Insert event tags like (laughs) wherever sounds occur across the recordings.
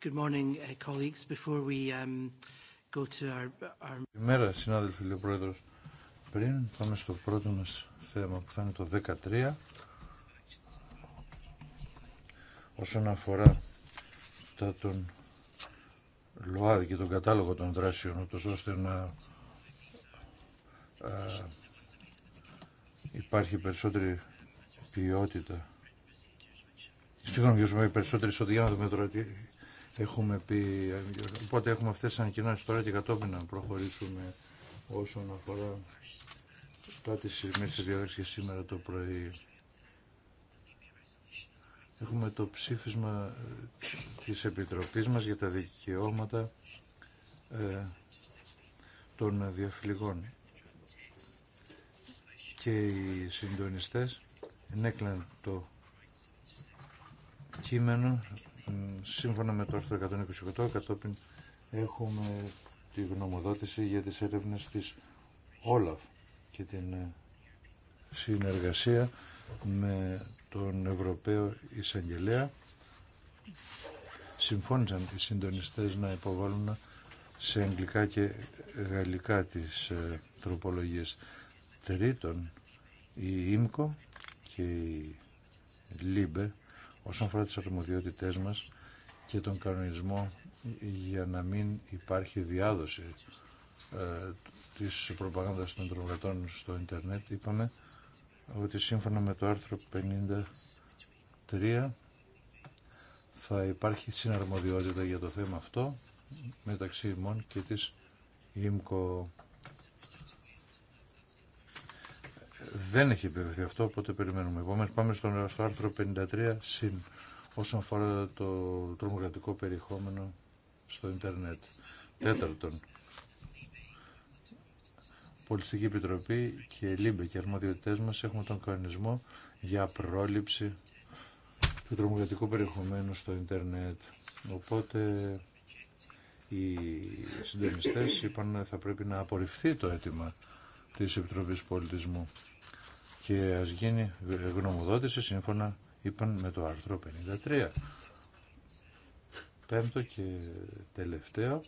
Good morning, uh, colleagues. Before we um, go to our... our... Καλημέρα, συνάδελφοι, λέει ο Πρόεδρος. Πριν πάμε στο πρώτο μας θέμα που θα είναι το 13, όσον αφορά τα τον ΛΟΑΔ και τον κατάλογο των δράσεων, ούτως ώστε να α, υπάρχει περισσότερη ποιότητα. Στην οικονομική περισσότερη ισότητα για να δούμε τώρα Έχουμε πει, οπότε έχουμε αυτές τις ανακοινώσεις τώρα και κατόπιν να προχωρήσουμε όσον αφορά κάτι σημείς της και σήμερα το πρωί. Έχουμε το ψήφισμα ε, της Επιτροπής μας για τα δικαιώματα ε, των διαφυλιγών. Και οι συντονιστές ενέκλαν το κείμενο Σύμφωνα με το άρθρο 128, κατόπιν έχουμε τη γνωμοδότηση για τις έρευνες της Όλαφ και την ε, συνεργασία με τον Ευρωπαίο Ισαγγελέα Συμφώνησαν οι συντονιστές να υποβάλουν σε αγγλικά και γαλλικά τις ε, τροπολογίες. Τρίτον, η ΙΜΚΟ και η ΛΥΜΠΕ όσον αφορά τις αρμοδιότητές μας και τον κανονισμό για να μην υπάρχει διάδοση ε, της προπαγάνδας των τρομοκρατών στο ίντερνετ είπαμε ότι σύμφωνα με το άρθρο 53 θα υπάρχει συναρμοδιότητα για το θέμα αυτό μεταξύ ημών και της ΙΜΚΟ. δεν έχει επιβεβαιωθεί αυτό, οπότε περιμένουμε. Επομένω, πάμε στο, στο άρθρο 53 συν όσον αφορά το τρομοκρατικό περιεχόμενο στο ίντερνετ. Τέταρτον, Πολιτιστική Επιτροπή και ΛΥΜΠΕ και αρμοδιότητές μας έχουμε τον κανονισμό για πρόληψη του τρομοκρατικού περιεχομένου στο ίντερνετ. Οπότε οι συντονιστές είπαν θα πρέπει να απορριφθεί το αίτημα της Επιτροπής Πολιτισμού και ας γίνει γνωμοδότηση σύμφωνα είπαν με το άρθρο 53. Πέμπτο και τελευταίο.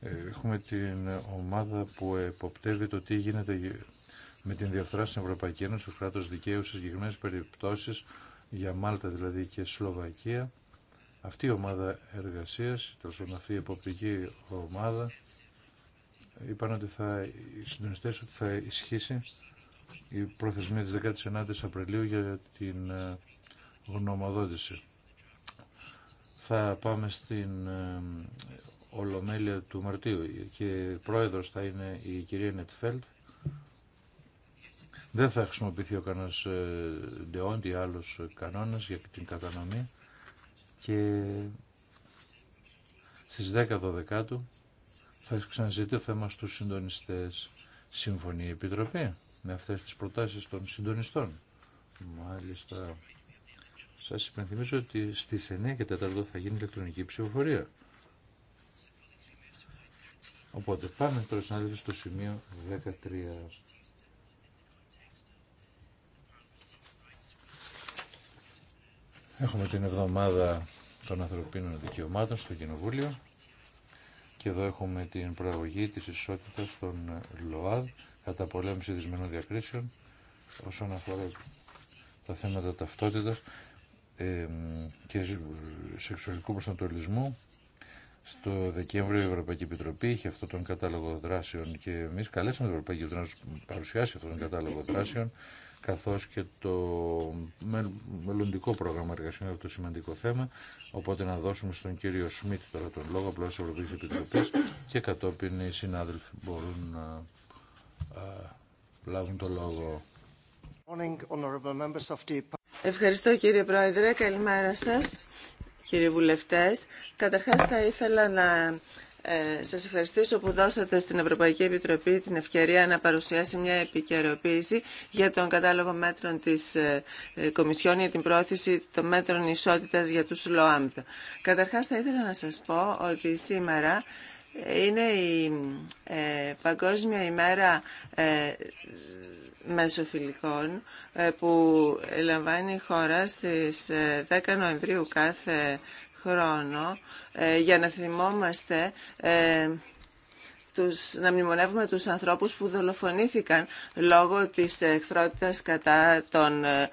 Έχουμε την ομάδα που εποπτεύει το τι γίνεται με την διαφθορά στην Ευρωπαϊκή Ένωση, του κράτος δικαίου σε συγκεκριμένες περιπτώσεις για Μάλτα δηλαδή και Σλοβακία. Αυτή η ομάδα εργασίας, τέλος αυτή η εποπτική ομάδα, είπαν ότι θα, οι ότι θα ισχύσει η προθεσμία της 19ης Απριλίου για την ε, γνωμοδότηση. Θα πάμε στην ε, Ολομέλεια του Μαρτίου και πρόεδρος θα είναι η κυρία Νετφέλτ. Δεν θα χρησιμοποιηθεί ο κανένας ε, ντεόντ ή άλλος κανόνας για την κατανομή και στις 10 του θα ξαναζητεί ο θέμα στους συντονιστές. Συμφωνεί η Επιτροπή με αυτές τις προτάσεις των συντονιστών. Μάλιστα. Σας υπενθυμίζω ότι στις 9 και 4 θα γίνει ηλεκτρονική ψηφοφορία. Οπότε πάμε τώρα στο σημείο 13. Έχουμε την εβδομάδα των ανθρωπίνων δικαιωμάτων στο Κοινοβούλιο και εδώ έχουμε την προαγωγή της ισότητας των ΛΟΑΔ κατά πολέμηση δυσμενών διακρίσεων όσον αφορά τα θέματα ταυτότητας και σεξουαλικού προσανατολισμού. Στο Δεκέμβριο η Ευρωπαϊκή Επιτροπή είχε αυτόν τον κατάλογο δράσεων και εμείς καλέσαμε την Ευρωπαϊκή Επιτροπή να παρουσιάσει αυτόν τον κατάλογο δράσεων καθώς και το μελλοντικό πρόγραμμα εργασιών αυτό το σημαντικό θέμα. Οπότε να δώσουμε στον κύριο Σμιτ τώρα τον λόγο απλώς της Ευρωπαϊκής Επιτροπής και κατόπιν οι συνάδελφοι μπορούν να λάβουν το λόγο. Ευχαριστώ κύριε Πρόεδρε, καλημέρα σας κύριε βουλευτές. Καταρχάς θα ήθελα να ε, σας ευχαριστήσω που δώσατε στην Ευρωπαϊκή Επιτροπή την ευκαιρία να παρουσιάσει μια επικαιροποίηση για τον κατάλογο μέτρων της ε, ε, Κομισιόν για την πρόθεση των μέτρων ισότητας για τους ΛΟΑΜΔ. Καταρχάς θα ήθελα να σας πω ότι σήμερα είναι η ε, Παγκόσμια ημέρα ε, μεσοφιλικών που λαμβάνει η χώρα στις 10 Νοεμβρίου κάθε χρόνο ε, για να θυμόμαστε ε, τους, να μνημονεύουμε τους ανθρώπους που δολοφονήθηκαν λόγω της εχθρότητας κατά των ε,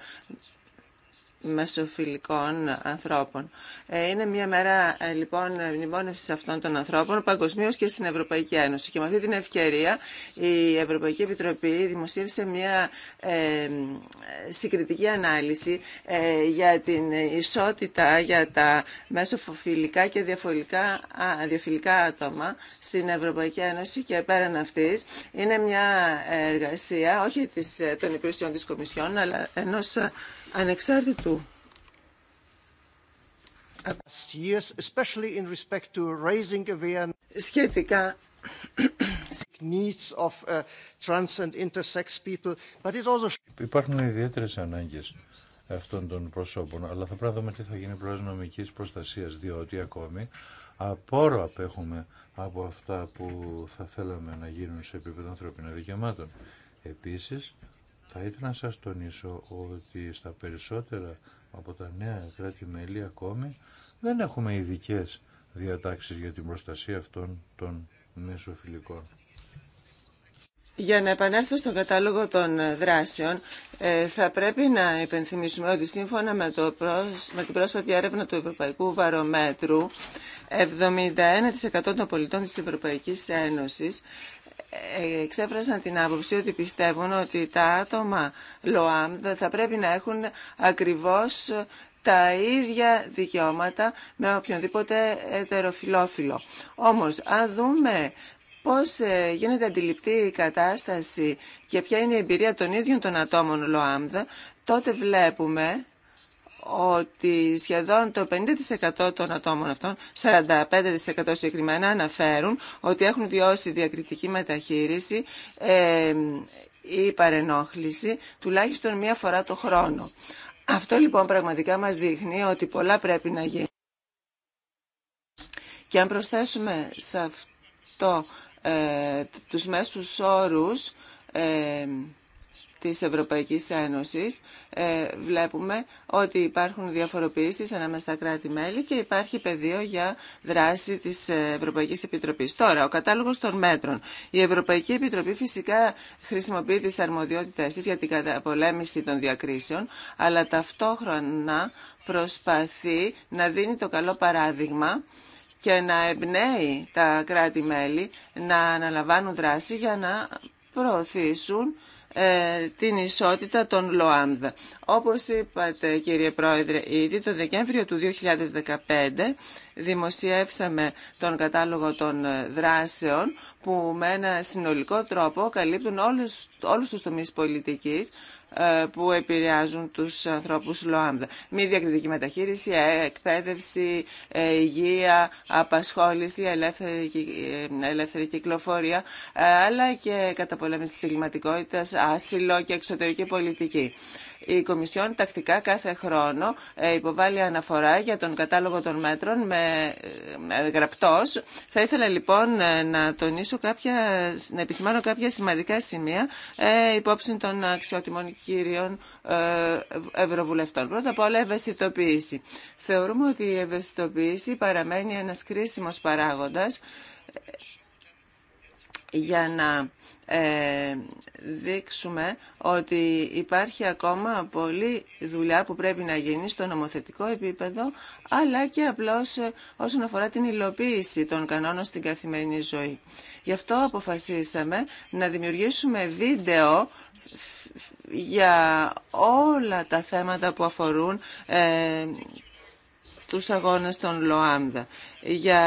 μεσοφιλικών ανθρώπων. Ε, είναι μια μέρα ε, λοιπόν μνημόνευσης αυτών των ανθρώπων παγκοσμίω και στην Ευρωπαϊκή Ένωση. Και με αυτή την ευκαιρία η Ευρωπαϊκή Επιτροπή δημοσίευσε μια ε, συγκριτική ανάλυση ε, για την ισότητα για τα μεσοφιλικά και διαφορικά, διαφιλικά άτομα στην Ευρωπαϊκή Ένωση και πέραν αυτή Είναι μια εργασία όχι της, των υπηρεσιών της Κομισιόν αλλά ενός ανεξάρτητου σχετικά Υπάρχουν ιδιαίτερε ανάγκε αυτών των προσώπων, αλλά θα πρέπει να δούμε τι θα γίνει προς νομική προστασία, διότι ακόμη απόρο απέχουμε από αυτά που θα θέλαμε να γίνουν σε επίπεδο ανθρωπίνων δικαιωμάτων. Επίσης, θα ήθελα να σας τονίσω ότι στα περισσότερα από τα νέα κράτη-μέλη ακόμη δεν έχουμε ειδικέ διατάξεις για την προστασία αυτών των μεσοφιλικών. Για να επανέλθω στον κατάλογο των δράσεων, ε, θα πρέπει να υπενθυμίσουμε ότι σύμφωνα με, το προσ... με την πρόσφατη έρευνα του Ευρωπαϊκού Βαρομέτρου, 71% των πολιτών της Ευρωπαϊκής Ένωσης εξέφρασαν την άποψη ότι πιστεύουν ότι τα άτομα ΛΟΑΜ θα πρέπει να έχουν ακριβώς τα ίδια δικαιώματα με οποιονδήποτε ετεροφιλόφιλο. Όμως, αν δούμε πώς ε, γίνεται αντιληπτή η κατάσταση και ποια είναι η εμπειρία των ίδιων των ατόμων ΛΟΑΜΔ, τότε βλέπουμε ότι σχεδόν το 50% των ατόμων αυτών, 45% συγκεκριμένα, αναφέρουν ότι έχουν βιώσει διακριτική μεταχείριση ή παρενόχληση τουλάχιστον μία φορά το χρόνο. Αυτό λοιπόν πραγματικά μας δείχνει ότι πολλά πρέπει να γίνουν. Και αν προσθέσουμε σε αυτό ε, τους μέσους όρους της Ευρωπαϊκής Ένωσης ε, βλέπουμε ότι υπάρχουν διαφοροποιήσεις ανάμεσα στα κράτη-μέλη και υπάρχει πεδίο για δράση της Ευρωπαϊκής Επιτροπής. Τώρα, ο κατάλογος των μέτρων. Η Ευρωπαϊκή Επιτροπή φυσικά χρησιμοποιεί τις αρμοδιότητες της για την καταπολέμηση των διακρίσεων, αλλά ταυτόχρονα προσπαθεί να δίνει το καλό παράδειγμα και να εμπνέει τα κράτη-μέλη να αναλαμβάνουν δράση για να προωθήσουν ε, την ισότητα των ΛΟΑΜΔ. Όπως είπατε κύριε Πρόεδρε ήδη, το Δεκέμβριο του 2015 δημοσιεύσαμε τον κατάλογο των δράσεων που με ένα συνολικό τρόπο καλύπτουν όλους, όλους τους τομείς πολιτικής ε, που επηρεάζουν τους ανθρώπους ΛΟΑΜΔΑ. Μη διακριτική μεταχείριση, ε, εκπαίδευση, ε, υγεία, απασχόληση, ελεύθερη, ελεύθερη κυκλοφορία, αλλά και καταπολέμηση της εγκληματικότητας, άσυλο και εξωτερική πολιτική. Η Κομισιόν τακτικά κάθε χρόνο ε, υποβάλλει αναφορά για τον κατάλογο των μέτρων με ε, ε, γραπτός. Θα ήθελα λοιπόν να τονίσω κάποια, να επισημάνω κάποια σημαντικά σημεία υπόψη των αξιότιμων κυρίων ευρωβουλευτών. Πρώτα απ' όλα ευαισθητοποίηση. Θεωρούμε ότι η ευαισθητοποίηση παραμένει ένας κρίσιμος παράγοντας για να ε, δείξουμε ότι υπάρχει ακόμα πολλή δουλειά που πρέπει να γίνει στο νομοθετικό επίπεδο, αλλά και απλώς ε, όσον αφορά την υλοποίηση των κανόνων στην καθημερινή ζωή. Γι' αυτό αποφασίσαμε να δημιουργήσουμε βίντεο για όλα τα θέματα που αφορούν ε, τους αγώνες των ΛΟΑΜΔΑ, για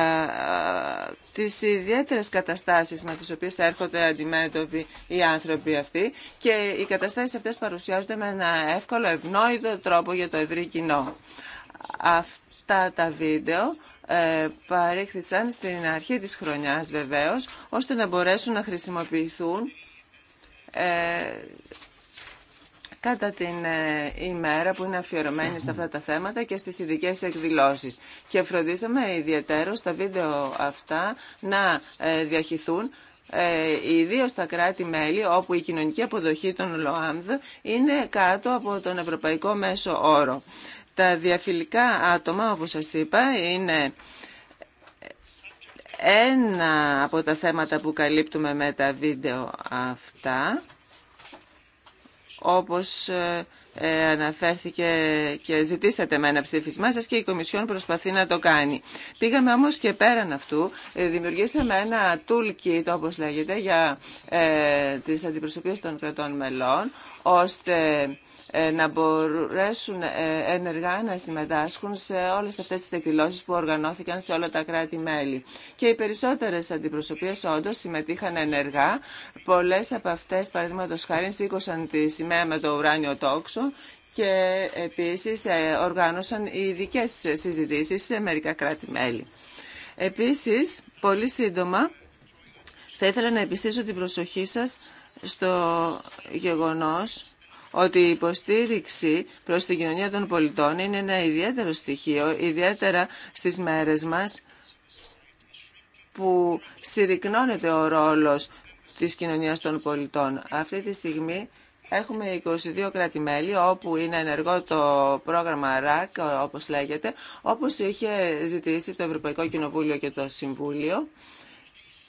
τις ιδιαίτερες καταστάσεις με τις οποίες έρχονται αντιμέτωποι οι άνθρωποι αυτοί και οι καταστάσεις αυτές παρουσιάζονται με ένα εύκολο, ευνόητο τρόπο για το ευρύ κοινό. Αυτά τα βίντεο ε, παρήχθησαν στην αρχή της χρονιάς βεβαίως, ώστε να μπορέσουν να χρησιμοποιηθούν ε, κατά την ε, ημέρα που είναι αφιερωμένη σε αυτά τα θέματα και στις ειδικέ εκδηλώσεις. Και φροντίσαμε ιδιαίτερο στα βίντεο αυτά να ε, διαχυθούν ε, ιδίω στα κράτη-μέλη όπου η κοινωνική αποδοχή των ΛΟΑΜΔ είναι κάτω από τον ευρωπαϊκό μέσο όρο. Τα διαφιλικά άτομα, όπως σας είπα, είναι ένα από τα θέματα που καλύπτουμε με τα βίντεο αυτά όπως ε, ε, αναφέρθηκε και ζητήσατε με ένα ψήφισμά σας και η Κομισιόν προσπαθεί να το κάνει. Πήγαμε όμως και πέραν αυτού, ε, δημιουργήσαμε ένα toolkit όπως λέγεται για τις αντιπροσωπείες των κρατών μελών, ώστε ε, να μπορέσουν ε, ενεργά να συμμετάσχουν σε όλες αυτές τις εκδηλώσεις που οργανώθηκαν σε όλα τα κράτη-μέλη. Και οι περισσότερες αντιπροσωπείες όντως συμμετείχαν ενεργά. Πολλές από αυτές, παραδείγματο χάρη, σήκωσαν τη σημαία με το ουράνιο τόξο και επίσης ε, οργάνωσαν ειδικέ συζητήσεις σε μερικά κράτη-μέλη. Επίσης, πολύ σύντομα, θα ήθελα να επιστήσω την προσοχή σας στο γεγονός ότι η υποστήριξη προς την κοινωνία των πολιτών είναι ένα ιδιαίτερο στοιχείο, ιδιαίτερα στις μέρες μας που συρρυκνώνεται ο ρόλος της κοινωνίας των πολιτών. Αυτή τη στιγμή Έχουμε 22 κράτη-μέλη όπου είναι ενεργό το πρόγραμμα RAC, όπως λέγεται, όπως είχε ζητήσει το Ευρωπαϊκό Κοινοβούλιο και το Συμβούλιο.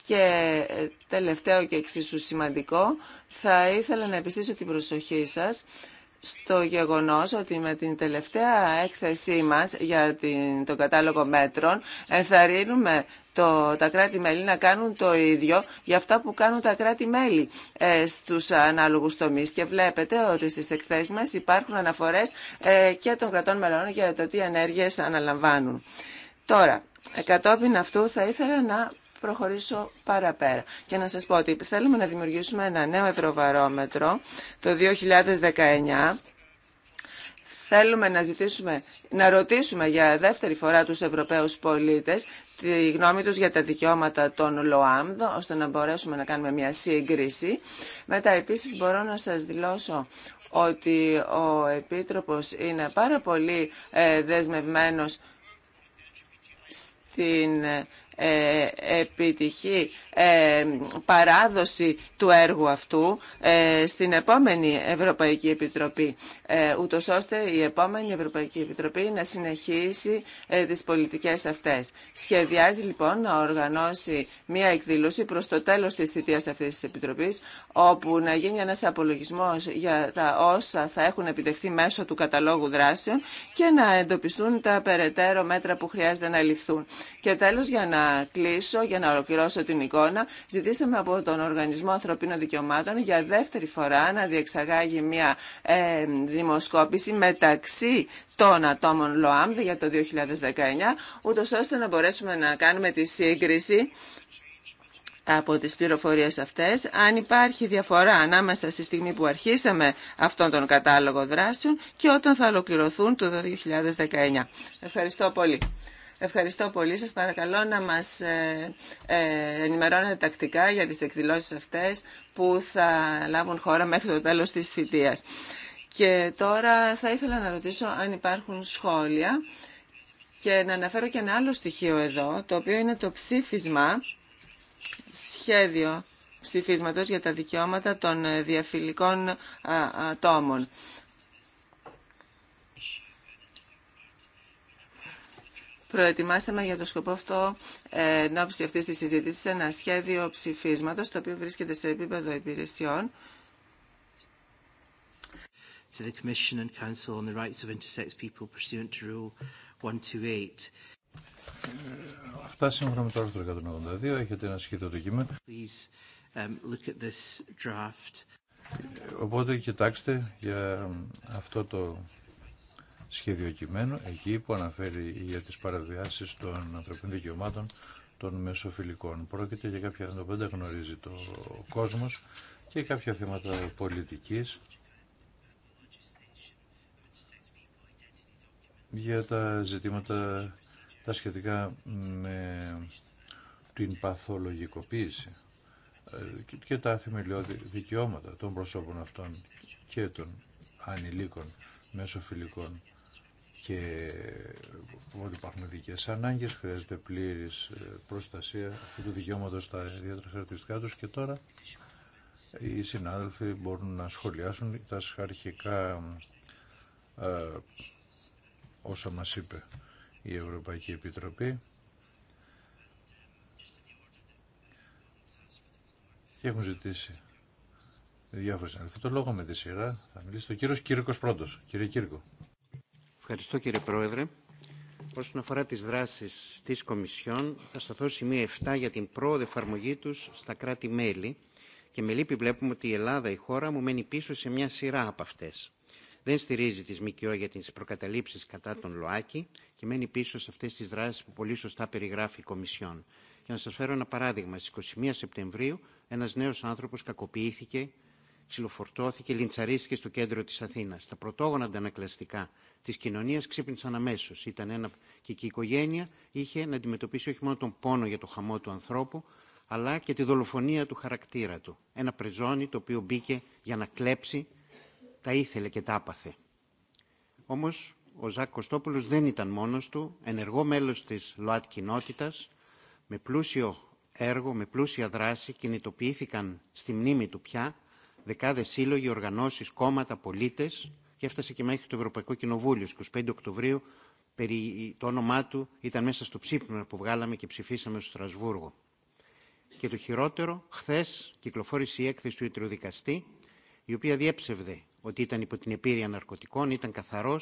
Και ε, τελευταίο και εξίσου σημαντικό, θα ήθελα να επιστήσω την προσοχή σας στο γεγονός ότι με την τελευταία έκθεσή μας για την, τον κατάλογο μέτρων ενθαρρύνουμε το, τα κράτη-μέλη να κάνουν το ίδιο για αυτά που κάνουν τα κράτη-μέλη ε, στους ανάλογους τομείς. Και βλέπετε ότι στις εκθέσεις μας υπάρχουν αναφορές ε, και των κρατών μελών για το τι ενέργειες αναλαμβάνουν. Τώρα, ε, κατόπιν αυτού θα ήθελα να προχωρήσω παραπέρα και να σας πω ότι θέλουμε να δημιουργήσουμε ένα νέο ευρωβαρόμετρο το 2019 θέλουμε να ζητήσουμε, να ρωτήσουμε για δεύτερη φορά τους Ευρωπαίους πολίτες τη γνώμη τους για τα δικαιώματα των ΛΟΑΜΔΟ, ώστε να μπορέσουμε να κάνουμε μια σύγκριση. Μετά επίσης μπορώ να σας δηλώσω ότι ο Επίτροπος είναι πάρα πολύ ε, δεσμευμένος στην ε, επιτυχή ε, παράδοση του έργου αυτού ε, στην επόμενη Ευρωπαϊκή Επιτροπή, ούτως ώστε η επόμενη Ευρωπαϊκή Επιτροπή να συνεχίσει τις πολιτικές αυτές. Σχεδιάζει λοιπόν να οργανώσει μία εκδήλωση προς το τέλος της θητείας αυτής της Επιτροπής, όπου να γίνει ένας απολογισμός για τα όσα θα έχουν επιτευχθεί μέσω του καταλόγου δράσεων και να εντοπιστούν τα περαιτέρω μέτρα που χρειάζεται να ληφθούν. Και τέλος για να κλείσω, για να ολοκληρώσω την εικόνα, ζητήσαμε από τον Οργανισμό Ανθρωπίνων Δικαιωμάτων για δεύτερη φορά να διεξαγάγει μια ε, δημοσκόπηση μεταξύ των ατόμων ΛΟΑΜΔ για το 2019, ούτως ώστε να μπορέσουμε να κάνουμε τη σύγκριση από τις πληροφορίες αυτές, αν υπάρχει διαφορά ανάμεσα στη στιγμή που αρχίσαμε αυτόν τον κατάλογο δράσεων και όταν θα ολοκληρωθούν το 2019. Ευχαριστώ πολύ. Ευχαριστώ πολύ. Σας παρακαλώ να μας ε, ε, ενημερώνετε τακτικά για τις εκδηλώσεις αυτές που θα λάβουν χώρα μέχρι το τέλος της θητείας. Και τώρα θα ήθελα να ρωτήσω αν υπάρχουν σχόλια και να αναφέρω και ένα άλλο στοιχείο εδώ, το οποίο είναι το ψήφισμα, σχέδιο ψηφίσματος για τα δικαιώματα των ε, διαφυλικών ατόμων. Προετοιμάσαμε για το σκοπό αυτό ε, εν ώψη αυτής της συζήτησης ένα σχέδιο ψηφίσματος το οποίο βρίσκεται σε επίπεδο υπηρεσιών to the Commission and Council on the rights of intersex people pursuant to Rule 128. Ε, αυτά σύμφωνα με το άρθρο 182 έχετε ένα σχέδιο το κείμενο. Please um, look at this draft. Ε, οπότε κοιτάξτε για αυτό το σχέδιο εκεί που αναφέρει για τις παραβιάσεις των ανθρωπίνων δικαιωμάτων των μεσοφιλικών. Πρόκειται για κάποια θέματα που δεν τα γνωρίζει το κόσμος και κάποια θέματα πολιτικής για τα ζητήματα τα σχετικά με την παθολογικοποίηση ε, και τα θεμελιώδη δικαιώματα των προσώπων αυτών και των ανηλίκων μεσοφιλικών και ότι υπάρχουν δικές ανάγκες, χρειάζεται πλήρης ε, προστασία αυτού του δικαιώματο στα ιδιαίτερα χαρακτηριστικά του. και τώρα οι συνάδελφοι μπορούν να σχολιάσουν τα αρχικά ε, όσα μας είπε η Ευρωπαϊκή Επιτροπή και έχουν ζητήσει διάφορες συνάδελφοι. Το λόγο με τη σειρά θα μιλήσει ο κύριο Κύρκος πρώτος. Κύριε Κύρκο. Ευχαριστώ κύριε Πρόεδρε. Όσον αφορά τις δράσεις της Κομισιόν, θα σταθώ σημείο 7 για την πρόοδο εφαρμογή τους στα κράτη-μέλη και με λύπη βλέπουμε ότι η Ελλάδα, η χώρα μου, μένει πίσω σε μια σειρά από αυτές. Δεν στηρίζει τις ΜΚΟ για τις προκαταλήψεις κατά τον ΛΟΑΚΙ και μένει πίσω σε αυτές τις δράσεις που πολύ σωστά περιγράφει η Κομισιόν. Και να σας φέρω ένα παράδειγμα, στις 21 Σεπτεμβρίου ένας νέος άνθρωπος κακοποιήθηκε ξυλοφορτώθηκε, λιντσαρίστηκε στο κέντρο της Αθήνας. Τα πρωτόγωνα αντανακλαστικά της κοινωνίας ξύπνησαν αμέσω. Ήταν ένα... Και η οικογένεια είχε να αντιμετωπίσει όχι μόνο τον πόνο για το χαμό του ανθρώπου, αλλά και τη δολοφονία του χαρακτήρα του. Ένα πρεζόνι το οποίο μπήκε για να κλέψει, τα ήθελε και τα άπαθε. Όμως ο Ζακ Κωστόπουλος δεν ήταν μόνος του, ενεργό μέλος της ΛΟΑΤ κοινότητας, με πλούσιο έργο, με πλούσια δράση, κινητοποιήθηκαν στη μνήμη του πια Δεκάδε σύλλογοι, οργανώσει, κόμματα, πολίτε, και έφτασε και μέχρι το Ευρωπαϊκό Κοινοβούλιο Στι 25 Οκτωβρίου περί, το όνομά του ήταν μέσα στο ψήφισμα που βγάλαμε και ψηφίσαμε στο Στρασβούργο. Και το χειρότερο, χθε κυκλοφόρησε η έκθεση του Ιτριοδικαστή, η οποία διέψευδε ότι ήταν υπό την επίρρεια ναρκωτικών, ήταν καθαρό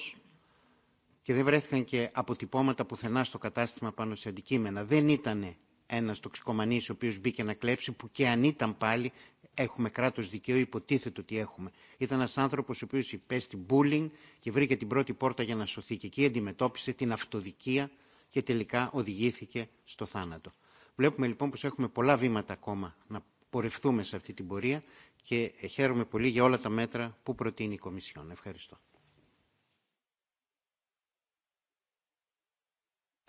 και δεν βρέθηκαν και αποτυπώματα πουθενά στο κατάστημα πάνω σε αντικείμενα. Δεν ήταν ένα τοξικομανής ο οποίο μπήκε να κλέψει που και αν ήταν πάλι έχουμε κράτο δικαίου, υποτίθεται ότι έχουμε. Ήταν ένα άνθρωπο ο οποίος υπέστη bullying και βρήκε την πρώτη πόρτα για να σωθεί και εκεί αντιμετώπισε την αυτοδικία και τελικά οδηγήθηκε στο θάνατο. Βλέπουμε λοιπόν πως έχουμε πολλά βήματα ακόμα να πορευθούμε σε αυτή την πορεία και χαίρομαι πολύ για όλα τα μέτρα που προτείνει η Κομισιόν. Ευχαριστώ.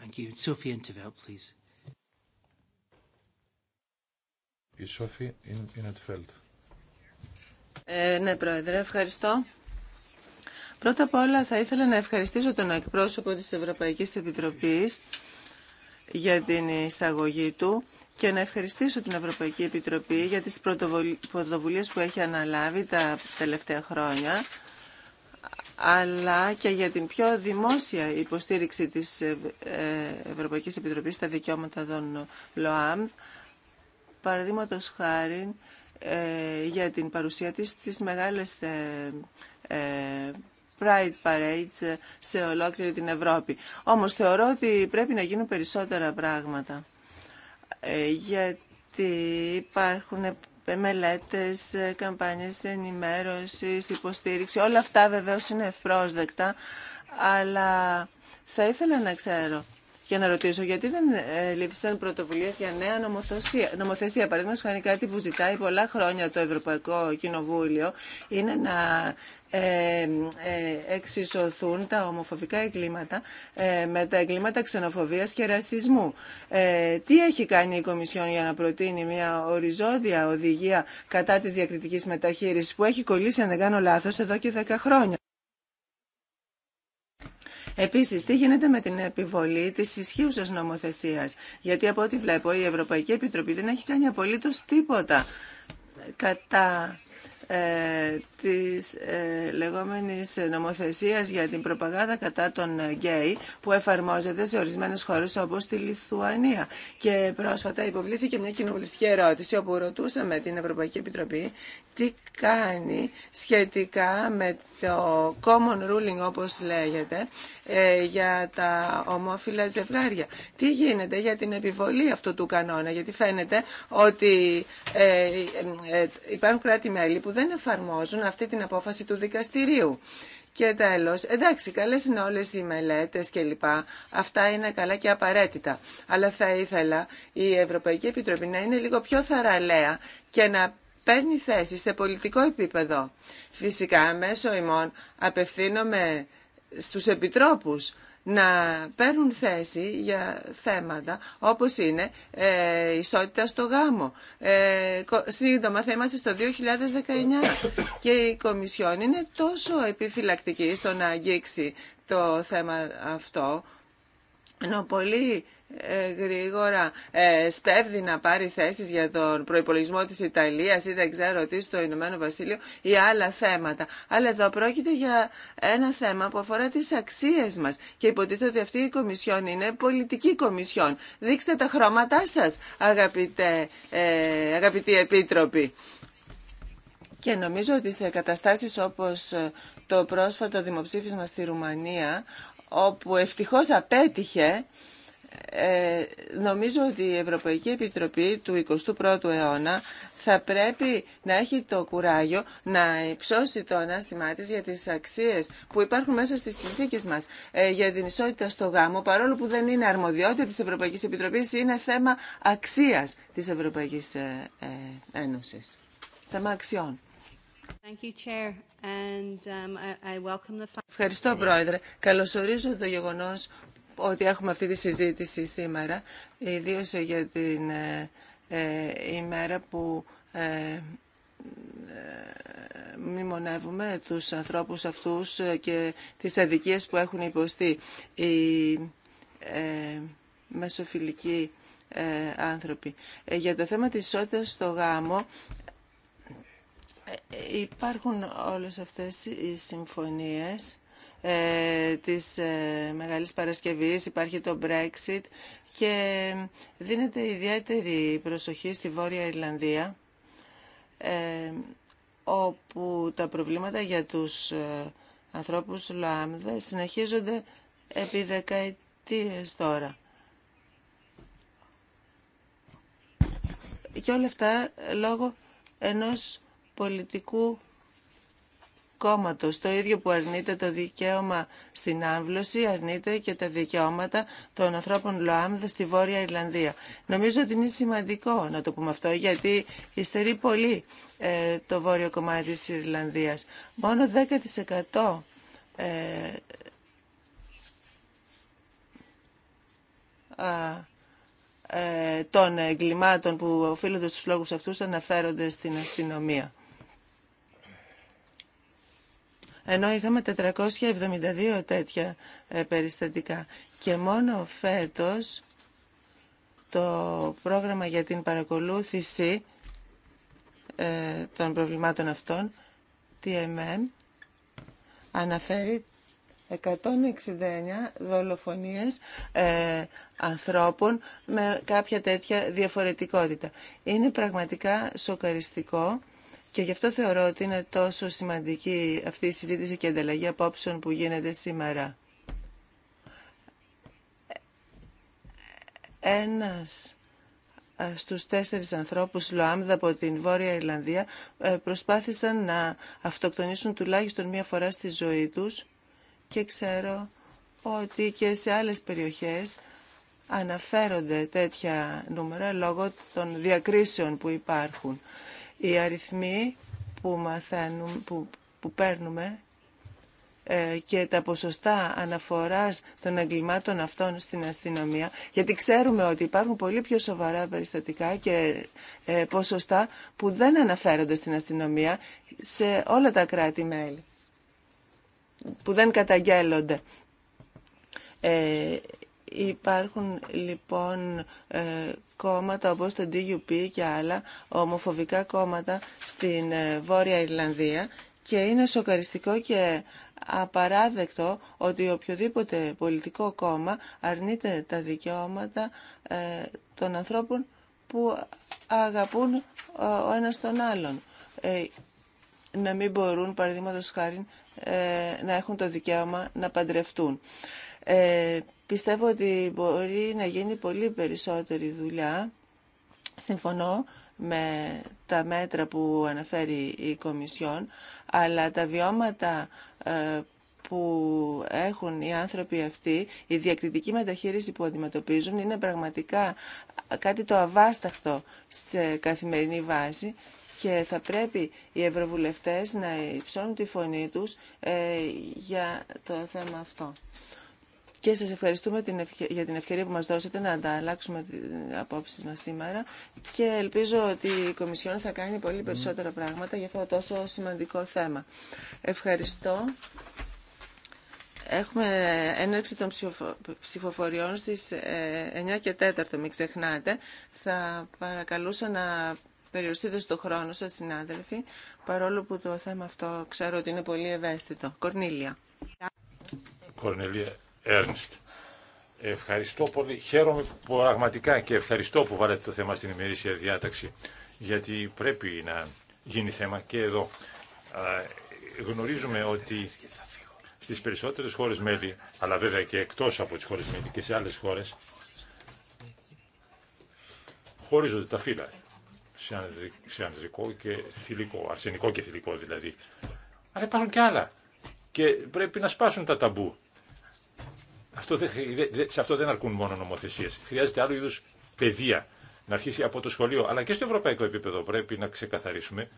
Thank you. Sophie please. Η Σόφη Ινετφέλτ. Ε, ναι, Πρόεδρε, ευχαριστώ. Πρώτα απ' όλα θα ήθελα να ευχαριστήσω τον εκπρόσωπο της Ευρωπαϊκής Επιτροπής για την εισαγωγή του και να ευχαριστήσω την Ευρωπαϊκή Επιτροπή για τις πρωτοβουλίες που έχει αναλάβει τα τελευταία χρόνια αλλά και για την πιο δημόσια υποστήριξη της ε, Ευρωπαϊκής Επιτροπής στα δικαιώματα των ΛΟΑΜΔ παραδείγματο χάρη ε, για την παρουσία της στις μεγάλες ε, ε, Pride Parades σε ολόκληρη την Ευρώπη. Όμως θεωρώ ότι πρέπει να γίνουν περισσότερα πράγματα. Γιατί υπάρχουν μελέτες, καμπάνιες ενημέρωσης, υποστήριξη. Όλα αυτά βεβαίως είναι ευπρόσδεκτα. Αλλά θα ήθελα να ξέρω για να ρωτήσω γιατί δεν ε, λήφθησαν πρωτοβουλίε για νέα νομοθεσία. νομοθεσία. Παραδείγματο χάρη κάτι που ζητάει πολλά χρόνια το Ευρωπαϊκό Κοινοβούλιο είναι να ε, ε, εξισωθούν τα ομοφοβικά εγκλήματα με τα εγκλήματα ξενοφοβίας και ρασισμού. τι έχει κάνει η Κομισιόν για να προτείνει μια οριζόντια οδηγία κατά της διακριτικής μεταχείρισης που έχει κολλήσει, αν δεν κάνω λάθος, εδώ και 10 χρόνια. Επίση, τι γίνεται με την επιβολή της ισχύουσας νομοθεσίας. Γιατί από ό,τι βλέπω η Ευρωπαϊκή Επιτροπή δεν έχει κάνει απολύτω τίποτα κατά ε, της ε, λεγόμενης νομοθεσίας για την προπαγάνδα κατά των ε, γκέι που εφαρμόζεται σε ορισμένες χώρες όπως τη Λιθουανία. Και πρόσφατα υποβλήθηκε μια κοινοβουλευτική ερώτηση όπου ρωτούσαμε την Ευρωπαϊκή Επιτροπή τι κάνει σχετικά με το common ruling όπως λέγεται ε, για τα ομόφυλα ζευγάρια. Τι γίνεται για την επιβολή αυτού του κανόνα γιατί φαίνεται ότι ε, ε, ε υπάρχουν κράτη-μέλη που δεν εφαρμόζουν αυτή την απόφαση του δικαστηρίου. Και τέλο, εντάξει, καλέ είναι όλε οι μελέτε κλπ. Αυτά είναι καλά και απαραίτητα. Αλλά θα ήθελα η Ευρωπαϊκή Επιτροπή να είναι λίγο πιο θαραλέα και να παίρνει θέση σε πολιτικό επίπεδο. Φυσικά, μέσω ημών απευθύνομαι στους επιτρόπους, να παίρνουν θέση για θέματα όπως είναι ε, ισότητα στο γάμο. Ε, σύντομα θα είμαστε στο 2019 και η Κομισιόν είναι τόσο επιφυλακτική στο να αγγίξει το θέμα αυτό ενώ πολλοί ε, γρήγορα ε, σπέβδει να πάρει θέσεις για τον προϋπολογισμό της Ιταλίας ή δεν ξέρω τι στο Ηνωμένο Βασίλειο ή άλλα θέματα. Αλλά εδώ πρόκειται για ένα θέμα που αφορά τις αξίες μας και υποτίθεται ότι αυτή η Κομισιόν είναι πολιτική Κομισιόν. Δείξτε τα χρώματά σας αγαπητέ, ε, αγαπητοί Επίτροποι. Και νομίζω ότι σε καταστάσεις όπως το πρόσφατο δημοψήφισμα στη Ρουμανία, όπου ευτυχώς απέτυχε, ε, νομίζω ότι η Ευρωπαϊκή Επιτροπή του 21ου αιώνα θα πρέπει να έχει το κουράγιο να υψώσει το ανάστημά τη για τις αξίες που υπάρχουν μέσα στις συνθήκες μας ε, για την ισότητα στο γάμο, παρόλο που δεν είναι αρμοδιότητα της Ευρωπαϊκής Επιτροπής, είναι θέμα αξίας της Ευρωπαϊκής ε, ε Ένωσης. Θέμα αξιών. Thank you, Chair. And, um, I the... Ευχαριστώ, Πρόεδρε. Καλωσορίζω το γεγονός ότι έχουμε αυτή τη συζήτηση σήμερα, ιδίω για την ε, ε, ημέρα που ε, μνημονεύουμε τους ανθρώπους αυτούς και τις αδικίες που έχουν υποστεί οι μεσοφιλικοί άνθρωποι. για το θέμα της ισότητας στο γάμο υπάρχουν όλες αυτές οι συμφωνίες ε, της ε, Μεγάλης Παρασκευής, υπάρχει το Brexit και δίνεται ιδιαίτερη προσοχή στη Βόρεια Ιρλανδία ε, όπου τα προβλήματα για τους ανθρώπους ΛΟΑΜΔΕ συνεχίζονται επί δεκαετίες τώρα. Και όλα αυτά λόγω ενός πολιτικού το ίδιο που αρνείται το δικαίωμα στην άμβλωση, αρνείται και τα δικαιώματα των ανθρώπων ΛΟΑΜΔΑ στη Βόρεια Ιρλανδία. Νομίζω ότι είναι σημαντικό να το πούμε αυτό, γιατί υστερεί πολύ ε, το βόρειο κομμάτι της Ιρλανδίας. Μόνο 10% ε, ε, των εγκλημάτων που οφείλονται στους λόγους αυτούς αναφέρονται στην αστυνομία. ενώ είχαμε 472 τέτοια ε, περιστατικά. Και μόνο φέτος το πρόγραμμα για την παρακολούθηση ε, των προβλημάτων αυτών, TMM, αναφέρει 169 δολοφονίες ε, ανθρώπων με κάποια τέτοια διαφορετικότητα. Είναι πραγματικά σοκαριστικό και γι' αυτό θεωρώ ότι είναι τόσο σημαντική αυτή η συζήτηση και η ανταλλαγή απόψεων που γίνεται σήμερα. Ένας ε, στους τέσσερις ανθρώπους ΛΟΑΜΔΑ από την Βόρεια Ιρλανδία ε, προσπάθησαν να αυτοκτονήσουν τουλάχιστον μία φορά στη ζωή τους και ξέρω ότι και σε άλλες περιοχές αναφέρονται τέτοια νούμερα λόγω των διακρίσεων που υπάρχουν. Οι αριθμοί που, μαθαίνουν, που, παίρνουμε ε, και τα ποσοστά αναφοράς των εγκλημάτων αυτών στην αστυνομία, γιατί ξέρουμε ότι υπάρχουν πολύ πιο σοβαρά περιστατικά και ε, ποσοστά που δεν αναφέρονται στην αστυνομία σε όλα τα κράτη-μέλη, που δεν καταγγέλλονται. Ε, Υπάρχουν λοιπόν ε, κόμματα όπως το DUP και άλλα ομοφοβικά κόμματα στην ε, Βόρεια Ιρλανδία και είναι σοκαριστικό και απαράδεκτο ότι οποιοδήποτε πολιτικό κόμμα αρνείται τα δικαιώματα ε, των ανθρώπων που αγαπούν ο ένας τον άλλον. Να μην μπορούν, παραδείγματος χάρη, να έχουν το δικαίωμα να παντρευτούν. Ε, πιστεύω ότι μπορεί να γίνει πολύ περισσότερη δουλειά. Συμφωνώ με τα μέτρα που αναφέρει η Κομισιόν, αλλά τα βιώματα ε, που έχουν οι άνθρωποι αυτοί, η διακριτική μεταχείριση που αντιμετωπίζουν είναι πραγματικά κάτι το αβάσταχτο σε καθημερινή βάση και θα πρέπει οι ευρωβουλευτές να υψώνουν τη φωνή τους ε, για το θέμα αυτό και σας ευχαριστούμε για την ευκαιρία που μας δώσετε να ανταλλάξουμε απόψη μας σήμερα και ελπίζω ότι η Κομισιόν θα κάνει πολύ περισσότερα πράγματα για αυτό το τόσο σημαντικό θέμα. Ευχαριστώ. Έχουμε έναρξη των ψηφοφοριών στις 9 ε, και 4, μην ξεχνάτε. Θα παρακαλούσα να περιοριστείτε στο χρόνο σας, συνάδελφοι, παρόλο που το θέμα αυτό ξέρω ότι είναι πολύ ευαίσθητο. Κορνίλια. Κορνίλια, Ερνστ, Ευχαριστώ πολύ. Χαίρομαι πραγματικά και ευχαριστώ που βάλετε το θέμα στην ημερήσια διάταξη, γιατί πρέπει να γίνει θέμα και εδώ. Γνωρίζουμε ότι στις περισσότερες χώρες μέλη, αλλά βέβαια και εκτός από τις χώρε μέλη και σε άλλες χώρες, χωρίζονται τα φύλλα σε ανδρικό και θηλυκό, αρσενικό και θηλυκό δηλαδή. Αλλά υπάρχουν και άλλα. Και πρέπει να σπάσουν τα ταμπού. Αυτό δεν, σε αυτό δεν αρκούν μόνο νομοθεσίε. Χρειάζεται άλλου είδου παιδεία να αρχίσει από το σχολείο, αλλά και στο ευρωπαϊκό επίπεδο πρέπει να ξεκαθαρίσουμε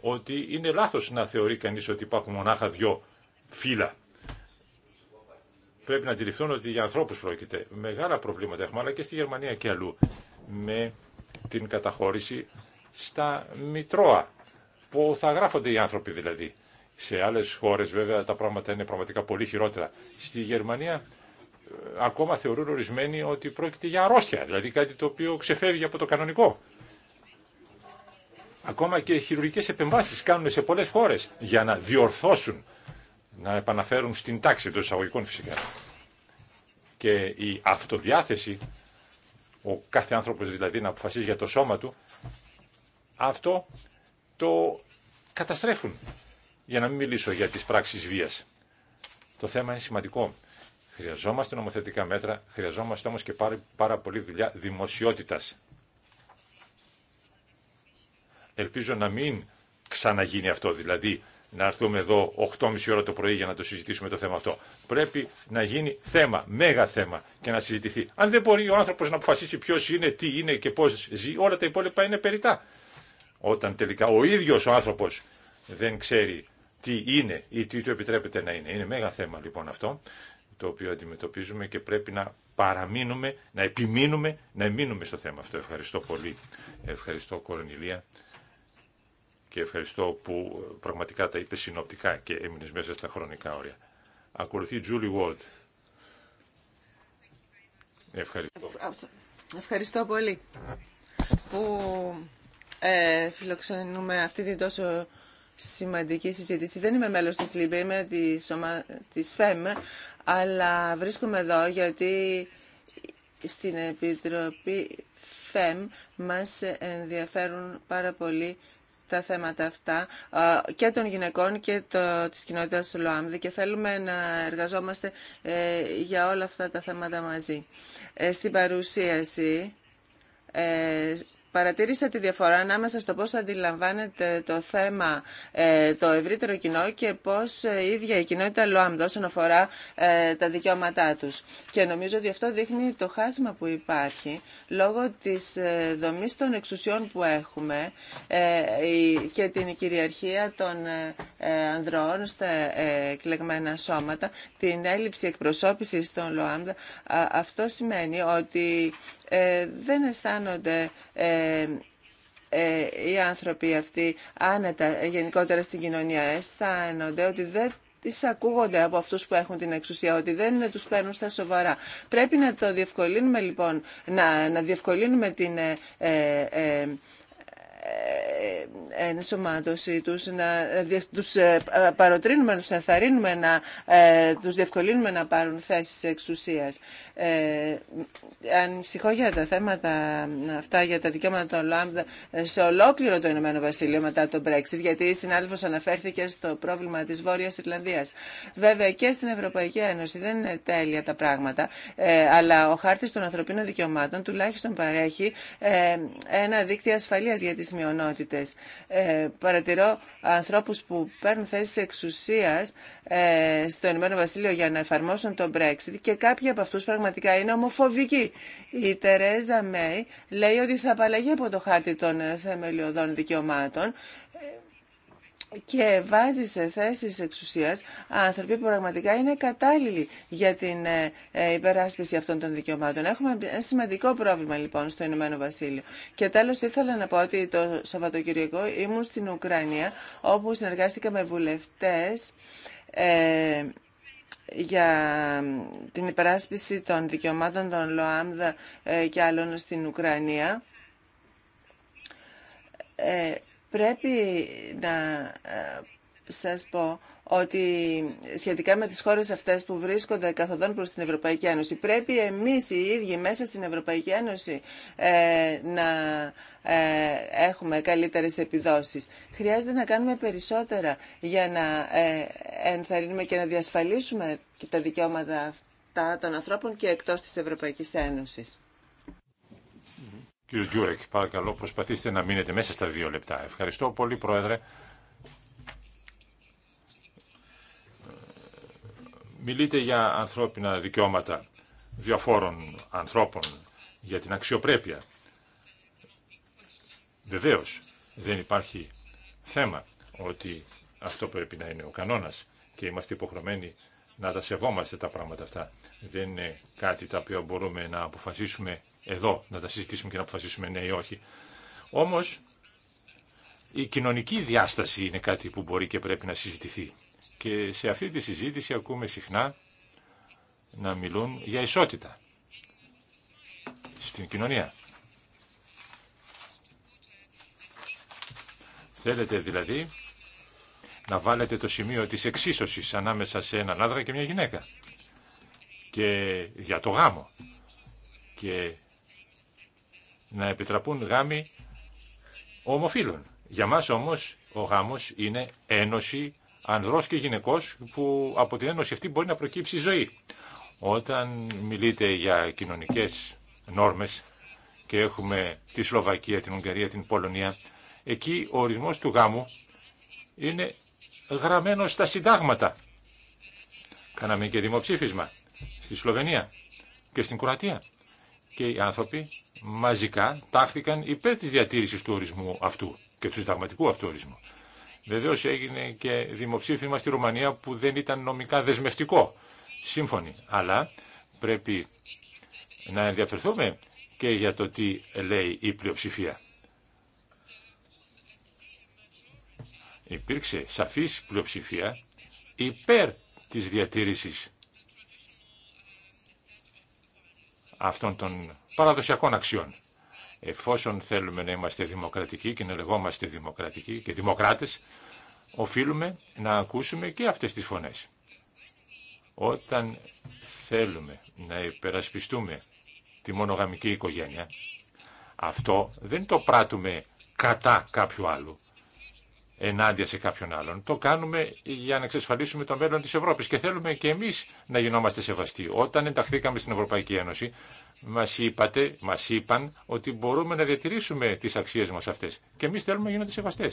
ότι είναι λάθο να θεωρεί κανεί ότι υπάρχουν μονάχα δυο φύλλα. Πρέπει να αντιληφθούν ότι για ανθρώπου πρόκειται. Μεγάλα προβλήματα έχουμε, αλλά και στη Γερμανία και αλλού, με την καταχώρηση στα Μητρώα, που θα γράφονται οι άνθρωποι δηλαδή. Σε άλλε χώρε βέβαια τα πράγματα είναι πραγματικά πολύ χειρότερα. Στη Γερμανία ε, ακόμα θεωρούν ορισμένοι ότι πρόκειται για αρρώστια, δηλαδή κάτι το οποίο ξεφεύγει από το κανονικό. Ακόμα και χειρουργικές επεμβάσεις κάνουν σε πολλές χώρες για να διορθώσουν, να επαναφέρουν στην τάξη των εισαγωγικών φυσικά. Και η αυτοδιάθεση, ο κάθε άνθρωπος δηλαδή να αποφασίζει για το σώμα του, αυτό το καταστρέφουν, για να μην μιλήσω για τις πράξεις βίας. Το θέμα είναι σημαντικό. Χρειαζόμαστε νομοθετικά μέτρα, χρειαζόμαστε όμως και πάρα, πάρα πολλή δουλειά δημοσιότητας. Ελπίζω να μην ξαναγίνει αυτό, δηλαδή να έρθουμε εδώ 8.30 ώρα το πρωί για να το συζητήσουμε το θέμα αυτό. Πρέπει να γίνει θέμα, μέγα θέμα και να συζητηθεί. Αν δεν μπορεί ο άνθρωπος να αποφασίσει ποιο είναι, τι είναι και πώς ζει, όλα τα υπόλοιπα είναι περιτά. Όταν τελικά ο ίδιος ο άνθρωπος δεν ξέρει τι είναι ή τι του επιτρέπεται να είναι. Είναι μέγα θέμα λοιπόν αυτό το οποίο αντιμετωπίζουμε και πρέπει να παραμείνουμε, να επιμείνουμε, να εμείνουμε στο θέμα αυτό. Ευχαριστώ πολύ. Ευχαριστώ Κορονιλία. και ευχαριστώ που πραγματικά τα είπε συνοπτικά και έμεινε μέσα στα χρονικά όρια. Ακολουθεί Julie Ward. Ευχαριστώ. Ευχαριστώ πολύ που ε, φιλοξενούμε αυτή την τόσο σημαντική συζήτηση. Δεν είμαι μέλος της ΛΥΜΠΕ, είμαι της, ομα... της ΦΕΜ, αλλά βρίσκομαι εδώ γιατί στην Επιτροπή ΦΕΜ μας ενδιαφέρουν πάρα πολύ τα θέματα αυτά και των γυναικών και το, της κοινότητας του ΛΟΑΜΔΙ και θέλουμε να εργαζόμαστε ε, για όλα αυτά τα θέματα μαζί. Ε, στην παρουσίαση ε, Παρατήρησα τη διαφορά ανάμεσα στο πώς αντιλαμβάνεται το θέμα ε, το ευρύτερο κοινό και πώς ε, η ίδια η κοινότητα ΛΟΑΜΔΟ όσον αφορά ε, τα δικαιώματά τους. Και νομίζω ότι αυτό δείχνει το χάσμα που υπάρχει λόγω της δομής των εξουσιών που έχουμε και την κυριαρχία των ανδρών στα εκλεγμένα σώματα, την έλλειψη εκπροσώπησης των ΛΟΑΜΔ. Αυτό σημαίνει ότι ε, δεν αισθάνονται ε, ε, οι άνθρωποι αυτοί άνετα γενικότερα στην κοινωνία. Αισθάνονται ότι δεν τις ακούγονται από αυτούς που έχουν την εξουσία, ότι δεν τους παίρνουν στα σοβαρά. Πρέπει να το διευκολύνουμε λοιπόν, να, να διευκολύνουμε την ε, ε, ενσωμάτωση τους, να τους ε, παροτρύνουμε, να τους ενθαρρύνουμε, να ε, τους διευκολύνουμε να πάρουν θέσεις εξουσίας. Ε, ανησυχώ για τα θέματα αυτά, για τα δικαιώματα των Λάμδα σε ολόκληρο το Ηνωμένο Βασίλειο μετά το Brexit, γιατί η συνάδελφος αναφέρθηκε στο πρόβλημα της Βόρειας Ιρλανδίας. Βέβαια και στην Ευρωπαϊκή Ένωση δεν είναι τέλεια τα πράγματα, αλλά ο χάρτης των ανθρωπίνων δικαιωμάτων τουλάχιστον παρέχει ένα δίκτυο ασφαλείας για τις μειονότητες. Ε, παρατηρώ ανθρώπους που παίρνουν θέσεις εξουσίας ε, στο Ηνωμένο Βασίλειο για να εφαρμόσουν το Brexit και κάποιοι από αυτούς πραγματικά είναι ομοφοβικοί. Η Τερέζα Μέη λέει ότι θα απαλλαγεί από το χάρτη των θεμελιωδών δικαιωμάτων και βάζει σε θέσεις εξουσίας άνθρωποι που πραγματικά είναι κατάλληλοι για την ε, ε, υπεράσπιση αυτών των δικαιωμάτων. Έχουμε ένα σημαντικό πρόβλημα λοιπόν στο Ηνωμένο Βασίλειο. Και τέλος ήθελα να πω ότι το Σαββατοκυριακό ήμουν στην Ουκρανία όπου συνεργάστηκα με βουλευτές ε, για την υπεράσπιση των δικαιωμάτων των ΛΟΑΜΔΑ ε, και άλλων στην Ουκρανία. Ε, Πρέπει να ε, σας πω ότι σχετικά με τις χώρες αυτές που βρίσκονται καθοδόν προς την Ευρωπαϊκή Ένωση πρέπει εμείς οι ίδιοι μέσα στην Ευρωπαϊκή Ένωση ε, να ε, έχουμε καλύτερες επιδόσεις. Χρειάζεται να κάνουμε περισσότερα για να ενθαρρύνουμε και να διασφαλίσουμε τα δικαιώματα αυτά των ανθρώπων και εκτός της Ευρωπαϊκής Ένωσης. Κύριο Γιούρεκ, παρακαλώ, προσπαθήστε να μείνετε μέσα στα δύο λεπτά. Ευχαριστώ πολύ, Πρόεδρε. Μιλείτε για ανθρώπινα δικαιώματα διαφόρων ανθρώπων, για την αξιοπρέπεια. Βεβαίως, δεν υπάρχει θέμα ότι αυτό πρέπει να είναι ο κανόνας και είμαστε υποχρεωμένοι να τα σεβόμαστε τα πράγματα αυτά. Δεν είναι κάτι τα οποία μπορούμε να αποφασίσουμε εδώ να τα συζητήσουμε και να αποφασίσουμε ναι ή όχι. Όμως η κοινωνική διάσταση είναι κάτι που μπορεί και πρέπει να συζητηθεί. Και σε αυτή τη συζήτηση ακούμε συχνά να μιλούν για ισότητα στην κοινωνία. Θέλετε δηλαδή να βάλετε το σημείο της εξίσωσης ανάμεσα σε έναν άντρα και μια γυναίκα και για το γάμο και να επιτραπούν γάμοι ομοφύλων. Για μας όμως ο γάμος είναι ένωση ανδρός και γυναικός που από την ένωση αυτή μπορεί να προκύψει ζωή. Όταν μιλείτε για κοινωνικές νόρμες και έχουμε τη Σλοβακία, την Ουγγαρία, την Πολωνία, εκεί ο ορισμός του γάμου είναι γραμμένος στα συντάγματα. Κάναμε και δημοψήφισμα στη Σλοβενία και στην Κροατία και οι άνθρωποι μαζικά τάχθηκαν υπέρ της διατήρησης του ορισμού αυτού και του συνταγματικού αυτού ορισμού. Βεβαίω έγινε και δημοψήφισμα στη Ρουμανία που δεν ήταν νομικά δεσμευτικό. Σύμφωνοι. Αλλά πρέπει να ενδιαφερθούμε και για το τι λέει η πλειοψηφία. Υπήρξε σαφής πλειοψηφία υπέρ της διατήρησης αυτών των παραδοσιακών αξιών. Εφόσον θέλουμε να είμαστε δημοκρατικοί και να λεγόμαστε δημοκρατικοί και δημοκράτες, οφείλουμε να ακούσουμε και αυτές τις φωνές. Όταν θέλουμε να υπερασπιστούμε τη μονογαμική οικογένεια, αυτό δεν το πράττουμε κατά κάποιου άλλου ενάντια σε κάποιον άλλον. Το κάνουμε για να εξασφαλίσουμε το μέλλον τη Ευρώπη, και θέλουμε και εμείς να γινόμαστε σεβαστοί. Όταν ενταχθήκαμε στην Ευρωπαϊκή Ένωση, μας, είπατε, μας είπαν ότι μπορούμε να διατηρήσουμε τις αξίες μας αυτές και εμείς θέλουμε να γίνονται σεβαστέ.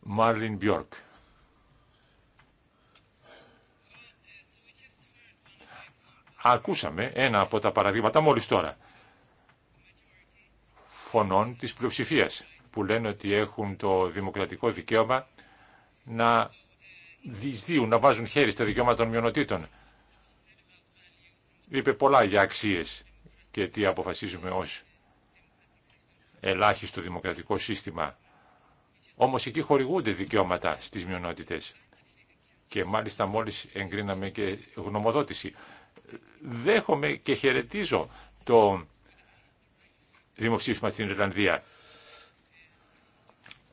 Μάρλιν Μπιόρκ. Ακούσαμε ένα από τα παραδείγματα μόλις τώρα φωνών της πλειοψηφίας που λένε ότι έχουν το δημοκρατικό δικαίωμα να δυσδύουν, να βάζουν χέρι στα δικαιώματα των μειονοτήτων. Είπε πολλά για αξίες και τι αποφασίζουμε ως ελάχιστο δημοκρατικό σύστημα. Όμως εκεί χορηγούνται δικαιώματα στις μειονότητες. Και μάλιστα μόλις εγκρίναμε και γνωμοδότηση. Δέχομαι και χαιρετίζω το δημοψήφισμα στην Ιρλανδία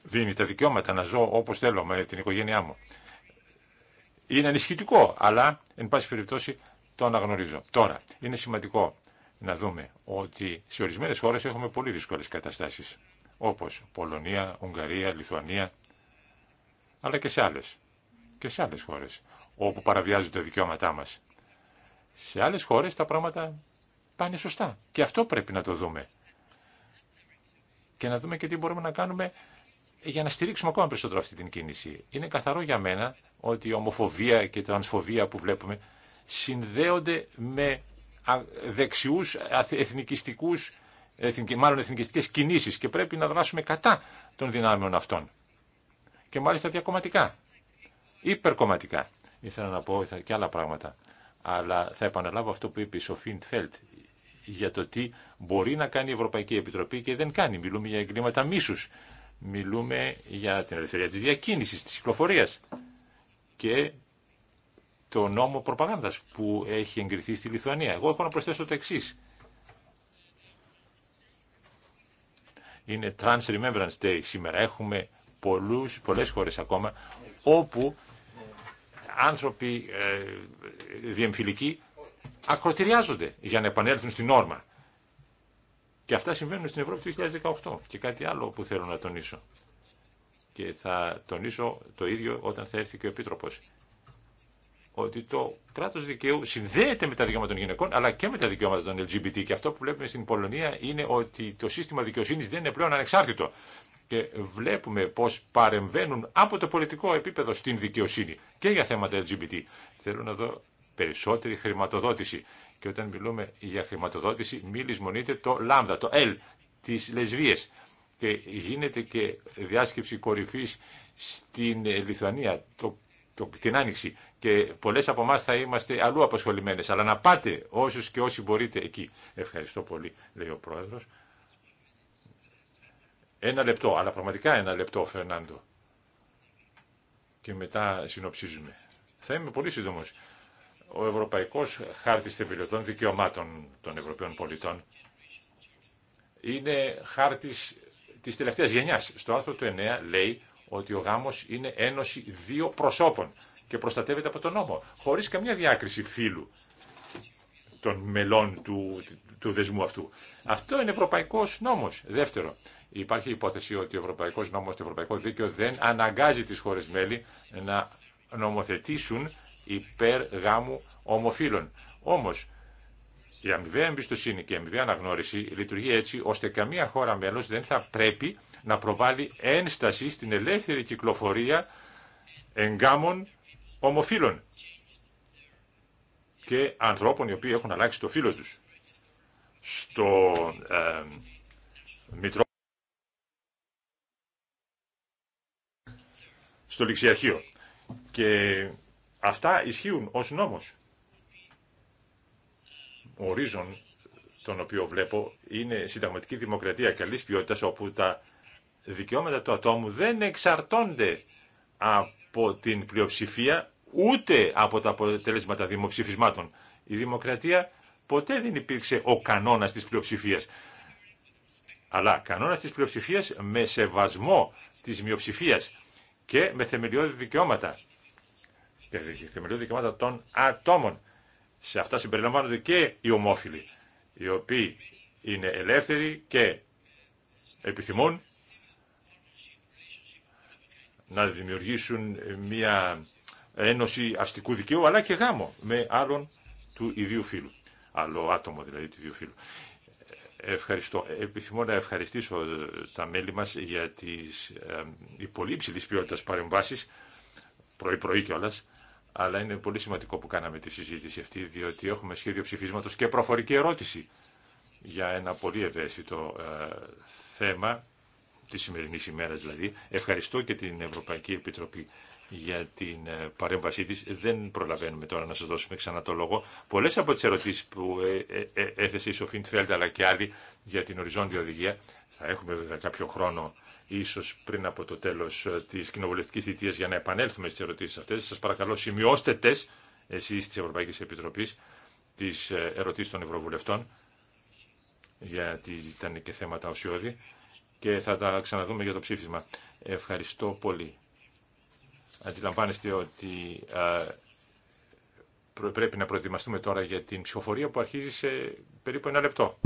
δίνει τα δικαιώματα να ζω όπως θέλω με την οικογένειά μου. Είναι ανισχυτικό, αλλά εν πάση περιπτώσει το αναγνωρίζω. Τώρα, είναι σημαντικό να δούμε ότι σε ορισμένες χώρες έχουμε πολύ δύσκολες καταστάσεις, όπως Πολωνία, Ουγγαρία, Λιθουανία, αλλά και σε άλλες, και σε άλλες χώρες, όπου παραβιάζονται τα δικαιώματά μας. Σε άλλες χώρες τα πράγματα πάνε σωστά και αυτό πρέπει να το δούμε και να δούμε και τι μπορούμε να κάνουμε για να στηρίξουμε ακόμα περισσότερο αυτή την κίνηση. Είναι καθαρό για μένα ότι η ομοφοβία και η τρανσφοβία που βλέπουμε συνδέονται με δεξιούς εθνικιστικούς, μάλλον εθνικιστικές κινήσεις και πρέπει να δράσουμε κατά των δυνάμεων αυτών. Και μάλιστα διακομματικά, υπερκομματικά. Ήθελα να πω και άλλα πράγματα, αλλά θα επαναλάβω αυτό που είπε η Σοφίντ Φέλτ για το τι μπορεί να κάνει η Ευρωπαϊκή Επιτροπή και δεν κάνει. Μιλούμε για εγκλήματα μίσους Μιλούμε για την ελευθερία της διακίνησης, της κυκλοφορίας και το νόμο προπαγάνδας που έχει εγκριθεί στη Λιθουανία. Εγώ έχω να προσθέσω το εξής. Είναι Trans Remembrance Day σήμερα. Έχουμε πολλούς, πολλές χώρες ακόμα όπου άνθρωποι ε, διεμφυλικοί ακροτηριάζονται για να επανέλθουν στην όρμα. Και αυτά συμβαίνουν στην Ευρώπη του 2018. Και κάτι άλλο που θέλω να τονίσω. Και θα τονίσω το ίδιο όταν θα έρθει και ο επίτροπο. Ότι το κράτο δικαίου συνδέεται με τα δικαιώματα των γυναικών αλλά και με τα δικαιώματα των LGBT. Και αυτό που βλέπουμε στην Πολωνία είναι ότι το σύστημα δικαιοσύνη δεν είναι πλέον ανεξάρτητο. Και βλέπουμε πώ παρεμβαίνουν από το πολιτικό επίπεδο στην δικαιοσύνη και για θέματα LGBT. Θέλω να δω περισσότερη χρηματοδότηση και όταν μιλούμε για χρηματοδότηση, μη λησμονείτε το λάμδα, το L, τις λεσβίες. Και γίνεται και διάσκεψη κορυφής στην ε, Λιθουανία, το, την Άνοιξη. Και πολλές από εμά θα είμαστε αλλού απασχολημένες. Αλλά να πάτε όσους και όσοι μπορείτε εκεί. Ευχαριστώ πολύ, λέει ο Πρόεδρος. Ένα λεπτό, αλλά πραγματικά ένα λεπτό, Φερνάντο. Και μετά συνοψίζουμε. Θα είμαι πολύ σύντομος ο Ευρωπαϊκός Χάρτης Θεμελιωτών Δικαιωμάτων των Ευρωπαίων Πολιτών είναι χάρτης της τελευταίας γενιάς. Στο άρθρο του 9 λέει ότι ο γάμος είναι ένωση δύο προσώπων και προστατεύεται από τον νόμο, χωρίς καμιά διάκριση φύλου των μελών του, του δεσμού αυτού. Αυτό είναι ευρωπαϊκός νόμος. Δεύτερο, υπάρχει υπόθεση ότι ο ευρωπαϊκός νόμος, το ευρωπαϊκό δίκαιο δεν αναγκάζει τις χώρες μέλη να νομοθετήσουν υπέρ γάμου ομοφύλων. Όμως, η αμοιβαία εμπιστοσύνη και η αμοιβαία αναγνώριση λειτουργεί έτσι ώστε καμία χώρα μέλο δεν θα πρέπει να προβάλλει ένσταση στην ελεύθερη κυκλοφορία εγκάμων ομοφύλων και ανθρώπων οι οποίοι έχουν αλλάξει το φύλλο τους. Στο ε, Μητρό... στο ληξιαρχείο. Και Αυτά ισχύουν ως νόμος. Ο ορίζον τον οποίο βλέπω είναι συνταγματική δημοκρατία καλή ποιότητα, όπου τα δικαιώματα του ατόμου δεν εξαρτώνται από την πλειοψηφία ούτε από τα αποτελέσματα δημοψηφισμάτων. Η δημοκρατία ποτέ δεν υπήρξε ο κανόνας της πλειοψηφίας. Αλλά κανόνας της πλειοψηφίας με σεβασμό της μειοψηφίας και με θεμελιώδη δικαιώματα και θεμελιώδη δικαιώματα των ατόμων. Σε αυτά συμπεριλαμβάνονται και οι ομόφυλοι, οι οποίοι είναι ελεύθεροι και επιθυμούν να δημιουργήσουν μια ένωση αστικού δικαίου, αλλά και γάμο με άλλον του ιδίου φίλου. Άλλο άτομο δηλαδή του ιδίου φίλου. Ευχαριστώ. Επιθυμώ να ευχαριστήσω ε, τα μέλη μας για τις ε, της υψηλής παρεμβάσεις, πρωί-πρωί κιόλας, αλλά είναι πολύ σημαντικό που κάναμε τη συζήτηση αυτή, διότι έχουμε σχέδιο ψηφίσματος και προφορική ερώτηση για ένα πολύ ευαίσθητο ε, θέμα τη σημερινή ημέρα δηλαδή. Ευχαριστώ και την Ευρωπαϊκή Επιτροπή για την ε, παρέμβασή της. Δεν προλαβαίνουμε τώρα να σας δώσουμε ξανά το λόγο. Πολλές από τις ερωτήσεις που ε, έθεσε η Σοφίν Φέλτ αλλά και άλλοι για την οριζόντια οδηγία, θα έχουμε βέβαια κάποιο χρόνο ίσως πριν από το τέλος ε, της κοινοβουλευτικής θητείας για να επανέλθουμε στις ερωτήσεις αυτές. Σας παρακαλώ σημειώστε τες εσείς της Ευρωπαϊκής Επιτροπής τις ε, ερωτήσεις των Ευρωβουλευτών γιατί ήταν και θέματα ουσιώδη και θα τα ξαναδούμε για το ψήφισμα. Ευχαριστώ πολύ. Αντιλαμβάνεστε ότι ε, πρέπει να προετοιμαστούμε τώρα για την ψηφοφορία που αρχίζει σε περίπου ένα λεπτό.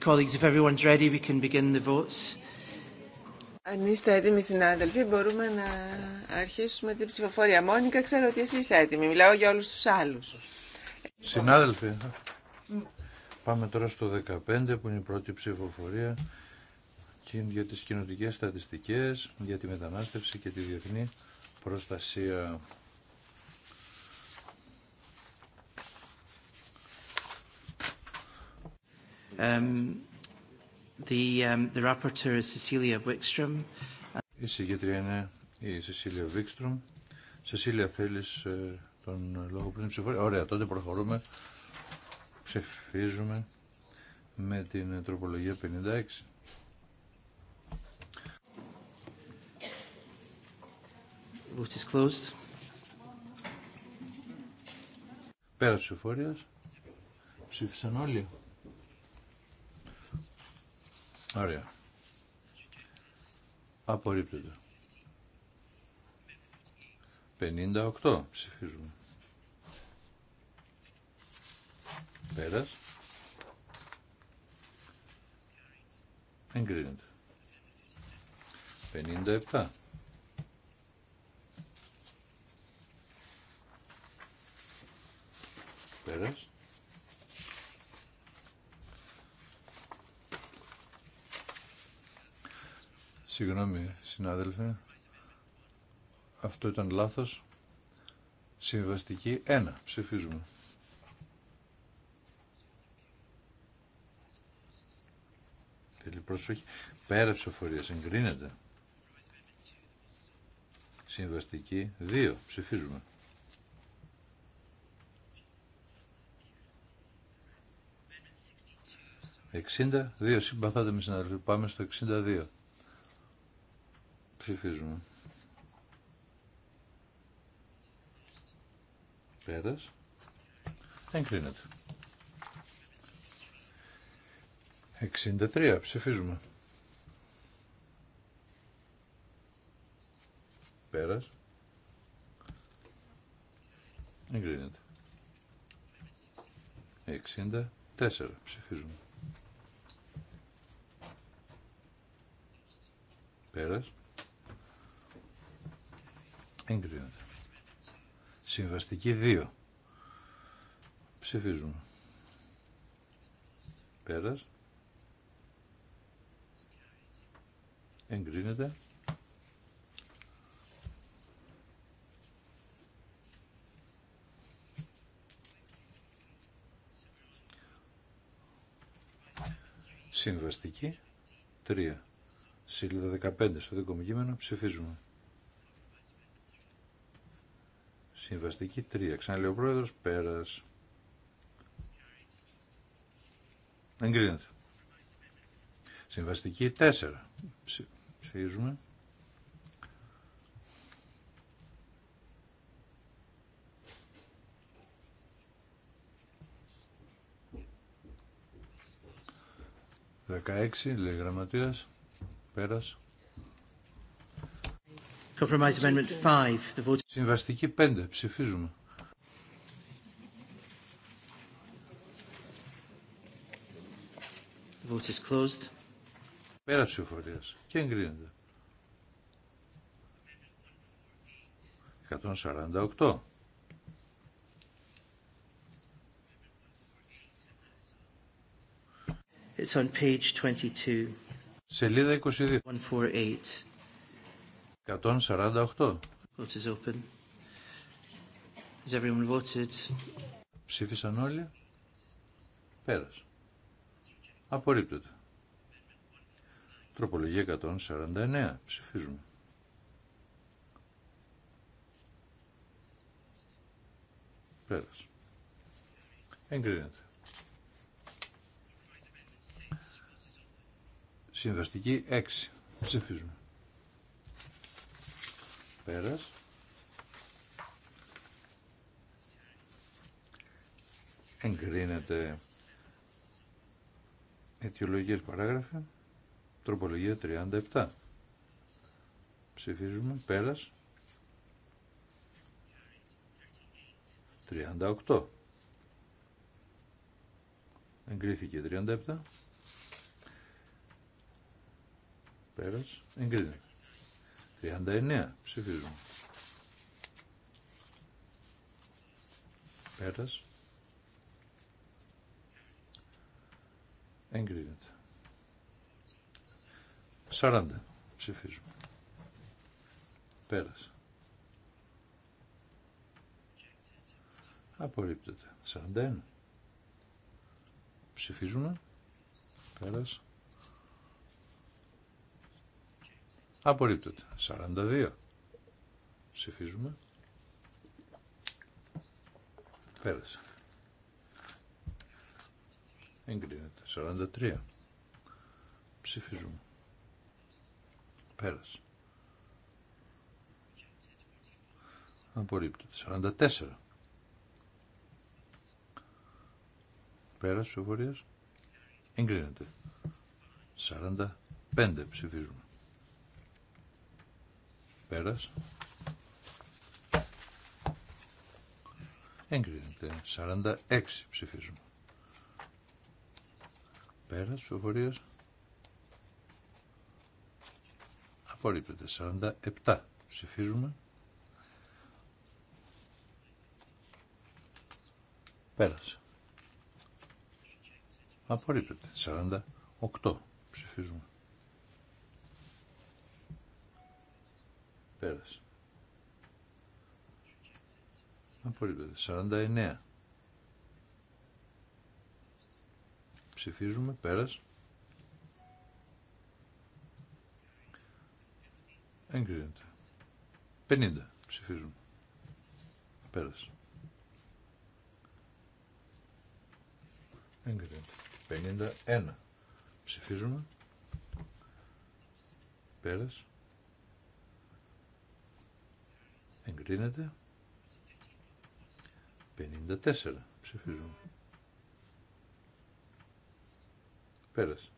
Colleagues, if everyone's ready, we can begin the votes. Αν είστε έτοιμοι συνάδελφοι, μπορούμε να αρχίσουμε την ψηφοφορία. Μόνικα, ξέρω ότι εσείς είστε έτοιμοι. Μιλάω για όλους τους άλλους. Συνάδελφοι, πάμε τώρα στο 15 που είναι η πρώτη ψηφοφορία για τις κοινωτικές στατιστικές, για τη μετανάστευση και τη διεθνή προστασία. Um, the, um, the is Cecilia Wickstrom. Η συγκεκριά είναι η Σεσίλια Βίξτρομ. Σεσίλια, θέλει ε, τον λόγο πριν ψηφορία. Ωραία, τότε προχωρούμε. Ψηφίζουμε με την τροπολογία 56. Vote is closed. Πέρα ψηφορίας. Ψήφισαν όλοι. Ωραία. Απορρίπτεται. 58 ψηφίζουμε. Πέρας. Εγκρίνεται. 57. Πέρας. Συγγνώμη, συνάδελφε. Αυτό ήταν λάθος. Συμβαστική 1. Ψηφίζουμε. Θέλει προσοχή. Πέρα ψηφοφορία. Εγκρίνεται. Συμβαστική 2. Ψηφίζουμε. 62. δύο. Συμπαθάτε με συνάδελφε, Πάμε στο 62. Ψηφίζουμε. Πέρας. Εγκρίνεται. 63. Ψηφίζουμε. Πέρας. Εγκρίνεται. 64. Ψηφίζουμε. Πέρας. Εγκρίνεται. Συμβαστική 2. Ψηφίζουμε. Πέρας. Εγκρίνεται. Συμβαστική 3. Σελίδα 15 στο δικό μου κείμενο ψηφίζουμε. Συμβαστική 3. Ξαναλέω πρόεδρος, πέρας. Εγκρίνεται. Συμβαστική 4. Ψηφίζουμε. Δεκαέξι, λέει γραμματείας, πέρας. Compromise Συμβαστική 5. Ψηφίζουμε. The vote is closed. Πέρα ψηφοφορία. Και εγκρίνεται. 148. 22. Σελίδα 22. 148. 148. Ψήφισαν όλοι. Πέρασε. Απορρίπτεται. Τροπολογία 149. Ψηφίζουμε. Πέρασε. Εγκρίνεται. Συμβαστική 6. Ψηφίζουμε. Πέρας. Εγκρίνεται αιτιολογίες παράγραφα. Τροπολογία 37. Ψηφίζουμε. Πέρας. 38. Εγκρίθηκε 37. Πέρας. Εγκρίνεται. 39 ψηφίζουμε. Πέρας. Εγκρίνεται. 40 ψηφίζουμε. Πέρας. Απορρίπτεται. 41. Ψηφίζουμε. Πέρας. Απορρίπτεται. 42. Ψηφίζουμε. Πέρασε. Εγκρίνεται. 43. Ψηφίζουμε. Πέρασε. Απορρίπτεται. 44. Πέρασε ο εγκρίνεται. 45 ψηφίζουμε. Πέρας. Εγκρίνεται. 46 ψηφίζουμε. Πέρας ψηφοφορίας. Απορρίπτεται. 47 ψηφίζουμε. Πέρας, Απορρίπτεται. 48 ψηφίζουμε. Πέρας. Απορρίπτεται. 49. Ψηφίζουμε. Πέρας. Εγκρίνεται. 50. Ψηφίζουμε. Πέρας. Εγκρίνεται. 51. Ψηφίζουμε. Πέρας. Εγκρίνεται. 54 ψηφίζουν. Πέρασε.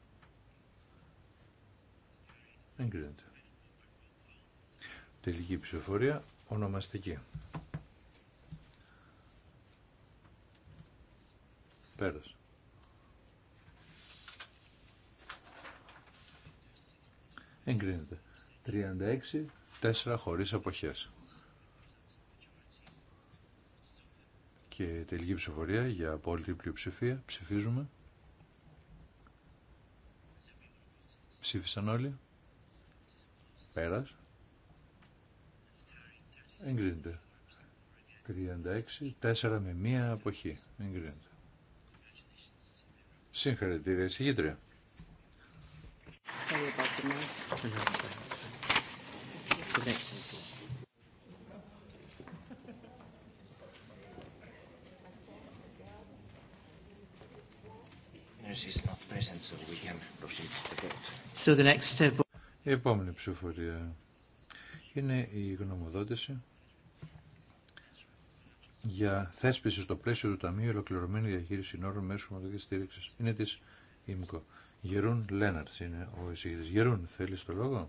Εγκρίνεται. Τελική ψηφοφορία ονομαστική. Πέρασε. Εγκρίνεται. 36, 4 χωρίς αποχές. και τελική ψηφοφορία για απόλυτη πλειοψηφία. Ψηφίζουμε. Ψήφισαν όλοι. Πέρας. Εγκρίνεται. 36, 4 με 1 αποχή. Εγκρίνεται. Συγχαρητήρια, Ευχαριστώ. Η επόμενη ψηφοφορία είναι η γνωμοδότηση για θέσπιση στο πλαίσιο του Ταμείου Ολοκληρωμένη Διαχείριση Συνόρων Μέσου Στήριξη. Είναι της ΙΜΚΟ. Γερούν Λέναρτς είναι ο εισηγητής. Γερούν, θέλεις το λόγο.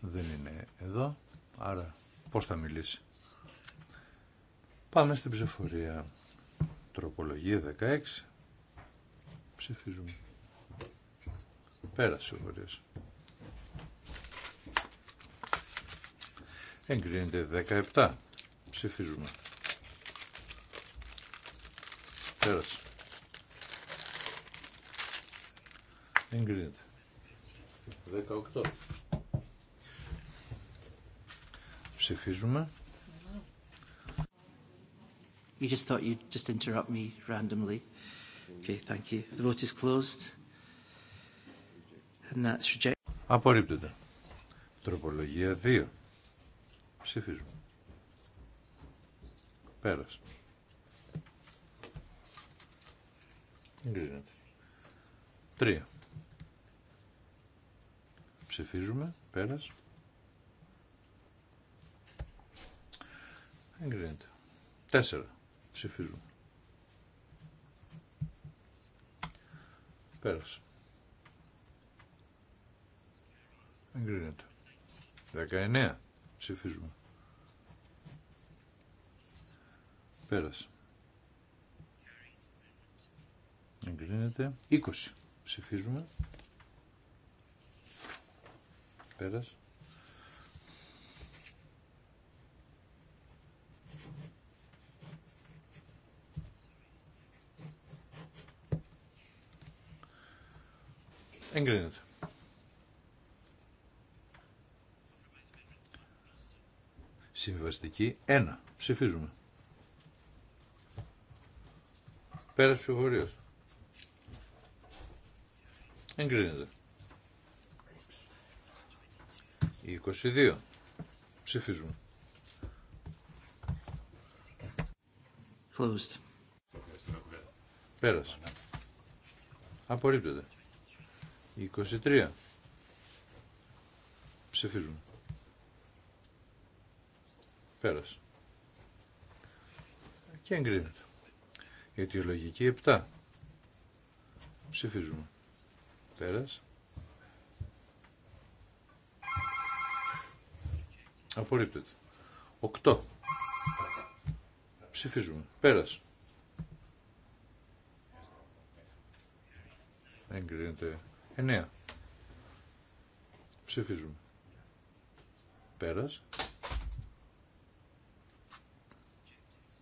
Δεν είναι εδώ, άρα πώς θα μιλήσει. Πάμε στην ψηφορία. Τροπολογία 16. Ψηφίζουμε. Πέρασε ο φορέας. Εγκρίνεται 17. Ψηφίζουμε. Πέρασε. Εγκρίνεται. 18. Ψηφίζουμε. You just thought you'd just interrupt me randomly. Okay, thank you. The vote is closed. And that's rejected. Απορρίπτεται. Τροπολογία 2. Ψηφίζουμε. Πέρασε. Εγκρίνεται. 3. Ψηφίζουμε. Πέρασε. Εγκρίνεται. 4. Ψηφίζουμε. Πέρασε. Εγκρίνεται. 19. Ψηφίζουμε. Πέρασε. Εγκρίνεται. 20. Ψηφίζουμε. Πέρασε. Εγκρίνεται. Συμβαστική 1. Ψηφίζουμε. Πέρασε ψηφοφορίας. Εγκρίνεται. 22. Ψηφίζουμε. Closed. Πέρασε. Απορρίπτεται. 23. Ψηφίζουμε. Πέρασε. Και εγκρίνεται. Η αιτιολογική 7. Ψηφίζουμε. Πέρασε. Απορρίπτεται. 8. Ψηφίζουμε. Πέρασε. Εγκρίνεται. 9. Ψηφίζουμε. Πέρας.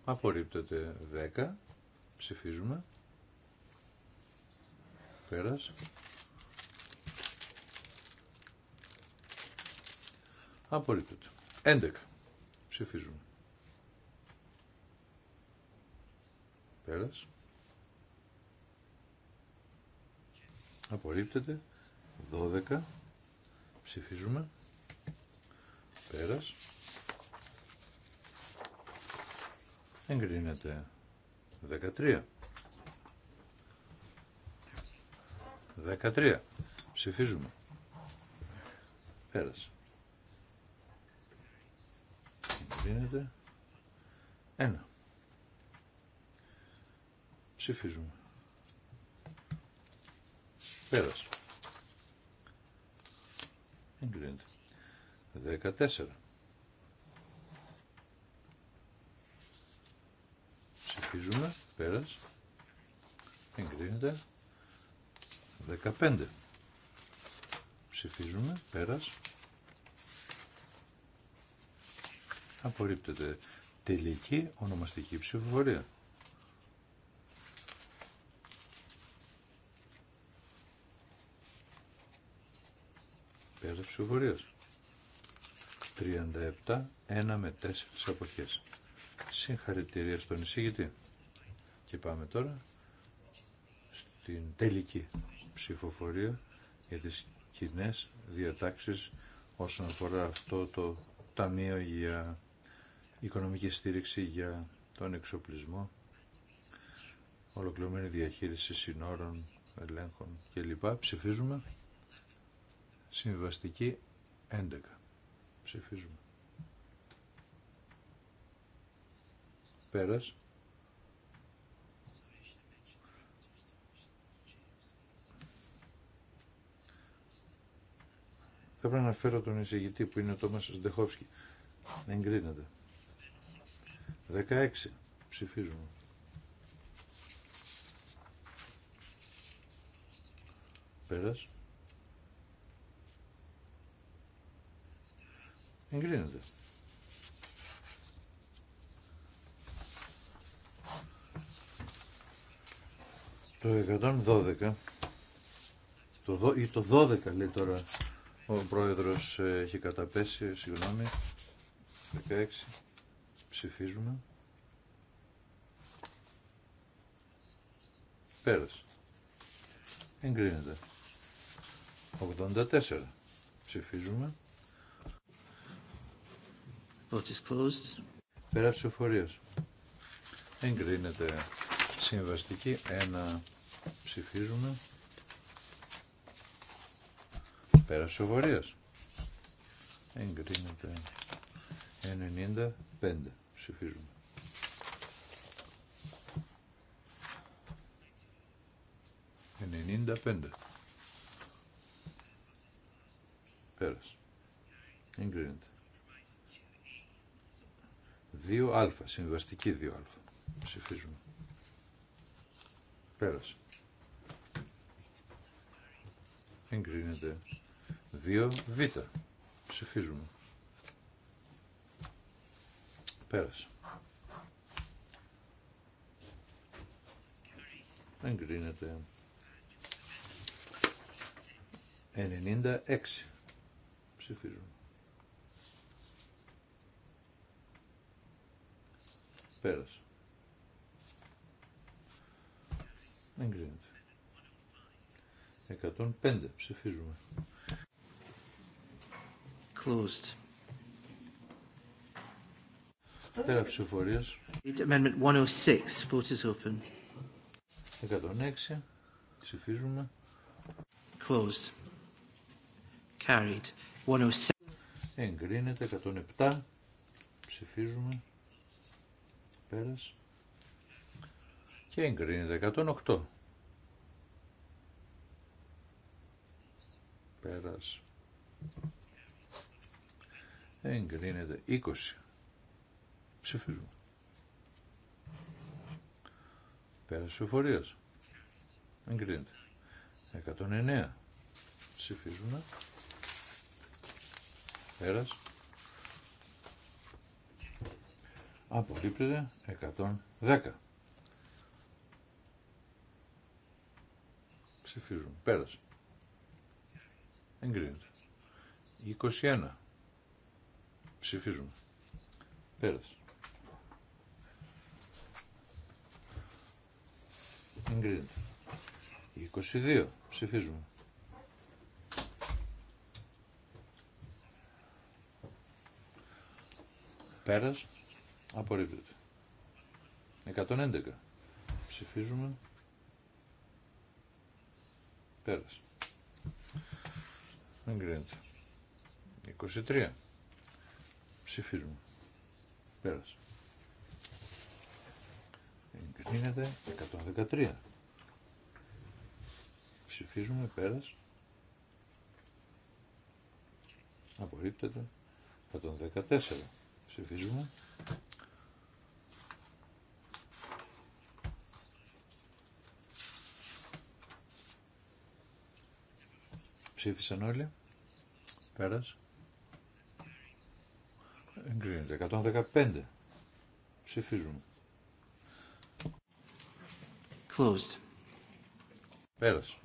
Απορρίπτεται 10. Ψηφίζουμε. Πέρας. Απορρίπτεται. 11. Ψηφίζουμε. Πέρας. απορρίπτεται 12 ψηφίζουμε πέρας εγκρίνεται 13 13 ψηφίζουμε πέρας εγκρίνεται 1 ψηφίζουμε Πέρας. Εγκρίνεται. 14. Ψηφίζουμε. Πέρας. Εγκρίνεται. 15. Ψηφίζουμε. Πέρας. Απορρίπτεται. Τελική ονομαστική ψηφοφορία. ψηφοφορία 37, 1 με 4 αποχές. Συγχαρητήρια στον εισηγητή. Και πάμε τώρα στην τελική ψηφοφορία για τις κοινέ διατάξεις όσον αφορά αυτό το Ταμείο για Οικονομική Στήριξη για τον Εξοπλισμό, Ολοκληρωμένη Διαχείριση Συνόρων, Ελέγχων κλπ. Ψηφίζουμε. Συμβαστική 11. Ψηφίζουμε. Πέρας. Θα πρέπει να αναφέρω τον εισηγητή που είναι ο Τόμας Σντεχόφσκι. Εγκρίνεται. 16. Ψηφίζουμε. Πέρας. Εγκρίνεται. Το 112 το, ή το 12 λέει τώρα ο πρόεδρος ε, έχει καταπέσει, συγγνώμη. 16 ψηφίζουμε. Πέρασε. Εγκρίνεται. 84 ψηφίζουμε. Vote is closed. Εγκρίνεται συμβαστική. Ένα ψηφίζουμε. ο φορείος. Εγκρίνεται 95. Ψηφίζουμε. Ενενήντα πέντε. Πέρασε. Εγκρίνεται. 2α, συμβαστική 2α. Ψηφίζουμε. Πέρασε. Εγκρίνεται. 2β. Ψηφίζουμε. Πέρασε. Εγκρίνεται. 96. Ψηφίζουμε. Πέρασε. κρίνεται. 105 ψηφίζουμε. Closed. Πέρα ψηφορίας. Amendment 106. Vote is open. 106. Ψηφίζουμε. Closed. Carried. 107. Εγκρίνεται. 107. Ψηφίζουμε πέρας και εγκρίνεται 108 πέρας εγκρίνεται 20 ψηφίζουμε πέρας εφορίας εγκρίνεται 109 ψηφίζουμε πέρας απορρίπτεται 110. Ψηφίζουν. Πέρασε. Εγκρίνεται. 21. Ψηφίζουμε. Πέρασε. Εγκρίνεται. 22. Ψηφίζουμε. Πέρασε. Απορρίπτεται. 111. Ψηφίζουμε. Πέρασε. Εγκρίνεται. 23. Ψηφίζουμε. Πέρασε. Εγκρίνεται. 113. Ψηφίζουμε. Πέρασε. Απορρίπτεται. 114. Ψηφίζουμε. Ψήφισαν όλοι. Πέρας. Εγκρίνεται. 115. Ψηφίζουν. Closed. Πέρας.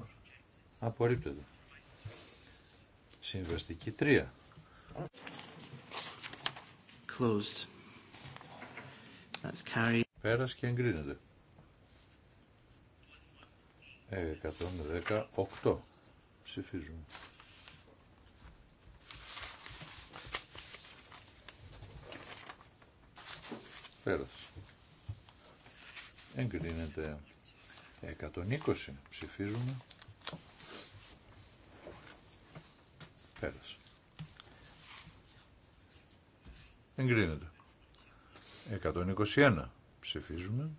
Απορρίπτεται. Συμβαστική 3. Closed. That's carried. Πέρας και εγκρίνεται. 118. Ψηφίζουμε. Πέρασε. Εγκρίνεται 120. Ψηφίζουμε. Πέρασε. Εγκρίνεται. 121. Ψηφίζουμε.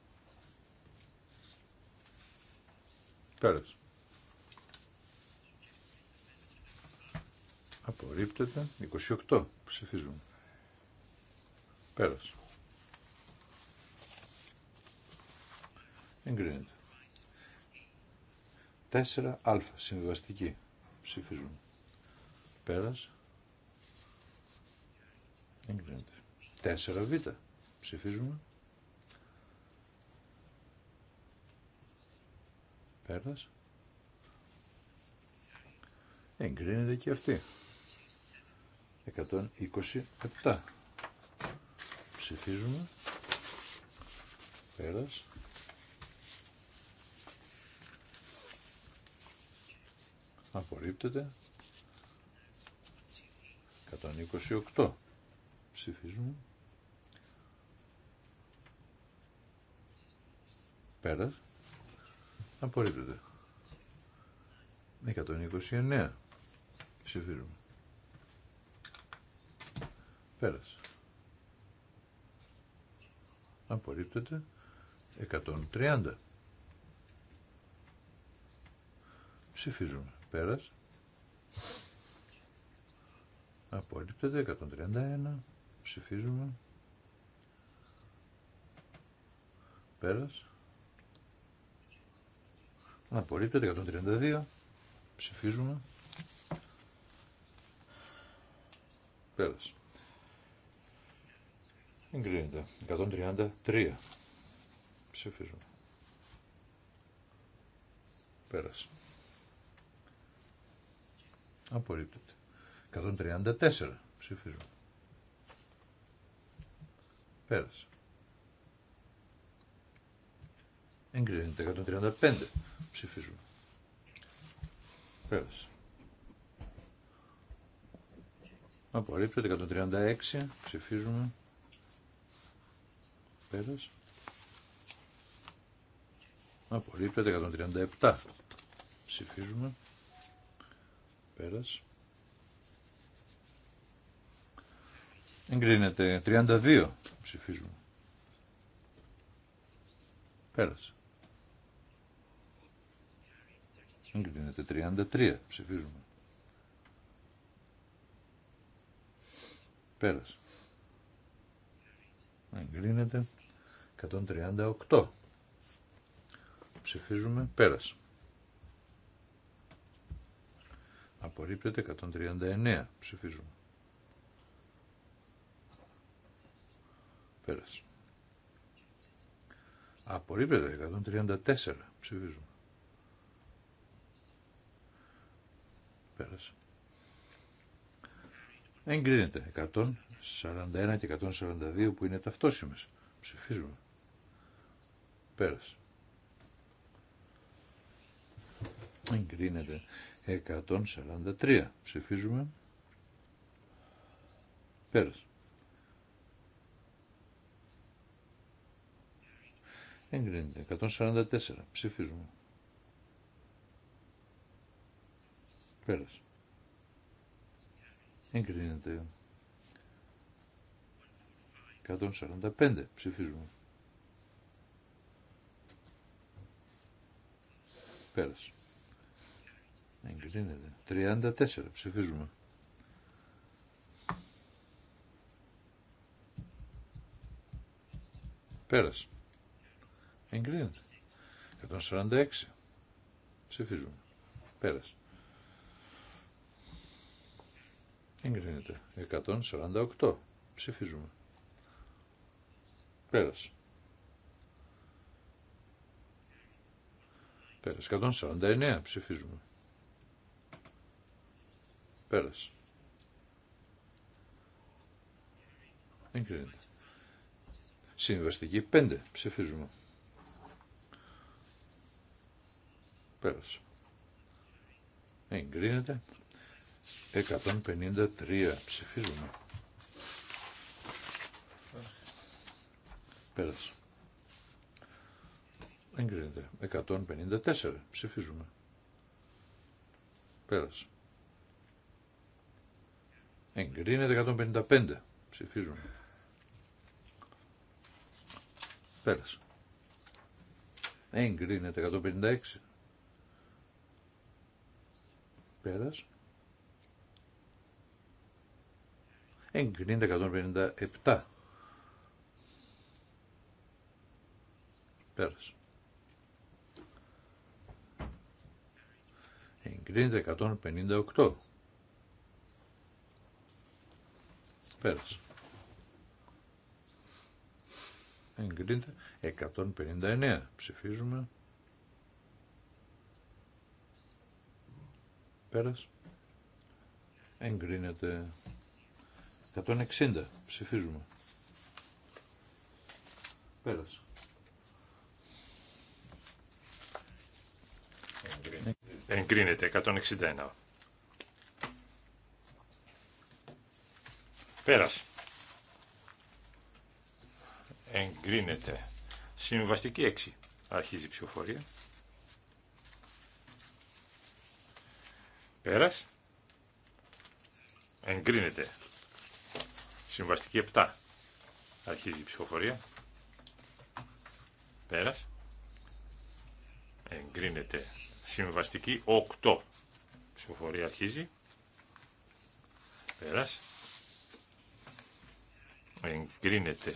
Πέρασε. Απορρίπτεται. 28. Ψηφίζουμε. Πέρασε. Εγκρίνεται. 4α. Συμβιβαστική. Ψηφίζουμε. Πέρασε. Εγκρίνεται. 4β. Ψηφίζουμε. Πέρασε. Εγκρίνεται και αυτή. 127. Ψηφίζουμε. Πέρας. Απορρίπτεται. 128. Ψηφίζουμε. Πέρας. Απορρίπτεται. 129. Ψηφίζουμε. Πέρασε. Απορρίπτεται. 130. Ψηφίζουμε. Πέρασε. Απορρίπτεται. 131. Ψηφίζουμε. Πέρασε. Απορρίπτεται. 132. Ψηφίζουμε. Πέρασε. Εγκρίνεται. 133. Ψηφίζουμε. Πέρασε. Απορρίπτεται. 134. Ψηφίζουμε. Πέρασε. Εγκρίνεται. 135. Ψηφίζουμε. Πέρασε. Απορρίπτεται. 136. Ψηφίζουμε. Πέρας. Απορρίπτεται 137. Ψηφίζουμε. Πέρας. Εγκρίνεται 32. Ψηφίζουμε. Πέρας. Εγκρίνεται 33. Ψηφίζουμε. Πέρας. Εγκρίνεται 138. Ψηφίζουμε Πέρασε. Απορρίπτεται 139. Ψηφίζουμε. Πέρασε. Απορρίπτεται 134. Ψηφίζουμε. Πέρασε. Εγκρίνεται 141 και 142 που είναι ταυτόσιμες. Ψηφίζουμε. Πέρασε. Εγκρίνεται 143. Ψηφίζουμε. Πέρασε. Εγκρίνεται 144. Ψηφίζουμε. Πέρασε. Εγκρίνεται 145. Ψηφίζουμε. Πέρας. Εγκρίνεται. 34 ψηφίζουμε. Πέρας. Εγκρίνεται. 146. Ψηφίζουμε. Πέρασε. Εγκρίνεται. 148. Ψηφίζουμε. Πέρασε. Πέρασε. 149 ψηφίζουμε. Πέρας. Εγκρίνεται. Συμβαστική 5 ψηφίζουμε. Πέρασε. Εγκρίνεται. 153 ψηφίζουμε. Πέρασε. Εγκρίνεται. 154. Ψηφίζουμε. Πέρασε. Εγκρίνεται 155. Ψηφίζουμε. Πέρασε. Εγκρίνεται 156. Πέρασε. Εγκρίνεται 157. Πέρασε. Εγκρίνεται 158. Πέρασε. Εγκρίνεται 159. Ψηφίζουμε. Πέρασε. Εγκρίνεται 160. Ψηφίζουμε. Πέρασε. Εγκρίνεται 161. Πέρας. Εγκρίνεται. Συμβαστική 6. Αρχίζει η ψηφοφορία. Πέρας. Εγκρίνεται. Συμβαστική 7. Αρχίζει η ψηφοφορία. Πέρας. Εγκρίνεται. Συμβαστική 8. Ψηφοφορία αρχίζει. Πέρας. Εγκρίνεται.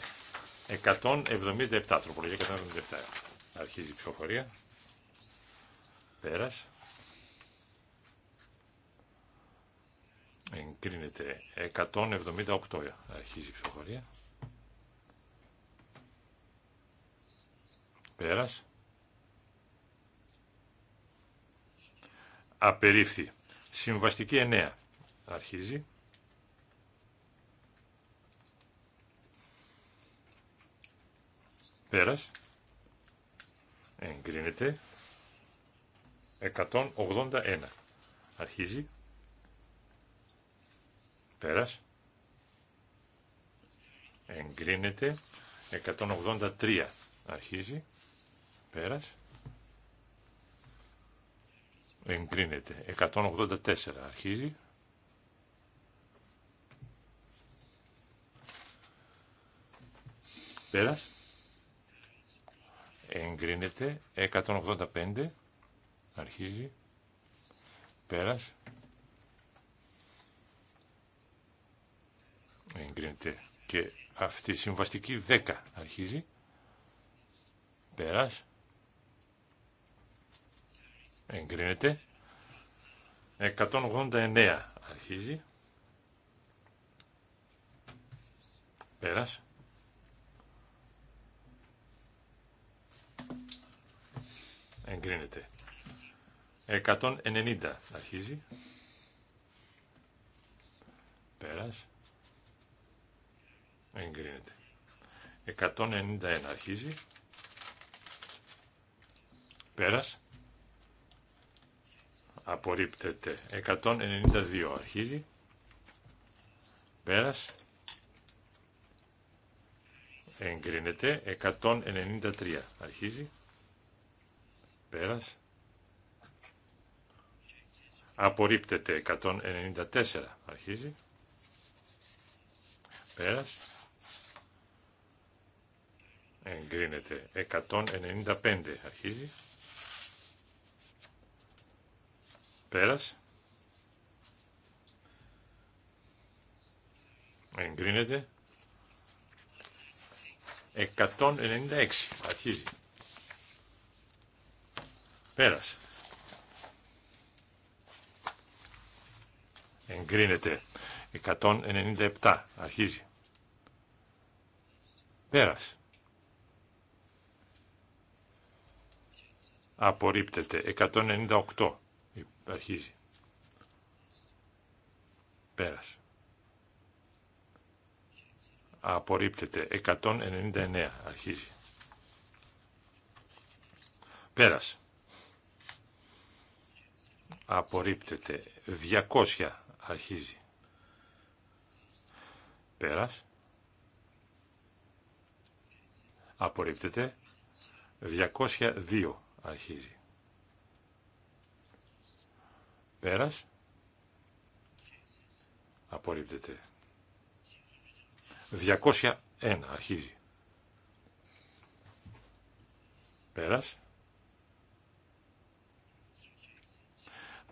177. Τροπολογία 177. Αρχίζει η ψηφοφορία. Πέρας. Εγκρίνεται. 178. Αρχίζει η ψηφοφορία. Πέρας. απερίφθη. Συμβαστική 9 αρχίζει. Πέρας. Εγκρίνεται. 181 αρχίζει. Πέρας. Εγκρίνεται. 183 αρχίζει. Πέρας εγκρίνεται. 184 αρχίζει. Πέρας. Εγκρίνεται. 185 αρχίζει. Πέρας. Εγκρίνεται. Και αυτή η συμβαστική 10 αρχίζει. Πέρας εγκρίνεται. 189 αρχίζει. Πέρας. Εγκρίνεται. 190 αρχίζει. Πέρας. Εγκρίνεται. 191 αρχίζει. Πέρας απορρίπτεται 192 αρχίζει πέρας εγκρίνεται 193 αρχίζει πέρας απορρίπτεται 194 αρχίζει πέρας εγκρίνεται 195 αρχίζει Πέρας. Εγκρίνεται. 196. Αρχίζει. Πέρας. Εγκρίνεται. 197. Αρχίζει. Πέρας. Απορρίπτεται. 198. Αρχίζει. Πέρας. Απορρίπτεται. 199. Αρχίζει. Πέρας. Απορρίπτεται. 200. Αρχίζει. Πέρας. Απορρίπτεται. 202 αρχίζει. Πέρας. Απορρίπτεται. 201 αρχίζει. Πέρας.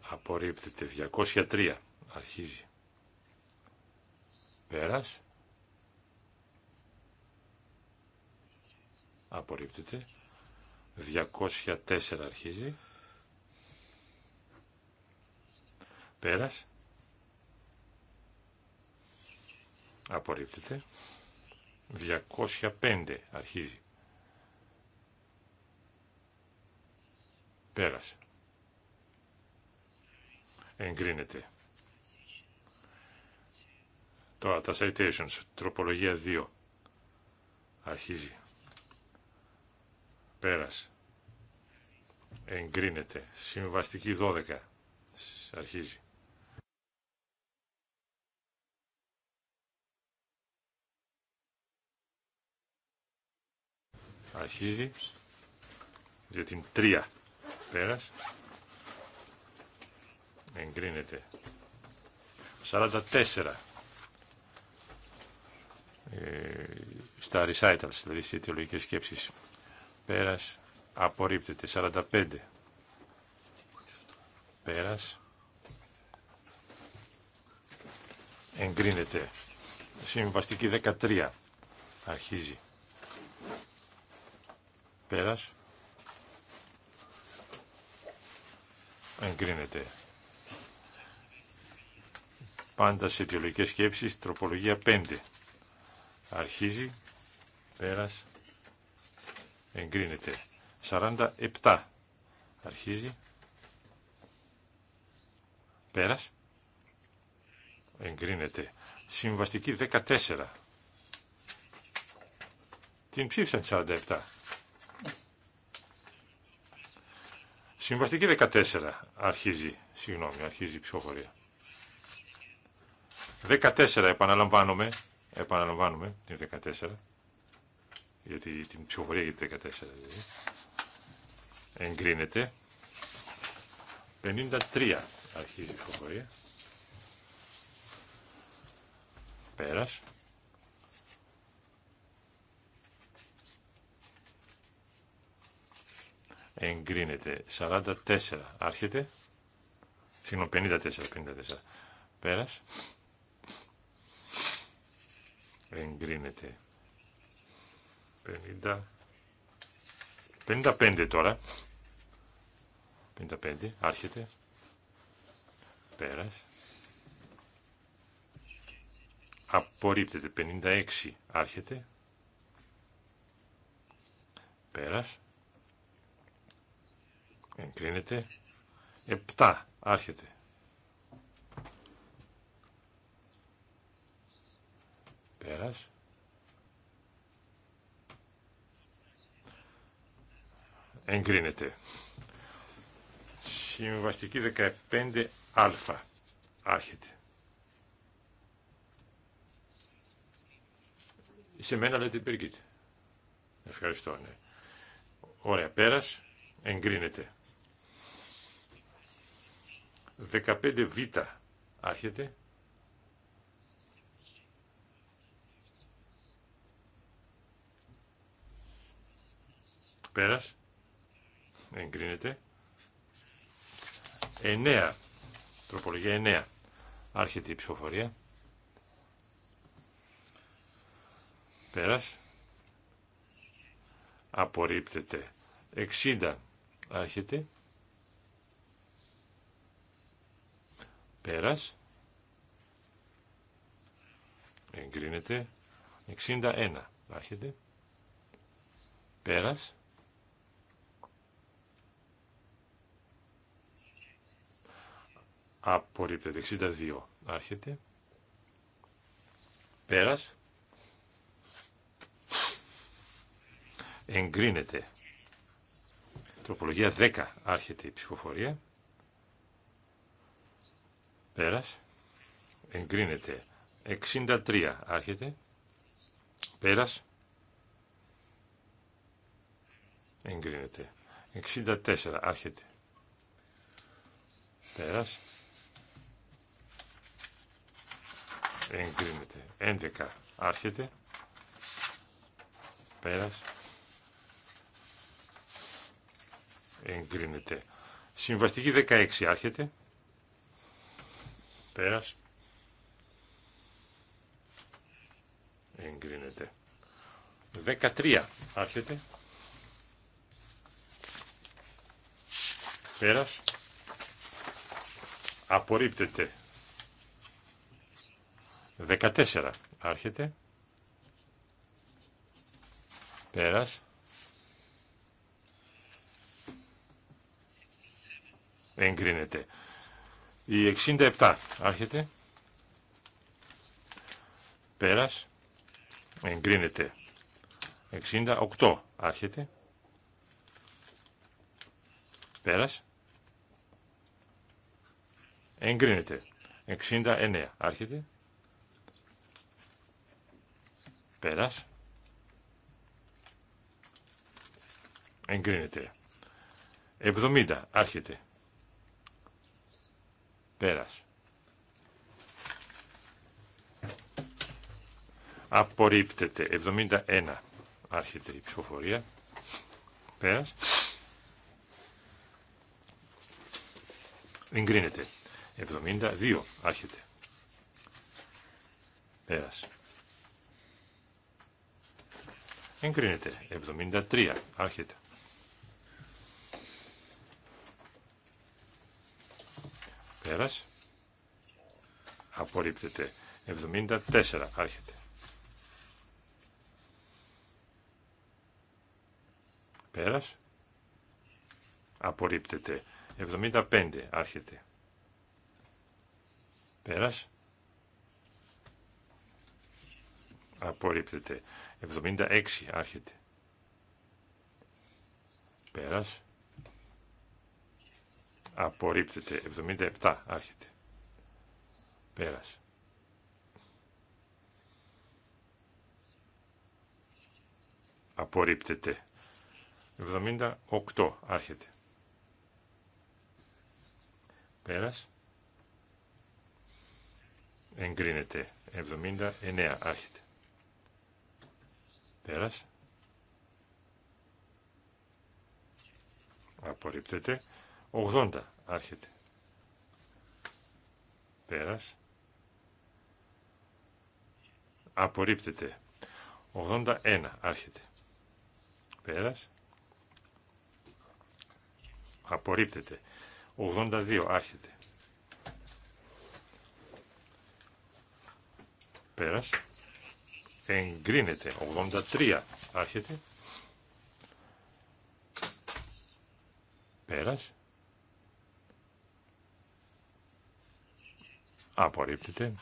Απορρίπτεται. 203 αρχίζει. Πέρας. Απορρίπτεται. 204 αρχίζει. Πέρας. Απορρίπτεται. 205 αρχίζει. Πέρας. Εγκρίνεται. Τώρα τα citations, τροπολογία 2. Αρχίζει. Πέρας. Εγκρίνεται. Συμβαστική 12. Αρχίζει. Αρχίζει. Για την 3. Πέρας. Εγκρίνεται. 44. Ε, στα recitals, δηλαδή στις αιτιολογικές σκέψεις. Πέρας. Απορρίπτεται. 45. Πέρας. Εγκρίνεται. Συμβαστική 13. Αρχίζει. Πέρας. Εγκρίνεται. Πάντα σε αιτιολογικές σκέψεις, τροπολογία 5. Αρχίζει. Πέρας. Εγκρίνεται. 47. Αρχίζει. Πέρας. Εγκρίνεται. Συμβαστική 14. Την ψήφισαν 47. Συμβαστική 14 αρχίζει, συγγνώμη, αρχίζει η ψηφοφορία. 14 επαναλαμβάνουμε, επαναλαμβάνουμε την 14, γιατί την ψηφοφορία για την 14 δηλαδή, εγκρίνεται. 53 αρχίζει η ψηφοφορία. Πέρας. εγκρίνεται. 44 άρχεται. Συγγνώμη, 54, 54. Πέρας. Εγκρίνεται. 50. 55 τώρα. 55, άρχεται. Πέρας. Απορρίπτεται. 56, άρχεται. Πέρας. Εγκρίνεται. επτα Άρχεται. Πέρας. Εγκρίνεται. Συμβαστική 15α. Άρχεται. Σε μένα λέτε Birgit. Ευχαριστώ, ναι. Ωραία, πέρας. Εγκρίνεται. 15β άρχεται. Πέρας. Εγκρίνεται. 9. Τροπολογία 9. Άρχεται η ψηφοφορία. Πέρας. Απορρίπτεται. 60. Άρχεται. Πέρας. Εγκρίνεται. 61. Άρχεται. Πέρας. Απορρίπτεται. 62. Άρχεται. Πέρας. Εγκρίνεται. Τροπολογία 10. Άρχεται η ψηφοφορία. Πέρας. Εγκρίνεται. 63 άρχεται. Πέρας. Εγκρίνεται. 64 άρχεται. Πέρας. Εγκρίνεται. 11 άρχεται. Πέρας. Εγκρίνεται. Συμβαστική 16 άρχεται. Πέρας. Εγκρίνεται. 13. Άρχεται. Πέρας. Απορρίπτεται. 14. Άρχεται. Πέρας. Εγκρίνεται. Η 67 άρχεται. Πέρας. Εγκρίνεται. 68 άρχεται. Πέρας. Εγκρίνεται. 69 άρχεται. Πέρας. Εγκρίνεται. 70 άρχεται. Πέρας. Απορρίπτεται. 71. Άρχεται η ψηφοφορία. Πέρας. Εγκρίνεται. 72. Άρχεται. Πέρας. Εγκρίνεται. 73. Άρχεται. Πέρας. Απορρίπτεται. 74. Άρχεται. Πέρας. Απορρίπτεται. 75. Άρχεται. Πέρας. Απορρίπτεται. 76. Άρχεται. Πέρας. Απορρίπτεται. 77 άρχεται. Πέρας. Απορρίπτεται. 78 άρχεται. Πέρας. Εγκρίνεται. 79 άρχεται. Πέρας. Απορρίπτεται. 80 άρχεται. Πέρας. Απορρίπτεται. 81 άρχεται. Πέρας. Απορρίπτεται. 82 άρχεται. Πέρας. Εγκρίνεται. 83 άρχεται. Πέρας. Απορρίπτεται.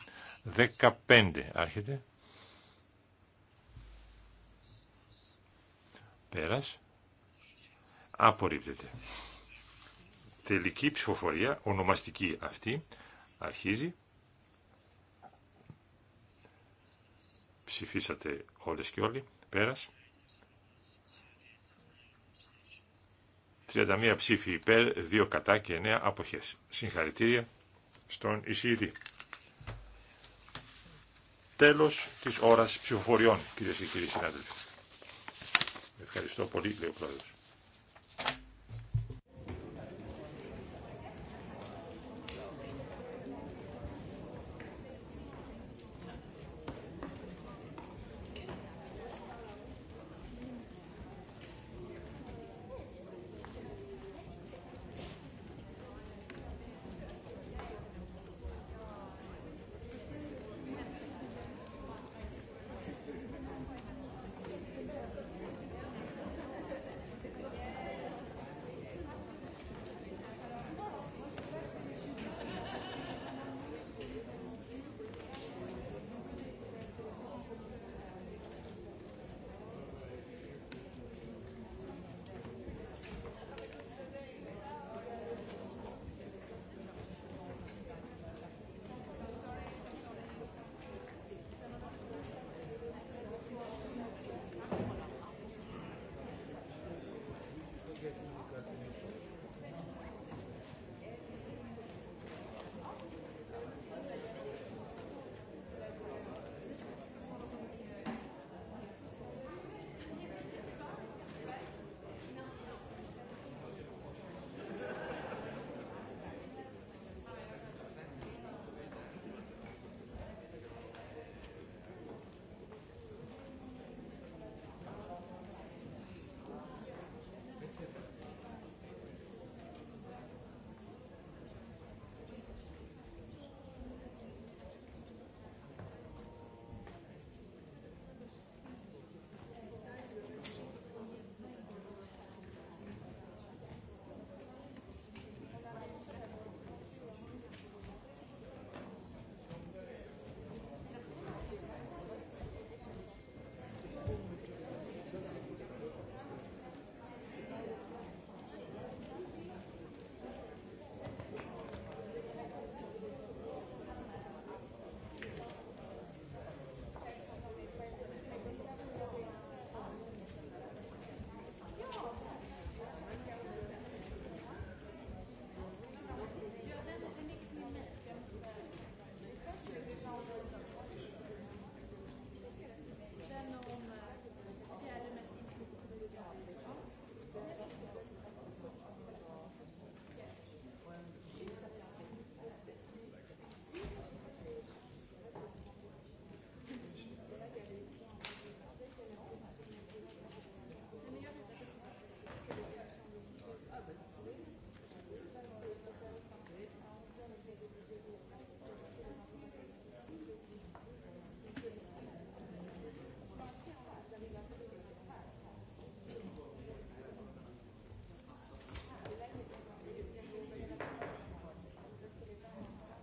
15 άρχεται. Πέρας. Απορρίπτεται. Τελική ψηφοφορία, ονομαστική αυτή, αρχίζει. Ψηφίσατε όλες και όλοι. Πέρας. 31 ψήφοι υπέρ, 2 κατά και 9 αποχές. Συγχαρητήρια στον Ισίδη. Τέλος της ώρας ψηφοφοριών, κυρίες και κύριοι συνάδελφοι. Ευχαριστώ πολύ, λέει ο Πρόεδρος.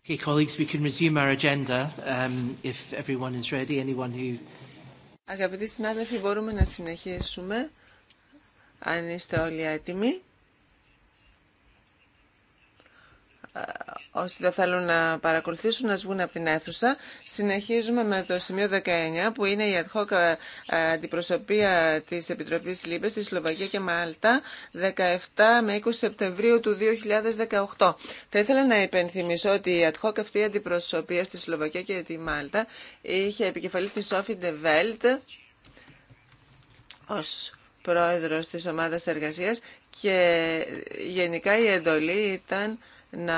Okay, colleagues, we can resume our agenda um, if everyone is ready. Anyone who... Αγαπητοί συνάδελφοι, μπορούμε να συνεχίσουμε αν είστε όλοι έτοιμοι. Όσοι δεν θέλουν να παρακολουθήσουν, να σβούν από την αίθουσα. Συνεχίζουμε με το σημείο 19, που είναι η ad hoc ε, αντιπροσωπεία τη Επιτροπή Λίμπε στη Σλοβακία και Μάλτα, 17 με 20 Σεπτεμβρίου του 2018. Θα ήθελα να υπενθυμίσω ότι η ad hoc αυτή αντιπροσωπεία στη Σλοβακία και τη Μάλτα είχε επικεφαλή στη Σόφι Ντεβέλτ ω πρόεδρο τη Ομάδα εργασία, και γενικά η εντολή ήταν να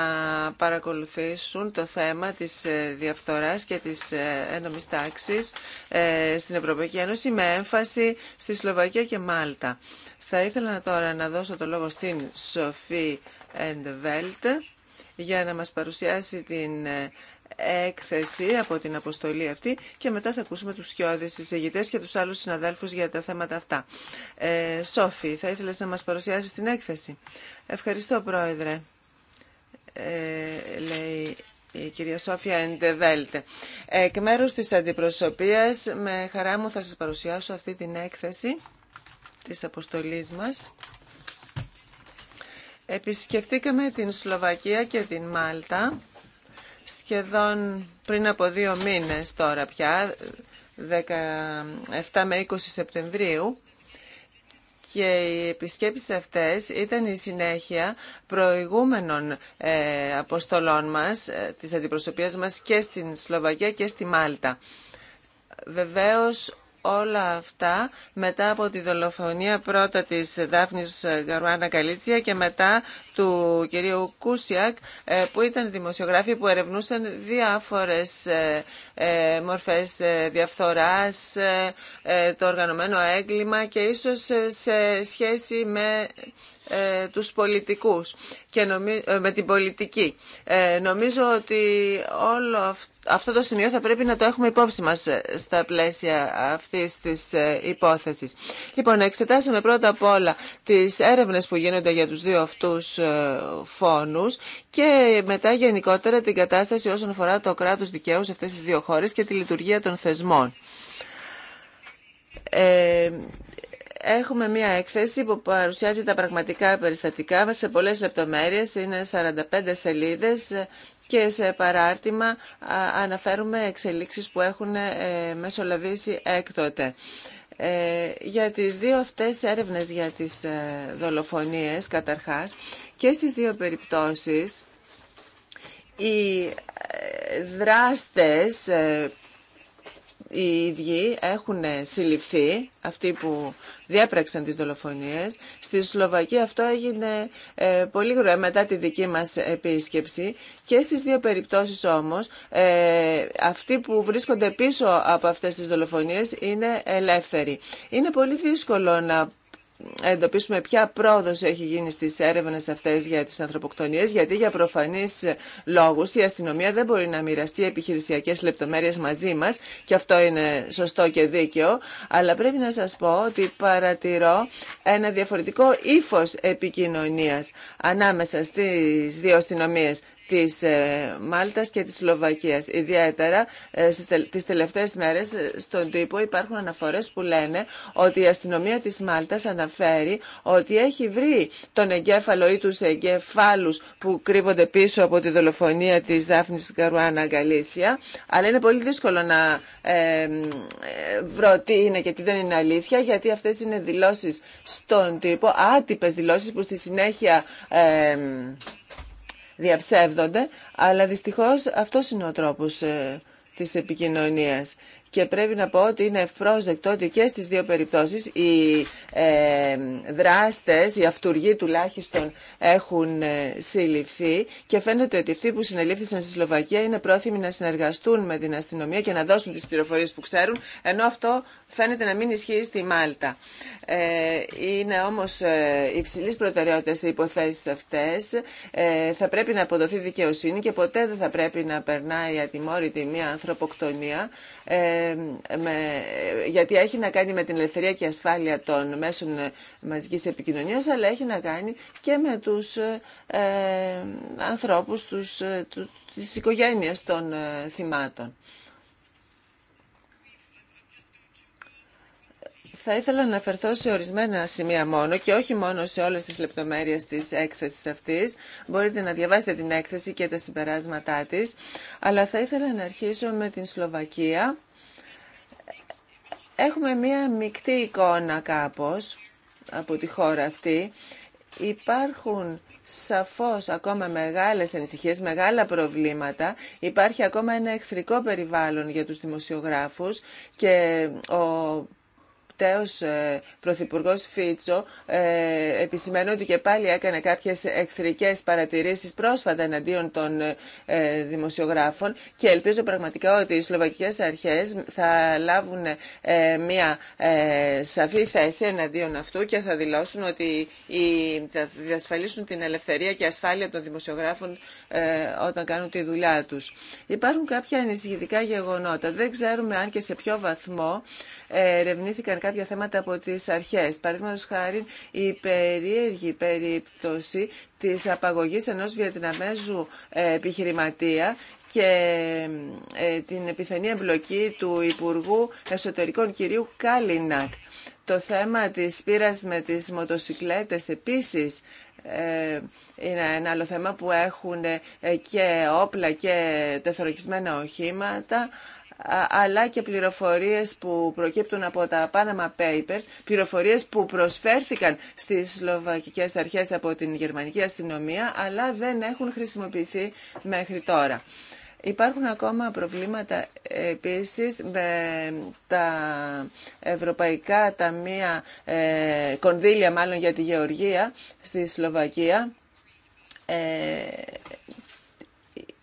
παρακολουθήσουν το θέμα της ε, διαφθοράς και της ε, ένομης τάξης ε, στην Ευρωπαϊκή Ένωση με έμφαση στη Σλοβακία και Μάλτα. Θα ήθελα τώρα να δώσω το λόγο στην Σοφή Εντεβέλτ για να μας παρουσιάσει την έκθεση από την αποστολή αυτή και μετά θα ακούσουμε τους σκιώδες εισηγητές και τους άλλους συναδέλφους για τα θέματα αυτά. Ε, Σόφη, θα ήθελες να μας παρουσιάσεις την έκθεση. Ευχαριστώ, Πρόεδρε. Ε, λέει η κυρία Σόφια Εντεβέλτε. Ε, εκ μέρους της αντιπροσωπείας, με χαρά μου θα σας παρουσιάσω αυτή την έκθεση της αποστολής μας. Επισκεφτήκαμε την Σλοβακία και την Μάλτα σχεδόν πριν από δύο μήνες τώρα πια, 17 με 20 Σεπτεμβρίου και οι επισκέψεις αυτές ήταν η συνέχεια προηγούμενων ε, αποστολών μας, ε, της αντιπροσωπείας μας και στην Σλοβακία και στη Μάλτα. Βεβαίως όλα αυτά μετά από τη δολοφονία πρώτα της Δάφνης Γαρουάνα Καλίτσια και μετά του κυρίου Κούσιακ ε, που ήταν δημοσιογράφοι που ερευνούσαν διάφορες ε, ε, μορφές διαφθοράς, το οργανωμένο έγκλημα και ίσως σε σχέση με ε, τους πολιτικούς και ε, με την πολιτική. Ε, νομίζω ότι όλο αυτό το σημείο θα πρέπει να το έχουμε υπόψη μας ε, στα πλαίσια αυτής της υπόθεσης. Λοιπόν, εξετάσαμε πρώτα απ' όλα τις έρευνες που γίνονται για τους δύο αυτούς φόνους και μετά γενικότερα την κατάσταση όσον αφορά το κράτος δικαίου σε αυτές τις δύο χώρες και τη λειτουργία των θεσμών. Ε, Έχουμε μία έκθεση που παρουσιάζει τα πραγματικά περιστατικά μας σε πολλές λεπτομέρειες, είναι 45 σελίδες και σε παράρτημα αναφέρουμε εξελίξεις που έχουν ε, μεσολαβήσει έκτοτε. Ε, για τις δύο αυτές έρευνες για τις ε, δολοφονίες καταρχάς και στις δύο περιπτώσεις οι δράστες οι ίδιοι έχουν συλληφθεί, αυτοί που διέπραξαν τις δολοφονίες. Στη Σλοβακία αυτό έγινε ε, πολύ γρήγορα μετά τη δική μας επίσκεψη και στις δύο περιπτώσεις όμως ε, αυτοί που βρίσκονται πίσω από αυτές τις δολοφονίες είναι ελεύθεροι. Είναι πολύ δύσκολο να εντοπίσουμε ποια πρόοδος έχει γίνει στις έρευνες αυτές για τις ανθρωποκτονίες, γιατί για προφανείς λόγους η αστυνομία δεν μπορεί να μοιραστεί επιχειρησιακές λεπτομέρειες μαζί μας και αυτό είναι σωστό και δίκαιο, αλλά πρέπει να σας πω ότι παρατηρώ ένα διαφορετικό ύφο επικοινωνίας ανάμεσα στις δύο αστυνομίες της ε, Μάλτας και της Σλοβακίας. Ιδιαίτερα ε, τις τελευταίες μέρες ε, στον τύπο υπάρχουν αναφορές που λένε ότι η αστυνομία της Μάλτας αναφέρει ότι έχει βρει τον εγκέφαλο ή τους εγκεφάλους που κρύβονται πίσω από τη δολοφονία της Δάφνης Καρουάνα Γκαλίσια αλλά είναι πολύ δύσκολο να ε, βρω τι είναι και τι δεν είναι αλήθεια γιατί αυτές είναι δηλώσεις στον τύπο, άτυπες δηλώσεις που στη συνέχεια διαψεύδονται, αλλά δυστυχώς αυτός είναι ο τρόπος ε, της επικοινωνίας και πρέπει να πω ότι είναι ευπρόσδεκτο ότι και στις δύο περιπτώσεις οι ε, δράστες, οι αυτούργοι τουλάχιστον έχουν ε, συλληφθεί και φαίνεται ότι αυτοί που συνελήφθησαν στη Σλοβακία είναι πρόθυμοι να συνεργαστούν με την αστυνομία και να δώσουν τις πληροφορίες που ξέρουν, ενώ αυτό φαίνεται να μην ισχύει στη Μάλτα. Ε, είναι όμως ε, υψηλής προτεραιότητας οι υποθέσεις αυτές. Ε, θα πρέπει να αποδοθεί δικαιοσύνη και ποτέ δεν θα πρέπει να περνάει ατιμόρυτη μια ανθρωποκτονία. Ε, με, γιατί έχει να κάνει με την ελευθερία και ασφάλεια των μέσων μαζικής επικοινωνίας, αλλά έχει να κάνει και με τους ε, ανθρώπους τους, ε, του, της οικογένειας των ε, θυμάτων. Θα ήθελα να αναφερθώ σε ορισμένα σημεία μόνο και όχι μόνο σε όλες τις λεπτομέρειες της έκθεσης αυτής. Μπορείτε να διαβάσετε την έκθεση και τα συμπεράσματά της. Αλλά θα ήθελα να αρχίσω με την Σλοβακία Έχουμε μία μεικτή εικόνα κάπως από τη χώρα αυτή. Υπάρχουν σαφώς ακόμα μεγάλες ανησυχίες, μεγάλα προβλήματα. Υπάρχει ακόμα ένα εχθρικό περιβάλλον για τους δημοσιογράφους και ο τελευταίος ε, Πρωθυπουργό Φίτσο ε, επισημαίνει ότι και πάλι έκανε κάποιε εχθρικέ παρατηρήσεις πρόσφατα εναντίον των ε, δημοσιογράφων και ελπίζω πραγματικά ότι οι σλοβακικέ αρχές θα λάβουν μια σαφή θέση εναντίον αυτού και θα δηλώσουν ότι θα διασφαλίσουν την ελευθερία και ασφάλεια των δημοσιογράφων όταν κάνουν τη δουλειά του. Υπάρχουν κάποια ανησυχητικά γεγονότα. Δεν ξέρουμε αν και σε ποιο βαθμό ερευνήθηκαν κάποια θέματα από τις αρχές. Παραδείγματο χάρη η περίεργη περίπτωση της απαγωγής ενός Βιετναμέζου ε, επιχειρηματία και ε, την επιθανή εμπλοκή του Υπουργού Εσωτερικών κυρίου Κάλινακ. Το θέμα της πύρας με τις μοτοσικλέτες επίσης ε, είναι ένα άλλο θέμα που έχουν και όπλα και τεθωρακισμένα οχήματα αλλά και πληροφορίες που προκύπτουν από τα Panama Papers, πληροφορίες που προσφέρθηκαν στις σλοβακικές αρχές από την γερμανική αστυνομία, αλλά δεν έχουν χρησιμοποιηθεί μέχρι τώρα. Υπάρχουν ακόμα προβλήματα επίσης με τα ευρωπαϊκά ταμεία, ε, κονδύλια μάλλον για τη Γεωργία στη Σλοβακία. Ε,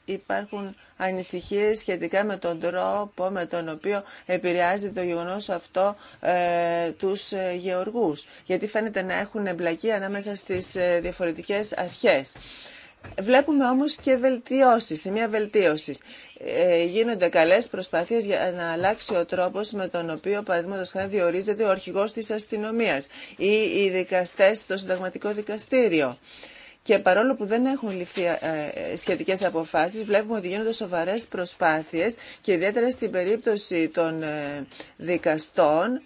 υπάρχουν ανησυχίες σχετικά με τον τρόπο με τον οποίο επηρεάζει το γεγονός αυτό ε, τους ε, γεωργούς. Γιατί φαίνεται να έχουν εμπλακεί ανάμεσα στις ε, διαφορετικές αρχές. Βλέπουμε όμως και βελτιώσεις, σημεία βελτίωσης. Ε, γίνονται καλές προσπάθειες για να αλλάξει ο τρόπος με τον οποίο, παραδείγματο χάρη, διορίζεται ο αρχηγό της αστυνομίας ή οι δικαστές στο συνταγματικό δικαστήριο. Και παρόλο που δεν έχουν ληφθεί ε, ε, σχετικέ αποφάσει, βλέπουμε ότι γίνονται σοβαρέ προσπάθειες και ιδιαίτερα στην περίπτωση των ε, δικαστών,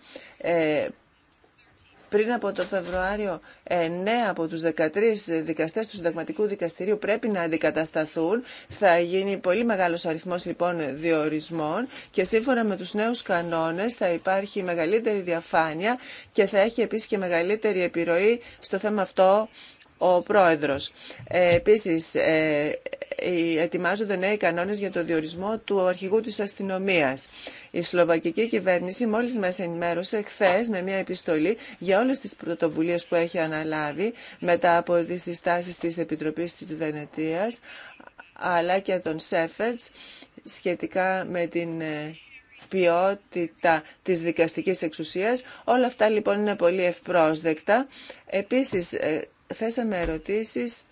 πριν από το Φεβρουάριο, 9 ναι, από τους 13 δικαστές του Συνταγματικού Δικαστηρίου πρέπει να αντικατασταθούν. Θα γίνει πολύ μεγάλος αριθμός λοιπόν διορισμών και σύμφωνα με τους νέους κανόνες θα υπάρχει μεγαλύτερη διαφάνεια και θα έχει επίσης και μεγαλύτερη επιρροή στο θέμα αυτό ο πρόεδρος. Ε, επίσης, ε, ε, ετοιμάζονται νέοι κανόνες για το διορισμό του αρχηγού της αστυνομίας. Η σλοβακική κυβέρνηση μόλις μας ενημέρωσε χθε με μια επιστολή για όλες τις πρωτοβουλίες που έχει αναλάβει μετά από τις συστάσεις της Επιτροπής της Βενετίας αλλά και των Σέφερτς σχετικά με την ποιότητα της δικαστικής εξουσίας. Όλα αυτά λοιπόν είναι πολύ ευπρόσδεκτα. Επίσης θέσαμε ερωτήσεις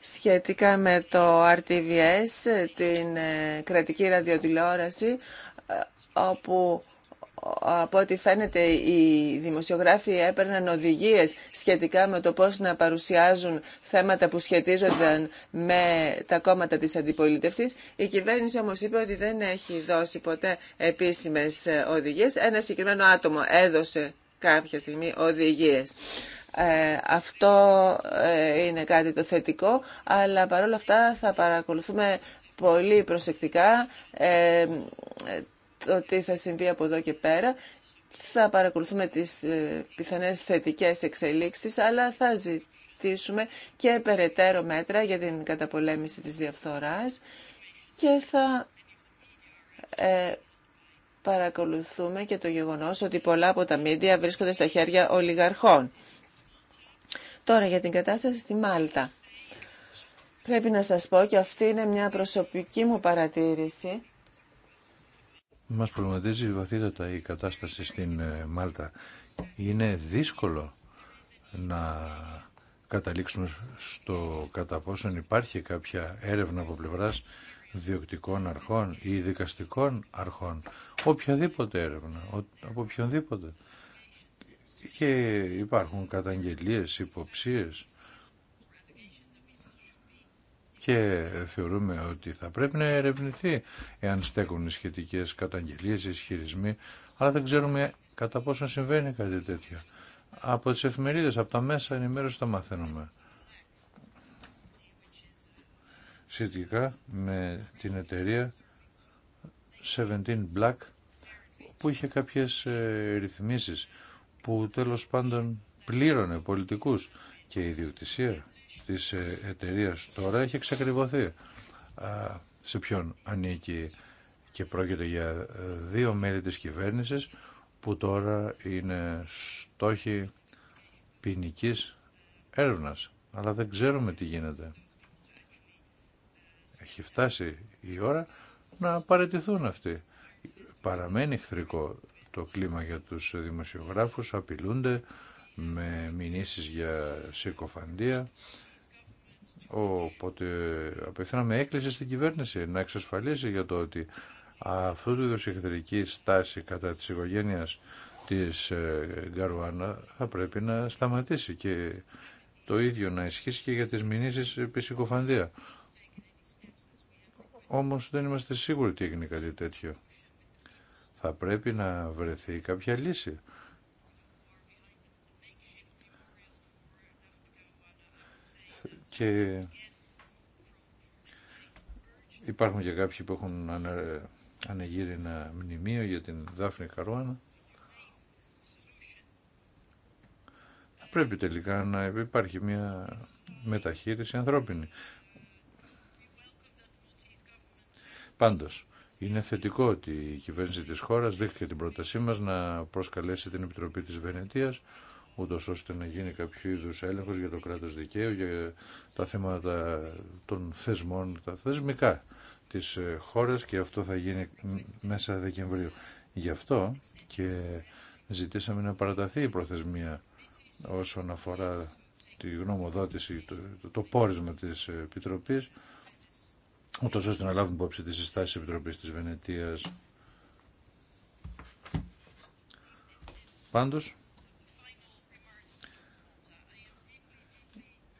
σχετικά με το RTVS, την ε, κρατική ραδιοτηλεόραση, ε, όπου ε, από ό,τι φαίνεται οι δημοσιογράφοι έπαιρναν οδηγίες σχετικά με το πώς να παρουσιάζουν θέματα που σχετίζονταν με τα κόμματα της αντιπολίτευσης. Η κυβέρνηση όμως είπε ότι δεν έχει δώσει ποτέ επίσημες οδηγίες. Ένα συγκεκριμένο άτομο έδωσε κάποια στιγμή οδηγίες. Ε, αυτό ε, είναι κάτι το θετικό, αλλά παρόλα αυτά θα παρακολουθούμε πολύ προσεκτικά ε, το τι θα συμβεί από εδώ και πέρα. Θα παρακολουθούμε τις πιθανές θετικές εξελίξεις, αλλά θα ζητήσουμε και περαιτέρω μέτρα για την καταπολέμηση της διαφθοράς και θα ε, παρακολουθούμε και το γεγονός ότι πολλά από τα μίντια βρίσκονται στα χέρια ολιγαρχών. Τώρα για την κατάσταση στη Μάλτα. Πρέπει να σας πω και αυτή είναι μια προσωπική μου παρατήρηση. Μας προβληματίζει βαθύτατα η κατάσταση στην ε, Μάλτα. Είναι δύσκολο να καταλήξουμε στο κατά πόσον υπάρχει κάποια έρευνα από πλευράς διοκτικών αρχών ή δικαστικών αρχών. Οποιαδήποτε έρευνα, από οποιονδήποτε και υπάρχουν καταγγελίες, υποψίες και θεωρούμε ότι θα πρέπει να ερευνηθεί εάν στέκουν οι σχετικές καταγγελίες, οι ισχυρισμοί, αλλά δεν ξέρουμε κατά πόσο συμβαίνει κάτι τέτοιο. Από τις εφημερίδες, από τα μέσα ενημέρωση τα μαθαίνουμε. Σχετικά με την εταιρεία 17 Black που είχε κάποιες ε, ρυθμίσεις που τέλος πάντων πλήρωνε πολιτικούς και η ιδιοκτησία της ε, εταιρεία τώρα έχει εξακριβωθεί σε ποιον ανήκει και πρόκειται για ε, δύο μέρη της κυβέρνησης που τώρα είναι στόχοι ποινική έρευνας αλλά δεν ξέρουμε τι γίνεται έχει φτάσει η ώρα να παραιτηθούν αυτοί παραμένει εχθρικό το κλίμα για τους δημοσιογράφους, απειλούνται με μηνύσεις για συκοφαντία. Οπότε απευθύναμε έκκληση στην κυβέρνηση να εξασφαλίσει για το ότι αυτού του είδους εχθρική στάση κατά της οικογένειας της ε, Γκαρουάνα θα πρέπει να σταματήσει και το ίδιο να ισχύσει και για τις μηνύσεις επί συκοφαντία. Όμως δεν είμαστε σίγουροι ότι έγινε κάτι τέτοιο. Θα πρέπει να βρεθεί κάποια λύση. Και υπάρχουν και κάποιοι που έχουν ανεγείρει ένα μνημείο για την Δάφνη Καρουάνα. Θα πρέπει τελικά να υπάρχει μια μεταχείριση ανθρώπινη. Πάντως, είναι θετικό ότι η κυβέρνηση της χώρας δέχτηκε την πρότασή μας να προσκαλέσει την Επιτροπή της Βενετίας ούτως ώστε να γίνει κάποιο είδου έλεγχο για το κράτος δικαίου, για τα θέματα των θεσμών, τα θεσμικά της ε, χώρας και αυτό θα γίνει μέσα Δεκεμβρίου. Γι' αυτό και ζητήσαμε να παραταθεί η προθεσμία όσον αφορά τη γνωμοδότηση, το, το πόρισμα της Επιτροπής ούτως ώστε να λάβουν υπόψη τις συστάσεις της Επιτροπής της Βενετίας. Πάντως,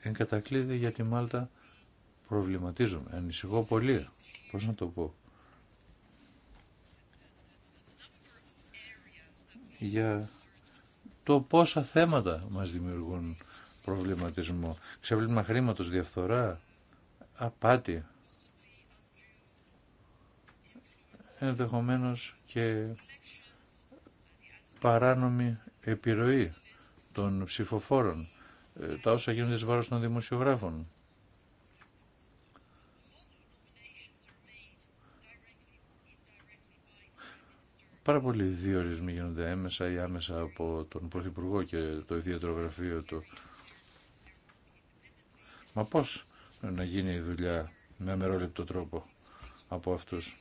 εν κατακλείδη για τη Μάλτα προβληματίζομαι, ανησυχώ πολύ, πώς να το πω. Για το πόσα θέματα μας δημιουργούν προβληματισμό. Ξεβλήμα χρήματος, διαφθορά, απάτη, ενδεχομένως και παράνομη επιρροή των ψηφοφόρων, ε, τα όσα γίνονται σε βάρος των δημοσιογράφων. Πάρα πολλοί διορισμοί γίνονται έμεσα ή άμεσα από τον Πρωθυπουργό και το ιδιαίτερο γραφείο του. Μα πώς να γίνει η δουλειά με αμερόληπτο τρόπο από αυτούς.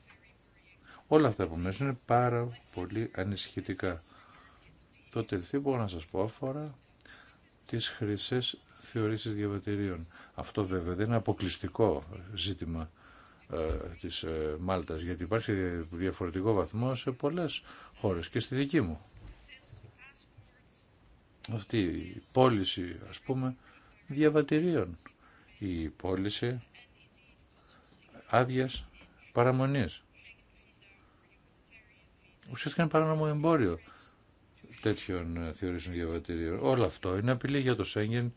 Όλα αυτά που μένουν είναι πάρα πολύ ανησυχητικά. Το τελευταίο μπορώ να σας πω αφορά τις χρυσές θεωρήσεις διαβατηρίων. Αυτό βέβαια δεν είναι αποκλειστικό ζήτημα ε, της ε, Μάλτας, γιατί υπάρχει διαφορετικό βαθμό σε πολλές χώρες και στη δική μου. Αυτή η πώληση, ας πούμε, διαβατηρίων. Η πώληση άδεια παραμονής ουσιαστικά είναι παράνομο εμπόριο τέτοιων ε, θεωρήσεων διαβατηρίων. Όλο αυτό είναι απειλή για το Σέγγεν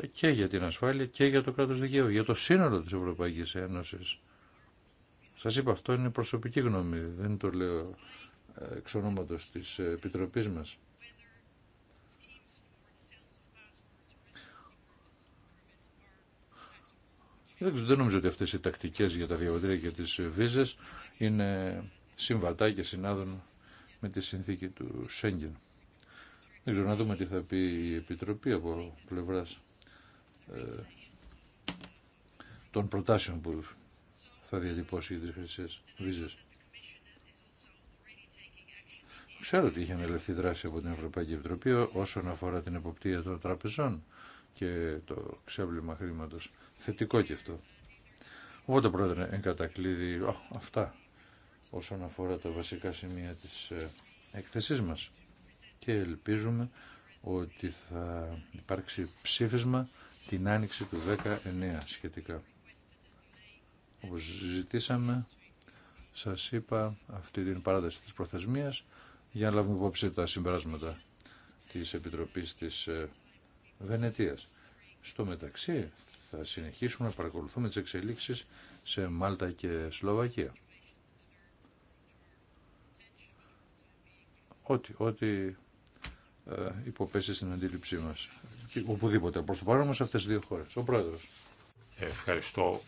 ε, και για την ασφάλεια και για το κράτος δικαίου, για το σύνολο της Ευρωπαϊκής Ένωσης. Σας είπα, αυτό είναι προσωπική γνώμη, δεν το λέω ε, εξ ονόματος της Επιτροπής μας. Δεν νομίζω ότι αυτές οι τακτικές για τα διαβατήρια και τις βίζες είναι συμβατά και συνάδουν με τη συνθήκη του Σέγγεν. Δεν ξέρω να δούμε τι θα πει η Επιτροπή από πλευράς ε, των προτάσεων που θα διατυπώσει για τις χρυσές βίζες. Ξέρω ότι είχε αναλευθεί δράση από την Ευρωπαϊκή Επιτροπή όσον αφορά την εποπτεία των τραπεζών και το ξέβλημα χρήματος. Θετικό και αυτό. Οπότε πρόεδρε, εν αυτά όσον αφορά τα βασικά σημεία της ε, έκθεσής μας. Και ελπίζουμε ότι θα υπάρξει ψήφισμα την άνοιξη του 19 σχετικά. Όπως ζητήσαμε, σας είπα αυτή την παράταση της προθεσμίας για να λάβουμε υπόψη τα συμπεράσματα της Επιτροπής της ε, Βενετίας. Στο μεταξύ θα συνεχίσουμε να παρακολουθούμε τις εξελίξεις σε Μάλτα και Σλοβακία. ό,τι ό,τι ε, υποπέσει στην αντίληψή μα. οπουδήποτε. προ το παρόν όμω αυτέ τι δύο χώρε. Ο πρόεδρο. Ευχαριστώ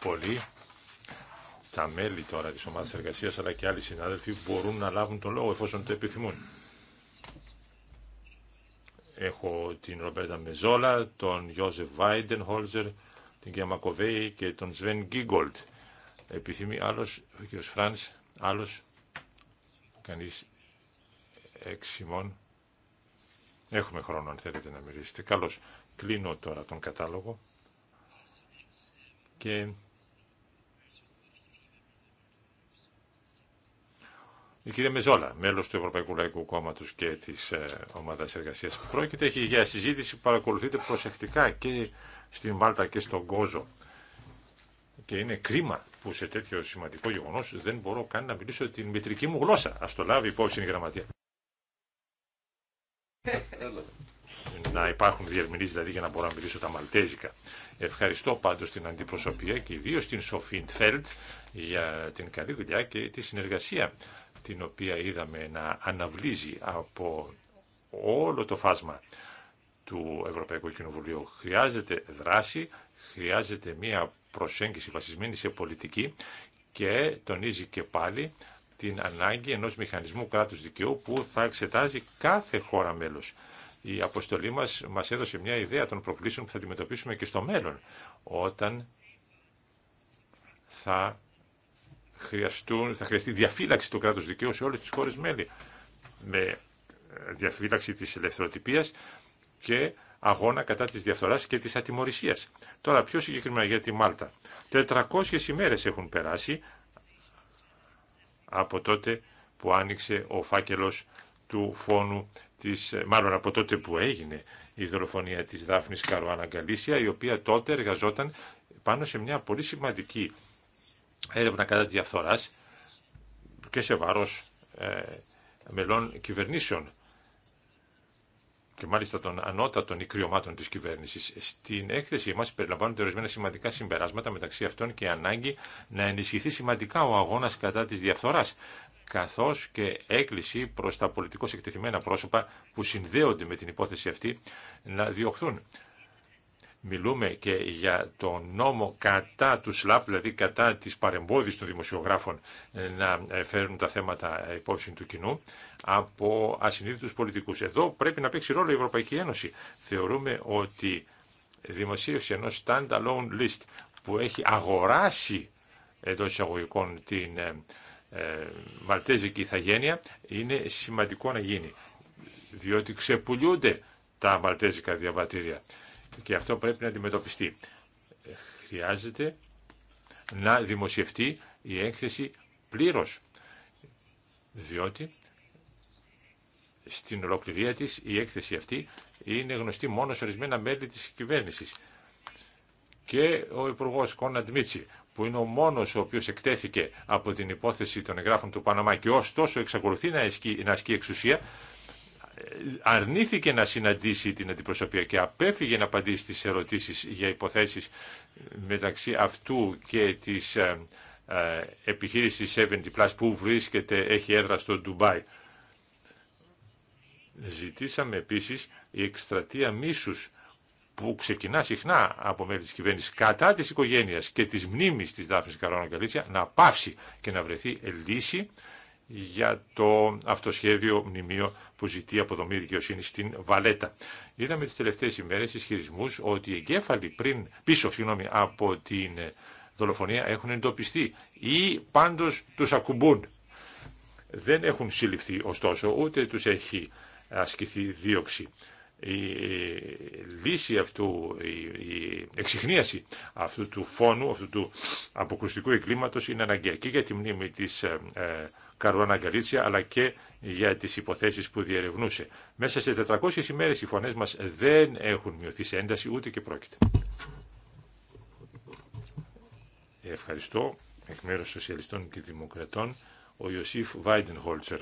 πολύ. Τα μέλη τώρα τη ομάδα εργασία, αλλά και άλλοι συνάδελφοι μπορούν να λάβουν τον λόγο εφόσον το επιθυμούν. Έχω την Ρομπέρτα Μεζόλα, τον Ιώζεφ Βάιντεν Χόλζερ, την Κέμα Κοβέη και τον Σβέν Γκίγκολτ. Επιθυμεί άλλο, ο κ. Φρανς, άλλο, κανεί εξημών. Έχουμε χρόνο αν θέλετε να μιλήσετε. Καλώς. Κλείνω τώρα τον κατάλογο και η κυρία Μεζόλα, μέλος του Ευρωπαϊκού Λαϊκού Κόμματος και της ε, Ομάδας Εργασίας που πρόκειται, έχει για συζήτηση που παρακολουθείτε προσεκτικά και στην Μάλτα και στον Κόζο. Και είναι κρίμα που σε τέτοιο σημαντικό γεγονός δεν μπορώ καν να μιλήσω την μητρική μου γλώσσα. Ας το λάβει υπόψη η γραμματεία να υπάρχουν διερμηνείς δηλαδή για να μπορώ να μιλήσω τα μαλτέζικα. Ευχαριστώ πάντως την αντιπροσωπεία και ιδίως την Σοφίντ Φέλτ για την καλή δουλειά και τη συνεργασία την οποία είδαμε να αναβλύζει από όλο το φάσμα του Ευρωπαϊκού Κοινοβουλίου. Χρειάζεται δράση, χρειάζεται μια προσέγγιση βασισμένη σε πολιτική και τονίζει και πάλι την ανάγκη ενός μηχανισμού κράτους δικαίου που θα εξετάζει κάθε χώρα μέλος. Η αποστολή μας μας έδωσε μια ιδέα των προκλήσεων που θα αντιμετωπίσουμε και στο μέλλον, όταν θα, θα χρειαστεί διαφύλαξη του κράτους δικαίου σε όλες τις χώρες μέλη, με ε, διαφύλαξη της ελευθεροτυπίας και αγώνα κατά της διαφθοράς και της ατιμορρησίας. Τώρα πιο συγκεκριμένα για τη Μάλτα. 400 ημέρες έχουν περάσει από τότε που άνοιξε ο φάκελος του φόνου της, ε, μάλλον από τότε που έγινε η δολοφονία της Δάφνης Καρουάνα Γκαλίσια, η οποία τότε εργαζόταν πάνω σε μια πολύ σημαντική έρευνα κατά τη διαφθοράς και σε βάρος ε, μελών κυβερνήσεων και μάλιστα των ανώτατων ικριωμάτων τη κυβέρνηση. Στην έκθεσή μα περιλαμβάνονται ορισμένα σημαντικά συμπεράσματα μεταξύ αυτών και η ανάγκη να ενισχυθεί σημαντικά ο αγώνα κατά τη διαφθορά, καθώ και έκκληση προ τα πολιτικώ εκτεθειμένα πρόσωπα που συνδέονται με την υπόθεση αυτή να διωχθούν. Μιλούμε και για τον νόμο κατά του ΣΛΑΠ, δηλαδή κατά της παρεμπόδισης των δημοσιογράφων ε, να ε, φέρουν τα θέματα ε, υπόψη του κοινού από ασυνείδητους πολιτικούς. Εδώ πρέπει να παίξει ρόλο η Ευρωπαϊκή Ένωση. Θεωρούμε ότι δημοσίευση ενός stand-alone list που έχει αγοράσει εντό εισαγωγικών την ε, Μαλτέζικη ηθαγένεια είναι σημαντικό να γίνει διότι ξεπουλούνται τα Μαλτέζικα διαβατήρια και αυτό πρέπει να αντιμετωπιστεί. Χρειάζεται να δημοσιευτεί η έκθεση πλήρως, διότι στην ολοκληρία της η έκθεση αυτή είναι γνωστή μόνο σε ορισμένα μέλη της κυβέρνησης. Και ο Υπουργό Κόναντ Μίτσι, που είναι ο μόνος ο οποίος εκτέθηκε από την υπόθεση των εγγράφων του Παναμά και ωστόσο εξακολουθεί να ασκεί εξουσία, αρνήθηκε να συναντήσει την αντιπροσωπεία και απέφυγε να απαντήσει στις ερωτήσεις για υποθέσεις μεταξύ αυτού και της ε, ε, επιχείρησης 70 Plus που βρίσκεται, έχει έδρα στο Ντουμπάι. Ζητήσαμε επίσης η εκστρατεία μίσους που ξεκινά συχνά από μέλη της κυβέρνησης κατά της οικογένειας και της μνήμης της Δάφνης Καρόνα Καλίτσια να πάυσει και να βρεθεί λύση για το αυτοσχέδιο μνημείο που ζητεί αποδομή δικαιοσύνη στην Βαλέτα. Είδαμε τις τελευταίες ημέρες ισχυρισμού ότι οι εγκέφαλοι πριν, πίσω συγγνώμη, από την ε, δολοφονία έχουν εντοπιστεί ή πάντως τους ακουμπούν. Δεν έχουν συλληφθεί ωστόσο, ούτε τους έχει ασκηθεί δίωξη. Η ε, λύση αυτού, η λυση αυτου εξυχνίαση αυτού του φόνου, αυτού του αποκρουστικού εγκλήματος είναι αναγκαία και για τη μνήμη της ε, ε Καρουάνα Γκαλίτσια αλλά και για τις υποθέσεις που διερευνούσε. Μέσα σε 400 ημέρες οι φωνές μας δεν έχουν μειωθεί σε ένταση ούτε και πρόκειται. Ευχαριστώ εκ μέρους Σοσιαλιστών και Δημοκρατών ο Ιωσήφ Βάιντενχόλτσερ.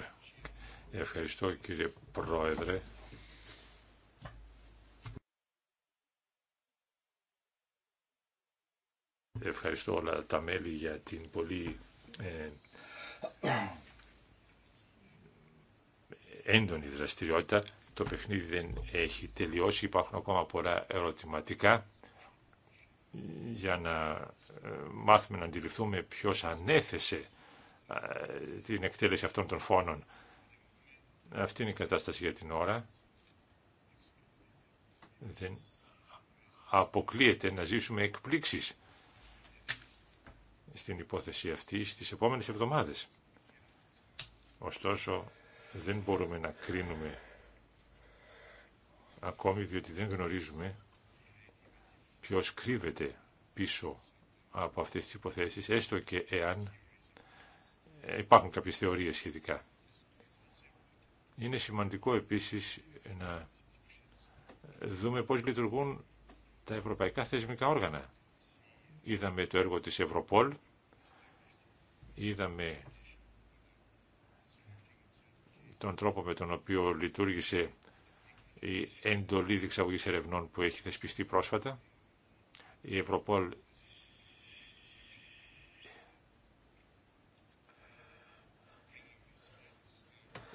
Ευχαριστώ κύριε Πρόεδρε. Ευχαριστώ όλα τα μέλη για την πολύ ε, έντονη δραστηριότητα. Το παιχνίδι δεν έχει τελειώσει, υπάρχουν ακόμα πολλά ερωτηματικά για να ε, μάθουμε να αντιληφθούμε ποιος ανέθεσε ε, την εκτέλεση αυτών των φόνων. Αυτή είναι η κατάσταση για την ώρα. Δεν αποκλείεται να ζήσουμε εκπλήξεις στην υπόθεση αυτή στις επόμενες εβδομάδες. Ωστόσο, δεν μπορούμε να κρίνουμε ακόμη διότι δεν γνωρίζουμε ποιος κρύβεται πίσω από αυτές τις υποθέσεις, έστω και εάν ε, υπάρχουν κάποιες θεωρίες σχετικά. Είναι σημαντικό επίσης να δούμε πώς λειτουργούν τα ευρωπαϊκά θεσμικά όργανα. Είδαμε το έργο της Ευρωπόλ είδαμε τον τρόπο με τον οποίο λειτουργήσε η εντολή διεξαγωγής ερευνών που έχει θεσπιστεί πρόσφατα. Η Ευρωπόλ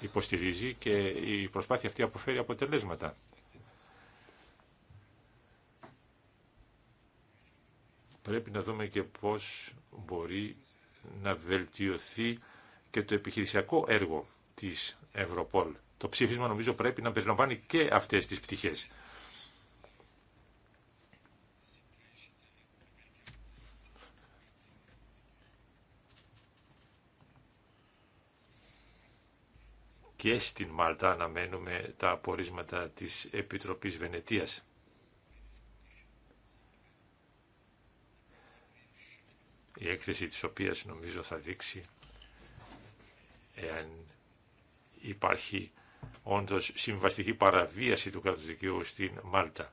υποστηρίζει και η προσπάθεια αυτή αποφέρει αποτελέσματα. Πρέπει να δούμε και πώς μπορεί να βελτιωθεί και το επιχειρησιακό έργο της Ευρωπόλ. Το ψήφισμα νομίζω πρέπει να περιλαμβάνει και αυτές τις πτυχές. Και στην Μάλτα αναμένουμε τα απορίσματα της Επιτροπής Βενετίας. η έκθεση της οποίας νομίζω θα δείξει εάν υπάρχει όντως συμβαστική παραβίαση του κράτους δικαίου στην Μάλτα.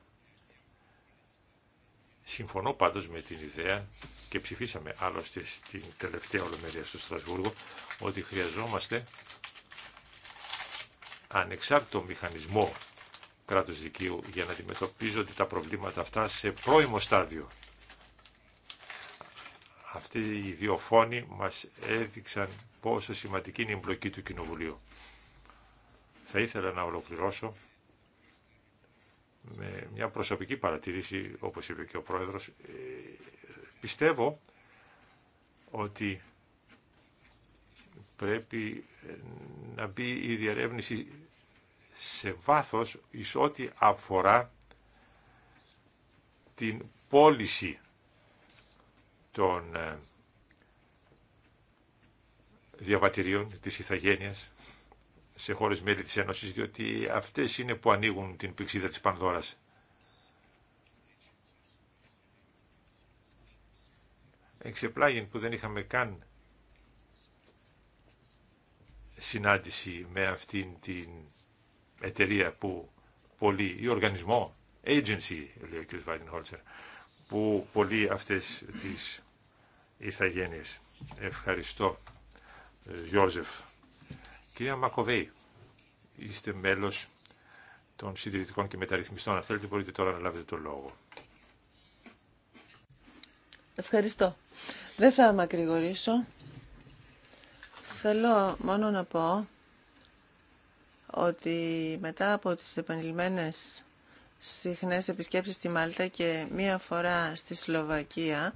Συμφωνώ πάντως με την ιδέα και ψηφίσαμε άλλωστε στην τελευταία ολομέλεια στο Στρασβούργο ότι χρειαζόμαστε ανεξάρτητο μηχανισμό κράτους δικαίου για να αντιμετωπίζονται τα προβλήματα αυτά σε πρώιμο στάδιο. Αυτοί οι δύο φόνοι μας έδειξαν πόσο σημαντική είναι η εμπλοκή του Κοινοβουλίου. Θα ήθελα να ολοκληρώσω με μια προσωπική παρατήρηση, όπως είπε και ο Πρόεδρος. Ε, πιστεύω ότι πρέπει ε, να μπει η διαρεύνηση σε βάθος εις ό,τι αφορά την πώληση των ε, διαβατηρίων της Ιθαγένειας σε χώρες μέλη της Ένωσης, διότι αυτές είναι που ανοίγουν την πηξίδα της Πανδώρας. Εξεπλάγει που δεν είχαμε καν συνάντηση με αυτήν την εταιρεία που πολύ, ή οργανισμό, agency, λέει ο κ. Βάιντεν Χόλτσερ, που πολύ αυτές τις ηθαγένειες. Ευχαριστώ, Γιώζεφ. Κυρία Μακοβέη, είστε μέλος των συντηρητικών και μεταρρυθμιστών. Αν θέλετε μπορείτε τώρα να λάβετε το λόγο. Ευχαριστώ. Δεν θα μακρηγορήσω. Θέλω μόνο να πω ότι μετά από τις επανειλημμένες συχνές επισκέψεις στη Μάλτα και μία φορά στη Σλοβακία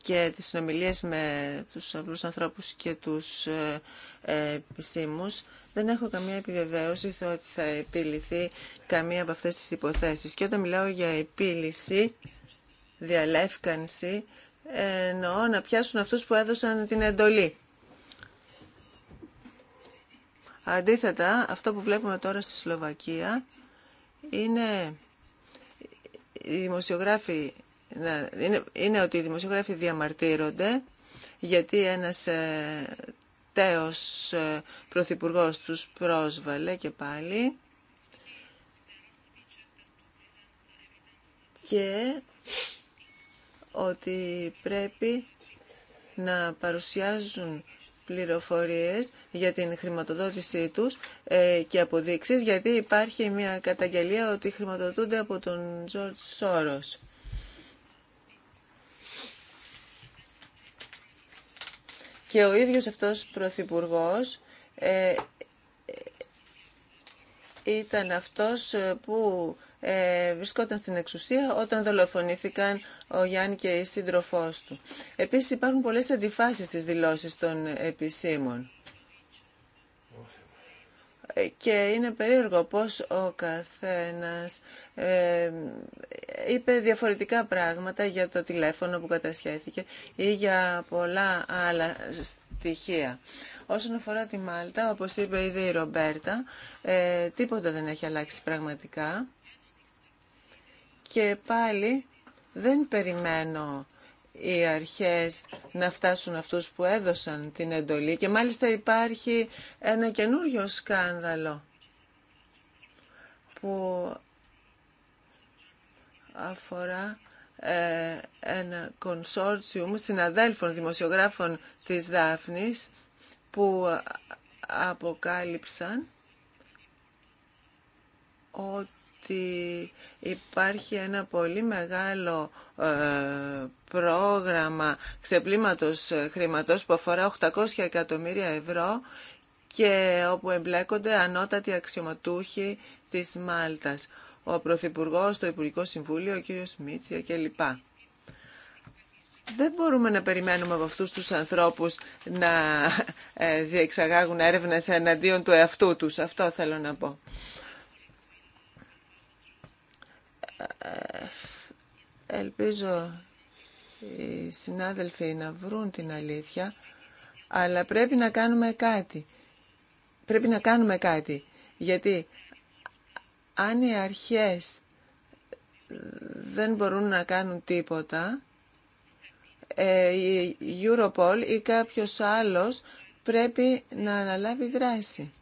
και τις συνομιλίες με τους απλούς ανθρώπους και τους ε, ε, επισήμους, δεν έχω καμία επιβεβαίωση ότι θα επιληθεί καμία από αυτές τις υποθέσεις. Και όταν μιλάω για επίλυση, διαλεύκανση, εννοώ να πιάσουν αυτούς που έδωσαν την εντολή. Αντίθετα, αυτό που βλέπουμε τώρα στη Σλοβακία είναι οι δημοσιογράφοι είναι, ότι οι δημοσιογράφοι διαμαρτύρονται γιατί ένας ε, τέος ε, τους πρόσβαλε και πάλι και ότι πρέπει να παρουσιάζουν πληροφορίες για την χρηματοδότησή τους ε, και αποδείξεις, γιατί υπάρχει μια καταγγελία ότι χρηματοδοτούνται από τον Τζορτ Σόρος. Και ο ίδιος αυτός πρωθυπουργός ε, ε, ήταν αυτός που ε, βρισκόταν στην εξουσία όταν δολοφονήθηκαν ο Γιάννη και η σύντροφός του. Επίσης υπάρχουν πολλές αντιφάσεις στις δηλώσεις των επισήμων. Ε, και είναι περίεργο πώς ο καθένας ε, είπε διαφορετικά πράγματα για το τηλέφωνο που κατασχέθηκε ή για πολλά άλλα στοιχεία. Όσον αφορά τη Μάλτα, όπως είπε ήδη η Ρομπέρτα, ε, τίποτα δεν έχει αλλάξει πραγματικά. Και πάλι δεν περιμένω οι αρχές να φτάσουν αυτούς που έδωσαν την εντολή και μάλιστα υπάρχει ένα καινούριο σκάνδαλο που αφορά ε, ένα κονσόρτσιουμ συναδέλφων δημοσιογράφων της Δάφνης που αποκάλυψαν ότι ότι υπάρχει ένα πολύ μεγάλο ε, πρόγραμμα ξεπλήματος χρήματος που αφορά 800 εκατομμύρια ευρώ και όπου εμπλέκονται ανώτατοι αξιωματούχοι της Μάλτας, ο Πρωθυπουργό, το Υπουργικό Συμβούλιο, ο κύριος Μίτσια κλπ. Δεν μπορούμε να περιμένουμε από αυτούς τους ανθρώπους να ε, διεξαγάγουν έρευνες εναντίον του εαυτού τους. Αυτό θέλω να πω. Ελπίζω οι συνάδελφοι να βρουν την αλήθεια, αλλά πρέπει να κάνουμε κάτι. Πρέπει να κάνουμε κάτι, γιατί αν οι αρχές δεν μπορούν να κάνουν τίποτα, ε, η Europol ή κάποιος άλλος πρέπει να αναλάβει δράση.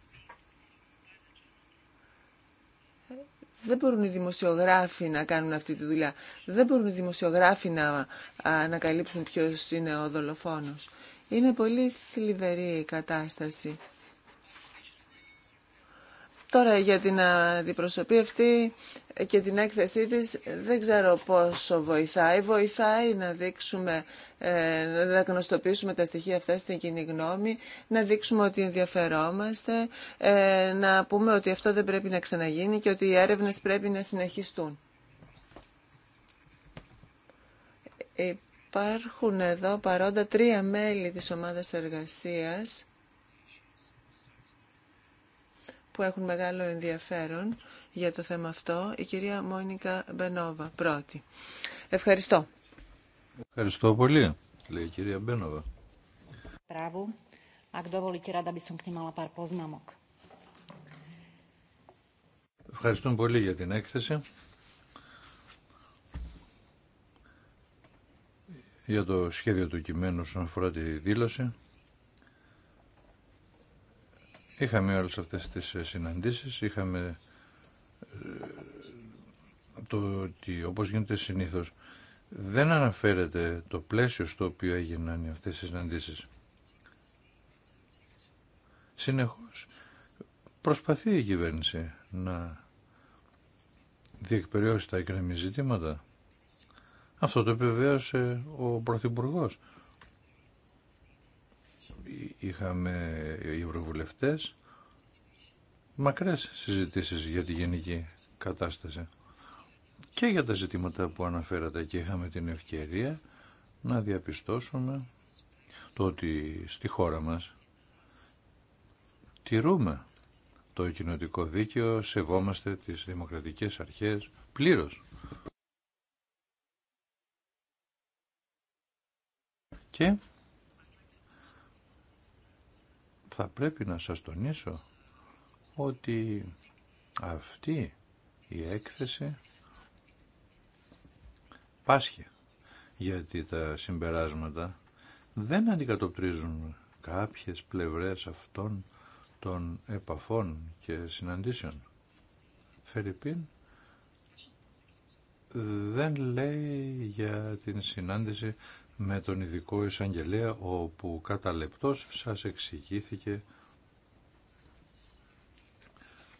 Δεν μπορούν οι δημοσιογράφοι να κάνουν αυτή τη δουλειά. Δεν μπορούν οι δημοσιογράφοι να ανακαλύψουν ποιος είναι ο δολοφόνος. Είναι πολύ θλιβερή η κατάσταση. Τώρα για την ε, αντιπροσωπή αυτή και την έκθεσή της δεν ξέρω πόσο βοηθάει. Βοηθάει να δείξουμε, ε, να γνωστοποιήσουμε τα στοιχεία αυτά στην κοινή γνώμη, να δείξουμε ότι ενδιαφερόμαστε, ε, να πούμε ότι αυτό δεν πρέπει να ξαναγίνει και ότι οι έρευνες πρέπει να συνεχιστούν. Υπάρχουν εδώ παρόντα τρία μέλη της ομάδας εργασίας που έχουν μεγάλο ενδιαφέρον για το θέμα αυτό, η κυρία Μόνικα Μπενόβα, πρώτη. Ευχαριστώ. Ευχαριστώ πολύ, λέει η κυρία Μπένοβα. Μπράβο. Ευχαριστούμε πολύ για την έκθεση. Για το σχέδιο του κειμένου όσον αφορά τη δήλωση. Είχαμε όλες αυτές τις ε, συναντήσεις, είχαμε ε, το ότι όπως γίνεται συνήθως δεν αναφέρεται το πλαίσιο στο οποίο έγιναν αυτές οι συναντήσεις. Συνεχώς προσπαθεί η κυβέρνηση να διεκπεριώσει τα εκκρεμή ζητήματα. Αυτό το επιβεβαίωσε ο Πρωθυπουργός είχαμε οι ευρωβουλευτές μακρές συζητήσεις για τη γενική κατάσταση και για τα ζητήματα που αναφέρατε και είχαμε την ευκαιρία να διαπιστώσουμε το ότι στη χώρα μας τηρούμε το κοινοτικό δίκαιο, σεβόμαστε τις δημοκρατικές αρχές πλήρως. Και θα πρέπει να σας τονίσω ότι αυτή η έκθεση πάσχει γιατί τα συμπεράσματα δεν αντικατοπτρίζουν κάποιες πλευρές αυτών των επαφών και συναντήσεων. Φερρυπίν δεν λέει για την συνάντηση με τον ειδικό εισαγγελέα όπου κατά λεπτός σας εξηγήθηκε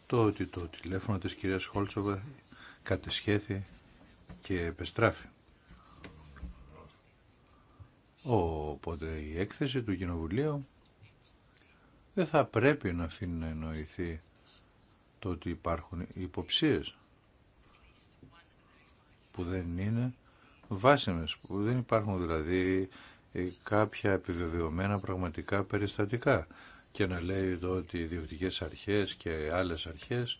το ότι το τηλέφωνο της κυρίας Χόλτσοβα κατεσχέθη και επεστράφη. Οπότε η έκθεση του Κοινοβουλίου δεν θα πρέπει να αφήνει να εννοηθεί το ότι υπάρχουν υποψίες που δεν είναι βάσιμες, που δεν υπάρχουν δηλαδή ε, κάποια επιβεβαιωμένα πραγματικά περιστατικά και να λέει εδώ ότι οι διοικητικές αρχές και άλλες αρχές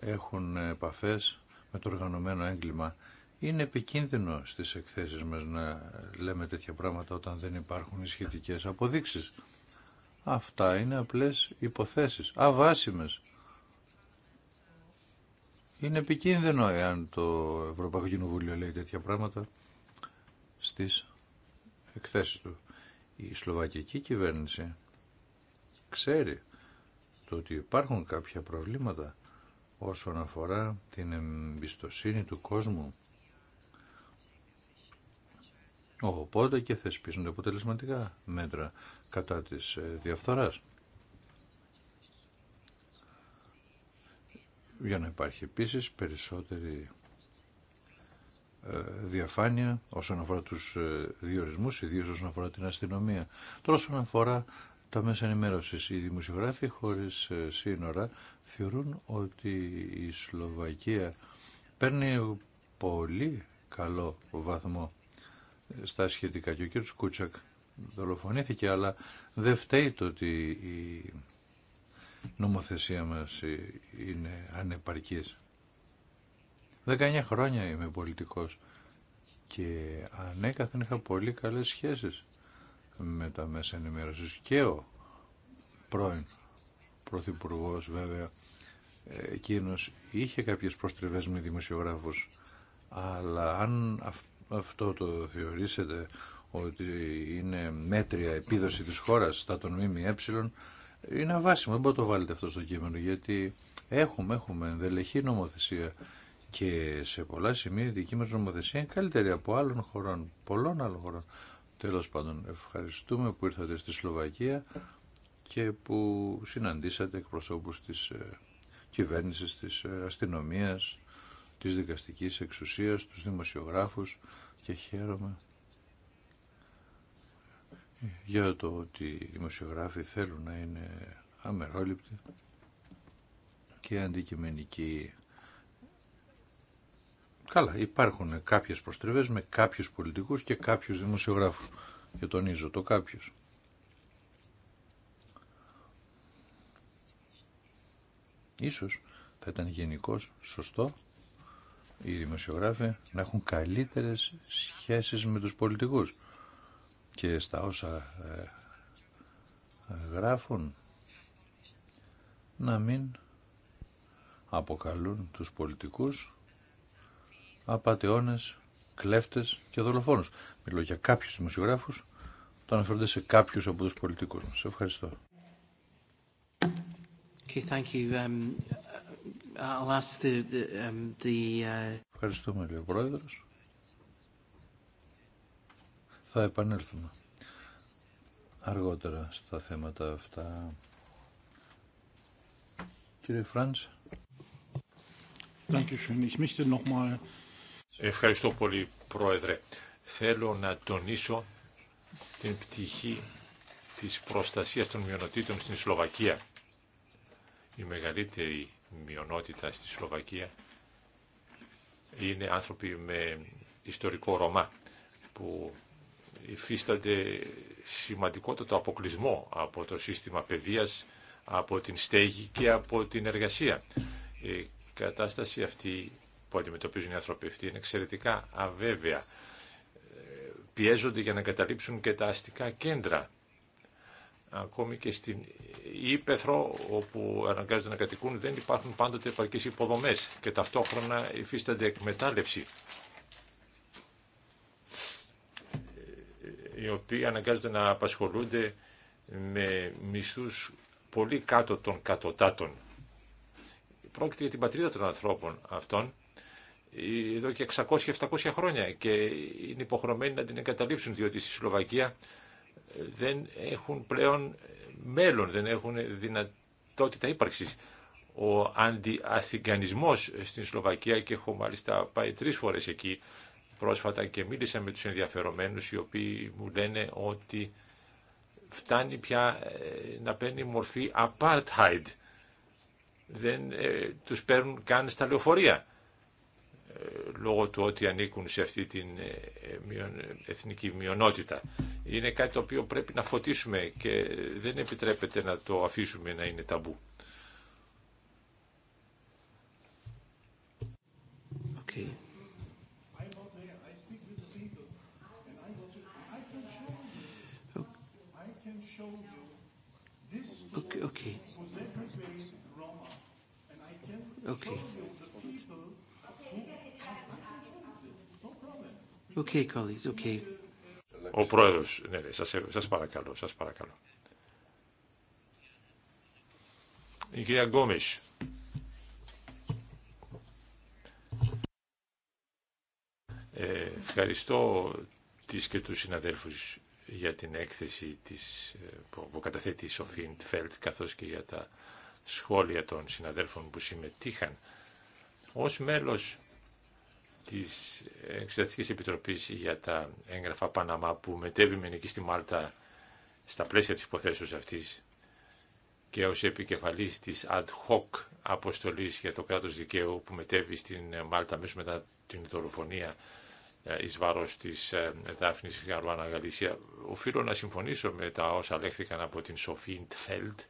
έχουν επαφές με το οργανωμένο έγκλημα. Είναι επικίνδυνο στις εκθέσεις μας να λέμε τέτοια πράγματα όταν δεν υπάρχουν οι σχετικές αποδείξεις. Αυτά είναι απλές υποθέσεις, αβάσιμες. Είναι επικίνδυνο εάν το Ευρωπαϊκό Κοινοβούλιο λέει τέτοια πράγματα στις εκθέσεις του. Η Σλοβακική κυβέρνηση ξέρει το ότι υπάρχουν κάποια προβλήματα όσον αφορά την εμπιστοσύνη του κόσμου. Οπότε και θεσπίζονται αποτελεσματικά μέτρα κατά της διαφθοράς. για να υπάρχει επίσης περισσότερη ε, διαφάνεια όσον αφορά τους ε, διορισμούς, ιδίως όσον αφορά την αστυνομία. Τώρα όσον αφορά τα μέσα ενημέρωσης, οι δημοσιογράφοι χωρίς ε, σύνορα θεωρούν ότι η Σλοβακία παίρνει πολύ καλό βαθμό στα σχετικά και ο κ. Κούτσακ δολοφονήθηκε αλλά δεν φταίει το ότι η νομοθεσία μας ε, είναι ανεπαρκής. 19 χρόνια είμαι πολιτικός και ανέκαθεν είχα πολύ καλές σχέσεις με τα μέσα ενημέρωσης και ο πρώην πρωθυπουργό, βέβαια ε, εκείνο είχε κάποιες προστριβές με δημοσιογράφους αλλά αν αυτό το θεωρήσετε ότι είναι μέτρια επίδοση της χώρας στα των ΜΜΕ είναι αβάσιμο. Δεν μπορείτε να το βάλετε αυτό στο κείμενο γιατί έχουμε, έχουμε ενδελεχή νομοθεσία και σε πολλά σημεία η δική μας νομοθεσία είναι καλύτερη από άλλων χωρών, πολλών άλλων χωρών. Τέλος πάντων, ευχαριστούμε που ήρθατε στη Σλοβακία και που συναντήσατε εκπροσώπους της ε, κυβέρνησης, της ε, αστυνομίας, της δικαστικής εξουσίας, τους δημοσιογράφους και χαίρομαι για το ότι οι δημοσιογράφοι θέλουν να είναι αμερόληπτοι και αντικειμενικοί. Καλά, υπάρχουν κάποιες προστριβές με κάποιους πολιτικούς και κάποιους δημοσιογράφους. Και τονίζω το κάποιους. Ίσως θα ήταν γενικώ σωστό οι δημοσιογράφοι να έχουν καλύτερες σχέσεις με τους πολιτικούς και στα όσα ε, γράφουν να μην αποκαλούν τους πολιτικούς απατεώνες, κλέφτες και δολοφόνους. Μιλώ για κάποιους δημοσιογράφους, το αναφέρονται σε κάποιους από τους πολιτικούς μας. Ευχαριστώ. Okay, thank you. Um, uh, I'll the, the, um, the, uh, Ευχαριστούμε, λέει Πρόεδρος. Θα επανέλθουμε αργότερα στα θέματα αυτά. Κύριε Φραντς. Ευχαριστώ πολύ, Πρόεδρε. Θέλω να τονίσω την πτυχή της προστασίας των μειονοτήτων στην Σλοβακία. Η μεγαλύτερη μειονότητα στη Σλοβακία είναι άνθρωποι με ιστορικό Ρωμά που υφίστανται σημαντικότατο αποκλεισμό από το σύστημα παιδείας, από την στέγη και από την εργασία. Η κατάσταση αυτή που αντιμετωπίζουν οι άνθρωποι αυτοί είναι εξαιρετικά αβέβαια. Πιέζονται για να καταλήψουν και τα αστικά κέντρα. Ακόμη και στην Ήπεθρο, όπου αναγκάζονται να κατοικούν, δεν υπάρχουν πάντοτε επαρκείς υποδομές και ταυτόχρονα υφίστανται εκμετάλλευση οι οποίοι αναγκάζονται να απασχολούνται με μισθούς πολύ κάτω των κατοτάτων. Πρόκειται για την πατρίδα των ανθρώπων αυτών ε, εδώ και 600-700 χρόνια και είναι υποχρεωμένοι να την εγκαταλείψουν διότι στη Σλοβακία ε, δεν έχουν πλέον ε, μέλλον, δεν έχουν δυνατότητα ύπαρξης. Ο αντιαθηγανισμός στην Σλοβακία και έχω μάλιστα πάει τρεις φορές εκεί πρόσφατα και μίλησα με τους ενδιαφερομένους οι οποίοι μου λένε ότι φτάνει πια ε, να παίρνει μορφή apartheid. Δεν ε, τους παίρνουν καν στα λεωφορεία ε, λόγω του ότι ανήκουν σε αυτή την ε, εθνική μειονότητα. Είναι κάτι το οποίο πρέπει να φωτίσουμε και δεν επιτρέπεται να το αφήσουμε να είναι ταμπού. Okay. okay. Okay. Okay, colleagues, okay. Ο πρόεδρος, ναι, ναι, σας, σας παρακαλώ, σας παρακαλώ. Η κυρία Γκόμης. Ε, ευχαριστώ τις και τους συναδέλφους για την έκθεση της, ε, που καταθέτει η Σοφίν Τφέλτ καθώς και για τα σχόλια των συναδέλφων που συμμετείχαν. Ως μέλος της Εξεταστικής Επιτροπής για τα έγγραφα Παναμά που μετέβημε εκεί στη Μάλτα στα πλαίσια της υποθέσεως αυτής και ως επικεφαλής της ad hoc αποστολής για το κράτος δικαίου που μετέβη στην Μάλτα μέσω μετά την δολοφονία ε, εις βάρος της ε, Δάφνης Γαρουάνα Γαλήσια. Οφείλω να συμφωνήσω με τα όσα λέχθηκαν από την Σοφή Τφέλτ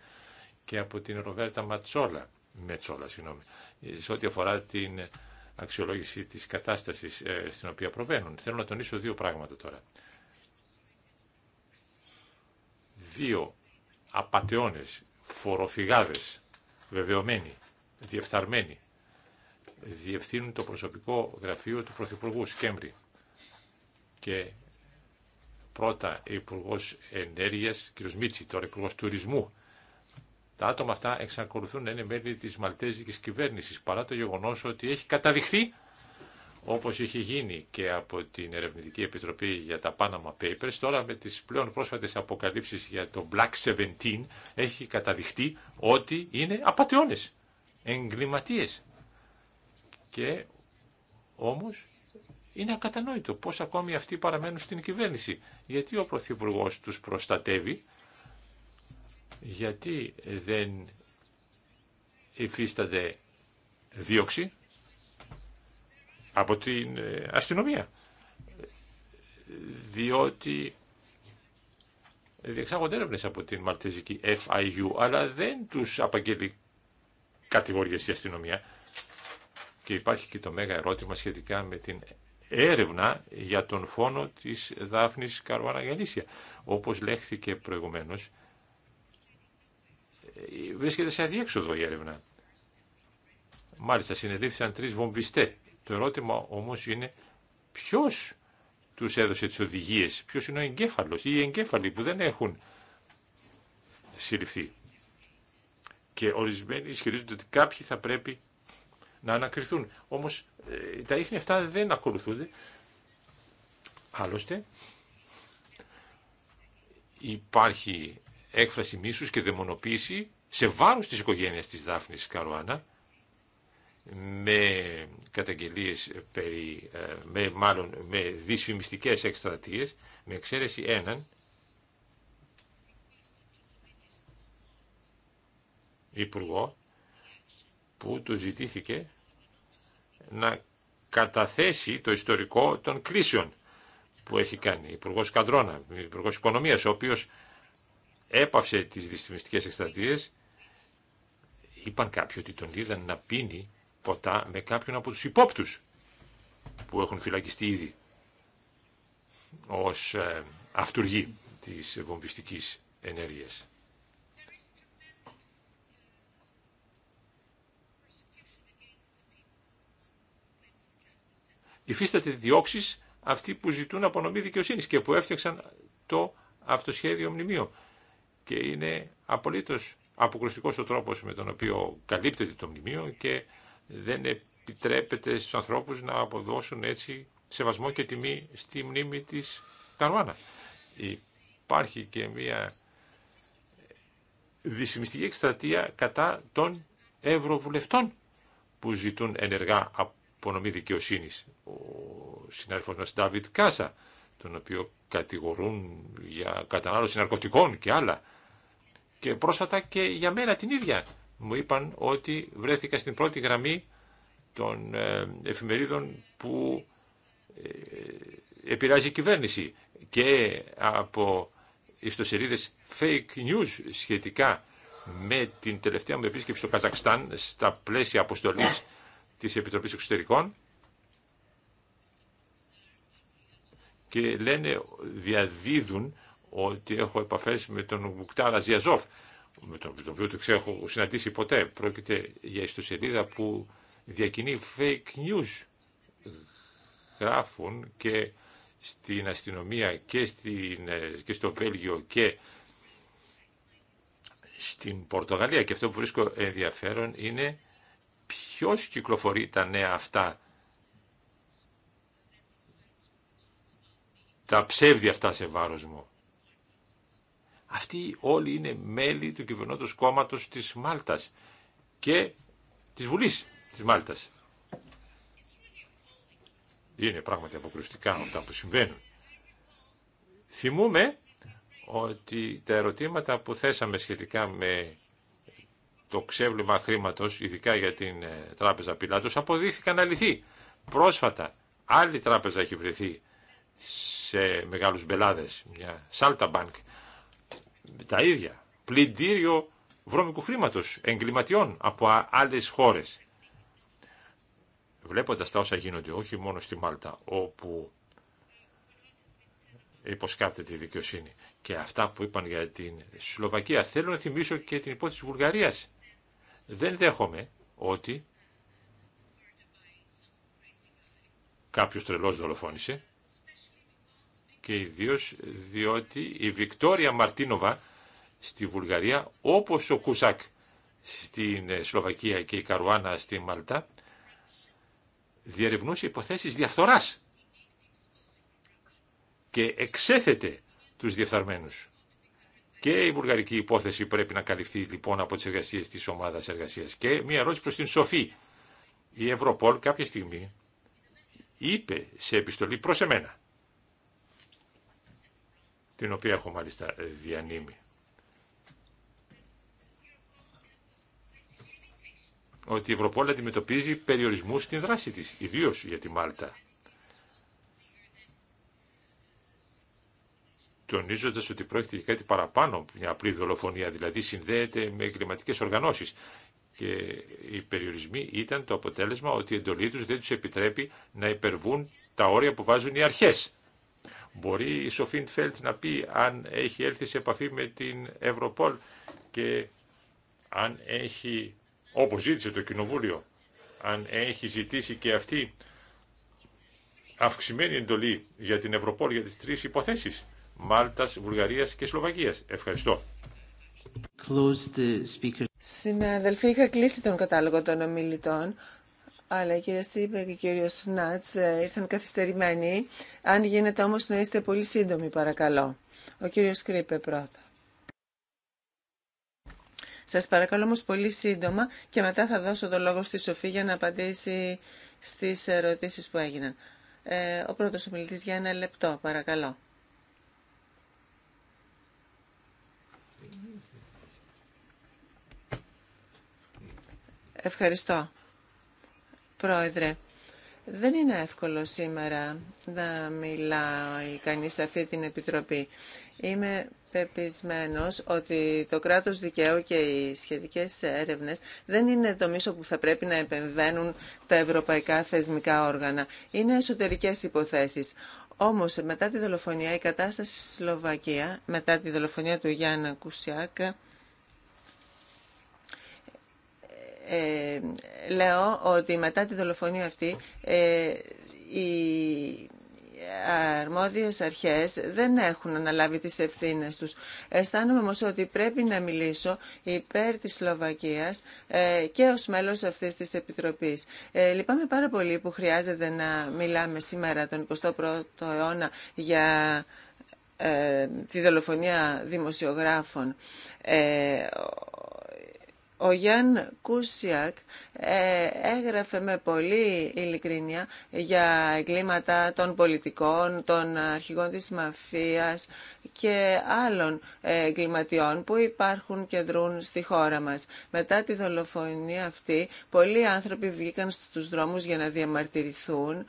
και από την Ροβέρτα Ματσόλα, Μετσόλα, συγγνώμη, ε, σε ό,τι αφορά την αξιολόγηση της κατάστασης στην οποία προβαίνουν. Θέλω να τονίσω δύο πράγματα τώρα. Δύο απατεώνες, φοροφυγάδες, βεβαιωμένοι, διεφθαρμένοι, διευθύνουν το προσωπικό γραφείο του Πρωθυπουργού Σκέμπρη και πρώτα Υπουργό Ενέργεια, κ. Μίτσι, τώρα Υπουργό Τουρισμού. Τα άτομα αυτά εξακολουθούν να είναι μέλη τη Μαλτέζικη κυβέρνηση παρά το γεγονό ότι έχει καταδειχθεί όπως είχε γίνει και από την Ερευνητική Επιτροπή για τα Panama Papers, τώρα με τις πλέον πρόσφατες αποκαλύψεις για το Black 17 έχει καταδειχτεί ότι είναι απατεώνες, εγκληματίες. Και όμως είναι ακατανόητο πώς ακόμη αυτοί παραμένουν στην κυβέρνηση. Γιατί ο Πρωθυπουργό τους προστατεύει, γιατί δεν υφίστανται δίωξη από την ε, αστυνομία. Διότι διεξάγονται έρευνε από την μαλτεζική FIU, αλλά δεν τους απαγγέλει κατηγορίες η αστυνομία. Και υπάρχει και το μέγα ερώτημα σχετικά με την έρευνα για τον φόνο της Δάφνης Καρουάνα Γαλήσια. Όπως λέχθηκε προηγουμένως, βρίσκεται σε αδιέξοδο η έρευνα. Μάλιστα, συνελήφθησαν τρεις βομβιστέ. Το ερώτημα όμως είναι ποιος τους έδωσε τις οδηγίες, ποιος είναι ο εγκέφαλος ή οι εγκέφαλοι που δεν έχουν συλληφθεί. Και ορισμένοι ισχυρίζονται ότι κάποιοι θα πρέπει να ανακριθούν. Όμως ε, τα ίχνη αυτά δεν ακολουθούνται. Άλλωστε υπάρχει έκφραση μίσου και δαιμονοποίηση σε βάρος της οικογένειας της Δάφνης Καρουάνα με καταγγελίες περί, ε, με, μάλλον με δυσφημιστικές εκστρατείες με εξαίρεση έναν υπουργό που του ζητήθηκε να καταθέσει το ιστορικό των κλήσεων που έχει κάνει. Υπουργό Καντρώνα, Υπουργό Οικονομία, ο οποίο έπαυσε τι δυστημιστικέ εκστρατείε. Είπαν κάποιοι ότι τον είδαν να πίνει ποτά με κάποιον από του υπόπτου που έχουν φυλακιστεί ήδη ως ε, αυτούργοι της βομβιστική ενέργειας. υφίσταται διώξει αυτοί που ζητούν απονομή δικαιοσύνης και που έφτιαξαν το αυτοσχέδιο μνημείο. Και είναι απολύτως αποκρουστικό ο τρόπος με τον οποίο καλύπτεται το μνημείο και δεν επιτρέπεται στους ανθρώπους να αποδώσουν έτσι σεβασμό και τιμή στη μνήμη της Καρουάνα. Υπάρχει και μια δυσφημιστική εκστρατεία κατά των ευρωβουλευτών που ζητούν ενεργά υπονομή δικαιοσύνη, Ο συνάδελφο μα Ντάβιτ Κάσα, τον οποίο κατηγορούν για κατανάλωση ναρκωτικών και άλλα. Και πρόσφατα και για μένα την ίδια μου είπαν ότι βρέθηκα στην πρώτη γραμμή των ε, εφημερίδων που ε, επηρεάζει η κυβέρνηση και από ιστοσελίδες fake news σχετικά με την τελευταία μου επίσκεψη στο Καζακστάν στα πλαίσια αποστολής της Επιτροπής Εξωτερικών και λένε, διαδίδουν ότι έχω επαφές με τον Μουκτάρα Ζιαζόφ, με τον, οποίο έχω συναντήσει ποτέ. Πρόκειται για ιστοσελίδα που διακινεί fake news. Γράφουν και στην αστυνομία και, στην, ε, και στο Βέλγιο και στην Πορτογαλία. Και αυτό που βρίσκω ενδιαφέρον είναι ποιος κυκλοφορεί τα νέα αυτά, τα ψεύδια αυτά σε βάρος μου. Αυτοί όλοι είναι μέλη του κυβερνώντος κόμματος της Μάλτας και της Βουλής της Μάλτας. Είναι πράγματι αποκρουστικά αυτά που συμβαίνουν. Θυμούμε ότι τα ερωτήματα που θέσαμε σχετικά με το ξέβλημα χρήματος, ειδικά για την ε, τράπεζα Πιλάτος, αποδείχθηκαν αληθεί. Πρόσφατα άλλη τράπεζα έχει βρεθεί σε μεγάλους μπελάδες, μια Σάλτα Bank, τα ίδια, πλυντήριο βρώμικου χρήματος, εγκληματιών από άλλες χώρες. Βλέποντας τα όσα γίνονται, όχι μόνο στη Μάλτα, όπου υποσκάπτεται η δικαιοσύνη. Και αυτά που είπαν για την Σλοβακία. Θέλω να θυμίσω και την υπόθεση της Βουλγαρίας. Δεν δέχομαι ότι κάποιος τρελός δολοφόνησε και ιδίως διότι η Βικτόρια Μαρτίνοβα στη Βουλγαρία όπως ο Κουσάκ στην Σλοβακία και η Καρουάνα στη Μαλτά διερευνούσε υποθέσεις διαφθοράς και εξέθετε τους διεφθαρμένους. Και η βουλγαρική υπόθεση πρέπει να καλυφθεί λοιπόν από τι εργασίε της ομάδας εργασία Και μία ερώτηση προς την Σοφή. Η Ευρωπόλ κάποια στιγμή είπε σε επιστολή προς εμένα, την οποία έχω μάλιστα διανύμει, ότι η Ευρωπόλ αντιμετωπίζει περιορισμούς στην δράση της, ιδίως για τη Μάλτα. τονίζοντας ότι πρόκειται για κάτι παραπάνω, μια απλή δολοφονία, δηλαδή συνδέεται με εγκληματικές οργανώσεις. Και οι περιορισμοί ήταν το αποτέλεσμα ότι η εντολή τους δεν τους επιτρέπει να υπερβούν τα όρια που βάζουν οι αρχές. Μπορεί η Σοφίν Φέλτ να πει αν έχει έλθει σε επαφή με την Ευρωπόλ και αν έχει, όπως ζήτησε το Κοινοβούλιο, αν έχει ζητήσει και αυτή αυξημένη εντολή για την Ευρωπόλ για τις τρεις υποθέσεις. Μάλτα, Βουλγαρίας και Σλοβακία. Ευχαριστώ. Συναδελφοί, είχα κλείσει τον κατάλογο των ομιλητών, αλλά η κυρία Στύπερ και ο κύριο Νάτ ε, ήρθαν καθυστερημένοι. Αν γίνεται όμω να είστε πολύ σύντομοι, παρακαλώ. Ο κύριο Κρύπε πρώτα. Σας παρακαλώ όμω πολύ σύντομα και μετά θα δώσω το λόγο στη Σοφή για να απαντήσει στις ερωτήσεις που έγιναν. Ε, ο πρώτος ομιλητή για ένα λεπτό, παρακαλώ. Ευχαριστώ, Πρόεδρε. Δεν είναι εύκολο σήμερα να μιλάει κανείς σε αυτή την Επιτροπή. Είμαι πεπισμένος ότι το κράτος δικαίου και οι σχετικές έρευνες δεν είναι το μίσο που θα πρέπει να επεμβαίνουν τα ευρωπαϊκά θεσμικά όργανα. Είναι εσωτερικές υποθέσεις. Όμως μετά τη δολοφονία, η κατάσταση στη Σλοβακία, μετά τη δολοφονία του Γιάννα Κουσιάκ, Ε, λέω ότι μετά τη δολοφονία αυτή ε, οι αρμόδιες αρχές δεν έχουν αναλάβει τις ευθύνες τους. Αισθάνομαι όμως ότι πρέπει να μιλήσω υπέρ της Σλοβακίας ε, και ως μέλος αυτής της Επιτροπής. Ε, λυπάμαι πάρα πολύ που χρειάζεται να μιλάμε σήμερα τον 21ο αιώνα για τη δολοφονία δημοσιογράφων. Ο Γιάν Κούσιακ ε, έγραφε με πολύ ειλικρίνεια για εγκλήματα των πολιτικών, των αρχηγών της μαφίας και άλλων ε, εγκληματιών που υπάρχουν και δρούν στη χώρα μας. Μετά τη δολοφονία αυτή, πολλοί άνθρωποι βγήκαν στους δρόμους για να διαμαρτυρηθούν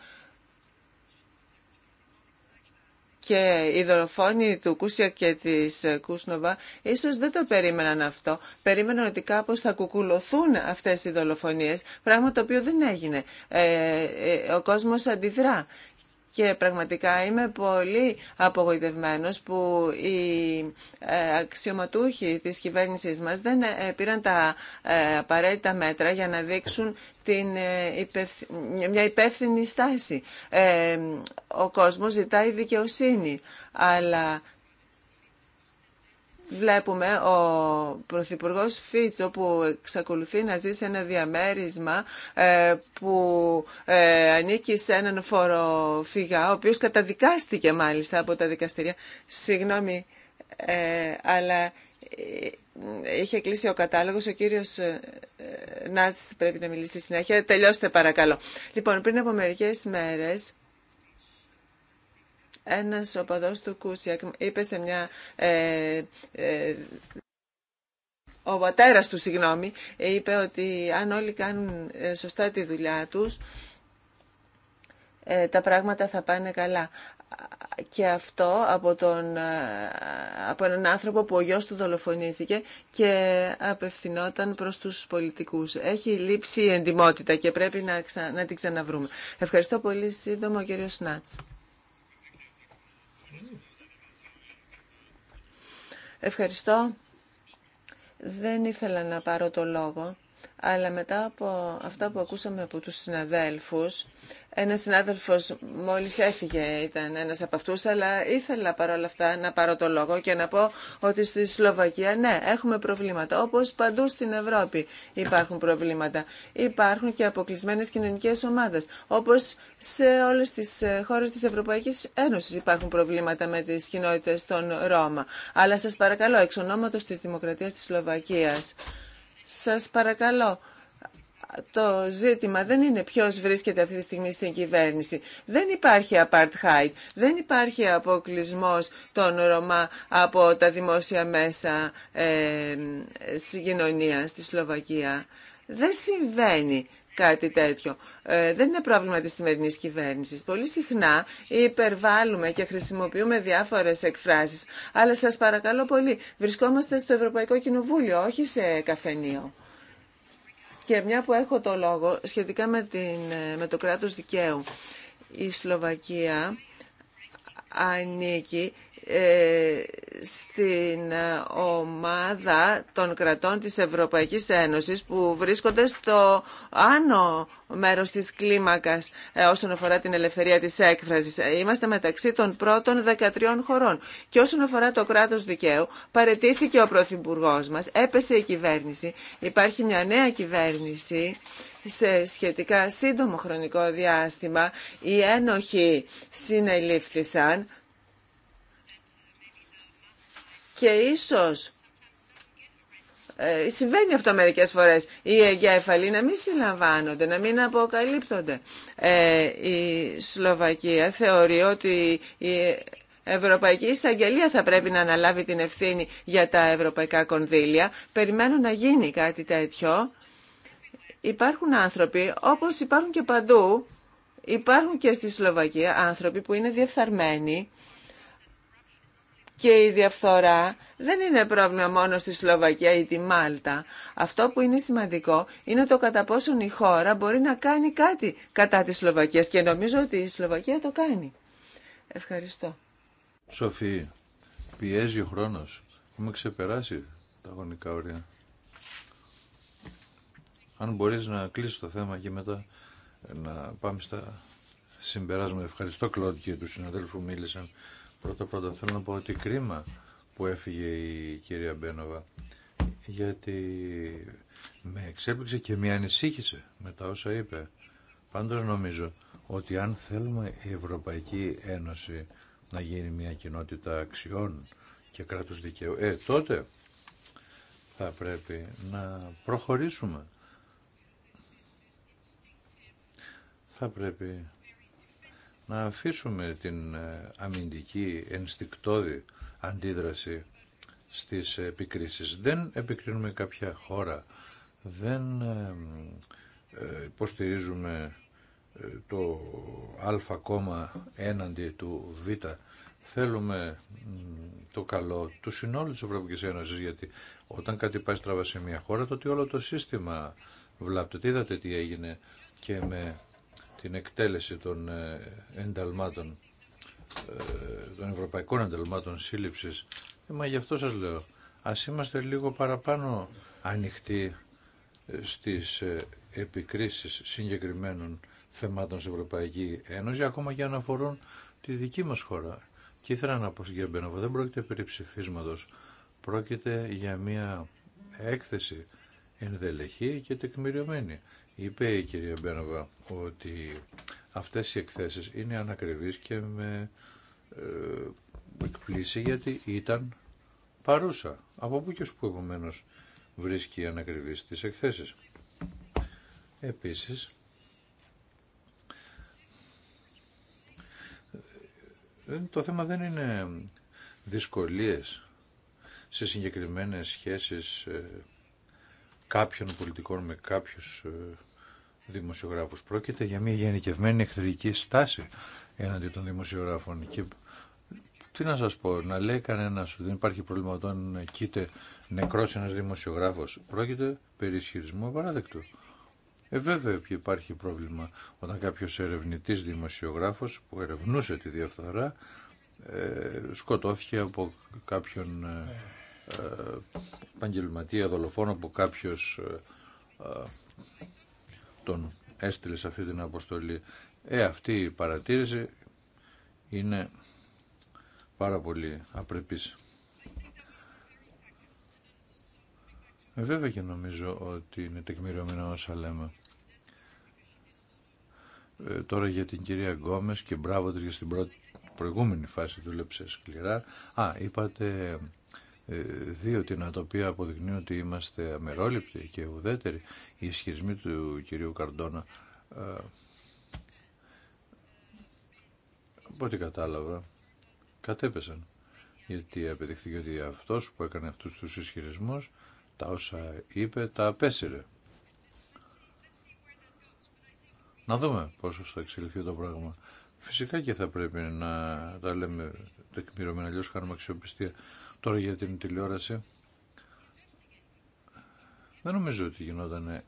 και οι δολοφόνοι του Κούσια και της Κούσνοβα ίσως δεν το περίμεναν αυτό. Περίμεναν ότι κάπως θα κουκουλωθούν αυτές οι δολοφονίες, πράγμα το οποίο δεν έγινε. Ε, ε, ο κόσμος αντιδρά και πραγματικά είμαι πολύ απογοητευμένος που οι ε, αξιωματούχοι της κυβέρνησης μας δεν ε, πήραν τα ε, απαραίτητα μέτρα για να δείξουν την μια υπεύθυνη στάση. Ο κόσμος ζητάει δικαιοσύνη, αλλά βλέπουμε ο Πρωθυπουργό Φίτσο που εξακολουθεί να ζει σε ένα διαμέρισμα ε, που ε, ανήκει σε έναν φοροφυγά, ο οποίος καταδικάστηκε μάλιστα από τα δικαστηρία. Συγγνώμη, ε, αλλά είχε κλείσει ο κατάλογος, ο κύριος Νάτς πρέπει να μιλήσει στη συνέχεια. Τελειώστε παρακαλώ. Λοιπόν, πριν από μερικές μέρες ένας οπαδός του Κούσιακ είπε σε μια... Ε, ε, ο πατέρας του, συγγνώμη, είπε ότι αν όλοι κάνουν ε, σωστά τη δουλειά τους, ε, τα πράγματα θα πάνε καλά. Και αυτό από, τον, από έναν άνθρωπο που ο γιος του δολοφονήθηκε και απευθυνόταν προς τους πολιτικούς. Έχει λείψει η εντιμότητα και πρέπει να, ξα, να την ξαναβρούμε. Ευχαριστώ πολύ σύντομα ο κύριος Σνάτς. Ευχαριστώ. Δεν ήθελα να πάρω το λόγο, αλλά μετά από αυτά που ακούσαμε από τους συναδέλφους, ένα συνάδελφο μόλι έφυγε, ήταν ένα από αυτού, αλλά ήθελα παρόλα αυτά να πάρω το λόγο και να πω ότι στη Σλοβακία, ναι, έχουμε προβλήματα. Όπω παντού στην Ευρώπη υπάρχουν προβλήματα. Υπάρχουν και αποκλεισμένε κοινωνικέ ομάδε. Όπω σε όλε τι ε, χώρε τη Ευρωπαϊκή Ένωση υπάρχουν προβλήματα με τι κοινότητε των Ρώμα. Αλλά σα παρακαλώ, εξ ονόματο τη Δημοκρατία τη Σλοβακία, σα παρακαλώ το ζήτημα δεν είναι ποιο βρίσκεται αυτή τη στιγμή στην κυβέρνηση. Δεν υπάρχει apartheid, δεν υπάρχει αποκλεισμό των Ρωμά από τα δημόσια μέσα ε, συγκοινωνία στη Σλοβακία. Δεν συμβαίνει κάτι τέτοιο. Ε, δεν είναι πρόβλημα της σημερινής κυβέρνησης. Πολύ συχνά υπερβάλλουμε και χρησιμοποιούμε διάφορες εκφράσεις. Αλλά σας παρακαλώ πολύ, βρισκόμαστε στο Ευρωπαϊκό Κοινοβούλιο, όχι σε καφενείο. Και μια που έχω το λόγο σχετικά με, την, ε, με το κράτος δικαίου. Η Σλοβακία ανήκει ε, στην ε, ομάδα των κρατών της Ευρωπαϊκής Ένωσης που βρίσκονται στο άνω μέρος της κλίμακας ε, όσον αφορά την ελευθερία της έκφρασης. Είμαστε μεταξύ των πρώτων 13 χωρών. Και όσον αφορά το κράτος δικαίου, παρετήθηκε ο Πρωθυπουργό μας, έπεσε η κυβέρνηση, υπάρχει μια νέα κυβέρνηση σε σχετικά σύντομο χρονικό διάστημα οι ένοχοι συνελήφθησαν και ίσως ε, συμβαίνει αυτό μερικές φορές. Οι εγκέφαλοι να μην συλλαμβάνονται, να μην αποκαλύπτονται. Ε, η Σλοβακία θεωρεί ότι η Ευρωπαϊκή Εισαγγελία θα πρέπει να αναλάβει την ευθύνη για τα ευρωπαϊκά κονδύλια. Περιμένω να γίνει κάτι τέτοιο. Υπάρχουν άνθρωποι, όπως υπάρχουν και παντού, υπάρχουν και στη Σλοβακία άνθρωποι που είναι διεφθαρμένοι και η διαφθορά δεν είναι πρόβλημα μόνο στη Σλοβακία ή τη Μάλτα. Αυτό που είναι σημαντικό είναι το κατά πόσον η χώρα μπορεί να κάνει κάτι κατά της Σλοβακίας και νομίζω ότι η Σλοβακία το κάνει. Ευχαριστώ. Σοφή, πιέζει ο χρόνος. Έχουμε ξεπεράσει τα γονικά όρια. Αν μπορείς να κλείσεις κατα τη θέμα και μετά να κλεισει το θεμα και μετα να παμε στα συμπεράσματα. Ευχαριστώ Κλώδη και τους συναδέλφους που μίλησαν. Πρώτα πρώτα θέλω να πω ότι κρίμα που έφυγε η κυρία Μπένοβα γιατί με εξέπληξε και με ανησύχησε με τα όσα είπε. Πάντως νομίζω ότι αν θέλουμε η Ευρωπαϊκή Ένωση να γίνει μια κοινότητα αξιών και κράτους δικαίου, ε, τότε θα πρέπει να προχωρήσουμε. Θα πρέπει να αφήσουμε την ε, αμυντική ενστικτόδη αντίδραση στις επικρίσεις. Δεν επικρίνουμε κάποια χώρα, δεν ε, ε, υποστηρίζουμε το α κόμμα έναντι του β. Θέλουμε το καλό του συνόλου της Ευρωπαϊκής Ένωσης, γιατί όταν κάτι πάει στραβά σε μια χώρα, τότε όλο το σύστημα βλάπτεται. Είδατε τι έγινε και με την εκτέλεση των ε, ενταλμάτων, ε, των ευρωπαϊκών ενταλμάτων σύλληψη. Ε, μα γι' αυτό σας λέω, ας είμαστε λίγο παραπάνω ανοιχτοί στις επικρίσεις συγκεκριμένων θεμάτων στην Ευρωπαϊκή Ένωση, ακόμα και αν αφορούν τη δική μας χώρα. Και ήθελα να πω στην δεν πρόκειται περί ψηφίσματος, πρόκειται για μια έκθεση ενδελεχή και τεκμηριωμένη. Είπε η κυρία Μπένοβα ότι αυτές οι εκθέσεις είναι ανακριβείς και με ε, εκπλήσει γιατί ήταν παρούσα. Από πού και που επομένω βρίσκει ανακριβείς τις εκθέσεις. Επίσης, ε, το θέμα δεν είναι δυσκολίες σε συγκεκριμένες σχέσεις ε, κάποιων πολιτικών με κάποιους ε, δημοσιογράφους. Πρόκειται για μια γενικευμένη εχθρική στάση έναντι των δημοσιογράφων. Και τι να σας πω, να λέει κανένα ότι δεν υπάρχει πρόβλημα όταν κοίται νεκρός ένας δημοσιογράφος. Πρόκειται περί ισχυρισμού απαράδεκτου. Ε, βέβαια υπάρχει πρόβλημα όταν κάποιος ερευνητής δημοσιογράφος που ερευνούσε τη διαφθορά ε, σκοτώθηκε από κάποιον ε, ε, επαγγελματία δολοφόνο που κάποιος ε, ε, τον έστειλε σε αυτή την αποστολή. Ε, αυτή η παρατήρηση είναι πάρα πολύ απρεπής. Ε, βέβαια και νομίζω ότι είναι τεκμηριωμένα όσα λέμε. τώρα για την κυρία Γκόμες και μπράβο της για την προηγούμενη φάση δούλεψε σκληρά. Α, είπατε ε, δύο την το οποία αποδεικνύει ότι είμαστε αμερόληπτοι και ουδέτεροι. Οι ισχυρισμοί του κυρίου Καρντόνα, ε, από ό,τι κατάλαβα, κατέπεσαν. Γιατί απεδειχθήκε ότι αυτός που έκανε αυτούς τους ισχυρισμούς, τα όσα είπε, τα απέσυρε. Να δούμε πόσο θα εξελιχθεί το πράγμα. Φυσικά και θα πρέπει να τα λέμε τεκμηρωμένα, αλλιώ κάνουμε αξιοπιστία. Τώρα για την τηλεόραση. Δεν νομίζω ότι γινόταν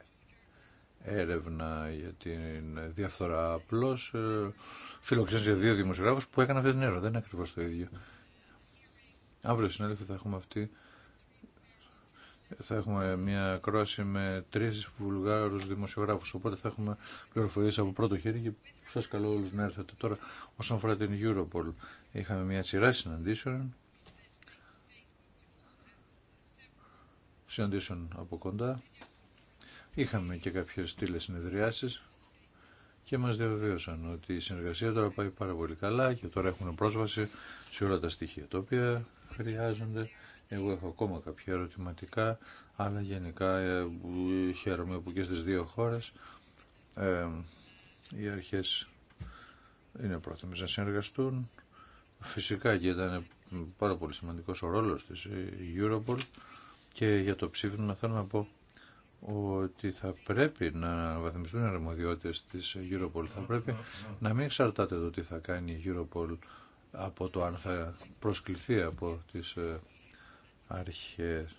έρευνα για την διαφθορά. Απλώ ε, φιλοξένησε για δύο δημοσιογράφου που έκαναν αυτή την έρευνα. Δεν είναι ακριβώ το ίδιο. Αύριο, συνάδελφοι, θα έχουμε αυτή. Θα έχουμε μια κρόση με τρει Βουλγάρους δημοσιογράφου. Οπότε θα έχουμε πληροφορίε από πρώτο χέρι και σα καλώ όλους να έρθετε τώρα. Όσον αφορά την Europol, είχαμε μια σειρά συναντήσεων συναντήσουν από κοντά. Είχαμε και κάποιες τηλεσυνεδριάσεις και μας διαβεβαίωσαν ότι η συνεργασία τώρα πάει πάρα πολύ καλά και τώρα έχουν πρόσβαση σε όλα τα στοιχεία τα οποία χρειάζονται. Εγώ έχω ακόμα κάποια ερωτηματικά, αλλά γενικά ε, χαίρομαι που και στις δύο χώρες ε, οι αρχές είναι πρόθυμες να συνεργαστούν. Φυσικά και ήταν πάρα πολύ σημαντικός ο ρόλος της ε, Europol και για το ψήφισμα θέλω να πω ότι θα πρέπει να βαθμιστούν οι αρμοδιότητες της Europol. Θα πρέπει να μην εξαρτάται το τι θα κάνει η Europol από το αν θα προσκληθεί από τις ε, αρχές.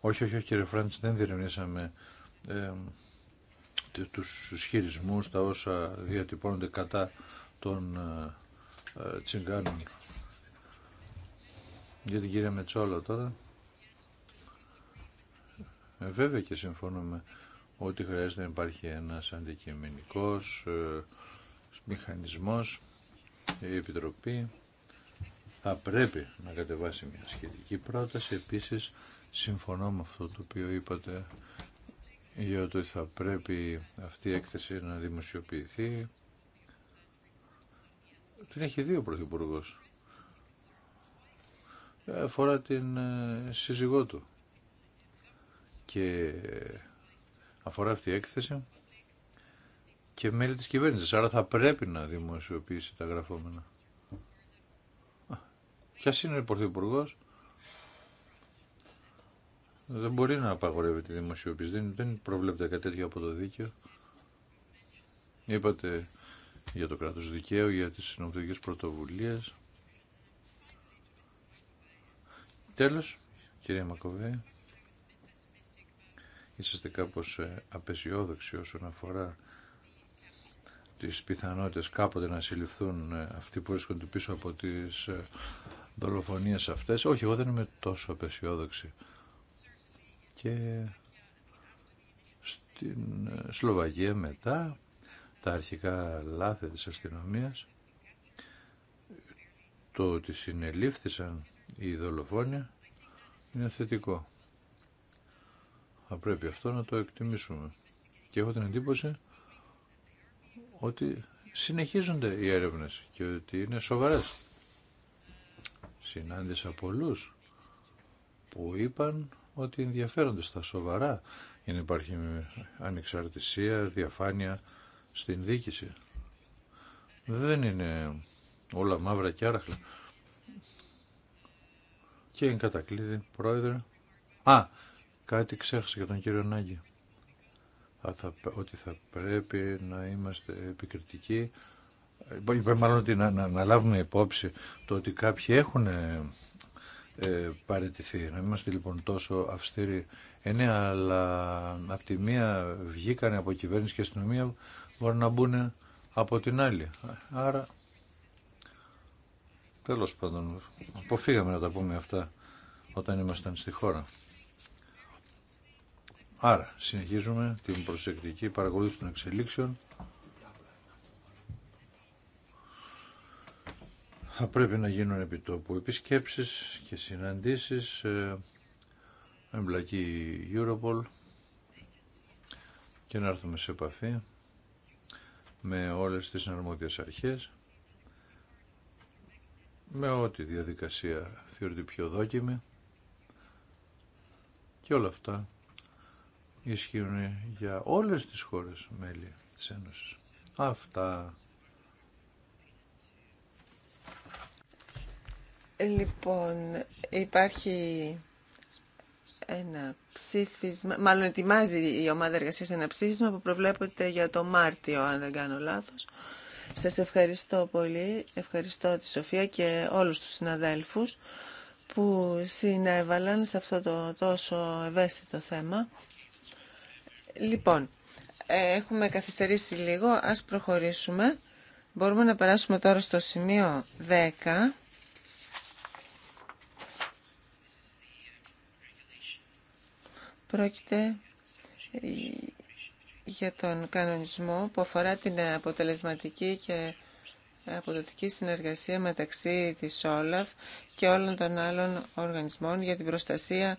Όχι, όχι, όχι κύριε Φράντς, δεν διερευνήσαμε ε, τους ισχυρισμούς, τα όσα διατυπώνονται κατά των ε, ε τσιγκάνων. Για την κυρία Μετσόλα τώρα. Ε, βέβαια και συμφωνούμε ότι χρειάζεται να υπάρχει ένας αντικειμενικός ε, μηχανισμός, η Επιτροπή θα πρέπει να κατεβάσει μια σχετική πρόταση. Επίσης, συμφωνώ με αυτό το οποίο είπατε για το ότι θα πρέπει αυτή η έκθεση να δημοσιοποιηθεί. Την έχει δει ο Πρωθυπουργός. Ε, αφορά την σύζυγό του και αφορά αυτή η έκθεση και μέλη της κυβέρνησης. Άρα θα πρέπει να δημοσιοποιήσει τα γραφόμενα. Ποια είναι ο Πρωθυπουργό. Δεν μπορεί να απαγορεύεται τη δημοσιοποίηση. Δεν, δεν προβλέπεται κάτι τέτοιο από το δίκαιο. Είπατε για το κράτος δικαίου, για τις νομοθετικές πρωτοβουλίες. Τέλος, κυρία Μακοβέ, είσαστε κάπως ε, απεσιόδοξοι όσον αφορά τις πιθανότητες κάποτε να συλληφθούν ε, αυτοί που βρίσκονται πίσω από τις ε, δολοφονίες αυτές. Όχι, εγώ δεν είμαι τόσο απεσιόδοξη. Και στην Σλοβακία μετά τα αρχικά λάθη της αστυνομίας το ότι συνελήφθησαν οι δολοφόνια είναι θετικό. Θα πρέπει αυτό να το εκτιμήσουμε. Και έχω την εντύπωση ότι συνεχίζονται οι έρευνες και ότι είναι σοβαρές. Συνάντησα πολλούς που είπαν ότι ενδιαφέρονται στα σοβαρά για να υπάρχει ανεξαρτησία, διαφάνεια στην δίκηση. Δεν είναι όλα μαύρα και άραχλα. Και εν πρόεδρε. Α, Κάτι ξέχασα για τον κύριο Νάγκη. ότι θα πρέπει να είμαστε επικριτικοί. πρέπει μάλλον ότι να, να, λάβουμε υπόψη το ότι κάποιοι έχουν ε, Να είμαστε λοιπόν τόσο αυστηροί. Ε, ναι, αλλά από τη μία βγήκανε από κυβέρνηση και αστυνομία, μπορεί να μπουν από την άλλη. Άρα, τέλος πάντων, αποφύγαμε να τα πούμε αυτά όταν ήμασταν στη χώρα. Άρα, συνεχίζουμε την προσεκτική παραγωγή των εξελίξεων. Θα πρέπει να γίνουν επιτόπου επισκέψεις και συναντήσεις, με η Europol και να έρθουμε σε επαφή με όλες τις αρμόδιες αρχές, με ό,τι διαδικασία θεωρείται πιο δόκιμη και όλα αυτά ισχύουν για όλες τις χώρες μέλη της Ένωσης. Αυτά. Λοιπόν, υπάρχει ένα ψήφισμα, μάλλον ετοιμάζει η ομάδα εργασίας ένα ψήφισμα που προβλέπεται για το Μάρτιο, αν δεν κάνω λάθος. Σας ευχαριστώ πολύ, ευχαριστώ τη Σοφία και όλους τους συναδέλφους που συνέβαλαν σε αυτό το τόσο ευαίσθητο θέμα. Λοιπόν, ε, έχουμε καθυστερήσει λίγο, ας προχωρήσουμε. Μπορούμε να περάσουμε τώρα στο σημείο 10. Πρόκειται ε, για τον κανονισμό που αφορά την αποτελεσματική και αποδοτική συνεργασία μεταξύ της Όλαφ και όλων των άλλων οργανισμών για την προστασία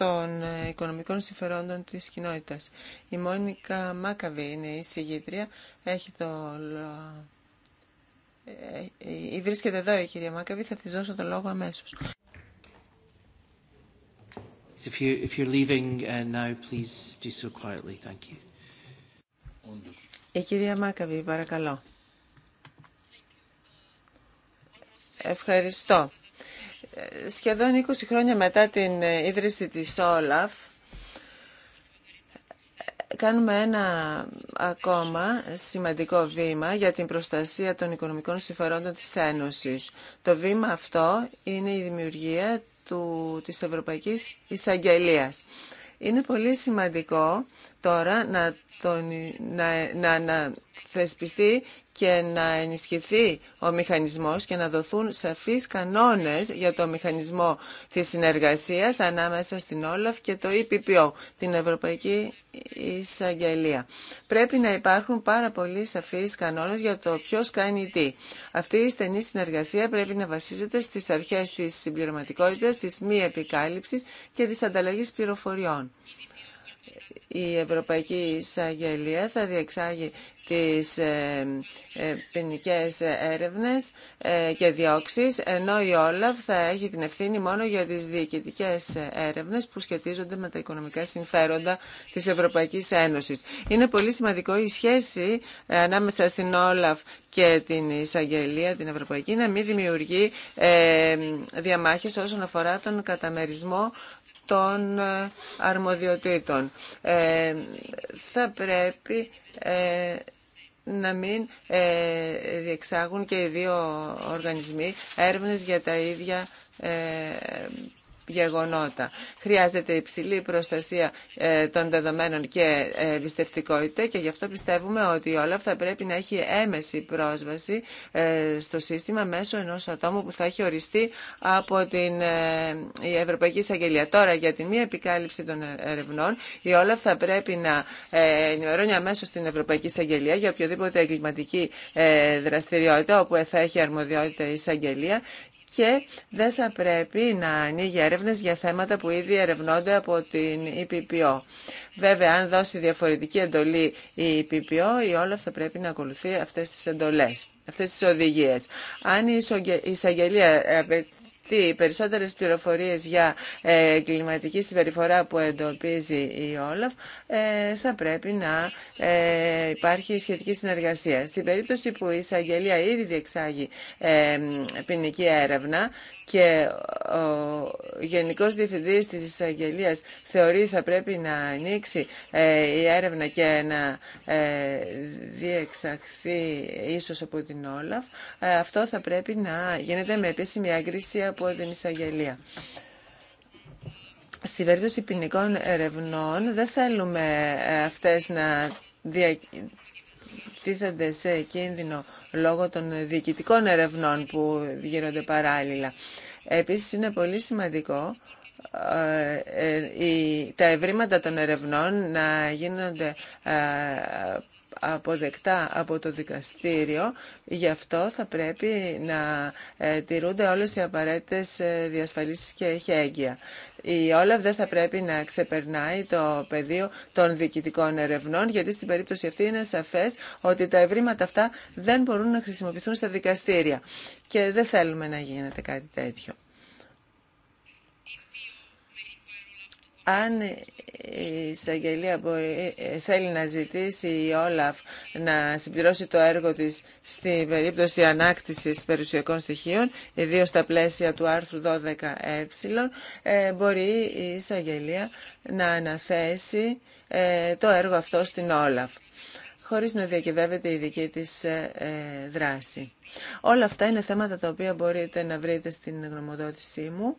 των οικονομικών συμφερόντων της κοινότητας. Η Μόνικα Μάκαβη είναι η συγγήτρια, έχει το... Ε, ε βρίσκεται εδώ η κυρία Μάκαβη, θα της δώσω το λόγο αμέσως. If, you, if you're leaving uh, now, please Thank you. Η κυρία Μάκαβη, παρακαλώ. Ευχαριστώ σχεδόν 20 χρόνια μετά την ε, ίδρυση της Όλαφ, κάνουμε ένα ακόμα σημαντικό βήμα για την προστασία των οικονομικών συμφερόντων της Ένωσης. Το βήμα αυτό είναι η δημιουργία του, της Ευρωπαϊκής εισαγγελία. Είναι πολύ σημαντικό τώρα να, τον, να, να θεσπιστεί και να ενισχυθεί ο μηχανισμός και να δοθούν σαφείς κανόνες για το μηχανισμό της συνεργασίας ανάμεσα στην Όλαφ και το EPPO, την Ευρωπαϊκή Εισαγγελία. Πρέπει να υπάρχουν πάρα πολλοί σαφείς κανόνες για το ποιος κάνει τι. Αυτή η στενή συνεργασία πρέπει να βασίζεται στις αρχές της συμπληρωματικότητας, της μη επικάλυψης και της ανταλλαγής πληροφοριών η Ευρωπαϊκή Εισαγγελία θα διεξάγει τις ε, ε, ποινικέ έρευνες ε, και διώξεις, ενώ η Όλαφ θα έχει την ευθύνη μόνο για τις διοικητικές έρευνες που σχετίζονται με τα οικονομικά συμφέροντα της Ευρωπαϊκής Ένωσης. Είναι πολύ σημαντικό η σχέση ανάμεσα στην Όλαφ και την Εισαγγελία, την Ευρωπαϊκή, να μην δημιουργεί διαμάχες όσον αφορά τον καταμερισμό των ε, αρμοδιοτήτων. Ε, θα πρέπει ε, να μην ε, διεξάγουν και οι δύο οργανισμοί έρευνες για τα ίδια γεγονότα. Χρειάζεται υψηλή προστασία ε, των δεδομένων και εμπιστευτικότητα και γι' αυτό πιστεύουμε ότι όλα θα πρέπει να έχει έμεση πρόσβαση ε, στο σύστημα μέσω ενός ατόμου που θα έχει οριστεί από την ε, Ευρωπαϊκή Εισαγγελία. Τώρα για τη μη επικάλυψη των ερευνών, η όλα θα πρέπει να ενημερώνει αμέσω την Ευρωπαϊκή Εισαγγελία για οποιοδήποτε εγκληματική δραστηριότητα όπου θα έχει αρμοδιότητα η εισαγγελία και δεν θα πρέπει να ανοίγει έρευνε για θέματα που ήδη ερευνώνται από την ΕΠΠΟ. Βέβαια, αν δώσει διαφορετική εντολή η ΕΠΠΟ, η Όλαφ θα πρέπει να ακολουθεί αυτές τις εντολές, αυτές τις οδηγίες. Αν η εισαγγελία ε, οι περισσότερες πληροφορίες για ε, κλιματική συμπεριφορά που εντοπίζει η Όλαφ, ε, θα πρέπει να ε, υπάρχει σχετική συνεργασία. Στην περίπτωση που η εισαγγελία ήδη διεξάγει ποινική έρευνα και ε, ο Γενικός Διευθυντής της Εισαγγελίας θεωρεί θα πρέπει να ανοίξει ε, η έρευνα και να ε, διεξαχθεί ίσως από την Όλαφ, αυτό θα πρέπει να γίνεται με επίσημη άγκριση από την Εισαγγελία. Στην περίπτωση ποινικών ερευνών δεν θέλουμε αυτές να τίθενται σε κίνδυνο λόγω των διοικητικών ερευνών που γίνονται παράλληλα. Επίσης είναι πολύ σημαντικό ε, ε, τα ευρήματα των ερευνών να γίνονται ε, αποδεκτά από το δικαστήριο. Γι' αυτό θα πρέπει να ε, τηρούνται όλες οι απαραίτητες ε, διασφαλίσεις και εχέγγυα. Η Όλαβ δεν θα πρέπει να ξεπερνάει το πεδίο των διοικητικών ερευνών, γιατί στην περίπτωση αυτή είναι σαφές ότι τα ευρήματα αυτά δεν μπορούν να χρησιμοποιηθούν στα δικαστήρια. Και δεν θέλουμε να γίνεται κάτι τέτοιο. αν η εισαγγελία μπορεί, θέλει να ζητήσει η Όλαφ να συμπληρώσει το έργο της στην περίπτωση ανάκτησης περιουσιακών στοιχείων, ιδίως στα πλαίσια του άρθρου 12ε, ε, μπορεί η εισαγγελία να αναθέσει ε, το έργο αυτό στην Όλαφ, χωρίς να διακυβεύεται η δική της ε, δράση. Όλα αυτά είναι θέματα τα οποία μπορείτε να βρείτε στην γνωμοδότησή μου.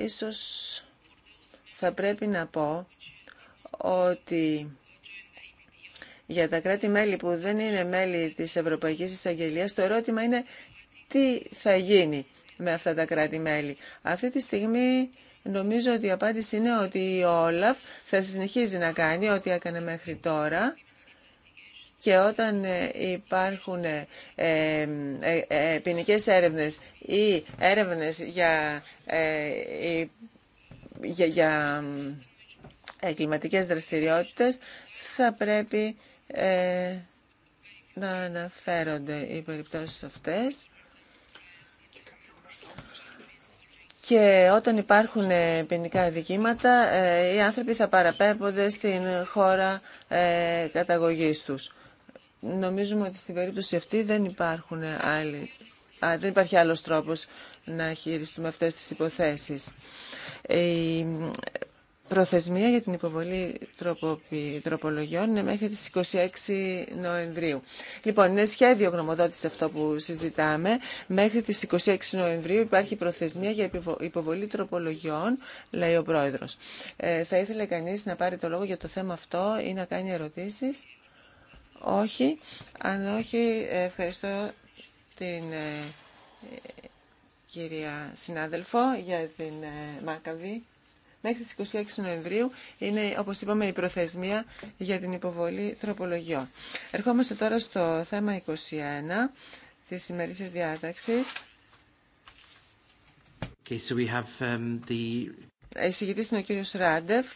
Ίσως θα πρέπει να πω ότι για τα κράτη-μέλη που δεν είναι μέλη της Ευρωπαϊκής Εισαγγελίας, το ερώτημα είναι τι θα γίνει με αυτά τα κράτη-μέλη. Αυτή τη στιγμή νομίζω ότι η απάντηση είναι ότι η Όλαφ θα συνεχίζει να κάνει ό,τι έκανε μέχρι τώρα και όταν ε, υπάρχουν ε, ε, ποινικές έρευνες ή έρευνες για, για, για εγκληματικές δραστηριότητες θα πρέπει να αναφέρονται οι περιπτώσεις αυτές. Και όταν υπάρχουν ποινικά δικήματα οι άνθρωποι θα παραπέμπονται στην χώρα καταγωγής τους. Νομίζουμε ότι στην περίπτωση αυτή δεν, υπάρχουν άλλοι, δεν υπάρχει άλλος τρόπος να χειριστούμε αυτές τις υποθέσεις. Η προθεσμία για την υποβολή τροπολογιών είναι μέχρι τις 26 Νοεμβρίου. Λοιπόν, είναι σχέδιο γνωμοδότηση αυτό που συζητάμε. Μέχρι τις 26 Νοεμβρίου υπάρχει προθεσμία για υποβολή τροπολογιών, λέει ο Πρόεδρος. Ε, θα ήθελε κανείς να πάρει το λόγο για το θέμα αυτό ή να κάνει ερωτήσεις. Όχι. Αν όχι, ευχαριστώ την ε, κυρία συνάδελφο για την ε, Μάκαβη. Μέχρι τις 26 Νοεμβρίου είναι, όπως είπαμε, η προθεσμία για την υποβολή τροπολογιών. Ερχόμαστε τώρα στο θέμα 21 της ημερήσης διάταξης. Okay, so have, um, the... είναι ο κύριος Ράντεφ.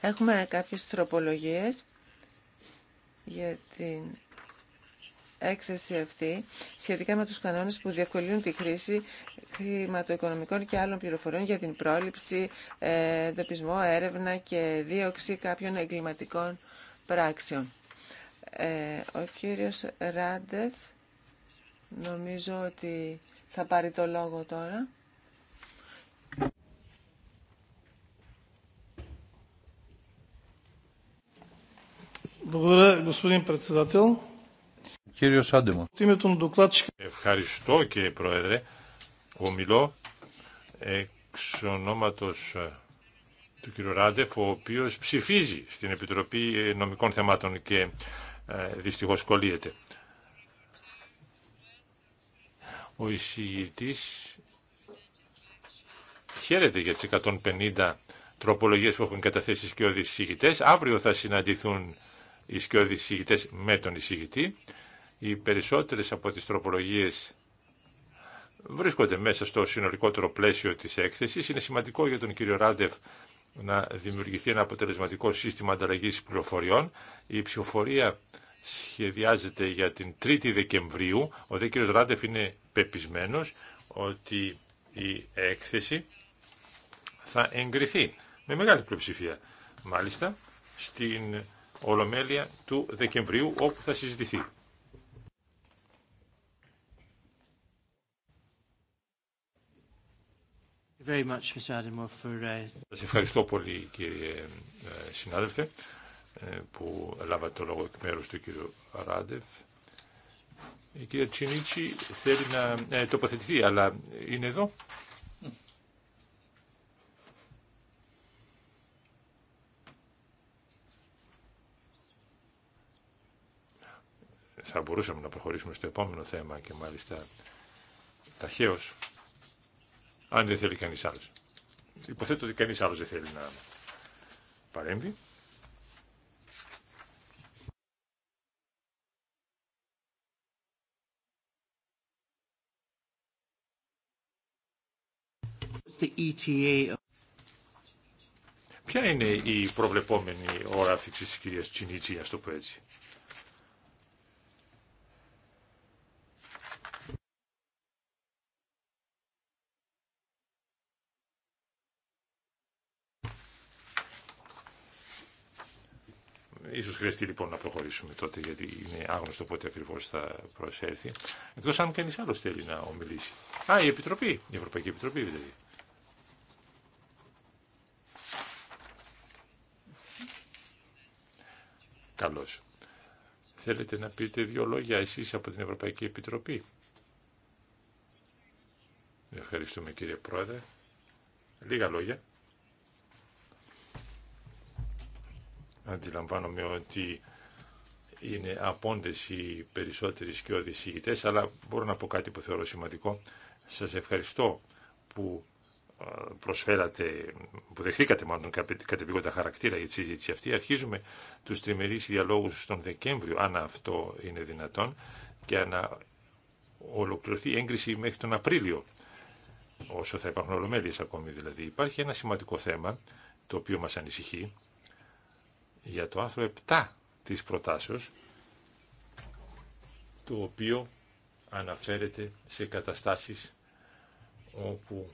Έχουμε κάποιες τροπολογίες για την έκθεση αυτή σχετικά με τους κανόνες που διευκολύνουν τη χρήση χρηματοοικονομικών και άλλων πληροφοριών για την πρόληψη, εντοπισμό, έρευνα και δίωξη κάποιων εγκληματικών πράξεων. Ε, ο κύριος Ράντεφ νομίζω ότι θα πάρει το λόγο τώρα. Ευχαριστώ κύριε Πρόεδρε. Ομιλώ εξ ονόματος ε, του κύριου Ράντεφ, ο οποίος ψηφίζει στην Επιτροπή ε, Νομικών Θεμάτων και ε, δυστυχώς κολλείεται. Ο εισηγητής χαίρεται για τις 150 τροπολογίες που έχουν καταθέσει και οι οδησηγητές. Αύριο θα συναντηθούν οι σκιώδεις εισηγητές με τον εισηγητή. Οι περισσότερες από τις τροπολογίες βρίσκονται μέσα στο συνολικότερο πλαίσιο της έκθεσης. Είναι σημαντικό για τον κύριο Ράντεφ να δημιουργηθεί ένα αποτελεσματικό σύστημα ανταλλαγής πληροφοριών. Η ψηφοφορία σχεδιάζεται για την 3η Δεκεμβρίου. Ο δε κύριος Ράντεφ είναι πεπισμένος ότι η έκθεση θα εγκριθεί με μεγάλη πλειοψηφία. Μάλιστα, στην Ολομέλεια του Δεκεμβρίου όπου θα συζητηθεί. Uh, Σα ευχαριστώ πολύ κύριε ε, συνάδελφε ε, που λάβατε το λόγο εκ μέρους του κύριου Ράντεφ. Η κυρία Τσινίτσι θέλει να ε, τοποθετηθεί αλλά είναι εδώ. θα μπορούσαμε να προχωρήσουμε στο επόμενο θέμα και μάλιστα ταχαίως, αν δεν θέλει κανείς άλλος. Υποθέτω ότι κανείς άλλος δεν θέλει να παρέμβει. E Ποια είναι η προβλεπόμενη ώρα αφήξης της κυρίας Τσινίτσι, το πω έτσι. χρειαστεί λοιπόν να προχωρήσουμε τότε, γιατί είναι άγνωστο πότε ακριβώ θα προσέλθει. Εκτό αν κανεί άλλο θέλει να ομιλήσει. Α, η Επιτροπή, η Ευρωπαϊκή Επιτροπή δηλαδή. Καλώ. Θέλετε να πείτε δύο λόγια εσείς από την Ευρωπαϊκή Επιτροπή. Ευχαριστούμε κύριε Πρόεδρε. Λίγα λόγια. Αντιλαμβάνομαι ότι είναι απόντες οι περισσότεροι σκιώδεις συγητές, αλλά μπορώ να πω κάτι που θεωρώ σημαντικό. Σας ευχαριστώ που ε, προσφέρατε, που δεχτήκατε μάλλον κατεπηγόντα χαρακτήρα για τη συζήτηση αυτή. Αρχίζουμε τους τριμερείς διαλόγους στον Δεκέμβριο, αν αυτό είναι δυνατόν, και να ολοκληρωθεί η έγκριση μέχρι τον Απρίλιο, όσο θα υπάρχουν ολομέλειες ακόμη δηλαδή. Υπάρχει ένα σημαντικό θέμα, το οποίο μας ανησυχεί, για το άρθρο 7 της προτάσεως, το οποίο αναφέρεται σε καταστάσεις όπου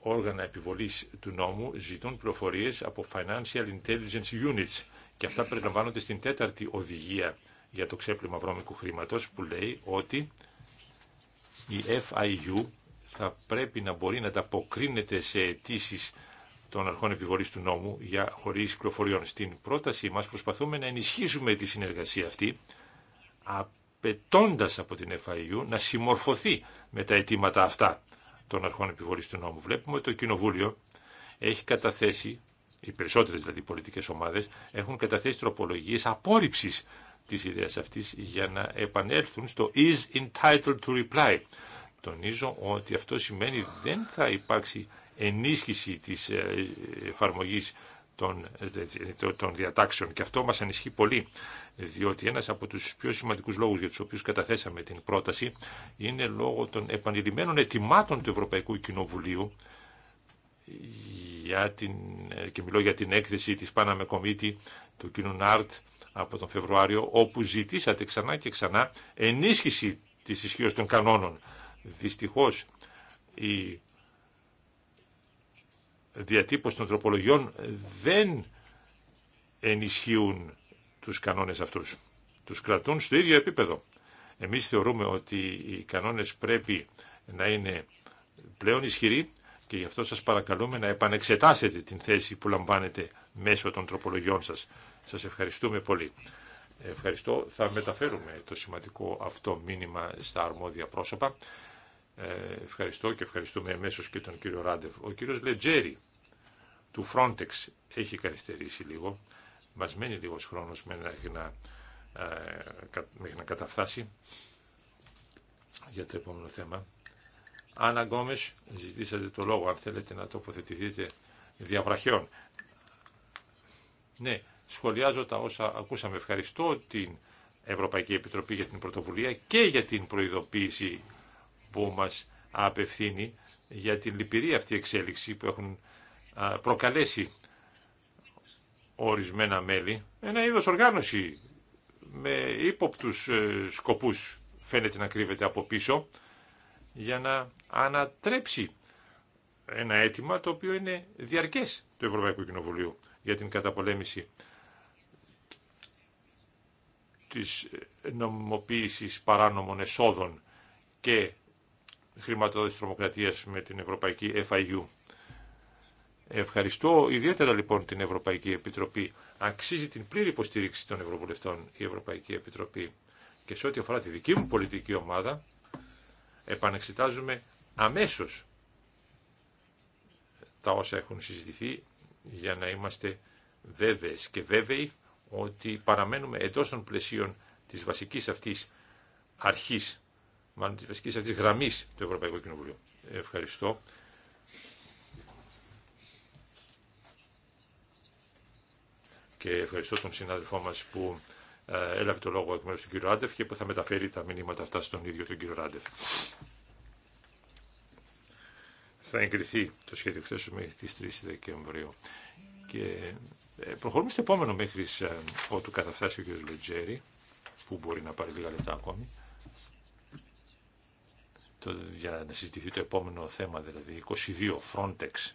όργανα επιβολής του νόμου ζητούν πληροφορίες από Financial Intelligence Units και αυτά περιλαμβάνονται στην τέταρτη οδηγία για το ξέπλυμα βρώμικου χρήματος που λέει ότι η FIU θα πρέπει να μπορεί να τα αποκρίνεται σε αιτήσει των αρχών επιβολή του νόμου για χωρί κυκλοφοριών. Στην πρότασή μα προσπαθούμε να ενισχύσουμε τη συνεργασία αυτή, απαιτώντα από την FIU να συμμορφωθεί με τα αιτήματα αυτά των αρχών επιβολή του νόμου. Βλέπουμε ότι το Κοινοβούλιο έχει καταθέσει, οι περισσότερε δηλαδή πολιτικέ ομάδε έχουν καταθέσει τροπολογίε απόρριψη τη ιδέα αυτή για να επανέλθουν στο is entitled to reply. Τονίζω ότι αυτό σημαίνει δεν θα υπάρξει ενίσχυση της ε, εφαρμογή των, των διατάξεων. Και αυτό μας ανισχύει πολύ, διότι ένας από τους πιο σημαντικούς λόγους για τους οποίους καταθέσαμε την πρόταση είναι λόγω των επανειλημμένων ετοιμάτων του Ευρωπαϊκού Κοινοβουλίου για την, και μιλώ για την έκθεση της Πάναμε Κομίτη του κ. Νάρτ από τον Φεβρουάριο, όπου ζητήσατε ξανά και ξανά ενίσχυση της ισχύω των κανόνων. Δυστυχώς η διατύπωση των τροπολογιών δεν ενισχύουν τους κανόνες αυτούς. Τους κρατούν στο ίδιο επίπεδο. Εμείς θεωρούμε ότι οι κανόνες πρέπει να είναι πλέον ισχυροί και γι' αυτό σας παρακαλούμε να επανεξετάσετε την θέση που λαμβάνετε μέσω των τροπολογιών σας. Σας ευχαριστούμε πολύ. Ευχαριστώ. Θα μεταφέρουμε το σημαντικό αυτό μήνυμα στα αρμόδια πρόσωπα. Ε, ευχαριστώ και ευχαριστούμε εμέσω και τον κύριο Ράντεβ. Ο κύριος Λετζέρι του Frontex έχει καθυστερήσει λίγο. μα μένει λίγος χρόνος μέχρι να, ε, μέχρι να καταφτάσει για το επόμενο θέμα. Άννα Γκόμε, ζητήσατε το λόγο αν θέλετε να τοποθετηθείτε διαβραχιών. Ναι, σχολιάζω τα όσα ακούσαμε. Ευχαριστώ την Ευρωπαϊκή Επιτροπή για την πρωτοβουλία και για την προειδοποίηση που μας απευθύνει για την λυπηρή αυτή εξέλιξη που έχουν προκαλέσει ορισμένα μέλη. Ένα είδος οργάνωση με ύποπτους ε, σκοπούς φαίνεται να κρύβεται από πίσω για να ανατρέψει ένα αίτημα το οποίο είναι διαρκές του Ευρωπαϊκού Κοινοβουλίου για την καταπολέμηση της νομιμοποίησης παράνομων εσόδων και χρηματοδότηση τρομοκρατίας με την Ευρωπαϊκή FIU. Ευχαριστώ ιδιαίτερα λοιπόν την Ευρωπαϊκή Επιτροπή. Αξίζει την πλήρη υποστήριξη των Ευρωβουλευτών η Ευρωπαϊκή Επιτροπή. Και σε ό,τι αφορά τη δική μου πολιτική ομάδα, επανεξετάζουμε αμέσως τα όσα έχουν συζητηθεί για να είμαστε βέβαιες και βέβαιοι ότι παραμένουμε εντός των πλαισίων της βασικής αυτής αρχής μάλλον τη βασική αυτή γραμμή του Ευρωπαϊκού Κοινοβουλίου. Ευχαριστώ. Και ευχαριστώ τον συνάδελφό μα που ε, έλαβε το λόγο εκ μέρου του κ. Ράντεφ και που θα μεταφέρει τα μηνύματα αυτά στον ίδιο τον κ. Ράντεφ. Θα εγκριθεί το σχέδιο χθε μέχρι τι 3 Δεκεμβρίου. Και ε, προχωρούμε στο επόμενο μέχρι ε, ότου καταφτάσει ο κ. Λετζέρη, που μπορεί να πάρει λίγα λεπτά ακόμη για να συζητηθεί το επόμενο θέμα, δηλαδή 22 Frontex.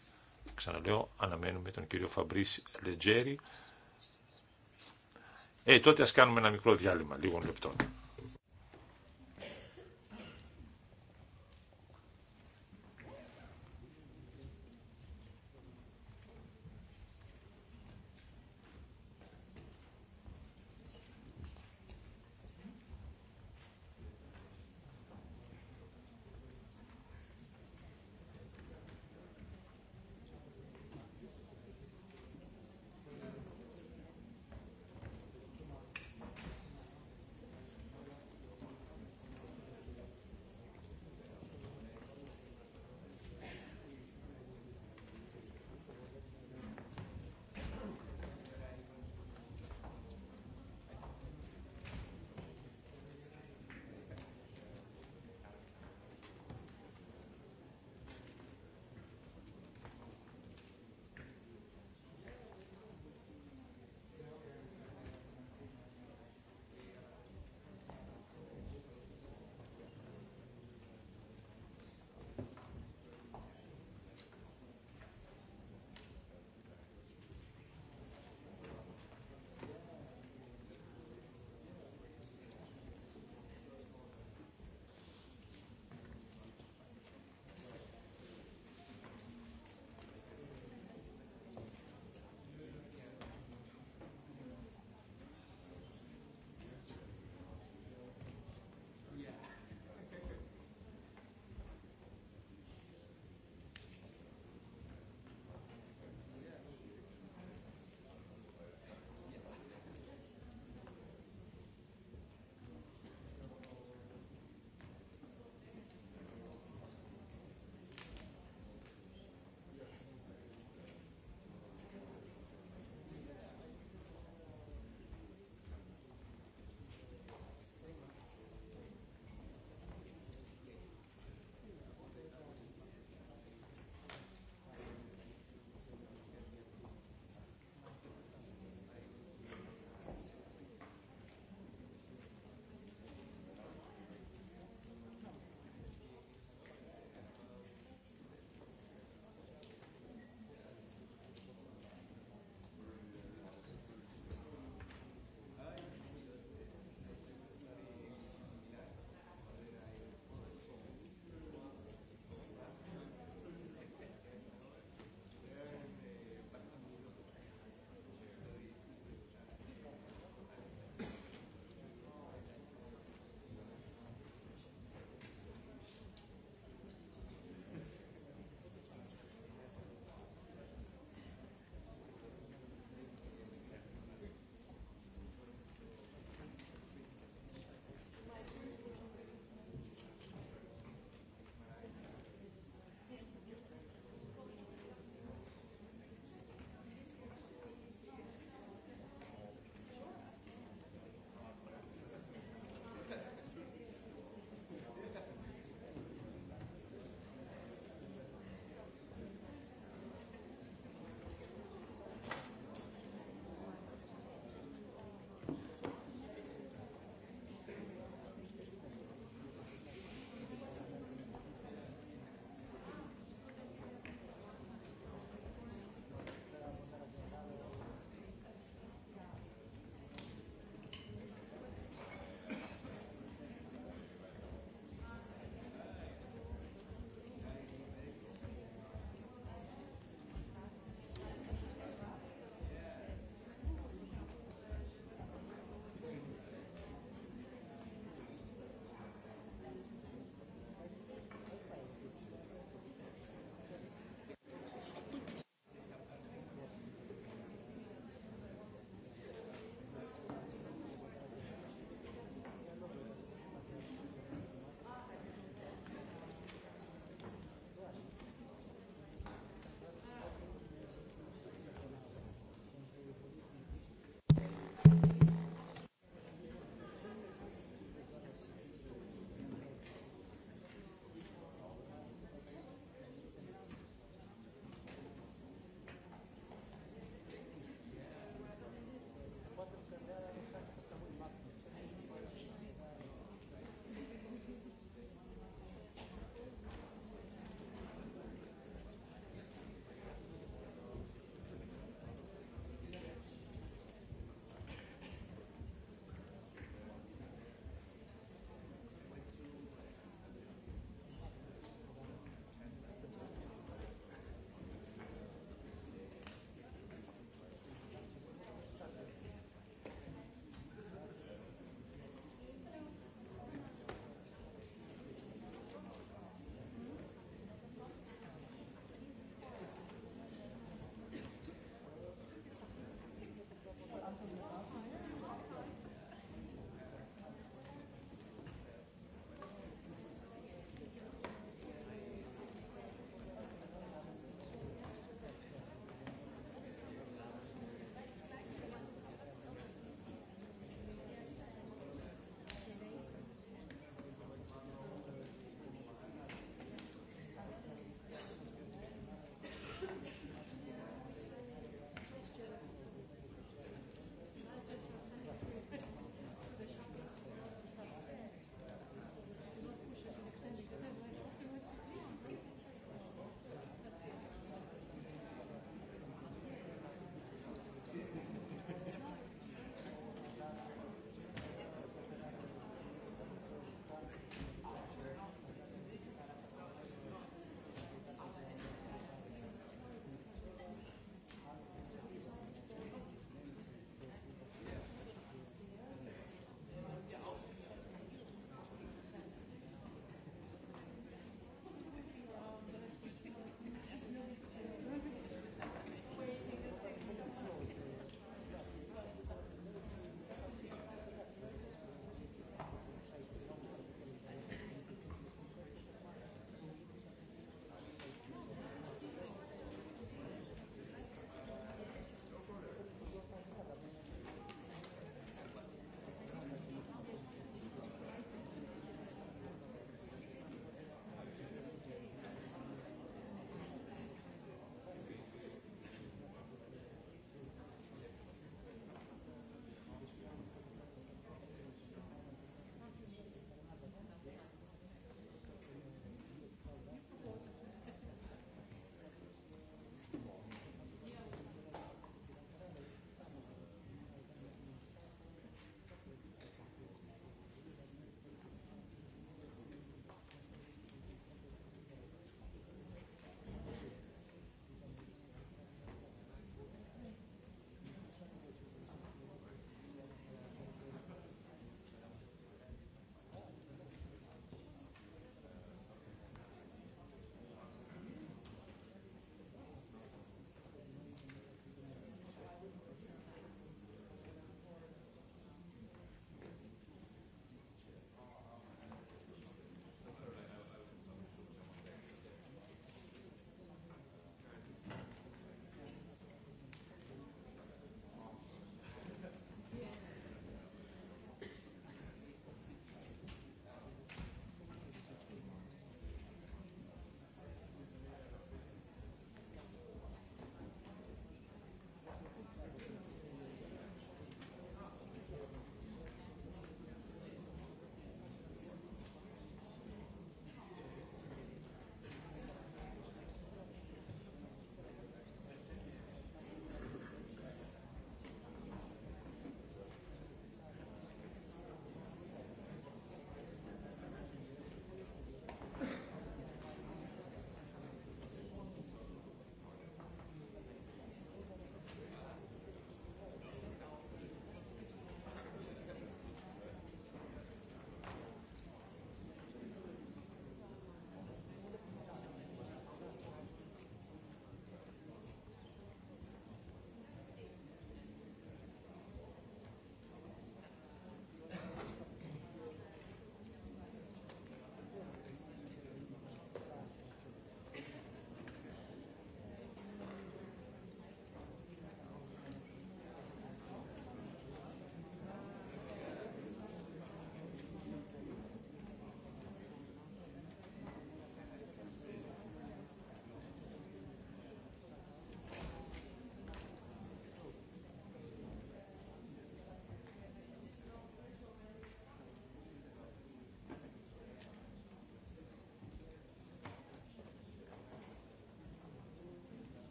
Ξαναλέω, αναμένουμε τον κύριο Φαμπρίς Λετζέρη. Ε, τότε ας κάνουμε ένα μικρό διάλειμμα λίγων λεπτών.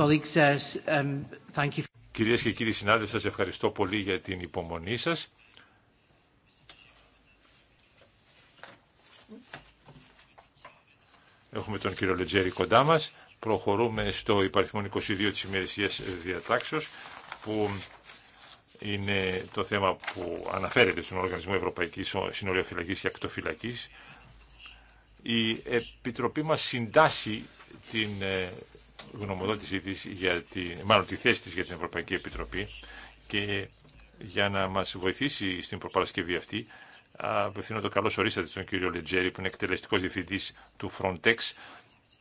Uh, um, Κυρίες και κύριοι συνάδελφοι, σας ευχαριστώ πολύ για την υπομονή σας. Έχουμε τον κύριο Λετζέρη κοντά μας. Προχωρούμε στο υπαριθμό 22 της ημερησίας διατάξεως, που είναι το θέμα που αναφέρεται στον Οργανισμό Ευρωπαϊκής Συνοριοφυλακής και Ακτοφυλακής. Η Επιτροπή μας συντάσσει την ε, γνωμοδότησή της για τη, μάλλον τη θέση της για την Ευρωπαϊκή Επιτροπή και για να μας βοηθήσει στην προπαρασκευή αυτή απευθύνω το καλό ορίσατε τον κύριο Λετζέρη που είναι εκτελεστικός διευθυντής του Frontex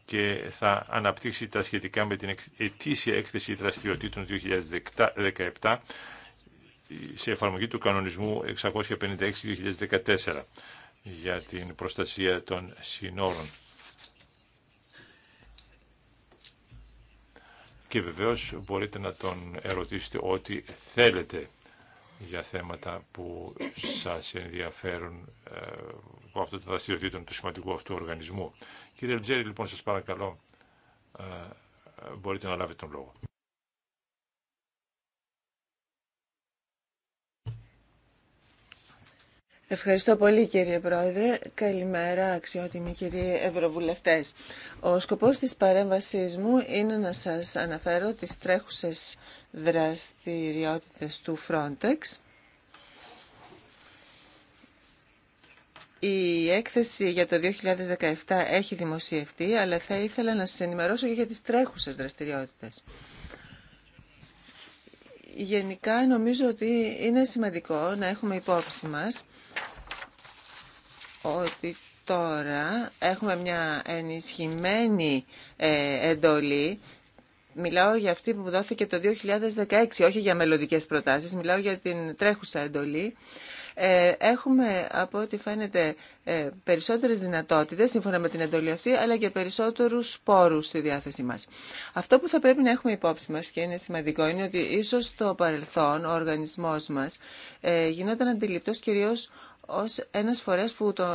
και θα αναπτύξει τα σχετικά με την ετήσια έκθεση δραστηριοτήτων 2017 σε εφαρμογή του κανονισμού 656-2014 για την προστασία των συνόρων. και βεβαίως μπορείτε να τον ερωτήσετε ό,τι θέλετε για θέματα που σας ενδιαφέρουν ε, από αυτό το δραστηριοτήτων του σημαντικού αυτού οργανισμού. Κύριε Λτζέρη, λοιπόν, σας παρακαλώ, ε, ε, μπορείτε να λάβετε τον λόγο. Ευχαριστώ πολύ κύριε Πρόεδρε. Καλημέρα αξιότιμοι κύριοι Ευρωβουλευτές. Ο σκοπός της παρέμβασής μου είναι να σας αναφέρω τις τρέχουσες δραστηριότητες του Frontex. Η έκθεση για το 2017 έχει δημοσιευτεί, αλλά θα ήθελα να σας ενημερώσω και για τις τρέχουσες δραστηριότητες. Γενικά νομίζω ότι είναι σημαντικό να έχουμε υπόψη μας ότι τώρα έχουμε μια ενισχυμένη ε, εντολή. Μιλάω για αυτή που δόθηκε το 2016, όχι για μελλοντικές προτάσεις, μιλάω για την τρέχουσα εντολή. Ε, έχουμε, από ό,τι φαίνεται, ε, περισσότερες δυνατότητες, σύμφωνα με την εντολή αυτή, αλλά και περισσότερους πόρους στη διάθεσή μας. Αυτό που θα πρέπει να έχουμε υπόψη μας και είναι σημαντικό είναι ότι ίσως στο παρελθόν ο οργανισμός μας γινόταν αντιληπτός κυρίως ως ένας φορέας που, το,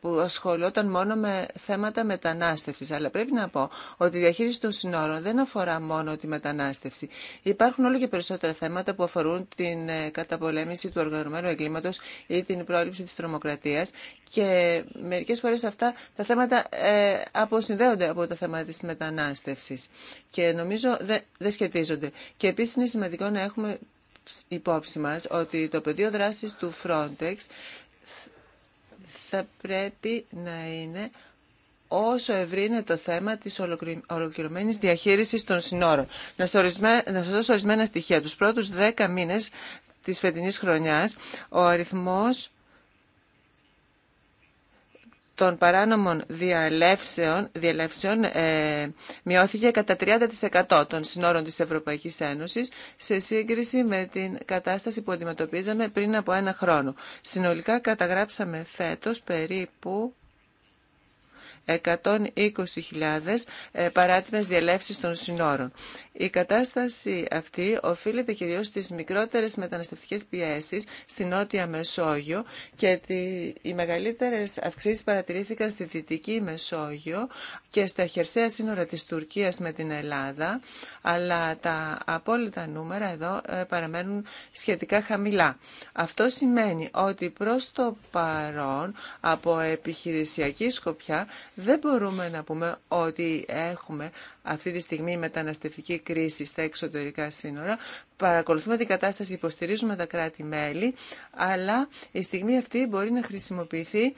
που ασχολόταν μόνο με θέματα μετανάστευσης. Αλλά πρέπει να πω ότι η διαχείριση των συνόρων δεν αφορά μόνο τη μετανάστευση. Υπάρχουν όλο και περισσότερα θέματα που αφορούν την ε, καταπολέμηση του οργανωμένου εγκλήματος ή την πρόληψη της τρομοκρατίας και μερικές φορές αυτά τα θέματα ε, αποσυνδέονται από τα θέματα της μετανάστευσης και νομίζω δεν δε σχετίζονται. Και επίσης είναι σημαντικό να έχουμε υπόψη μας ότι το πεδίο δράσης του Frontex θα πρέπει να είναι όσο ευρύ είναι το θέμα της ολοκληρωμένης διαχείρισης των συνόρων. Να σας δώσω ορισμένα στοιχεία. Τους πρώτους δέκα μήνες της φετινής χρονιάς ο αριθμός των παράνομων διαλεύσεων, διαλεύσεων ε, μειώθηκε κατά 30% των συνόρων της Ευρωπαϊκής Ένωσης σε σύγκριση με την κατάσταση που αντιμετωπίζαμε πριν από ένα χρόνο. Συνολικά καταγράψαμε φέτος περίπου 120.000 παράτιμες διαλέψεις των συνόρων. Η κατάσταση αυτή οφείλεται κυρίως στις μικρότερες μεταναστευτικές πιέσει στη Νότια Μεσόγειο και οι μεγαλύτερε αυξήσεις παρατηρήθηκαν στη Δυτική Μεσόγειο και στα χερσαία σύνορα της Τουρκίας με την Ελλάδα, αλλά τα απόλυτα νούμερα εδώ ε, παραμένουν σχετικά χαμηλά. Αυτό σημαίνει ότι προ το παρόν από επιχειρησιακή σκοπιά δεν μπορούμε να πούμε ότι έχουμε αυτή τη στιγμή η μεταναστευτική κρίση στα εξωτερικά σύνορα. Παρακολουθούμε την κατάσταση, υποστηρίζουμε τα κράτη-μέλη, αλλά η στιγμή αυτή μπορεί να χρησιμοποιηθεί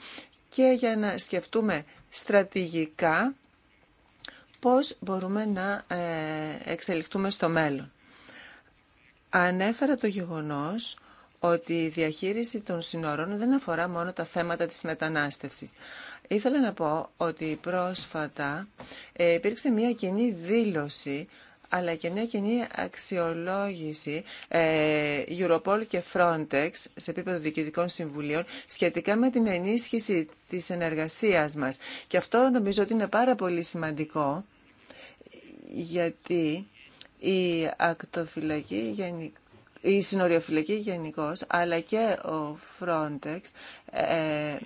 και για να σκεφτούμε στρατηγικά πώς μπορούμε να ε, εξελιχτούμε στο μέλλον. Ανέφερα το γεγονός ότι η διαχείριση των συνόρων δεν αφορά μόνο τα θέματα της μετανάστευσης. Ήθελα να πω ότι πρόσφατα ε, υπήρξε μια κοινή δήλωση αλλά και μια κοινή αξιολόγηση ε, Europol και Frontex σε επίπεδο διοικητικών συμβουλίων σχετικά με την ενίσχυση της ενεργασίας μας. Και αυτό νομίζω ότι είναι πάρα πολύ σημαντικό γιατί η ακτοφυλακή γενικά η συνοριοφυλακή γενικώ, αλλά και ο Frontex ε, ε,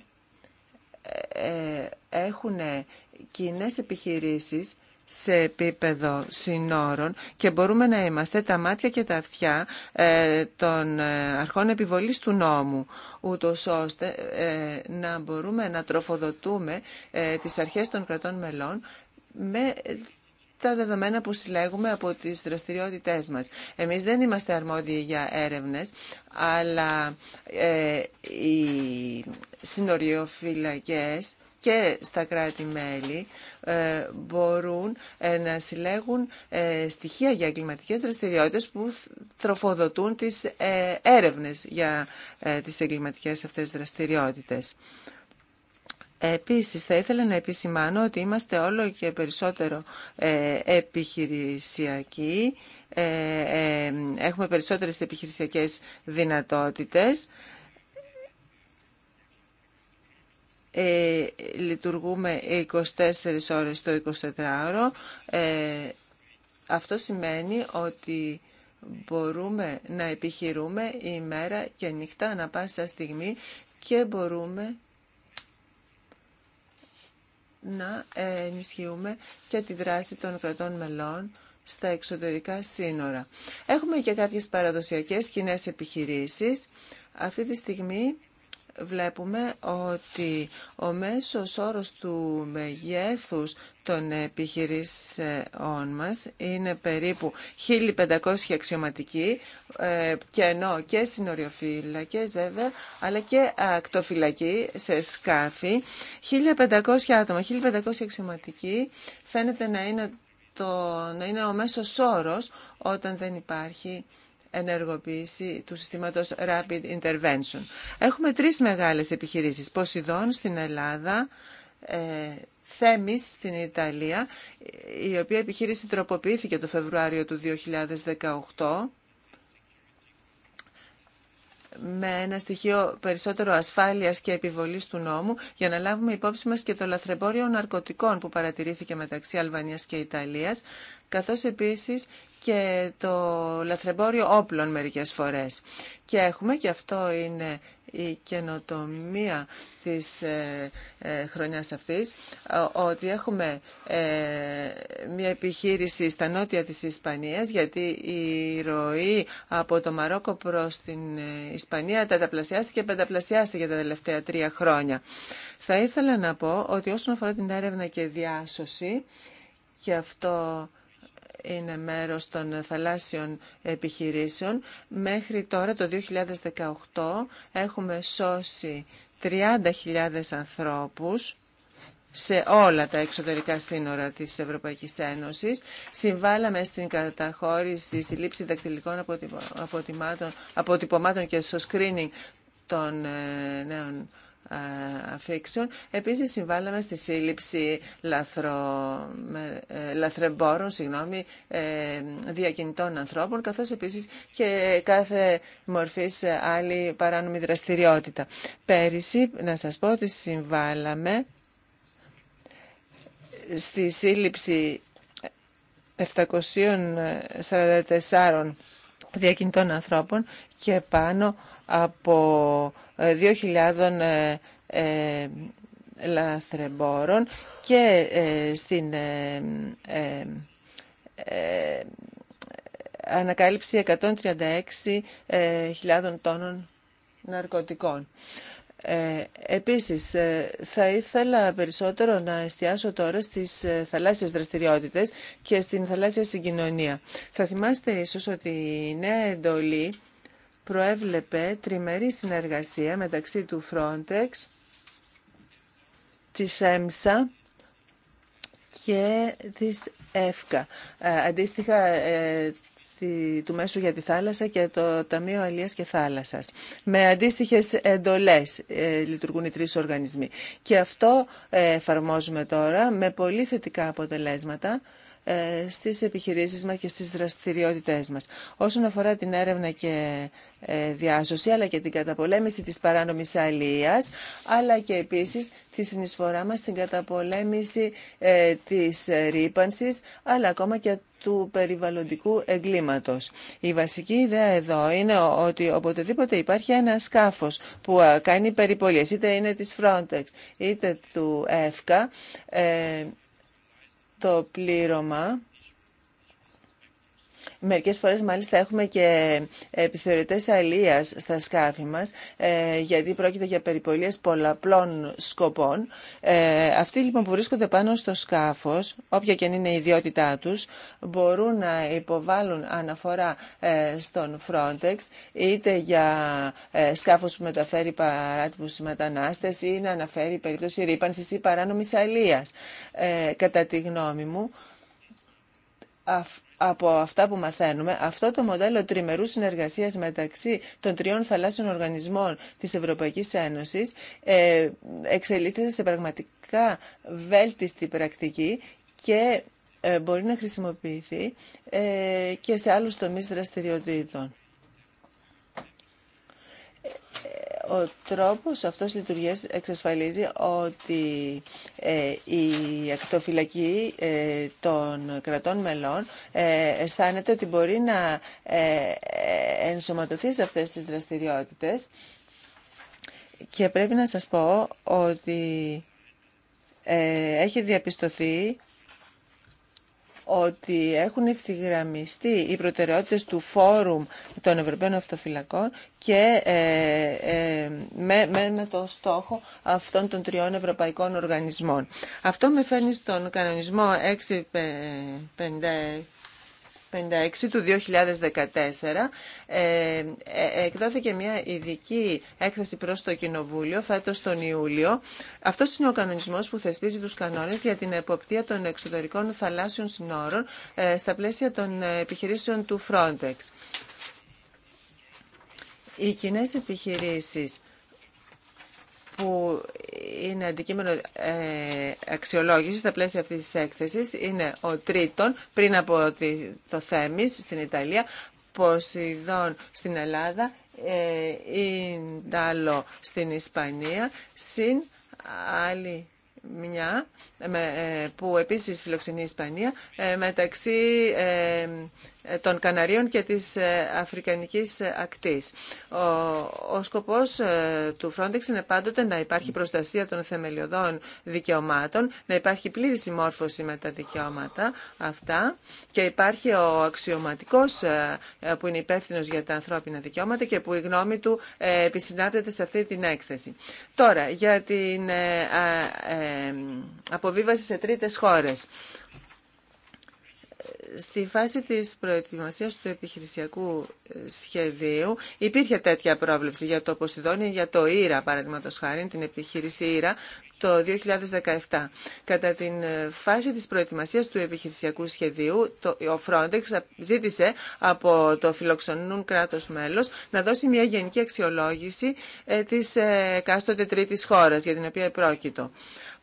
ε έχουν κοινέ επιχειρήσεις σε επίπεδο συνόρων και μπορούμε να είμαστε τα μάτια και τα αυτιά ε, των ε, αρχών επιβολής του νόμου, ούτως ώστε να μπορούμε να τροφοδοτούμε τις αρχές των κρατών μελών με τα δεδομένα που συλλέγουμε από τις δραστηριότητές μας. Εμείς δεν είμαστε αρμόδιοι για έρευνες, αλλά ε, οι συνοριοφυλακές και στα κράτη-μέλη ε, μπορούν ε, να συλλέγουν ε, στοιχεία για εγκληματικές δραστηριότητες που τροφοδοτούν τις έρευνες για τις εγκληματικές αυτές δραστηριότητες. Επίσης, θα ήθελα να επισημάνω ότι είμαστε όλο και περισσότερο ε, επιχειρησιακοί, ε, ε, έχουμε περισσότερες επιχειρησιακές δυνατότητες, λειτουργούμε 24 ώρες το 24ωρο. Αυτό σημαίνει ότι μπορούμε να επιχειρούμε η μέρα και νύχτα ανα πάσα στιγμή και μπορούμε να ενισχύουμε και τη δράση των κρατών μελών στα εξωτερικά σύνορα. Έχουμε και κάποιες παραδοσιακές κοινέ επιχειρήσεις. Αυτή τη στιγμή βλέπουμε ότι ο μέσος όρος του μεγέθους των επιχειρήσεών μας είναι περίπου 1.500 αξιωματικοί ε, και ενώ και συνοριοφύλακες βέβαια αλλά και ακτοφυλακοί σε σκάφη 1.500 άτομα, 1.500 αξιωματικοί φαίνεται να είναι, το, να είναι ο μέσος όρος όταν δεν υπάρχει ενεργοποίηση του συστήματος Rapid Intervention. Έχουμε τρεις μεγάλες επιχειρήσεις. Ποσειδών στην Ελλάδα, ε, Θέμης στην Ιταλία, η οποία επιχείρηση τροποποιήθηκε το Φεβρουάριο του 2018 με ένα στοιχείο περισσότερο ασφάλειας και επιβολής του νόμου για να λάβουμε υπόψη μας και το λαθρεμπόριο ναρκωτικών που παρατηρήθηκε μεταξύ Αλβανίας και Ιταλίας καθώς επίσης και το λαθρεμπόριο όπλων μερικές φορές. Και έχουμε, και αυτό είναι η καινοτομία της ε, ε, χρονιάς αυτής, ε, ότι έχουμε ε, μια επιχείρηση στα νότια της Ισπανίας, γιατί η ροή από το Μαρόκο προς την ε, Ισπανία τεταπλασιάστηκε και πενταπλασιάστηκε τα τελευταία τρία χρόνια. Θα ήθελα να πω ότι όσον αφορά την έρευνα και διάσωση, και αυτό είναι μέρος των θαλάσσιων επιχειρήσεων. Μέχρι τώρα, το 2018, έχουμε σώσει 30.000 ανθρώπους σε όλα τα εξωτερικά σύνορα της Ευρωπαϊκής Ένωσης. Συμβάλαμε στην καταχώρηση, στη λήψη δακτυλικών αποτυπωμάτων και στο screening των ε, νέων αφήξεων. Επίσης συμβάλαμε στη σύλληψη λαθρο, ε, λαθρεμπόρων, συγγνώμη, ε, διακινητών ανθρώπων, καθώς επίσης και κάθε μορφής άλλη παράνομη δραστηριότητα. Πέρυσι, να σας πω ότι συμβάλαμε στη σύλληψη 744 διακινητών ανθρώπων και πάνω από 2.000 ε, ε, ε, λαθρεμπόρων και στην ανακάλυψη 136.000 τόνων ναρκωτικών. Επίσης, θα ήθελα περισσότερο να εστιάσω τώρα στις θαλάσσιες δραστηριότητες και στην θαλάσσια συγκοινωνία. Θα θυμάστε ίσως ότι η νέα εντολή προέβλεπε τριμερή συνεργασία μεταξύ του Frontex, της ΕΜΣΑ και της ΕΦΚΑ. Ε, αντίστοιχα, ε, του Μέσου για τη Θάλασσα και το Ταμείο Αλίας και Θάλασσας. Με αντίστοιχες εντολές ε, λειτουργούν οι τρεις οργανισμοί. Και αυτό εφαρμόζουμε τώρα με πολύ θετικά αποτελέσματα στις επιχειρήσεις μας και στις δραστηριότητές μας. Όσον αφορά την έρευνα και ε, διάσωση αλλά και την καταπολέμηση της παράνομης αλίας αλλά και επίσης τη συνεισφορά μας στην καταπολέμηση ε, της ε, ρήπανσης αλλά ακόμα και του περιβαλλοντικού εγκλήματος. Η βασική ιδέα εδώ είναι ότι οποτεδήποτε υπάρχει ένα σκάφος που κάνει περιπολίες, είτε είναι της Frontex είτε του ΕΦΚΑ, το πλήρωμα Μερικές φορές μάλιστα έχουμε και ε, επιθεωρητές αλίας στα σκάφη μας, ε, γιατί πρόκειται για περιπολίες πολλαπλών σκοπών. Ε, αυτοί λοιπόν που βρίσκονται πάνω στο σκάφος, όποια και είναι η ιδιότητά τους, μπορούν να υποβάλουν αναφορά στον Frontex, είτε για σκάφος που μεταφέρει παράτυπους μετανάστες ή να αναφέρει περίπτωση ρήπανσης ή παράνομης αλίας. Κατά τη γνώμη μου, από αυτά που μαθαίνουμε, αυτό το μοντέλο τριμερού συνεργασίας μεταξύ των τριών θαλάσσιων οργανισμών της Ευρωπαϊκής Ένωσης ε, εξελίσσεται σε πραγματικά βέλτιστη πρακτική και ε, μπορεί να χρησιμοποιηθεί ε, και σε άλλους τομείς δραστηριοτήτων. Ο τρόπος αυτός λειτουργίας εξασφαλίζει ότι ε, η ακτοφυλακή ε, των κρατών μελών ε, αισθάνεται ότι μπορεί να ενσωματωθεί σε αυτές τις δραστηριότητες και πρέπει να σας πω ότι έχει διαπιστωθεί ότι έχουν ευθυγραμμιστεί οι προτεραιότητες του Φόρουμ των Ευρωπαίων Αυτοφυλακών και ε, ε, με, με, το στόχο αυτών των τριών ευρωπαϊκών οργανισμών. Αυτό με φέρνει στον κανονισμό 656 56 του 2014 ε, ε, ε, εκδόθηκε μια ειδική έκθεση προς το Κοινοβούλιο φέτος τον Ιούλιο. Αυτός είναι ο κανονισμός που θεσπίζει τους κανόνες για την εποπτεία των εξωτερικών θαλάσσιων συνόρων στα πλαίσια των επιχειρήσεων του Frontex. Οι κοινέ επιχειρήσεις που είναι αντικείμενο ε, αξιολόγηση στα πλαίσια αυτής της έκθεσης είναι ο τρίτον πριν από το Θέμη στην Ιταλία, Ποσειδών στην Ελλάδα, ε, Ιντάλο στην Ισπανία, συν άλλη μια ε, που επίσης φιλοξενεί η Ισπανία ε, μεταξύ ε, των Καναρίων και της ε, Αφρικανικής ε, ακτής. Ο, σκοπός του Frontex είναι πάντοτε να υπάρχει προστασία των θεμελιωδών δικαιωμάτων, να υπάρχει πλήρη συμμόρφωση με τα δικαιώματα αυτά και υπάρχει ο αξιωματικός που είναι υπεύθυνο για τα ανθρώπινα δικαιώματα και που η γνώμη του επισυνάπτεται σε αυτή την έκθεση. Τώρα, για την αποβίβαση σε τρίτες χώρες. Στη φάση της προετοιμασίας του επιχειρησιακού ε, σχεδίου υπήρχε τέτοια πρόβλεψη για το Ποσειδόνιο, για το Ήρα, παραδείγματο χάρη, την επιχείρηση Ήρα, το 2017. Κατά την ε, φάση της προετοιμασίας του επιχειρησιακού σχεδίου, το, ο Frontex ζήτησε από το φιλοξενούν κράτος μέλος να δώσει μια γενική αξιολόγηση ε, της κάστοτε τρίτης χώρας για την οποία πρόκειτο.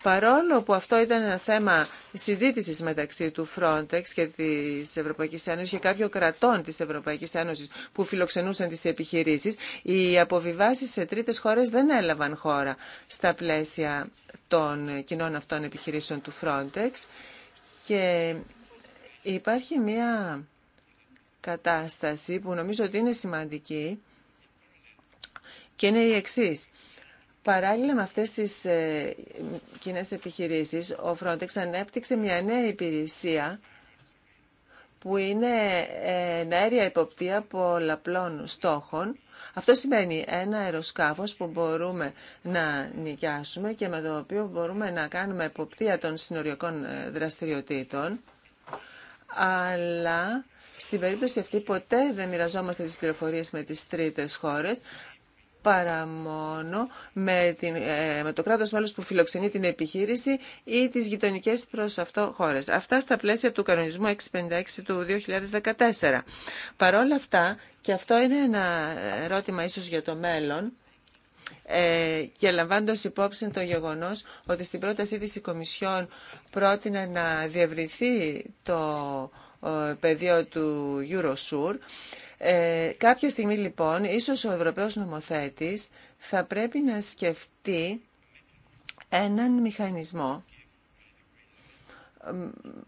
Παρόλο που αυτό ήταν ένα θέμα συζήτησης μεταξύ του Frontex και της Ευρωπαϊκής Ένωση και κάποιων κρατών της Ευρωπαϊκής Ένωση που φιλοξενούσαν τις επιχειρήσεις, οι αποβιβάσει σε τρίτες χώρες δεν έλαβαν χώρα στα πλαίσια των κοινών αυτών επιχειρήσεων του Frontex και υπάρχει μια κατάσταση που νομίζω ότι είναι σημαντική και είναι η εξής. Παράλληλα με αυτές τις ε, κοινέ επιχειρήσεις, ο Frontex ανέπτυξε μια νέα υπηρεσία που είναι ε, αέρια υποπτία πολλαπλών στόχων. Αυτό σημαίνει ένα αεροσκάφος που μπορούμε να νοικιάσουμε και με το οποίο μπορούμε να κάνουμε εποπτεία των συνοριακών ε, δραστηριοτήτων. Αλλά στην περίπτωση αυτή ποτέ δεν μοιραζόμαστε τις πληροφορίες με τις τρίτες χώρες, παρά μόνο με, την, ε, το κράτος μέλος που φιλοξενεί την επιχείρηση ή τις γειτονικές προς αυτό χώρες. Αυτά στα πλαίσια του κανονισμού 656 του 2014. Παρόλα αυτά, και αυτό είναι ένα ερώτημα ίσως για το μέλλον, ε, και λαμβάνοντα υπόψη το γεγονός ότι στην πρότασή τη η Κομισιόν πρότεινε να διευρυνθεί το ε, πεδίο του Eurosur, ε, κάποια στιγμή λοιπόν, ίσως ο Ευρωπαίος νομοθέτης θα πρέπει να σκεφτεί έναν μηχανισμό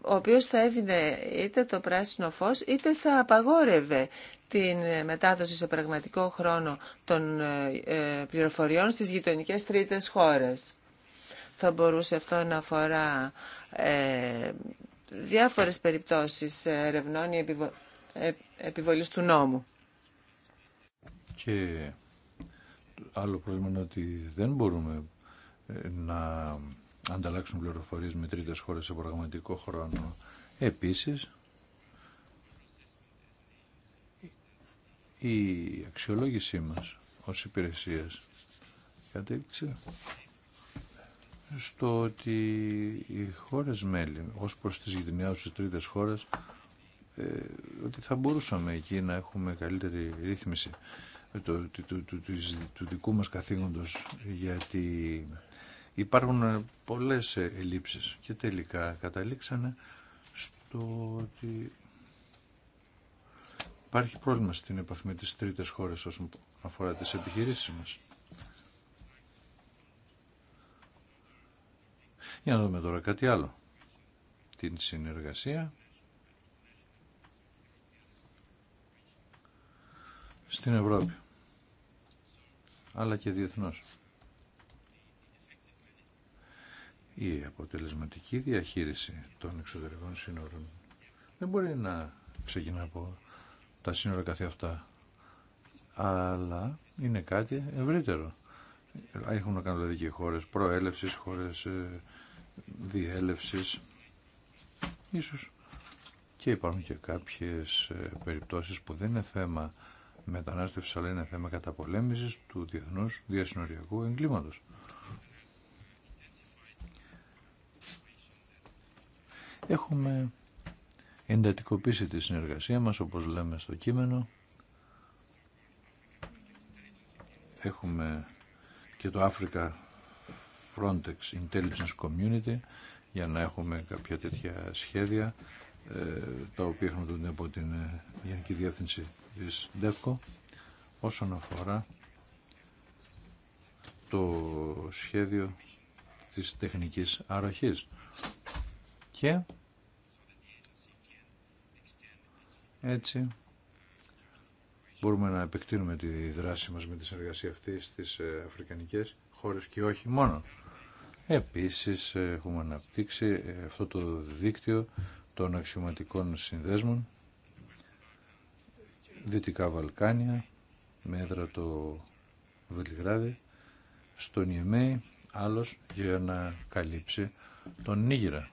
ο οποίος θα έδινε είτε το πράσινο φως είτε θα απαγόρευε την μετάδοση σε πραγματικό χρόνο των ε, ε, πληροφοριών στις γειτονικές τρίτες χώρες. Θα μπορούσε αυτό να αφορά ε, διάφορες περιπτώσεις ερευνών ή ε, επιβολής του νόμου. Και άλλο πρόβλημα είναι ότι δεν μπορούμε ε, να ανταλλάξουμε πληροφορίες με τρίτες χώρες σε πραγματικό χρόνο. Επίσης, η αξιολόγησή μας ως υπηρεσίας κατέληξε στο ότι οι χώρες μέλη ως προς τις γειτονιάς στις τρίτες χώρες ε, ότι θα μπορούσαμε εκεί να έχουμε καλύτερη ρύθμιση του, του, του, του δικού μας καθήκοντος γιατί υπάρχουν πολλές ελλείψεις και τελικά καταλήξανε στο ότι υπάρχει πρόβλημα στην επαφή με τις τρίτες χώρες όσον αφορά τις επιχειρήσεις μας. Για να δούμε τώρα κάτι άλλο. Την συνεργασία στην Ευρώπη, αλλά και διεθνώς. Η αποτελεσματική διαχείριση των εξωτερικών σύνορων δεν μπορεί να ξεκινά από τα σύνορα καθε αυτά, αλλά είναι κάτι ευρύτερο. Έχουν να κάνουν δηλαδή και χώρες προέλευσης, χώρες ε, διέλευσης, ίσως και υπάρχουν και κάποιες ε, περιπτώσεις που δεν είναι θέμα μετανάστευση αλλά είναι θέμα καταπολέμησης του διεθνούς διασυνοριακού εγκλήματο. Έχουμε εντατικοποίησει τη συνεργασία μας, όπως λέμε στο κείμενο. Έχουμε και το Africa Frontex Intelligence Community για να έχουμε κάποια τέτοια σχέδια ε, τα οποία έχουν από την ε, Γενική Διεύθυνση της ΔΕΦΚΟ όσον αφορά το σχέδιο της τεχνικής αρχής Και έτσι μπορούμε να επεκτείνουμε τη δράση μας με τη συνεργασία αυτή στις ε, αφρικανικές χώρες και όχι μόνο. Επίσης έχουμε αναπτύξει ε, αυτό το δίκτυο των αξιωματικών συνδέσμων Δυτικά Βαλκάνια, με έδρα το Βελιγράδι, στον Ιεμέη, άλλος για να καλύψει τον Νίγηρα.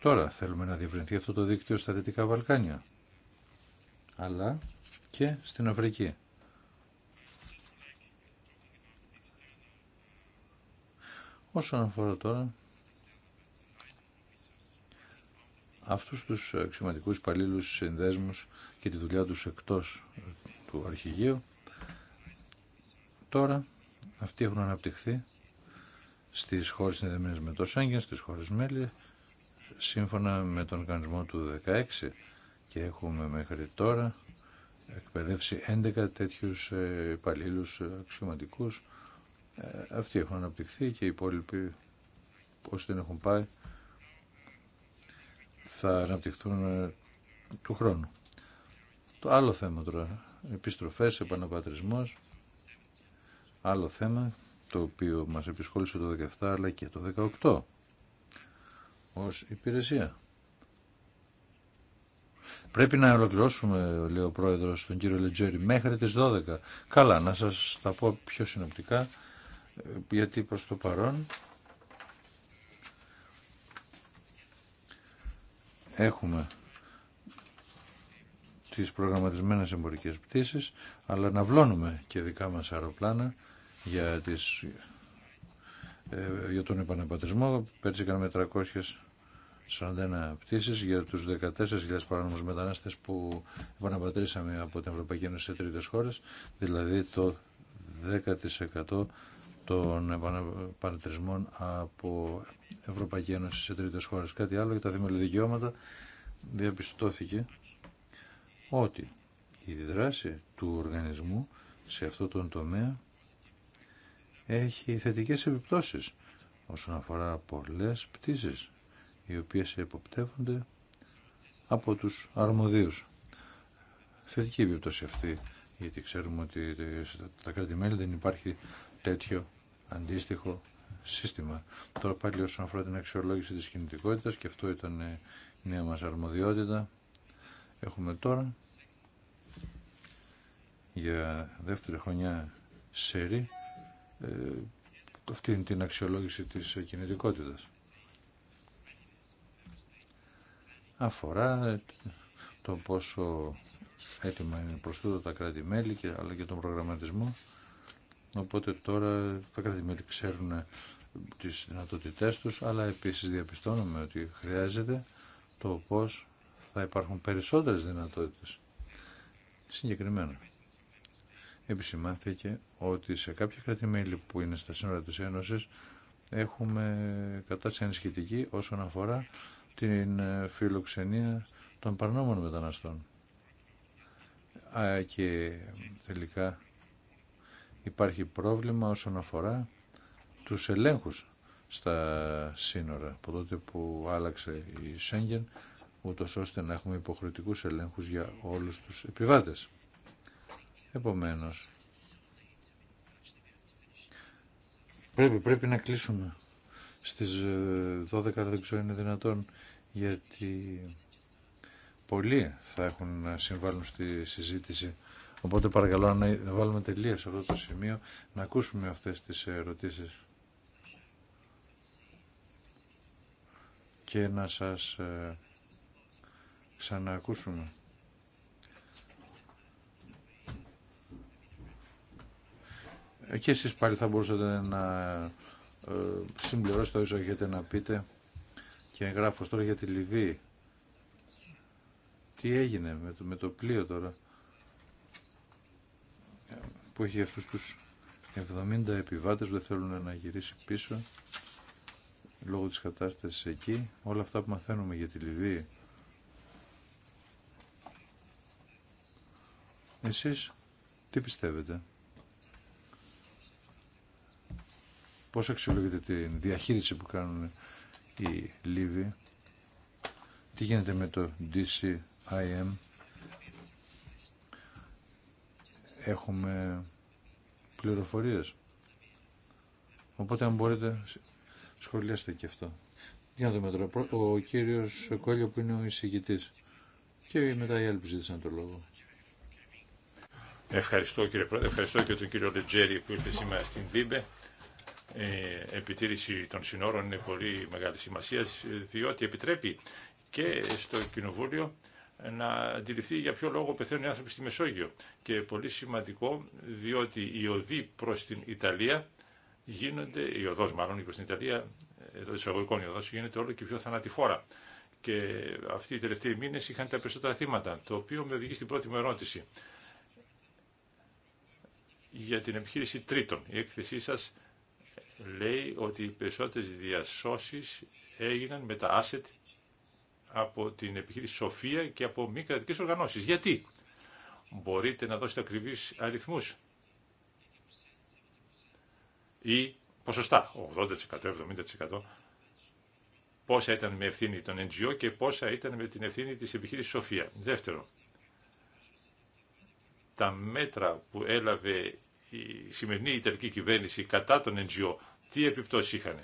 Τώρα θέλουμε να διευρυνθεί αυτό το δίκτυο στα Δυτικά Βαλκάνια, αλλά και στην Αφρική. Όσον αφορά τώρα αυτούς τους αξιωματικούς παλίλους συνδέσμους και τη δουλειά τους εκτός ε, του αρχηγείου. Τώρα αυτοί έχουν αναπτυχθεί στις χώρες συνδεδεμένες με το Σέγγεν, στις χώρες μέλη, σύμφωνα με τον κανονισμό του 16 και έχουμε μέχρι τώρα εκπαιδεύσει 11 τέτοιους ε, υπαλλήλου ε, αξιωματικού Αυτοί έχουν αναπτυχθεί και οι υπόλοιποι όσοι δεν έχουν πάει θα αναπτυχθούν του χρόνου άλλο θέμα τώρα, επιστροφές, επαναπατρισμός, άλλο θέμα το οποίο μας επισχόλησε το 17 αλλά και το 18 ως υπηρεσία. Πρέπει να ολοκληρώσουμε, λέει ο πρόεδρο τον κύριο Λετζέρη, μέχρι τις 12. Καλά, να σας τα πω πιο συνοπτικά, γιατί προς το παρόν έχουμε τις προγραμματισμένες εμπορικές πτήσεις, αλλά να βλώνουμε και δικά μας αεροπλάνα για, τις, ε, για τον επαναπατρισμό. Πέρσι έκαναμε 341 πτήσεις για τους 14.000 παράνομους μετανάστες που επαναπατρίσαμε από την Ευρωπαϊκή Ένωση σε τρίτες χώρες, δηλαδή το 10% των επαναπατρισμών από Ευρωπαϊκή Ένωση σε τρίτες χώρες. Κάτι άλλο για τα δημιουργικά διαπιστώθηκε ότι η δράση του οργανισμού σε αυτό τον τομέα έχει θετικές επιπτώσεις όσον αφορά πολλές πτήσεις οι οποίες εποπτεύονται από τους αρμοδίους. Θετική επιπτώση αυτή γιατί ξέρουμε ότι τα κράτη-μέλη δεν υπάρχει τέτοιο αντίστοιχο σύστημα. Τώρα πάλι όσον αφορά την αξιολόγηση της κινητικότητας και αυτό ήταν η νέα μας αρμοδιότητα έχουμε τώρα για δεύτερη χρονιά σερή ε, αυτή την αξιολόγηση της κινητικότητας. Αφορά το πόσο έτοιμα είναι προς τούτο τα κράτη-μέλη αλλά και τον προγραμματισμό. Οπότε τώρα τα κράτη-μέλη ξέρουν τις δυνατότητές τους αλλά επίσης διαπιστώνουμε ότι χρειάζεται το πώς θα υπάρχουν περισσότερες δυνατότητες. Συγκεκριμένα. Επισημάνθηκε ότι σε καποια κρατημέλη που είναι στα σύνορα της Ένωσης έχουμε κατάσταση ενισχυτική όσον αφορά την φιλοξενία των παρνόμων μεταναστών. Α, και τελικά υπάρχει πρόβλημα όσον αφορά τους ελέγχους στα σύνορα. Από τότε που άλλαξε η Σέγγεν ούτως ώστε να έχουμε υποχρεωτικούς ελέγχους για όλους τους επιβάτες. Επομένως, πρέπει, πρέπει να κλείσουμε στις 12 ε, δεν ξέρω είναι δυνατόν γιατί πολλοί θα έχουν να συμβάλλουν στη συζήτηση οπότε παρακαλώ να βάλουμε τελεία σε αυτό το σημείο να ακούσουμε αυτές τις ερωτήσεις και να σας ε, ξαναακούσουμε. Ε, και εσείς πάλι θα μπορούσατε να ε, συμπληρώσετε όσο έχετε να πείτε και γράφω τώρα για τη Λιβύη. Τι έγινε με το, με το πλοίο τώρα που έχει αυτούς τους 70 επιβάτες που δεν θέλουν να γυρίσει πίσω λόγω της κατάστασης εκεί. Όλα αυτά που μαθαίνουμε για τη Λιβύη Εσείς τι πιστεύετε. Πώς αξιολογείτε τη διαχείριση που κάνουν οι Λίβοι. Τι γίνεται με το DCIM. Έχουμε πληροφορίες. Οπότε αν μπορείτε σχολιάστε και αυτό. Για να δούμε τώρα. Ο κύριος Κόλλιο που είναι ο εισηγητής. Και μετά οι άλλοι που ζήτησαν το λόγο. Ευχαριστώ κύριε Πρόεδρε, ευχαριστώ και τον κύριο Λετζέρη που ήρθε σήμερα στην Πίμπε. Η ε, επιτήρηση των συνόρων είναι πολύ μεγάλη σημασία διότι επιτρέπει και στο Κοινοβούλιο να αντιληφθεί για ποιο λόγο πεθαίνουν οι άνθρωποι στη Μεσόγειο. Και πολύ σημαντικό διότι οι οδοί προς την Ιταλία γίνονται, η οδός μάλλον προς την Ιταλία, εδώ εισαγωγικών η οδός γίνεται όλο και πιο θανατηφόρα. Και αυτοί οι τελευταίοι μήνε είχαν τα περισσότερα θύματα, το οποίο με οδηγεί στην πρώτη μου ερώτηση για την επιχείρηση τρίτων. Η έκθεσή σας λέει ότι οι περισσότερες διασώσεις έγιναν με τα asset από την επιχείρηση Σοφία και από μη κρατικέ οργανώσεις. Γιατί? Μπορείτε να δώσετε ακριβείς αριθμούς ή ποσοστά, 80%, 70%. Πόσα ήταν με ευθύνη των NGO και πόσα ήταν με την ευθύνη της επιχείρησης Σοφία. Δεύτερο, τα μέτρα που έλαβε η σημερινή Ιταλική κυβέρνηση κατά τον NGO, τι επιπτώσει είχαν.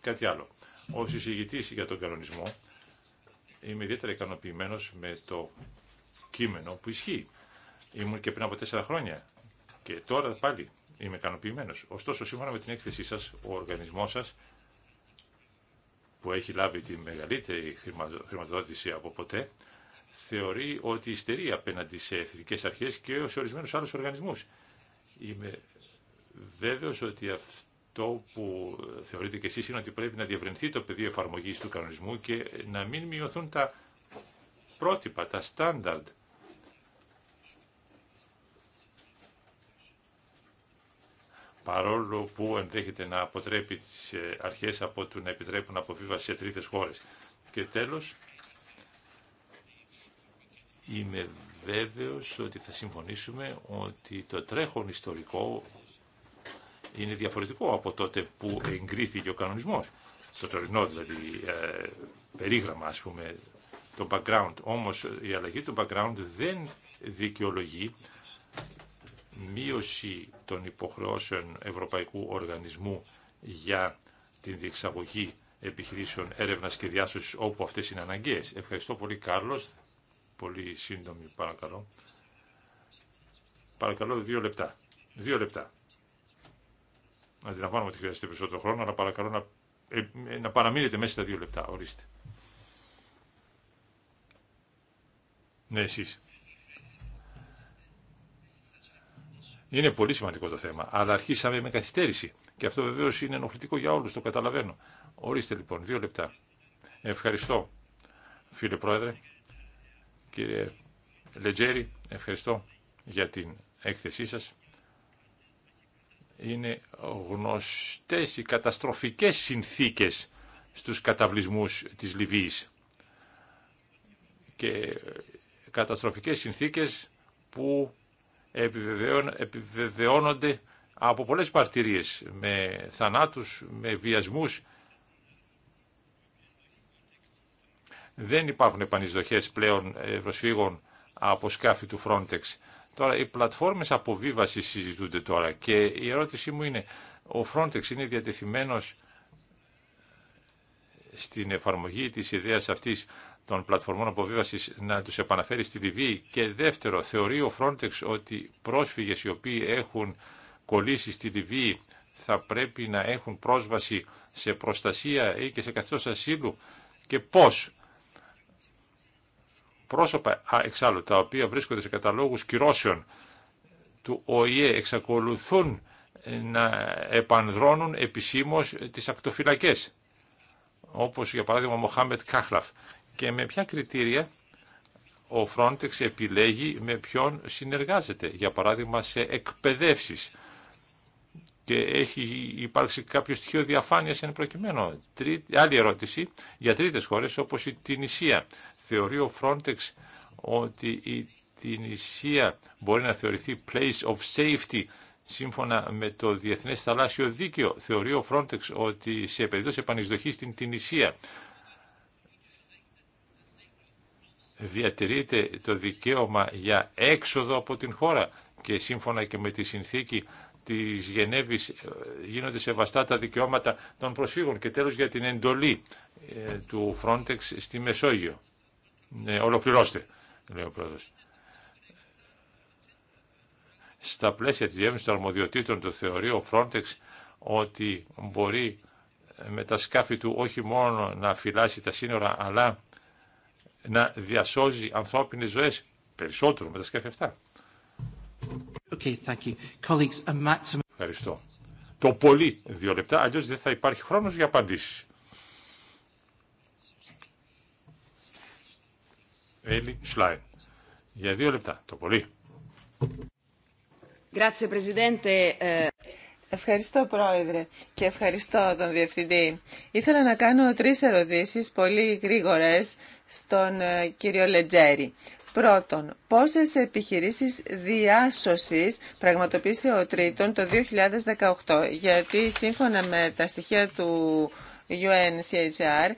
Κάτι άλλο. Ω εισηγητή για τον κανονισμό, είμαι ιδιαίτερα ικανοποιημένο με το κείμενο που ισχύει. Ήμουν και πριν από τέσσερα χρόνια και τώρα πάλι είμαι ικανοποιημένο. Ωστόσο, σύμφωνα με την έκθεσή σα, ο οργανισμό σα που έχει λάβει τη μεγαλύτερη χρηματοδότηση από ποτέ, θεωρεί ότι υστερεί απέναντι σε εθνικέ αρχέ και σε ορισμένου άλλου οργανισμού. Είμαι βέβαιος ότι αυτό που θεωρείτε και εσείς είναι ότι πρέπει να διευρυνθεί το πεδίο εφαρμογής του κανονισμού και να μην μειωθούν τα πρότυπα, τα στάνταρντ. παρόλο που ενδέχεται να αποτρέπει τις ε, αρχές από του να επιτρέπουν αποβίβαση σε τρίτες χώρες. Και τέλος, είμαι βέβαιος ότι θα συμφωνήσουμε ότι το τρέχον ιστορικό είναι διαφορετικό από τότε που εγκρίθηκε ο κανονισμός. Το τωρινό δηλαδή ε, περίγραμμα ας πούμε το background. Όμως η αλλαγή του background δεν δικαιολογεί μείωση των υποχρεώσεων Ευρωπαϊκού Οργανισμού για την διεξαγωγή επιχειρήσεων έρευνας και διάσωσης όπου αυτές είναι αναγκαίες. Ευχαριστώ πολύ Κάρλος πολύ σύντομη παρακαλώ. Παρακαλώ δύο λεπτά. Δύο λεπτά. Αντιλαμβάνομαι ότι χρειάζεται περισσότερο χρόνο, αλλά παρακαλώ να, ε, να παραμείνετε μέσα στα δύο λεπτά. Ορίστε. Ναι, εσείς. Είναι πολύ σημαντικό το θέμα, αλλά αρχίσαμε με καθυστέρηση. Και αυτό βεβαίως είναι ενοχλητικό για όλους, το καταλαβαίνω. Ορίστε λοιπόν, δύο λεπτά. Ευχαριστώ, φίλε Πρόεδρε. Κύριε Λετζέρη, ευχαριστώ για την έκθεσή σας. Είναι γνωστές οι καταστροφικές συνθήκες στους καταβλισμούς της Λιβύης και καταστροφικές συνθήκες που επιβεβαιώνονται από πολλές παρτυρίες με θανάτους, με βιασμούς Δεν υπάρχουν επανεισδοχές πλέον ε, προσφύγων από σκάφη του Frontex. Τώρα οι πλατφόρμες αποβίβασης συζητούνται τώρα και η ερώτησή μου είναι ο Frontex είναι διατεθειμένος στην εφαρμογή της ιδέας αυτής των πλατφορμών αποβίβασης να τους επαναφέρει στη Λιβύη και δεύτερο θεωρεί ο Frontex ότι πρόσφυγες οι οποίοι έχουν κολλήσει στη Λιβύη θα πρέπει να έχουν πρόσβαση σε προστασία ή και σε καθώς ασύλου και πώς πρόσωπα εξάλλου τα οποία βρίσκονται σε καταλόγους κυρώσεων του ΟΗΕ εξακολουθούν ε, να επανδρώνουν επισήμως ε, τις ακτοφυλακές όπως για παράδειγμα ο Μοχάμετ Κάχλαφ και με ποια κριτήρια ο Frontex επιλέγει με ποιον συνεργάζεται για παράδειγμα σε εκπαιδεύσεις και έχει υπάρξει κάποιο στοιχείο διαφάνειας εν προκειμένου. Άλλη ερώτηση για τρίτες χώρες όπως η Τινησία Θεωρεί ο Frontex ότι η Τινησία μπορεί να θεωρηθεί place of safety σύμφωνα με το Διεθνές Θαλάσσιο Δίκαιο. Θεωρεί ο Frontex ότι σε περίπτωση επανεισδοχής στην Τινησία διατηρείται το δικαίωμα για έξοδο από την χώρα και σύμφωνα και με τη συνθήκη της Γενέβης ε, γίνονται σεβαστά τα δικαιώματα των προσφύγων και τέλος για την εντολή ε, του Frontex στη Μεσόγειο. Ναι, ολοκληρώστε, λέει ο πρόεδρος. Στα πλαίσια της διεύνησης των αρμοδιοτήτων του θεωρεί ο Frontex ότι μπορεί με τα σκάφη του όχι μόνο να φυλάσει τα σύνορα, αλλά να διασώζει ανθρώπινες ζωές περισσότερο με τα σκάφη αυτά. Okay, thank you. Colleagues, a maximum... Ευχαριστώ. Το πολύ δύο λεπτά, αλλιώς δεν θα υπάρχει χρόνος για απαντήσεις. Έλλη Σλάιν. Για δύο λεπτά, το πολύ. Ε, ευχαριστώ Πρόεδρε και ευχαριστώ τον Διευθυντή. Ήθελα να κάνω τρεις ερωτήσεις πολύ γρήγορες στον ε, κύριο Λετζέρη. Πρώτον, πόσες επιχειρήσεις διάσωσης πραγματοποίησε ο Τρίτον το 2018, γιατί σύμφωνα με τα στοιχεία του UNCHR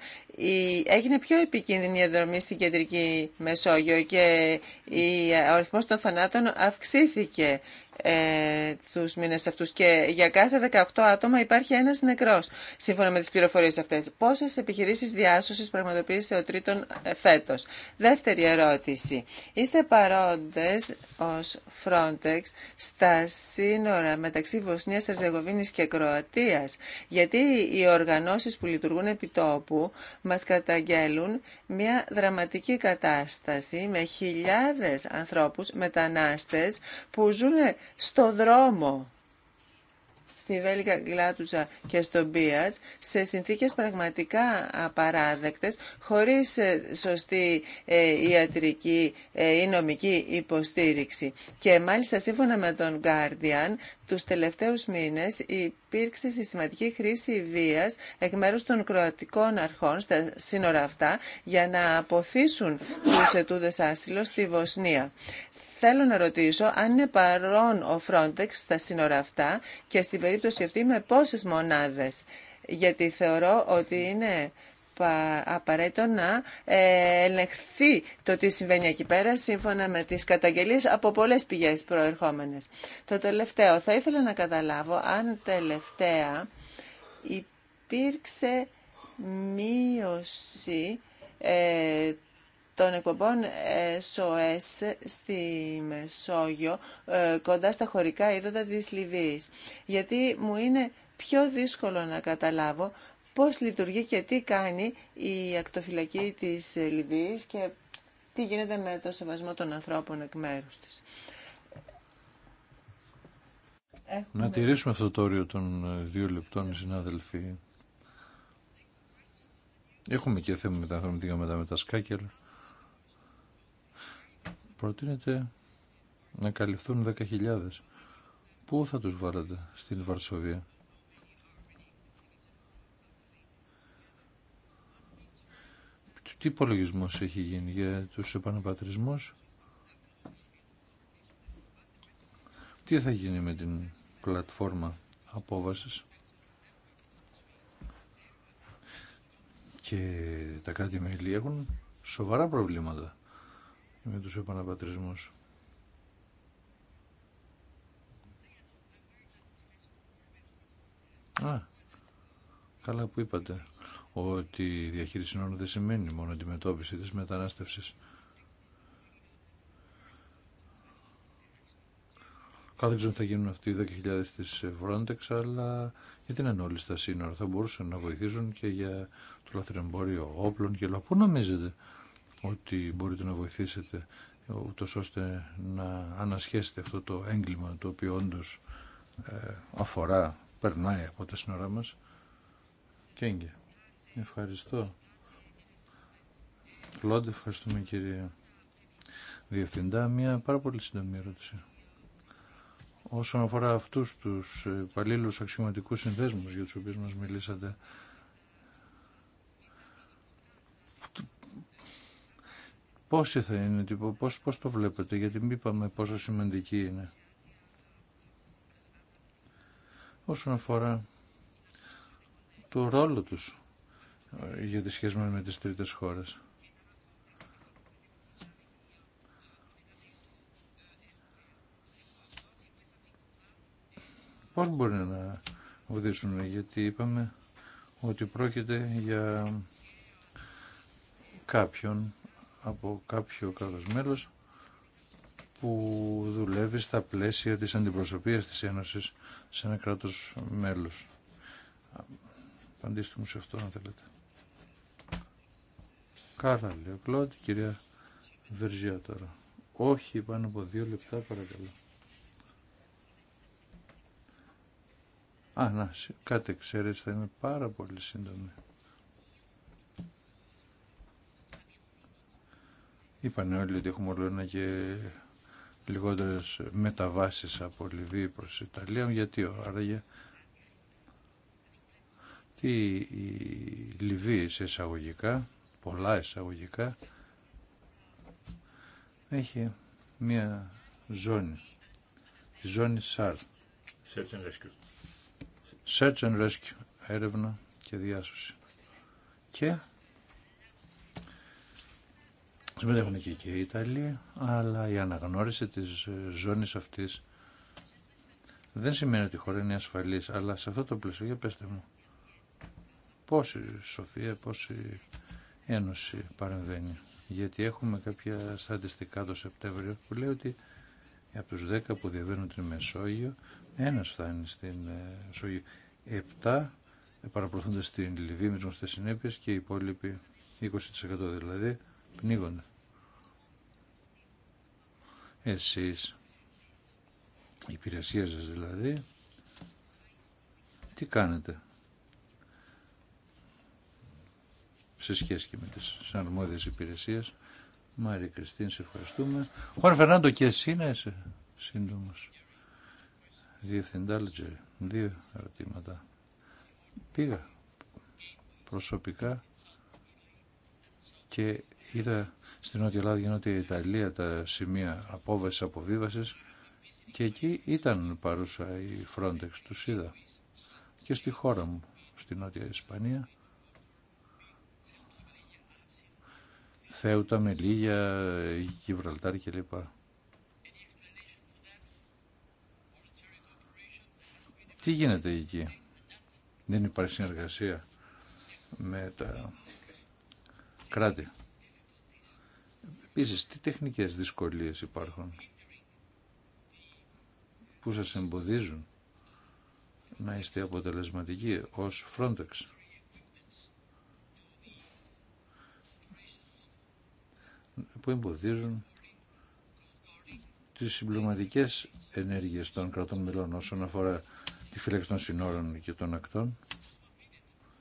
έγινε πιο επικίνδυνη η αδρομή στην κεντρική Μεσόγειο και ο αριθμός των θανάτων αυξήθηκε ε, τους μήνες αυτούς και για κάθε 18 άτομα υπάρχει ένας νεκρός, σύμφωνα με τις πληροφορίες αυτές. Πόσες επιχειρήσεις διάσωση πραγματοποίησε ο τρίτον ε, φέτος. Δεύτερη ερώτηση. Είστε παρόντες ως Frontex στα σύνορα μεταξύ Βοσνίας, Ερζεγοβίνη και Κροατίας, γιατί οι οργανώσεις που λειτουργούν επί τόπου μα καταγγέλουν μια δραματική κατάσταση με χιλιάδε ανθρώπου μετανάστε που ζουν στο δρόμο στη Βέλικα Γκλάτουτσα και στον Μπίατς σε συνθήκες πραγματικά απαράδεκτες χωρίς ε, σωστή ε, ιατρική ε, ή νομική υποστήριξη. Και μάλιστα σύμφωνα με τον Guardian τους τελευταίους μήνες υπήρξε συστηματική χρήση βίας εκ μέρους των κροατικών αρχών στα σύνορα αυτά για να αποθήσουν τους ετούντες άσυλο στη Βοσνία. Θέλω να ρωτήσω αν είναι παρόν ο Frontex στα σύνορα αυτά και στην περίπτωση αυτή με πόσες μονάδες. Γιατί θεωρώ ότι είναι απαραίτητο να ε, ελεγχθεί το τι συμβαίνει εκεί πέρα σύμφωνα με τις καταγγελίες από πολλές πηγές προερχόμενες. Το τελευταίο, θα ήθελα να καταλάβω αν τελευταία υπήρξε μείωση ε, των εκπομπών SOS στη Μεσόγειο ε, κοντά στα χωρικά είδωτα της Λιβύης. Γιατί μου είναι πιο δύσκολο να καταλάβω πώς λειτουργεί και τι κάνει η ακτοφυλακή της Λιβύης και τι γίνεται με το σεβασμό των ανθρώπων εκ μέρους της. Να τηρήσουμε αυτό το όριο των ε, δύο λεπτών, συνάδελφοι. Έχουμε και θέμα με τα χρωματικά με τα προτείνεται να καλυφθούν 10.000. Πού θα τους βάλετε στην Βαρσοβία. Τι υπολογισμό έχει γίνει για τους επαναπατρισμούς. Τι θα γίνει με την πλατφόρμα απόβασης. Και τα κράτη-μέλη έχουν σοβαρά προβλήματα με τους επαναπατρισμούς. Α, καλά που είπατε ότι η διαχείριση συνόρων δεν σημαίνει μόνο αντιμετώπιση της μετανάστευσης. Κάθε ξέρω θα γίνουν αυτοί οι 10.000 της βρόντεξ, αλλά γιατί να είναι όλοι στα σύνορα. Θα μπορούσαν να βοηθήσουν και για το λαθρεμπόριο όπλων και λόγω. Πού νομίζετε ότι μπορείτε να βοηθήσετε ούτω ώστε να ανασχέσετε αυτό το έγκλημα το οποίο όντω ε, αφορά, περνάει από τα σύνορά μας. Κέγγε. Ευχαριστώ. Κλόντ, ευχαριστούμε κύριε Διευθυντά. Μια πάρα πολύ σύντομη ερώτηση. Όσον αφορά αυτούς τους ε, υπαλλήλους αξιωματικούς συνδέσμους για τους οποίους μας μιλήσατε, Πόσοι θα είναι, τύπο, πώς, πώς το βλέπετε, γιατί μην είπαμε πόσο σημαντική είναι. Όσον αφορά το ρόλο τους ε, για τη σχέση με τις τρίτες χώρες. Πώς μπορεί να βοηθήσουν, γιατί είπαμε ότι πρόκειται για κάποιον από κάποιο κράτος μέλος που δουλεύει στα πλαίσια της αντιπροσωπείας της Ένωσης σε ένα κράτος μέλος. Απαντήστε μου σε αυτό αν θέλετε. Καλά λέει ο κυρία Βερζιά τώρα. Όχι πάνω από δύο λεπτά παρακαλώ. Α, να, κάτι ξέρεις θα είμαι πάρα πολύ σύντομη. Είπαν όλοι ότι έχουμε όλο και λιγότερες μεταβάσεις από Λιβύη προ Ιταλία. Γιατί ο άραγε τι η Λιβύη σε εισαγωγικά, πολλά εισαγωγικά, έχει μία ζώνη, τη ζώνη ΣΑΡ. Search and Rescue. Search and Rescue, έρευνα και διάσωση. Και συμμετέχουν και οι Ιταλοί, αλλά η αναγνώριση της ζώνης αυτής δεν σημαίνει ότι η χώρα είναι ασφαλής, αλλά σε αυτό το πλαίσιο, για πέστε μου, πόση σοφία, πόση ένωση παρεμβαίνει. Γιατί έχουμε κάποια στατιστικά το Σεπτέμβριο που λέει ότι από τους 10 που διαβαίνουν την Μεσόγειο, ένας φτάνει στην Μεσόγειο. Επτά παραπλωθούνται στην Λιβύη με τις γνωστές συνέπειες και οι υπόλοιποι 20% δηλαδή πνίγονται εσείς, η υπηρεσία σας δηλαδή, τι κάνετε σε σχέση και με τις αρμόδιες υπηρεσίες. Μάρια Κριστίν, σε ευχαριστούμε. Χώρα Φερνάντο, και εσύ να είσαι σύντομος. Διευθυντά δύο ερωτήματα. Πήγα προσωπικά και είδα στην Νότια Ελλάδα και η Ιταλία τα σημεία απόβαση αποβίβασης και εκεί ήταν παρούσα η Frontex, του είδα. Και στη χώρα μου, στη Νότια Ισπανία, Θέουτα, Μελίγια, Γιβραλτάρ κλπ. Τι γίνεται εκεί. Δεν υπάρχει συνεργασία με τα κράτη. Επίση, τι τεχνικές δυσκολίες υπάρχουν που σας εμποδίζουν να είστε αποτελεσματικοί ως Frontex. που εμποδίζουν τις συμπληρωματικές ενέργειες των κρατών μελών όσον αφορά τη φύλαξη των συνόρων και των ακτών.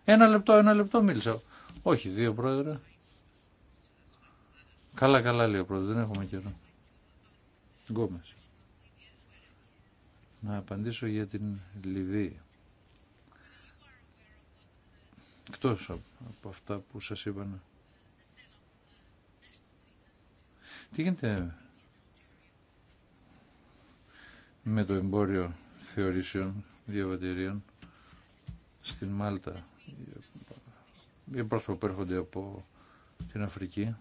Ένα λεπτό, ένα λεπτό μίλησα. Όχι, δύο πρόεδρε. Καλά, καλά λέει ο δεν έχουμε καιρό. Γκόμες. Να απαντήσω για την Λιβύη. Εκτός από αυτά που σας είπαν. Ναι. Τι γίνεται με το εμπόριο θεωρήσεων διαβατηρίων στην Μάλτα για πρόσωπα που έρχονται από την Αφρική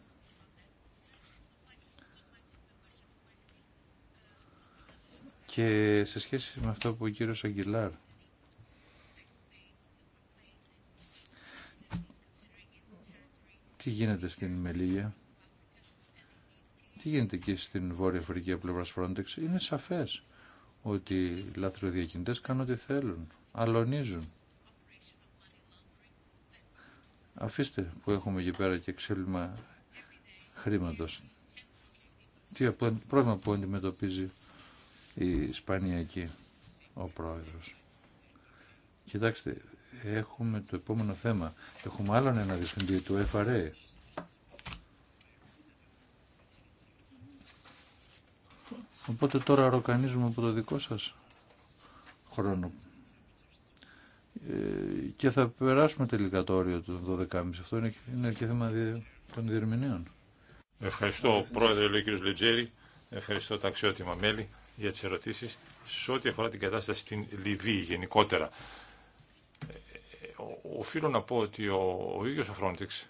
Και σε σχέση με αυτό που ο κύριος Αγγιλάρ τι γίνεται στην Μελίγια, τι γίνεται και στην Βόρεια Αφρική από πλευρά Frontex, είναι σαφές ότι οι λαθροδιακινητές κάνουν ό,τι θέλουν, αλωνίζουν. Αφήστε που έχουμε εκεί πέρα και ξύλιμα χρήματος. Τι πρόβλημα που αντιμετωπίζει η εκεί, ο πρόεδρος. Κοιτάξτε, έχουμε το επόμενο θέμα. Έχουμε άλλον ένα διευθυντή του FRA. Οπότε τώρα ροκανίζουμε από το δικό σας χρόνο. Ε, και θα περάσουμε τελικά το όριο του 12.30. Αυτό είναι, είναι και θέμα των διερμηνέων. Ευχαριστώ, Πρόεδρε, λέει ο κ. Λετζέρη. Ευχαριστώ τα αξιότιμα μέλη για τις ερωτήσεις σε ό,τι αφορά την κατάσταση στην Λιβύη γενικότερα. Ε, οφείλω να πω ότι ο, ο ίδιος ο Frontex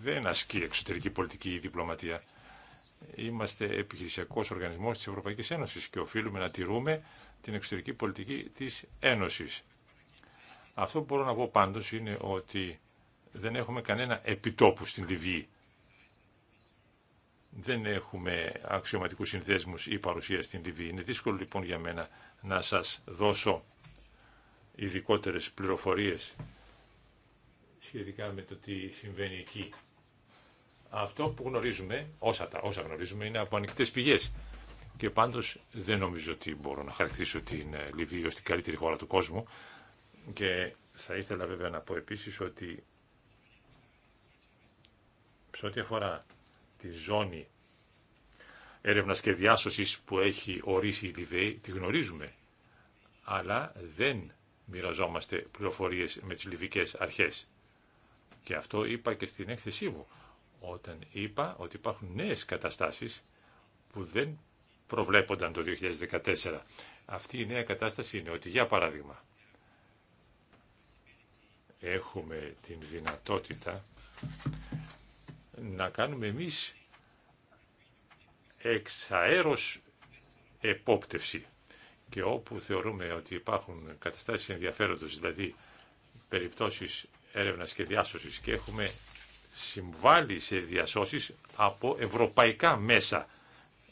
δεν ασκεί εξωτερική πολιτική ή διπλωματία. Είμαστε επιχειρησιακός οργανισμός της Ευρωπαϊκής Ένωσης και οφείλουμε να τηρούμε την εξωτερική πολιτική της Ένωσης. Αυτό που μπορώ να πω πάντως είναι ότι δεν έχουμε κανένα επιτόπου στην Λιβύη. Δεν έχουμε άξιωματικού συνδέσμους ή παρουσία στην Λιβύη. Είναι δύσκολο λοιπόν για μένα να σας δώσω ειδικότερες πληροφορίες σχετικά με το τι συμβαίνει εκεί. Αυτό που γνωρίζουμε, όσα, τα, όσα γνωρίζουμε, είναι από ανοιχτέ πηγές. Και πάντως δεν νομίζω ότι μπορώ να χαρακτηρίσω την ε, Λιβύη ως την καλύτερη χώρα του κόσμου. Και θα ήθελα βέβαια να πω επίσης ότι σε ό,τι αφορά τη ζώνη έρευνα και διάσωση που έχει ορίσει η Λιβέη, τη γνωρίζουμε, αλλά δεν μοιραζόμαστε πληροφορίε με τις λιβικές αρχές. Και αυτό είπα και στην έκθεσή μου, όταν είπα ότι υπάρχουν νέες καταστάσεις που δεν προβλέπονταν το 2014. Αυτή η νέα κατάσταση είναι ότι, για παράδειγμα, έχουμε την δυνατότητα να κάνουμε εμείς εξαέρος επόπτευση και όπου θεωρούμε ότι υπάρχουν καταστάσεις ενδιαφέροντος, δηλαδή περιπτώσεις έρευνας και διάσωσης και έχουμε συμβάλει σε διασώσεις από ευρωπαϊκά μέσα,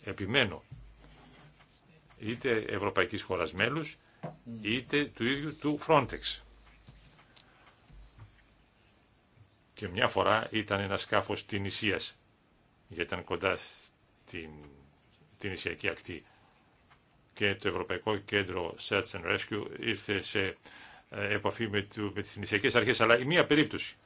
επιμένω, είτε ευρωπαϊκής χώρας μέλους, είτε του ίδιου του Frontex. και μια φορά ήταν ένα σκάφο την Ισίας, γιατί ήταν κοντά στην την Ισιακή ακτή. Και το Ευρωπαϊκό Κέντρο Search and Rescue ήρθε σε ε, επαφή με, του, με τις νησιακές αρχές, αλλά η μία περίπτωση.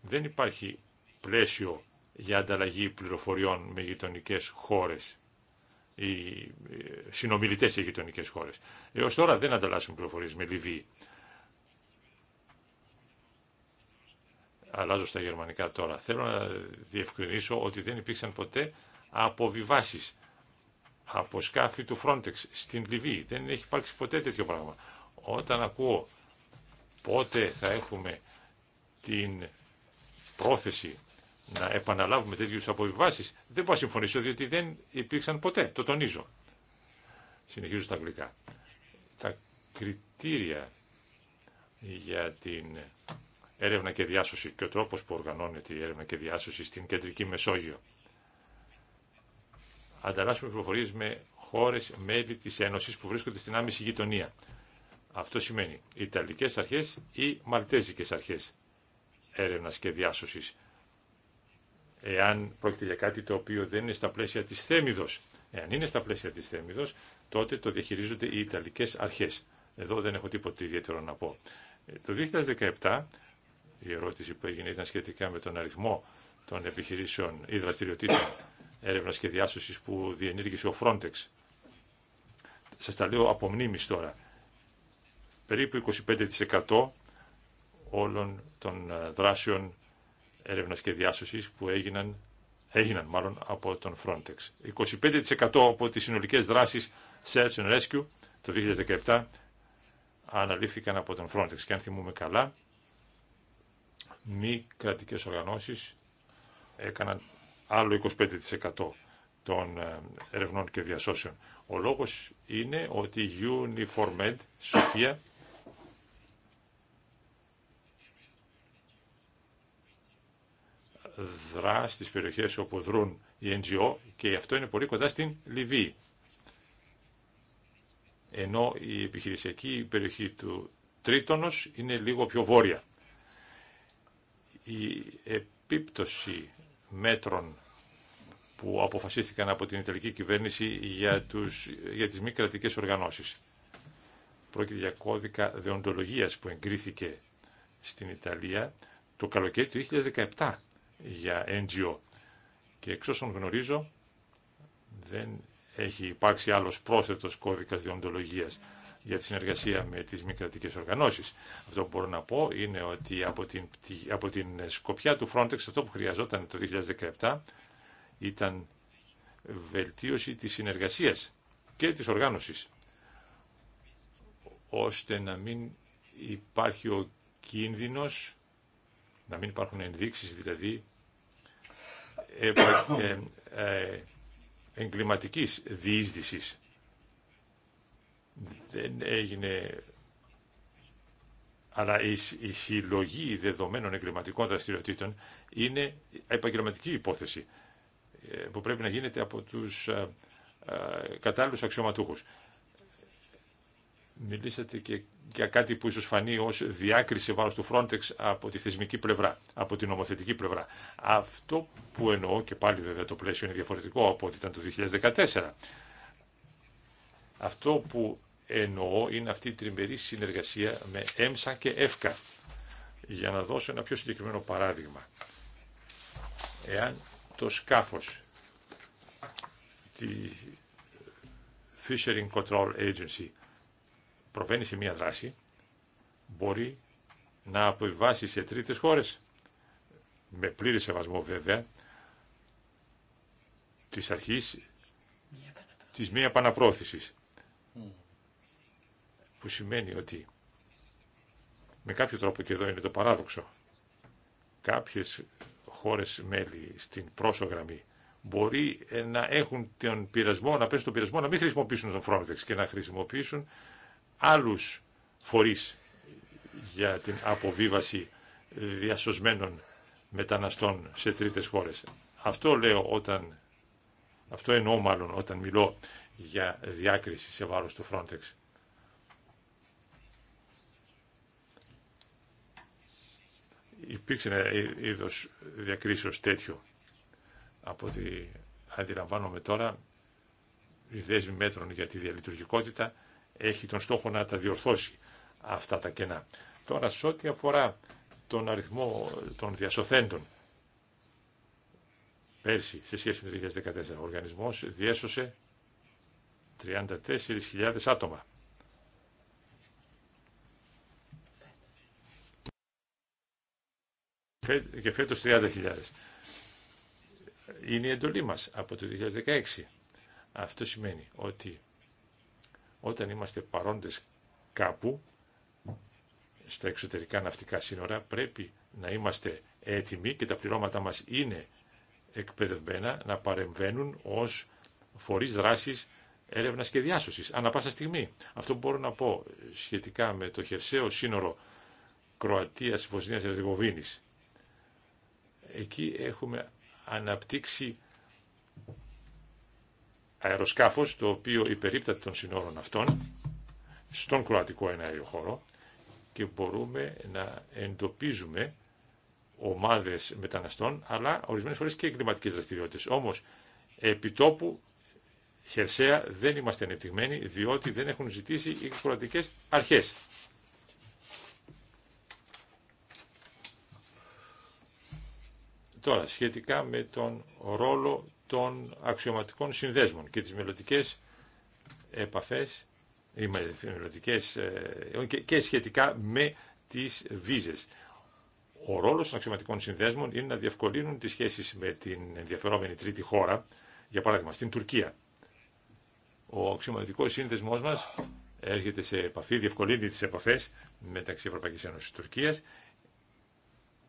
Δεν υπάρχει πλαίσιο για ανταλλαγή πληροφοριών με γειτονικέ χώρες ή ε, συνομιλητές σε γειτονικέ χώρες. Έως τώρα δεν ανταλλάσσουν πληροφορίες με Λιβύη. Αλλάζω στα γερμανικά τώρα. Θέλω να διευκρινίσω ότι δεν υπήρξαν ποτέ αποβιβάσεις από σκάφη του Frontex στην Λιβύη. Δεν έχει υπάρξει ποτέ τέτοιο πράγμα. Όταν ακούω πότε θα έχουμε την πρόθεση να επαναλάβουμε τέτοιου αποβιβάσει, δεν μπορώ να συμφωνήσω, διότι δεν υπήρξαν ποτέ. Το τονίζω. Συνεχίζω στα αγγλικά. Τα κριτήρια για την έρευνα και διάσωση και ο τρόπος που οργανώνεται η έρευνα και διάσωση στην κεντρική Μεσόγειο. Ανταλλάσσουμε πληροφορίε με χώρες μέλη της Ένωσης που βρίσκονται στην άμεση γειτονία. Αυτό σημαίνει Ιταλικές αρχές ή Μαλτέζικες αρχές έρευνας και διάσωσης. Εάν πρόκειται για κάτι το οποίο δεν είναι στα πλαίσια της θέμηδος, εάν είναι στα πλαίσια της θέμηδος, τότε το διαχειρίζονται οι Ιταλικές αρχές. Εδώ δεν έχω τίποτα ιδιαίτερο να πω. Ε, το 2017 η ερώτηση που έγινε ήταν σχετικά με τον αριθμό των επιχειρήσεων ή δραστηριοτήτων έρευνα και διάσωση που διενήργησε ο Frontex. Σα τα λέω από μνήμη τώρα. Περίπου 25% όλων των ε, δράσεων έρευνα και διάσωση που έγιναν, έγιναν μάλλον από τον Frontex. 25% από τι συνολικέ δράσει Search and Rescue το 2017 αναλήφθηκαν από τον Frontex. Και αν θυμούμε καλά, μη κρατικές οργανώσεις έκαναν άλλο 25% των ε, ερευνών και διασώσεων. Ο λόγος είναι ότι η Uniformed, Σοφία, δρά στις περιοχές όπου δρούν οι NGO και αυτό είναι πολύ κοντά στην Λιβύη. Ενώ η επιχειρησιακή περιοχή του Τρίτονος είναι λίγο πιο βόρεια η επίπτωση μέτρων που αποφασίστηκαν από την Ιταλική κυβέρνηση για, τους, για τις μη κρατικές οργανώσεις. Πρόκειται για κώδικα δεοντολογίας που εγκρίθηκε στην Ιταλία το καλοκαίρι του 2017 για NGO. Και εξ όσων γνωρίζω δεν έχει υπάρξει άλλος πρόσθετος κώδικας διοντολογίας για τη συνεργασία με τις μη κρατικές οργανώσεις. Αυτό που μπορώ να πω είναι ότι από την, από την σκοπιά του Frontex αυτό που χρειαζόταν το 2017 ήταν βελτίωση της συνεργασίας και της οργάνωσης ώστε να μην υπάρχει ο κίνδυνος, να μην υπάρχουν ενδείξεις δηλαδή ε, ε, εγκληματικής διείσδυσης δεν έγινε αλλά η, συλλογή δεδομένων εγκληματικών δραστηριοτήτων είναι επαγγελματική υπόθεση ε, που πρέπει να γίνεται από τους ε, ε, κατάλληλους αξιωματούχους. Μιλήσατε και για κάτι που ίσως φανεί ως διάκριση βάρος του Frontex από τη θεσμική πλευρά, από την νομοθετική πλευρά. Αυτό που εννοώ και πάλι βέβαια το πλαίσιο είναι διαφορετικό από ό,τι ήταν το 2014. Αυτό που εννοώ είναι αυτή η τριμερή συνεργασία με ΕΜΣΑ και ΕΦΚΑ. Για να δώσω ένα πιο συγκεκριμένο παράδειγμα. Εάν το σκάφος τη Fishering Control Agency προβαίνει σε μία δράση, μπορεί να αποβιβάσει σε τρίτες χώρες, με πλήρη σεβασμό βέβαια, της αρχής της μία επαναπρόθεσης που σημαίνει ότι με κάποιο τρόπο και εδώ είναι το παράδοξο κάποιες χώρες μέλη στην πρόσω μπορεί ε, να έχουν τον πειρασμό, να πέσουν τον πειρασμό να μην χρησιμοποιήσουν τον Frontex και να χρησιμοποιήσουν άλλους φορείς για την αποβίβαση διασωσμένων μεταναστών σε τρίτες χώρες. Αυτό λέω όταν, αυτό εννοώ μάλλον όταν μιλώ για διάκριση σε βάρος του Frontex. υπήρξε ένα είδος διακρίσεως τέτοιο. Από ό,τι αντιλαμβάνομαι τώρα, η δέσμη μέτρων για τη διαλειτουργικότητα έχει τον στόχο να τα διορθώσει αυτά τα κενά. Τώρα, σε ό,τι αφορά τον αριθμό των διασωθέντων, πέρσι σε σχέση με το 2014, ο οργανισμός διέσωσε 34.000 άτομα. και φέτος 30.000. Είναι η εντολή μας από το 2016. Αυτό σημαίνει ότι όταν είμαστε παρόντες κάπου, στα εξωτερικά ναυτικά σύνορα, πρέπει να είμαστε έτοιμοι και τα πληρώματα μας είναι εκπαιδευμένα να παρεμβαίνουν ως φορείς δράσης έρευνα και διάσωση. ανά πάσα στιγμή. Αυτό που μπορώ να πω σχετικά με το χερσαίο Κροατία, βοσνιας Εκεί έχουμε αναπτύξει αεροσκάφος το οποίο υπερίπταται των συνόρων αυτών στον κροατικό εναέριο χώρο και μπορούμε να εντοπίζουμε ομάδες μεταναστών αλλά ορισμένες φορές και εγκληματικές δραστηριότητες. Όμως επιτόπου χερσαία δεν είμαστε ανεπτυγμένοι διότι δεν έχουν ζητήσει οι κροατικές αρχές. Τώρα, σχετικά με τον ρόλο των αξιωματικών συνδέσμων και τις μελλοντικέ επαφές ε, και σχετικά με τις βίζες. Ο ρόλος των αξιωματικών συνδέσμων είναι να διευκολύνουν τις σχέσεις με την ενδιαφερόμενη τρίτη χώρα, για παράδειγμα στην Τουρκία. Ο αξιωματικός σύνδεσμός μας έρχεται σε επαφή, διευκολύνει τις επαφές μεταξύ Ευρωπαϊκής Ένωσης και Τουρκίας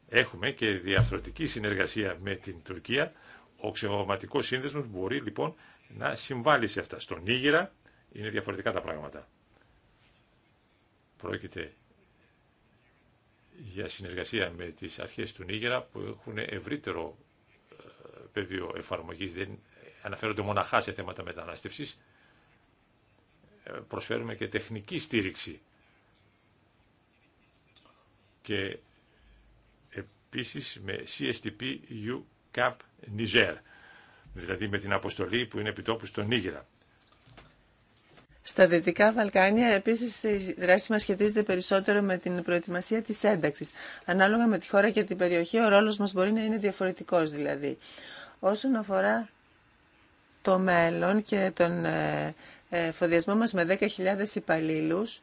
Έχουμε και διαφορετική συνεργασία με την Τουρκία. Ο ξεχωματικός σύνδεσμος μπορεί λοιπόν να συμβάλλει σε αυτά. Στον Νίγηρα είναι διαφορετικά τα πράγματα. Πρόκειται για συνεργασία με τις αρχές του Νίγηρα που έχουν ευρύτερο ε, πεδίο εφαρμογής, δεν αναφέρονται μοναχά σε θέματα μετανάστευσης. Ε, προσφέρουμε και τεχνική στήριξη και επίσης με CSTP UCAP Niger, δηλαδή με την αποστολή που είναι επιτόπου στο Νίγηρα. Στα Δυτικά Βαλκάνια, επίση, η δράση μα σχετίζεται περισσότερο με την προετοιμασία τη ένταξη. Ανάλογα με τη χώρα και την περιοχή, ο ρόλο μα μπορεί να είναι διαφορετικό δηλαδή. Όσον αφορά το μέλλον και τον ε, ε, φοδιασμό μας με 10.000 υπαλλήλους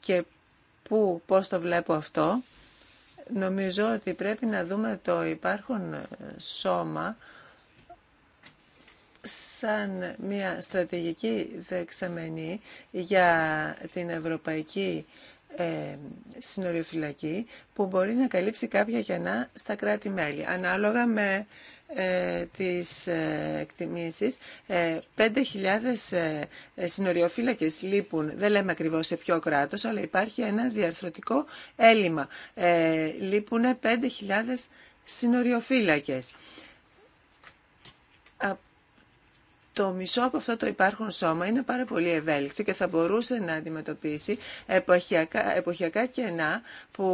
και πού, πώς το βλέπω αυτό, Νομίζω ότι πρέπει να δούμε το υπάρχον ε, σώμα σαν μια στρατηγική δεξαμενή για την ευρωπαϊκή ε, συνοριοφυλακή που μπορεί να καλύψει κάποια κενά στα κράτη-μέλη, ανάλογα με ε, τις ε, εκτιμήσεις. 5.000 ε, ε, συνοριοφύλακες λείπουν, δεν λέμε ακριβώς σε ποιο κράτος, αλλά υπάρχει ένα διαρθρωτικό έλλειμμα. Λείπουν 5.000 συνοριοφύλακες. Από το μισό από αυτό το υπάρχον σώμα είναι πάρα πολύ ευέλικτο και θα μπορούσε να αντιμετωπίσει εποχιακά, εποχιακά κενά που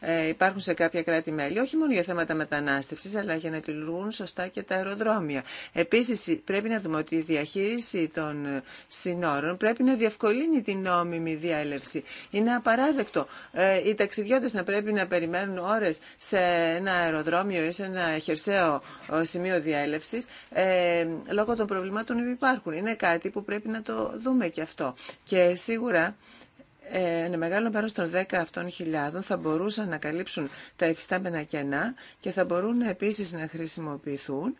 ε, υπάρχουν σε κάποια κράτη-μέλη, όχι μόνο για θέματα μετανάστευση, αλλά για να λειτουργούν σωστά και τα αεροδρόμια. Επίση, πρέπει να δούμε ότι η διαχείριση των ε, συνόρων πρέπει να διευκολύνει την νόμιμη διαέλευση. Είναι απαράδεκτο ε, οι ταξιδιώτε να πρέπει να περιμένουν ώρε σε ένα αεροδρόμιο ή σε ένα χερσαίο σημείο διέλευση λόγω των προβλημάτων προβλημάτων υπάρχουν. Είναι κάτι που πρέπει να το δούμε και αυτό. Και σίγουρα ε, ένα μεγάλο μέρο των 10 θα μπορούσαν να καλύψουν τα εφιστάμενα κενά και θα μπορούν επίσης να χρησιμοποιηθούν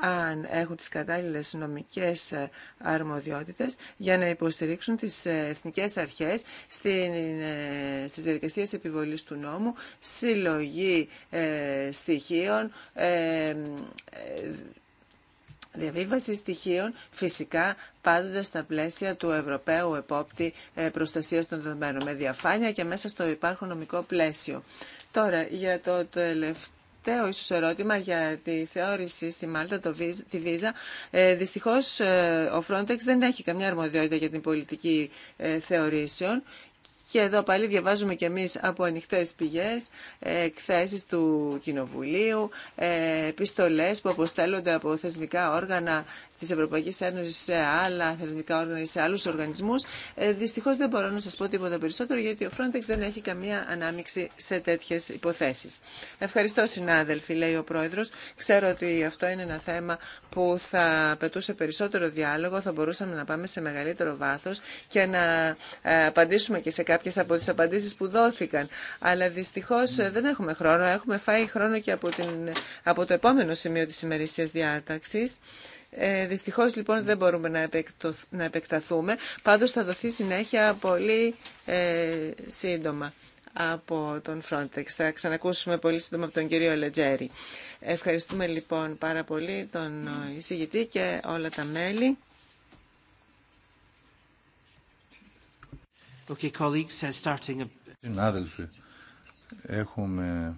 αν έχουν τις κατάλληλες νομικές ε, αρμοδιότητες για να υποστηρίξουν τις ε, εθνικές αρχές στις διαδικασίες επιβολής του νόμου, συλλογή στοιχείων, διαβίβαση στοιχείων φυσικά πάντοτε στα πλαίσια του Ευρωπαίου Επόπτη ε, Προστασίας των Δεδομένων με διαφάνεια και μέσα στο υπάρχον νομικό πλαίσιο. Τώρα για το τελευταίο τελευταίο ερώτημα για τη θεώρηση στη Μάλτα, το, τη Βίζα. Ε, δυστυχώς ε, ο Frontex δεν έχει καμιά αρμοδιότητα για την πολιτική ε, θεωρήσεων και εδώ πάλι διαβάζουμε κι εμείς από ανοιχτέ πηγές, ε, εκθέσεις του Κοινοβουλίου, ε, επιστολές που αποστέλλονται από θεσμικά όργανα Τη Ευρωπαϊκή Ένωση σε άλλα θεσμικά όργανα ή σε άλλους οργανισμούς. Ε, Δυστυχώ δεν μπορώ να σα πω τίποτα περισσότερο γιατί ο Frontex δεν έχει καμία ανάμειξη σε τέτοιε υποθέσει. Ευχαριστώ συνάδελφοι, λέει ο πρόεδρο. Ξέρω ότι αυτό είναι ένα θέμα που θα πετούσε περισσότερο διάλογο, θα μπορούσαμε να πάμε σε μεγαλύτερο βάθο και να ε, απαντήσουμε και σε κάποιε από τι απαντήσει που δόθηκαν. Αλλά δυστυχώς ε, δεν έχουμε χρόνο. Έχουμε φάει χρόνο και από, την, από το επόμενο σημείο τη ημερησία διάταξη. Ε, δυστυχώς λοιπόν δεν μπορούμε να, να επεκταθούμε, πάντως θα δοθεί συνέχεια πολύ ε, σύντομα από τον Frontex. Θα ξανακούσουμε πολύ σύντομα από τον κύριο Λετζέρη. Ευχαριστούμε λοιπόν πάρα πολύ τον ε, εισηγητή και όλα τα μέλη. Okay, colleagues, uh, starting a... Συνάδελφοι, έχουμε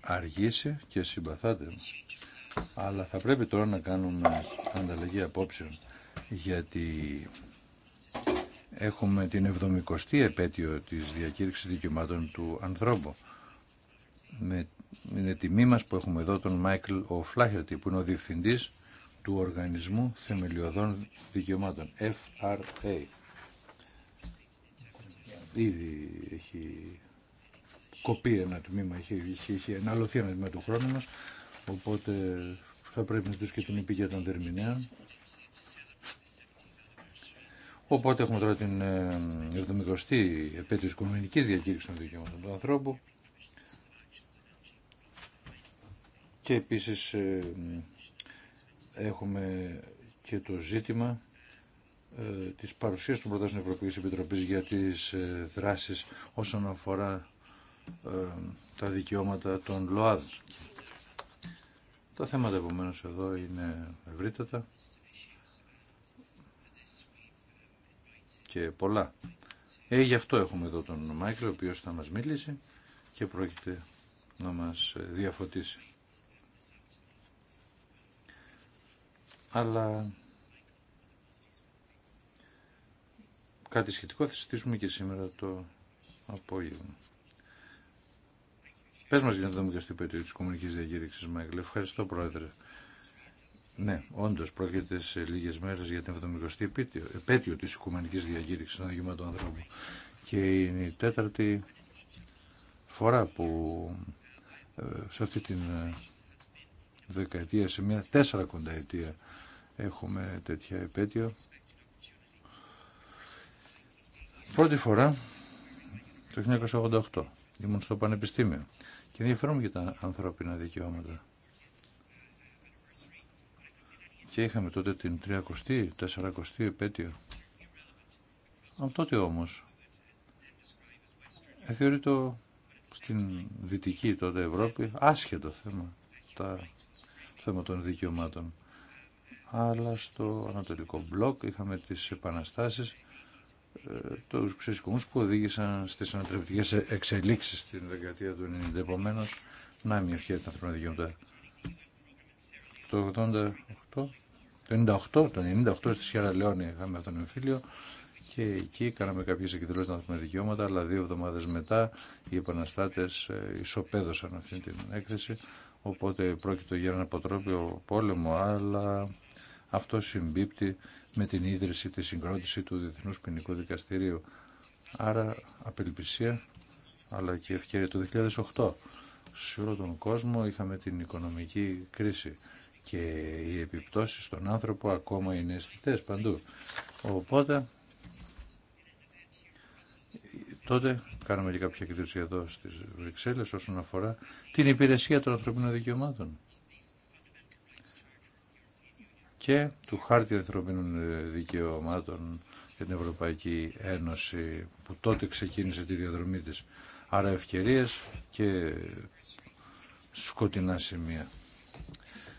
αργήσει και συμπαθάτε αλλά θα πρέπει τώρα να κάνουμε ανταλλαγή απόψεων γιατί έχουμε την 70η επέτειο της διακήρυξης δικαιωμάτων του ανθρώπου. Με, είναι τιμή μας που έχουμε εδώ τον Μάικλ Οφλάχερτη που είναι ο διευθυντής του Οργανισμού Θεμελιωδών Δικαιωμάτων, FRA. Ήδη έχει κοπεί ένα τμήμα, έχει, έχει, έχει ένα τμήμα του χρόνου μας Οπότε θα πρέπει να δούμε και την επίγεια των δερμηνέων. Οπότε έχουμε τώρα την 70η ε, επέτειο της Οικονομικής Διακήρυξης των Δικαιωμάτων του Ανθρώπου και επίσης ε, έχουμε και το ζήτημα ε, της παρουσίας των προτάσεων Ευρωπαϊκής Επιτροπής για τις δράσεις όσον αφορά τα δικαιώματα των ΛΟΑΔ. Τα θέματα επομένω εδώ είναι ευρύτατα και πολλά. Ε, γι' αυτό έχουμε εδώ τον Μάικλ, ο οποίος θα μας μίλησε και πρόκειται να μας διαφωτίσει. Αλλά κάτι σχετικό θα συζητήσουμε και σήμερα το απόγευμα. Πε μα για να δούμε και στο υπέτειο τη κομμουνική διακήρυξης, Μάικλ. Ευχαριστώ, Πρόεδρε. Ναι, όντω πρόκειται σε λίγε μέρε για την 70η επέτειο τη Οικουμενική Διακήρυξη των Δικαιωμάτων Ανθρώπου. Και είναι η τέταρτη φορά που ε, σε αυτή την ε, δεκαετία, σε μια τέσσερα κονταετία έχουμε τέτοια επέτειο. Πρώτη φορά το 1988 ήμουν στο Πανεπιστήμιο και ενδιαφέρομαι για τα ανθρώπινα δικαιώματα. Και είχαμε τότε την 30η, 40η επέτειο. Από τότε όμως, θεωρείται στην δυτική τότε Ευρώπη άσχετο θέμα, τα θέμα των δικαιωμάτων. Αλλά στο Ανατολικό Μπλοκ είχαμε τις επαναστάσεις τους ξεσηκωμούς που οδήγησαν στις ανατρεπτικές εξελίξεις στην δεκαετία του 90. Επομένως, να μην ευχαριστεί τα ανθρώπινα δικαιώματα. Το 88, το 98, το 98 στη Σιέρα είχαμε αυτόν τον εμφύλιο και εκεί κάναμε κάποιες εκδηλώσει των ανθρώπινα δικαιώματα, αλλά δύο εβδομάδες μετά οι επαναστάτες ε, ισοπαίδωσαν αυτή την έκθεση, οπότε πρόκειται για ένα αποτρόπιο πόλεμο, αλλά αυτό συμπίπτει με την ίδρυση, τη συγκρότηση του Διεθνούς Ποινικού Δικαστηρίου. Άρα απελπισία αλλά και ευκαιρία. Το 2008 σε όλο τον κόσμο είχαμε την οικονομική κρίση και οι επιπτώσεις στον άνθρωπο ακόμα είναι αισθητέ παντού. Οπότε τότε κάναμε και κάποια κριτήρια εδώ στις Βρυξέλλες όσον αφορά την υπηρεσία των ανθρωπίνων δικαιωμάτων και του Χάρτη Ανθρωπίνων ε, Δικαιωμάτων για την Ευρωπαϊκή Ένωση που τότε ξεκίνησε τη διαδρομή της. Άρα ευκαιρίες και σκοτεινά σημεία.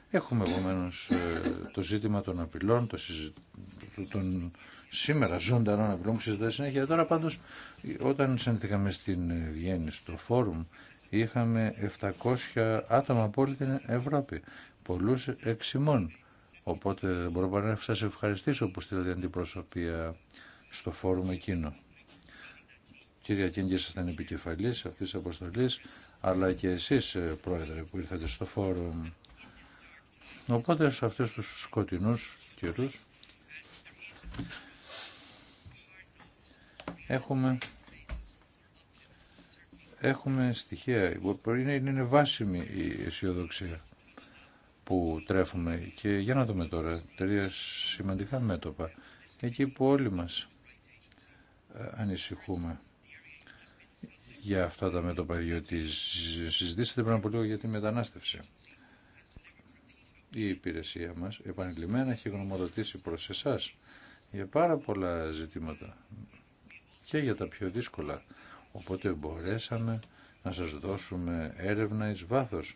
Έχουμε επομένω ε, το ζήτημα των απειλών, το των σήμερα ζωντανών απειλών που συζητάει συνέχεια. Τώρα πάντως όταν συνθήκαμε στην ε, Βιέννη στο φόρουμ είχαμε 700 άτομα από όλη την Ευρώπη, πολλούς εξημών. Οπότε μπορώ να σα ευχαριστήσω που στείλατε αντιπροσωπεία στο φόρουμ εκείνο. Κύριε Κίνγκη, ήταν επικεφαλής αυτής της αποστολής, αλλά και εσείς, ε, Πρόεδρε, που ήρθατε στο φόρουμ. Οπότε σε αυτούς τους σκοτεινούς κύρους, έχουμε, έχουμε στοιχεία είναι, είναι βάσιμη η αισιοδοξία που τρέφουμε και για να δούμε τώρα τρία σημαντικά μέτωπα εκεί που όλοι μας ε, ανησυχούμε για αυτά τα μέτωπα διότι συζητήσατε πριν από λίγο για τη μετανάστευση η υπηρεσία μας επανειλημμένα έχει γνωμοδοτήσει προς εσάς για πάρα πολλά ζητήματα και για τα πιο δύσκολα οπότε μπορέσαμε να σας δώσουμε έρευνα εις βάθος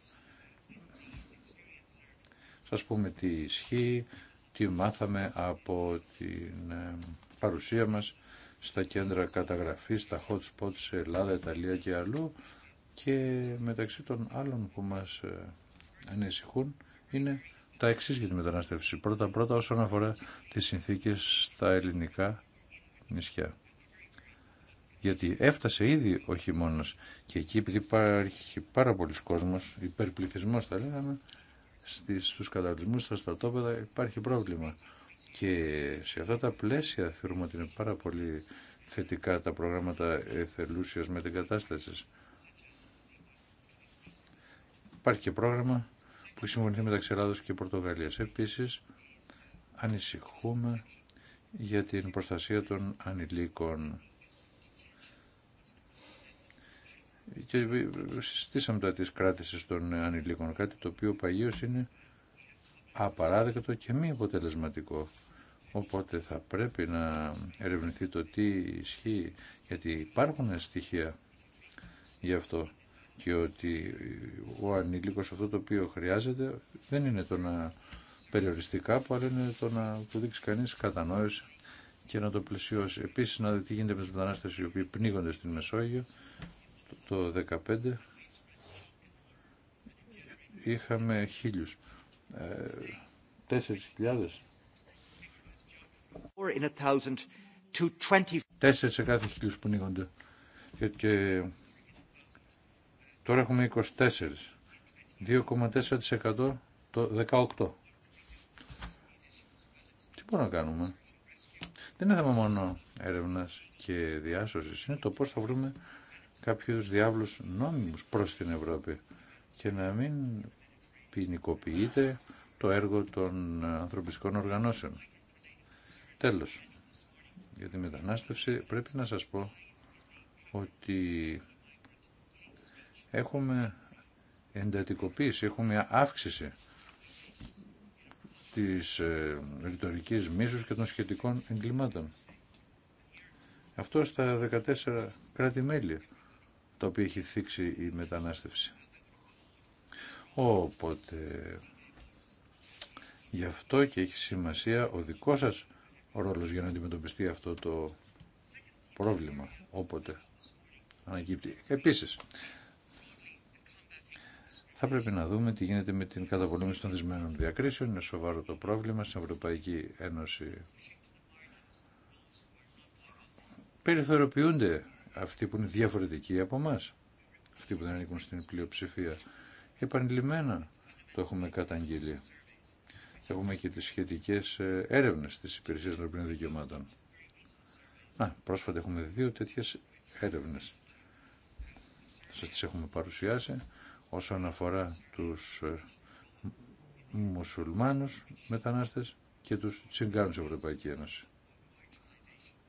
σας πούμε τι ισχύει, τι μάθαμε από την ε, παρουσία μας στα κέντρα καταγραφής, στα hot spots σε Ελλάδα, Ιταλία και αλλού και μεταξύ των άλλων που μας ε, ανησυχούν είναι τα εξή για τη μετανάστευση. Πρώτα-πρώτα όσον αφορά τις συνθήκες στα ελληνικά νησιά. Γιατί έφτασε ήδη ο χειμώνα και εκεί επειδή υπάρχει πάρα πολλοί κόσμος, υπερπληθυσμός θα λέγαμε, στις, στους καταλυσμούς, στα στρατόπεδα υπάρχει πρόβλημα. Και σε αυτά τα πλαίσια θεωρούμε ότι είναι πάρα πολύ θετικά τα προγράμματα εθελούσιας κατάσταση. Υπάρχει και πρόγραμμα που συμφωνηθεί μεταξύ Ελλάδος και Πορτογαλίας. Επίσης, ανησυχούμε για την προστασία των ανηλίκων. και συζητήσαμε τα της κράτησης των ανηλίκων, κάτι το οποίο παγίως είναι απαράδεκτο και μη αποτελεσματικό. Οπότε θα πρέπει να ερευνηθεί το τι ισχύει, γιατί υπάρχουν στοιχεία γι' αυτό και ότι ο ανήλικος αυτό το οποίο χρειάζεται δεν είναι το να περιοριστεί κάπου, αλλά είναι το να του δείξει κανείς κατανόηση και να το πλησιώσει Επίσης να δει τι γίνεται με τους μετανάστες οι οποίοι πνίγονται στην Μεσόγειο το 2015 είχαμε χίλιους. Ε, τέσσερις χιλιάδες. Τέσσερις σε κάθε χίλιους που νίγονται. Και, ε, και τώρα έχουμε 24. 2,4% το 18. Τι μπορούμε να κάνουμε. Δεν είναι θέμα μόνο έρευνας και διάσωσης. Είναι το πώς θα βρούμε κάποιου διάβλους νόμιμους προς την Ευρώπη και να μην ποινικοποιείται το έργο των ανθρωπιστικών οργανώσεων. Τέλος, για τη μετανάστευση πρέπει να σας πω ότι έχουμε εντατικοποίηση, έχουμε αύξηση της ε, ρητορικής μίσους και των σχετικών εγκλημάτων. Αυτό στα 14 κράτη-μέλη το οποίο έχει θίξει η μετανάστευση. Οπότε, γι' αυτό και έχει σημασία ο δικός σας ρόλος για να αντιμετωπιστεί αυτό το πρόβλημα, όποτε ανακύπτει. Επίσης, θα πρέπει να δούμε τι γίνεται με την καταπολέμηση των δυσμένων διακρίσεων. Είναι σοβαρό το πρόβλημα στην Ευρωπαϊκή Ένωση. Περιθωριοποιούνται αυτοί που είναι διαφορετικοί από εμά, αυτοί που δεν ανήκουν στην πλειοψηφία. Επανειλημμένα το έχουμε καταγγείλει. Έχουμε και τις σχετικές ε, έρευνες της Υπηρεσίας Ανθρωπίνων Δικαιωμάτων. Να, πρόσφατα έχουμε δύο τέτοιες έρευνες. Σας τις έχουμε παρουσιάσει όσον αφορά τους ε, μουσουλμάνους μετανάστες και τους τσιγκάνους Ευρωπαϊκή Ένωση.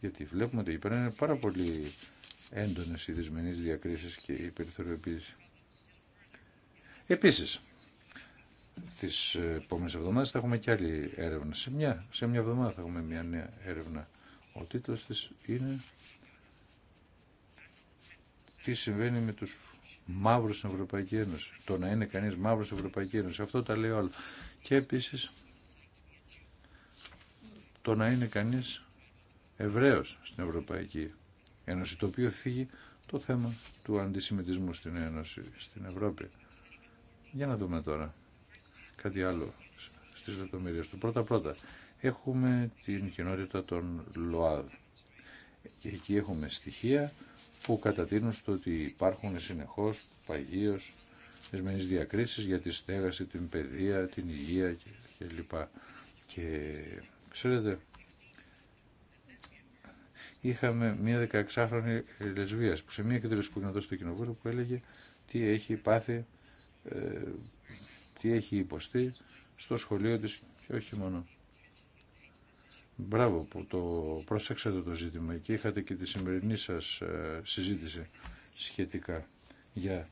Γιατί βλέπουμε ότι εκεί είναι πάρα πολύ έντονες οι δυσμενείς διακρίσεις και η περιθωριοποίηση. Επίσης, τις επόμενες εβδομάδες θα έχουμε και άλλη έρευνα. Σε μια, σε μια εβδομάδα θα έχουμε μια νέα έρευνα. Ο τίτλος της είναι «Τι συμβαίνει με τους μαύρους στην Ευρωπαϊκή Ένωση». Το να είναι κανείς μαύρος στην Ευρωπαϊκή Ένωση. Αυτό τα λέει όλα. Και επίσης το να είναι κανείς Εβραίος στην Ευρωπαϊκή Ένωση, το οποίο θίγει το θέμα του αντισημιτισμού στην Ένωση, στην Ευρώπη. Για να δούμε τώρα κάτι άλλο στις λεπτομέρειε του. Πρώτα-πρώτα, έχουμε την κοινότητα των ΛΟΑΔ. εκεί έχουμε στοιχεία που κατατείνουν στο ότι υπάρχουν συνεχώς παγίως δεσμενείς διακρίσεις για τη στέγαση, την παιδεία, την υγεία κλπ. Και, και, και ξέρετε, είχαμε μια 16χρονη λεσβία που σε μια εκδήλωση που γινόταν στο κοινοβούλιο που έλεγε τι έχει πάθει, ε, τι έχει υποστεί στο σχολείο της και όχι μόνο. Μπράβο που το πρόσεξατε το ζήτημα και είχατε και τη σημερινή σας ε, συζήτηση σχετικά για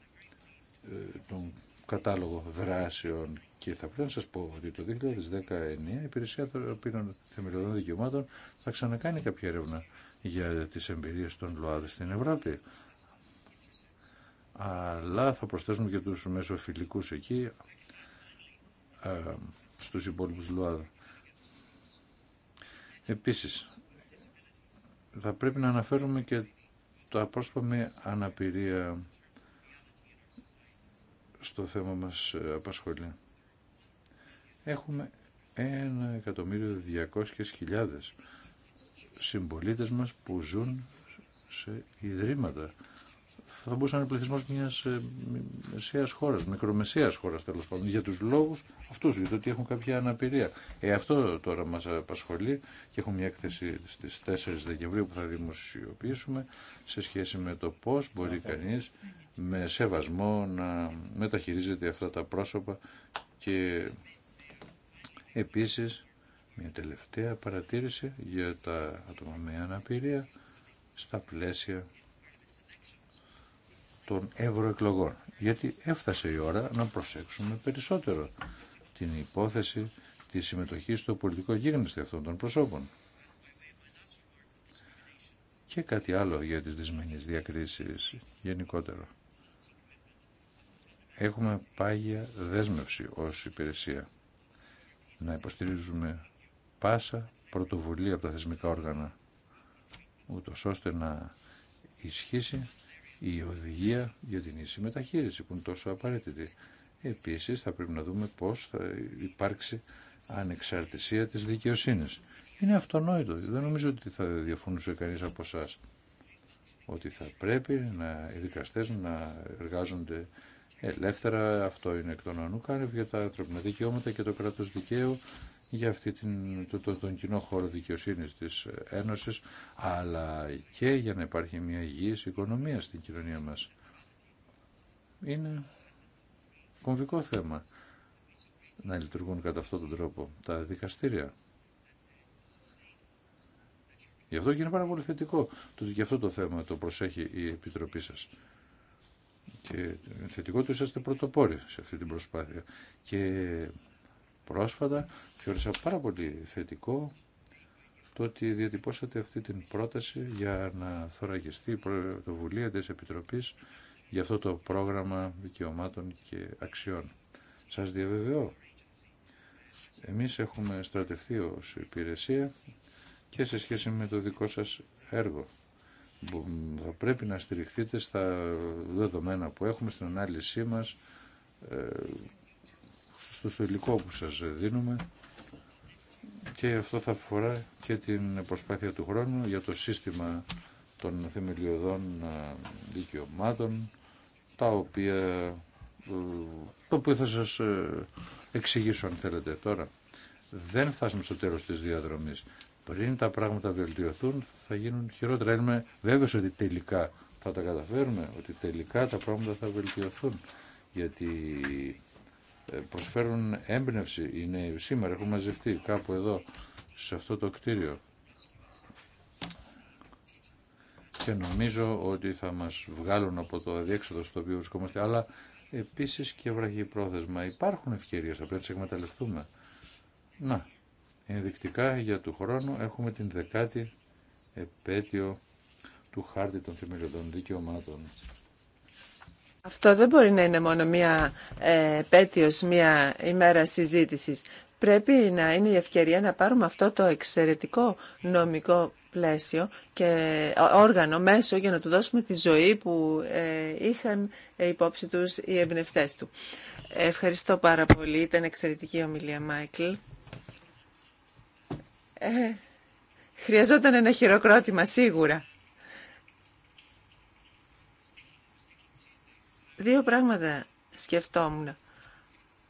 ε, τον κατάλογο δράσεων και θα πρέπει να σας πω ότι το 2019 η Υπηρεσία των Θεμελιωδών Δικαιωμάτων θα ξανακάνει κάποια έρευνα για τις εμπειρίες των ΛΟΑΔ στην Ευρώπη. Αλλά θα προσθέσουμε και τους μεσοφιλικούς εκεί, ε, στους υπόλοιπους ΛΟΑΔ. Επίσης, θα πρέπει να αναφέρουμε και το απρόσωπο με αναπηρία στο θέμα μας ε, απασχολεί. Έχουμε ένα εκατομμύριο χιλιάδες συμπολίτες μας που ζουν σε ιδρύματα. Θα μπορούσε να είναι πληθυσμό μια ε, μεσαία χώρα, μικρομεσαία χώρα τέλο πάντων, για του λόγου αυτού, γιατί έχουν κάποια αναπηρία. Ε, αυτό τώρα μα απασχολεί και έχουμε μια έκθεση στι 4 Δεκεμβρίου που θα δημοσιοποιήσουμε σε σχέση με το πώ μπορεί κανεί με σεβασμό να μεταχειρίζεται αυτά τα πρόσωπα και επίσης μια τελευταία παρατήρηση για τα άτομα με αναπηρία στα πλαίσια των ευρωεκλογών. Γιατί έφτασε η ώρα να προσέξουμε περισσότερο την υπόθεση τη συμμετοχής στο πολιτικό γίγνεσθε αυτών των προσώπων. Και κάτι άλλο για τις δυσμενείς διακρίσεις γενικότερο. Έχουμε πάγια δέσμευση ως υπηρεσία να υποστηρίζουμε πάσα πρωτοβουλία από τα θεσμικά όργανα ούτως ώστε να ισχύσει η οδηγία για την ίση μεταχείριση που είναι τόσο απαραίτητη. Επίσης θα πρέπει να δούμε πώς θα υπάρξει ανεξαρτησία της δικαιοσύνης. Είναι αυτονόητο. Δεν νομίζω ότι θα διαφωνούσε κανείς από εσά ότι θα πρέπει να, οι δικαστές να εργάζονται ελεύθερα. Αυτό είναι εκ των ανούκανευ για τα ανθρώπινα δικαιώματα και το κράτος δικαίου για αυτή την, το, τον κοινό χώρο δικαιοσύνης της Ένωσης, αλλά και για να υπάρχει μια υγιής οικονομία στην κοινωνία μας. Είναι κομβικό θέμα να λειτουργούν κατά αυτόν τον τρόπο τα δικαστήρια. Γι' αυτό και είναι πάρα πολύ θετικό το ότι και αυτό το θέμα το προσέχει η Επιτροπή σας. Και θετικό του είσαστε πρωτοπόροι σε αυτή την προσπάθεια. Και πρόσφατα. Θεώρησα πάρα πολύ θετικό το ότι διατυπώσατε αυτή την πρόταση για να θωρακιστεί η πρωτοβουλία της Επιτροπής για αυτό το πρόγραμμα δικαιωμάτων και αξιών. Σας διαβεβαιώ, εμείς έχουμε στρατευτεί ως υπηρεσία και σε σχέση με το δικό σας έργο θα πρέπει να στηριχθείτε στα δεδομένα που έχουμε στην ανάλυση μας ε, στο υλικό που σας δίνουμε και αυτό θα αφορά και την προσπάθεια του χρόνου για το σύστημα των θεμελιωδών ε, δικαιωμάτων τα οποία ε, το οποίο θα σας ε, εξηγήσω αν θέλετε τώρα δεν φτάσουμε στο τέλος της διαδρομής πριν τα πράγματα βελτιωθούν θα γίνουν χειρότερα είμαι βέβαιος ότι τελικά θα τα καταφέρουμε ότι τελικά τα πράγματα θα βελτιωθούν γιατί ε, προσφέρουν έμπνευση οι νέοι. Σήμερα έχουν μαζευτεί κάπου εδώ, σε αυτό το κτίριο. Και νομίζω ότι θα μας βγάλουν από το αδιέξοδο στο οποίο βρισκόμαστε, αλλά επίσης και βραχή πρόθεσμα Υπάρχουν ευκαιρίες, θα πρέπει να τις εκμεταλλευτούμε. Να, ενδεικτικά για του χρόνου έχουμε την δεκάτη επέτειο του χάρτη των θεμελιωδών δικαιωμάτων. Αυτό δεν μπορεί να είναι μόνο μία ε, μία ημέρα συζήτησης. Πρέπει να είναι η ευκαιρία να πάρουμε αυτό το εξαιρετικό νομικό πλαίσιο και ε, όργανο, μέσο για να του δώσουμε τη ζωή που ε, είχαν ε, υπόψη τους οι εμπνευστέ του. Ευχαριστώ πάρα πολύ. Ήταν εξαιρετική ομιλία, Μάικλ. Ε, χρειαζόταν ένα χειροκρότημα, σίγουρα. Δύο πράγματα σκεφτόμουν.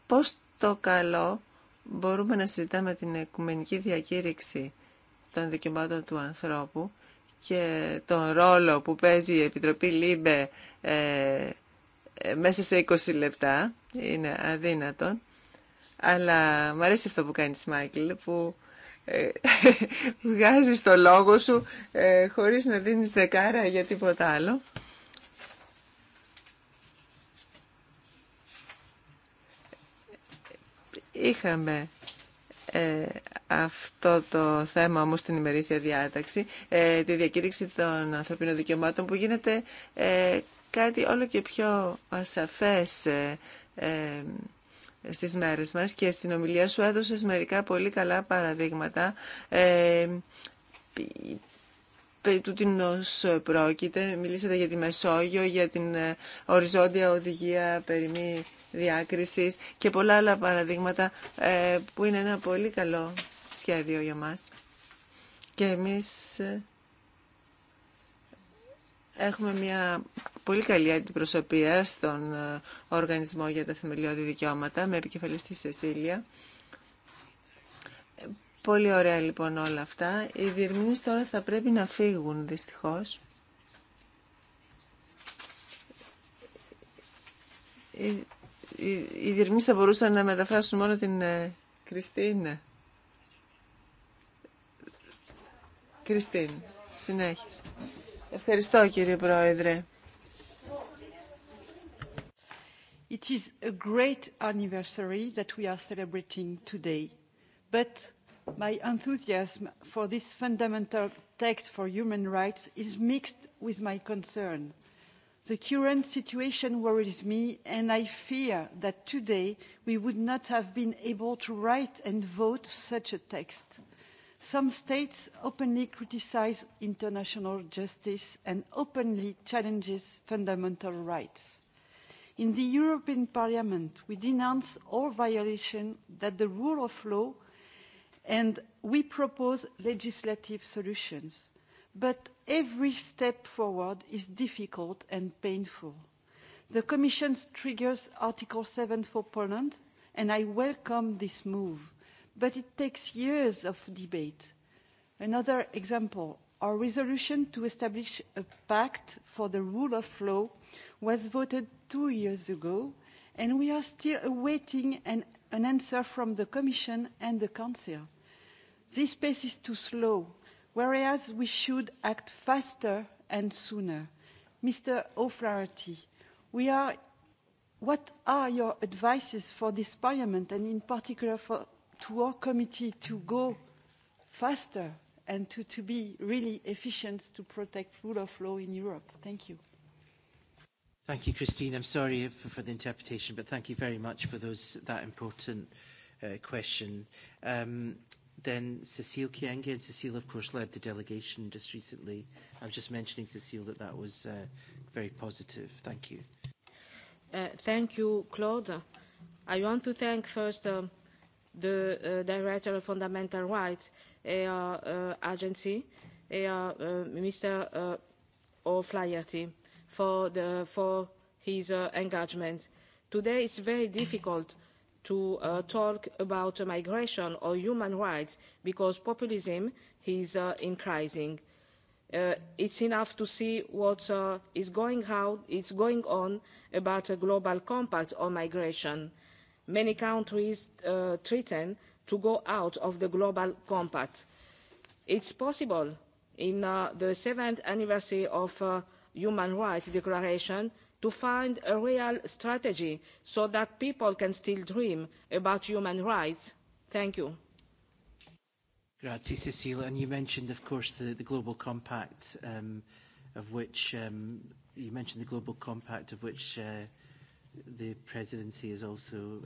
Πώς το καλό μπορούμε να συζητάμε την οικουμενική διακήρυξη των δικαιωμάτων του ανθρώπου και τον ρόλο που παίζει η Επιτροπή ΛΥΜΠΕ ε, ε, μέσα σε 20 λεπτά είναι αδύνατον. Αλλά μου αρέσει αυτό που κάνεις, Μάικλ, που ε, (laughs) βγάζεις το λόγο σου ε, χωρίς να δίνεις δεκάρα για τίποτα άλλο. Είχαμε ε, αυτό το θέμα όμως στην ημερήσια διάταξη, ε, τη διακήρυξη των ανθρωπίνων δικαιωμάτων που γίνεται ε, κάτι όλο και πιο ασαφές στις μέρες μας και στην ομιλία σου έδωσες μερικά πολύ καλά παραδείγματα περί του τι πρόκειται. Μιλήσατε για τη Μεσόγειο, για την οριζόντια οδηγία περί μη διάκρισης και πολλά άλλα παραδείγματα ε, που είναι ένα πολύ καλό σχέδιο για μας. Και εμείς ε, έχουμε μια πολύ καλή αντιπροσωπεία στον ε, Οργανισμό για τα Θεμελιώδη Δικαιώματα με επικεφαλής Σεσίλια. Πολύ ωραία λοιπόν όλα αυτά. Οι διερμηνείς τώρα θα πρέπει να φύγουν δυστυχώς οι διερμηνείς θα μπορούσαν να μεταφράσουν μόνο την Κριστίν. Κριστίν, συνέχισε. Ευχαριστώ κύριε Πρόεδρε. It is a great anniversary that we are celebrating today. But my enthusiasm for this fundamental text for human rights is mixed with my concern The current situation worries me, and I fear that today we would not have been able to write and vote such a text. Some states openly criticise international justice and openly challenges fundamental rights. In the European Parliament, we denounce all violations that the rule of law and we propose legislative solutions. But every step forward is difficult and painful. The Commission triggers Article 7 for Poland, and I welcome this move, but it takes years of debate. Another example, our resolution to establish a pact for the rule of law was voted two years ago, and we are still awaiting an answer from the Commission and the Council. This pace is too slow whereas we should act faster and sooner. Mr. O'Flaherty, we are What are your advices for this Parliament and in particular for, to our committee to go faster and to, to be really efficient to protect rule of law in Europe? Thank you. Thank you, Christine. I'm sorry for, the interpretation, but thank you very much for those that important question. Um, then Cecile Kienge, and Cecile, of course, led the delegation just recently. I was just mentioning, Cecile, that that was uh, very positive. Thank you. Uh, thank you, Claude. I want to thank first the uh, Director of Fundamental Rights uh, uh, Agency, uh, uh, Mr. Uh, O'Flaherty, for, for his uh, engagement. Today it's very difficult to talk about migration or human rights because populism is increasing. It's enough to see what is going going on about a global compact on migration. Many countries threaten to go out of the global compact. It's possible in the seventh anniversary of Human Rights Declaration to find a real strategy so that people can still dream about human rights. Thank you. Grazie, Cecilia. And you mentioned, of course, the, the Global Compact, of which you mentioned the Global Compact, of which the presidency is also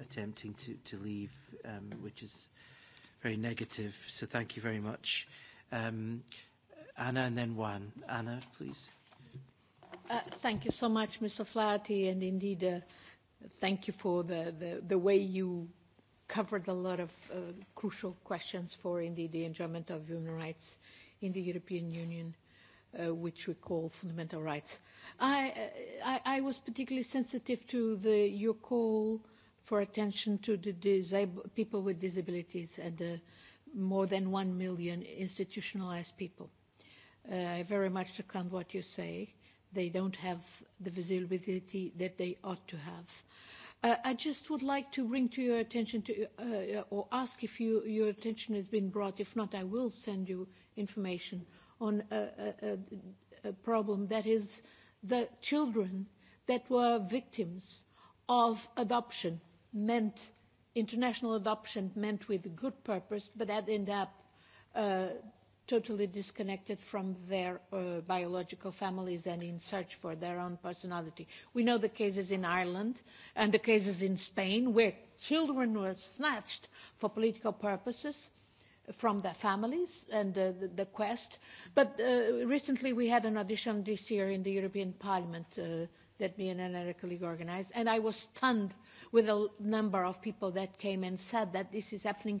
attempting to, to leave, which is very negative. So thank you very much. Anna and then Juan. Anna, please. Thank you so much, Mr. Flaherty, and indeed, thank you for the the way you covered a lot of crucial questions for indeed the enjoyment of human rights in the European Union, which we call fundamental rights. I I was particularly sensitive to the your call for attention to the people with disabilities and the more than one million institutionalized people. I very much second what you say they don't have the visibility that they ought to have. I just would like to bring to your attention to, or ask if your attention has been brought. If not, I will send you information on a problem that is the children that were victims of adoption meant international adoption meant with good purpose but that end up totally disconnected from their biological families and in search for their own personality. We know the cases in Ireland and the cases in Spain where children were snatched for political purposes from their families and the quest. But recently we had an audition this year in the European Parliament that me and another colleague organized, and I was stunned with the number of people that came and said that this is happening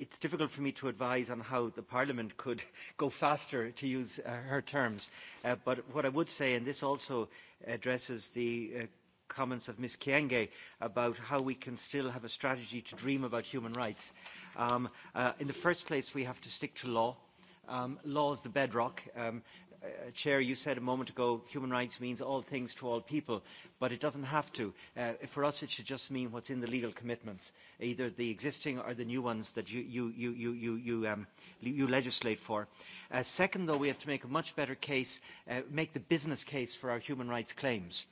it's difficult for me to advise on how the Parliament could go faster, to use her terms. But what I would say, and this also addresses the comments of Ms. Kienge about how we can still have a strategy to dream about human rights. In the first place, we have to stick to law. Law is the bedrock. Chair, you said a moment ago human rights means all things to all people, but it doesn't have to. For us, it should just mean what's in the legal commitments, either the existing or the new ones that you legislate for. Second, though, we have to make a much better case, make the business case for our human rights claims.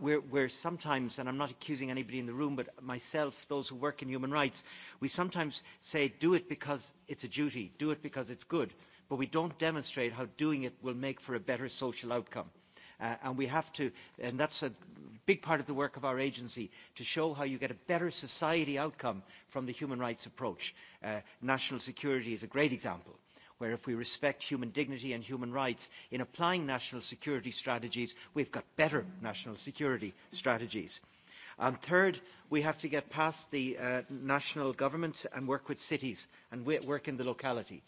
We're sometimes, and I'm not accusing anybody in the room, but myself, those who work in human rights, we sometimes say, do it because it's a duty, do it because it's good but we don't demonstrate how doing it will make for a better social outcome. And we have to, and that's a big part of the work of our agency, to show how you get a better society outcome from the human rights approach. National security is a great example where if we respect human dignity and human rights in applying national security strategies, we've got better national security strategies. And Third, we have to get past the national government and work with cities and work in the locality.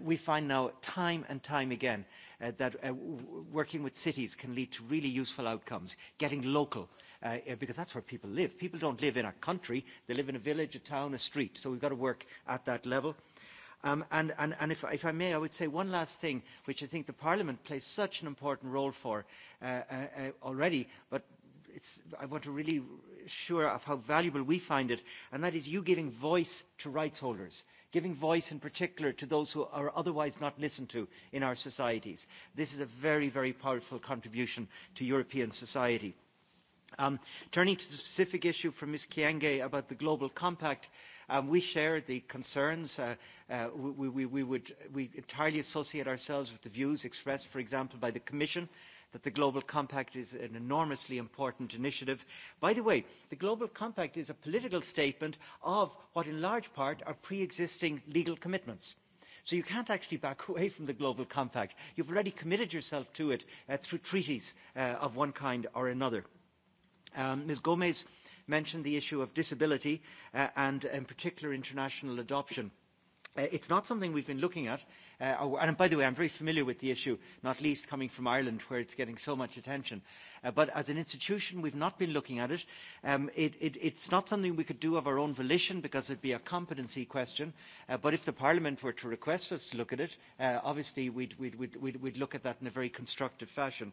We find now time and time again that working with cities can lead to really useful outcomes, getting local, because that's where people live. People don't live in a country. They live in a village, a town, a street. So we've got to work at that level. And if I may, I would say one last thing, which I think the Parliament plays such an important role for already, but I want to really sure of how valuable we find it, and that is you giving voice to rights holders giving voice in particular to those who are otherwise not listened to in our societies. This is a very, very powerful contribution to European society. Turning to the specific issue from Ms. Kienge about the Global Compact, we share the concerns. We entirely associate ourselves with the views expressed, for example, by the Commission that the Global Compact is an enormously important initiative. By the way, the Global Compact is a political statement of what in large part are pre-existing legal commitments. So you can't actually back away from the Global Compact. You've already committed yourself to it through treaties of one kind or another. Ms. Gomez mentioned the issue of disability and in particular international adoption It's not something we've been looking at. And by the way, I'm very familiar with the issue, not least coming from Ireland, where it's getting so much attention. But as an institution, we've not been looking at it. It's not something we could do of our own volition because it'd be a competency question. But if the Parliament were to request us to look at it, obviously we'd look at that in a very constructive fashion.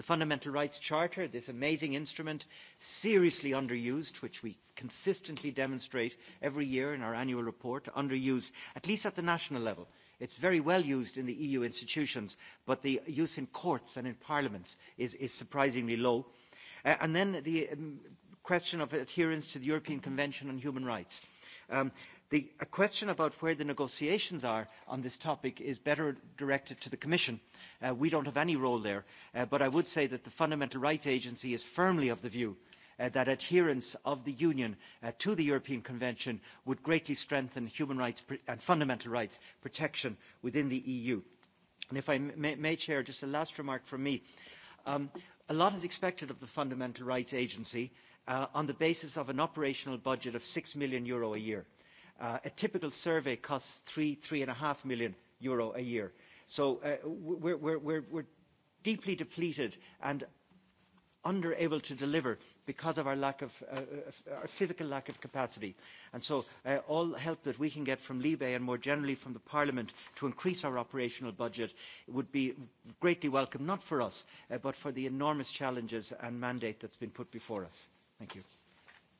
The Fundamental Rights Charter, this amazing instrument, seriously underused, which we consistently demonstrate every year in our annual report, underused, at least at the national level. It's very well used in the EU institutions, but the use in courts and in parliaments is, is surprisingly low. and then the question of adherence to the European Convention on Human Rights The question about where the negotiations are on this topic is better directed to the Commission. We don't have any role there, but I would say that the Fundamental Rights Agency is firmly of the view that adherence of the Union to the European Convention would greatly strengthen human rights and fundamental rights protection within the EU. And if I may, Chair, just a last remark from me. A lot is expected of the Fundamental Rights Agency on the basis of an operational budget of 6 million euro a year. A typical survey costs three, three and a half million euro a year. So we're deeply depleted and unable to deliver because of our lack of our physical lack of capacity. And so all help that we can get from Libe and more generally from the Parliament to increase our operational budget would be greatly welcome, not for us, but for the enormous challenges and mandate that's been put before us. Thank you.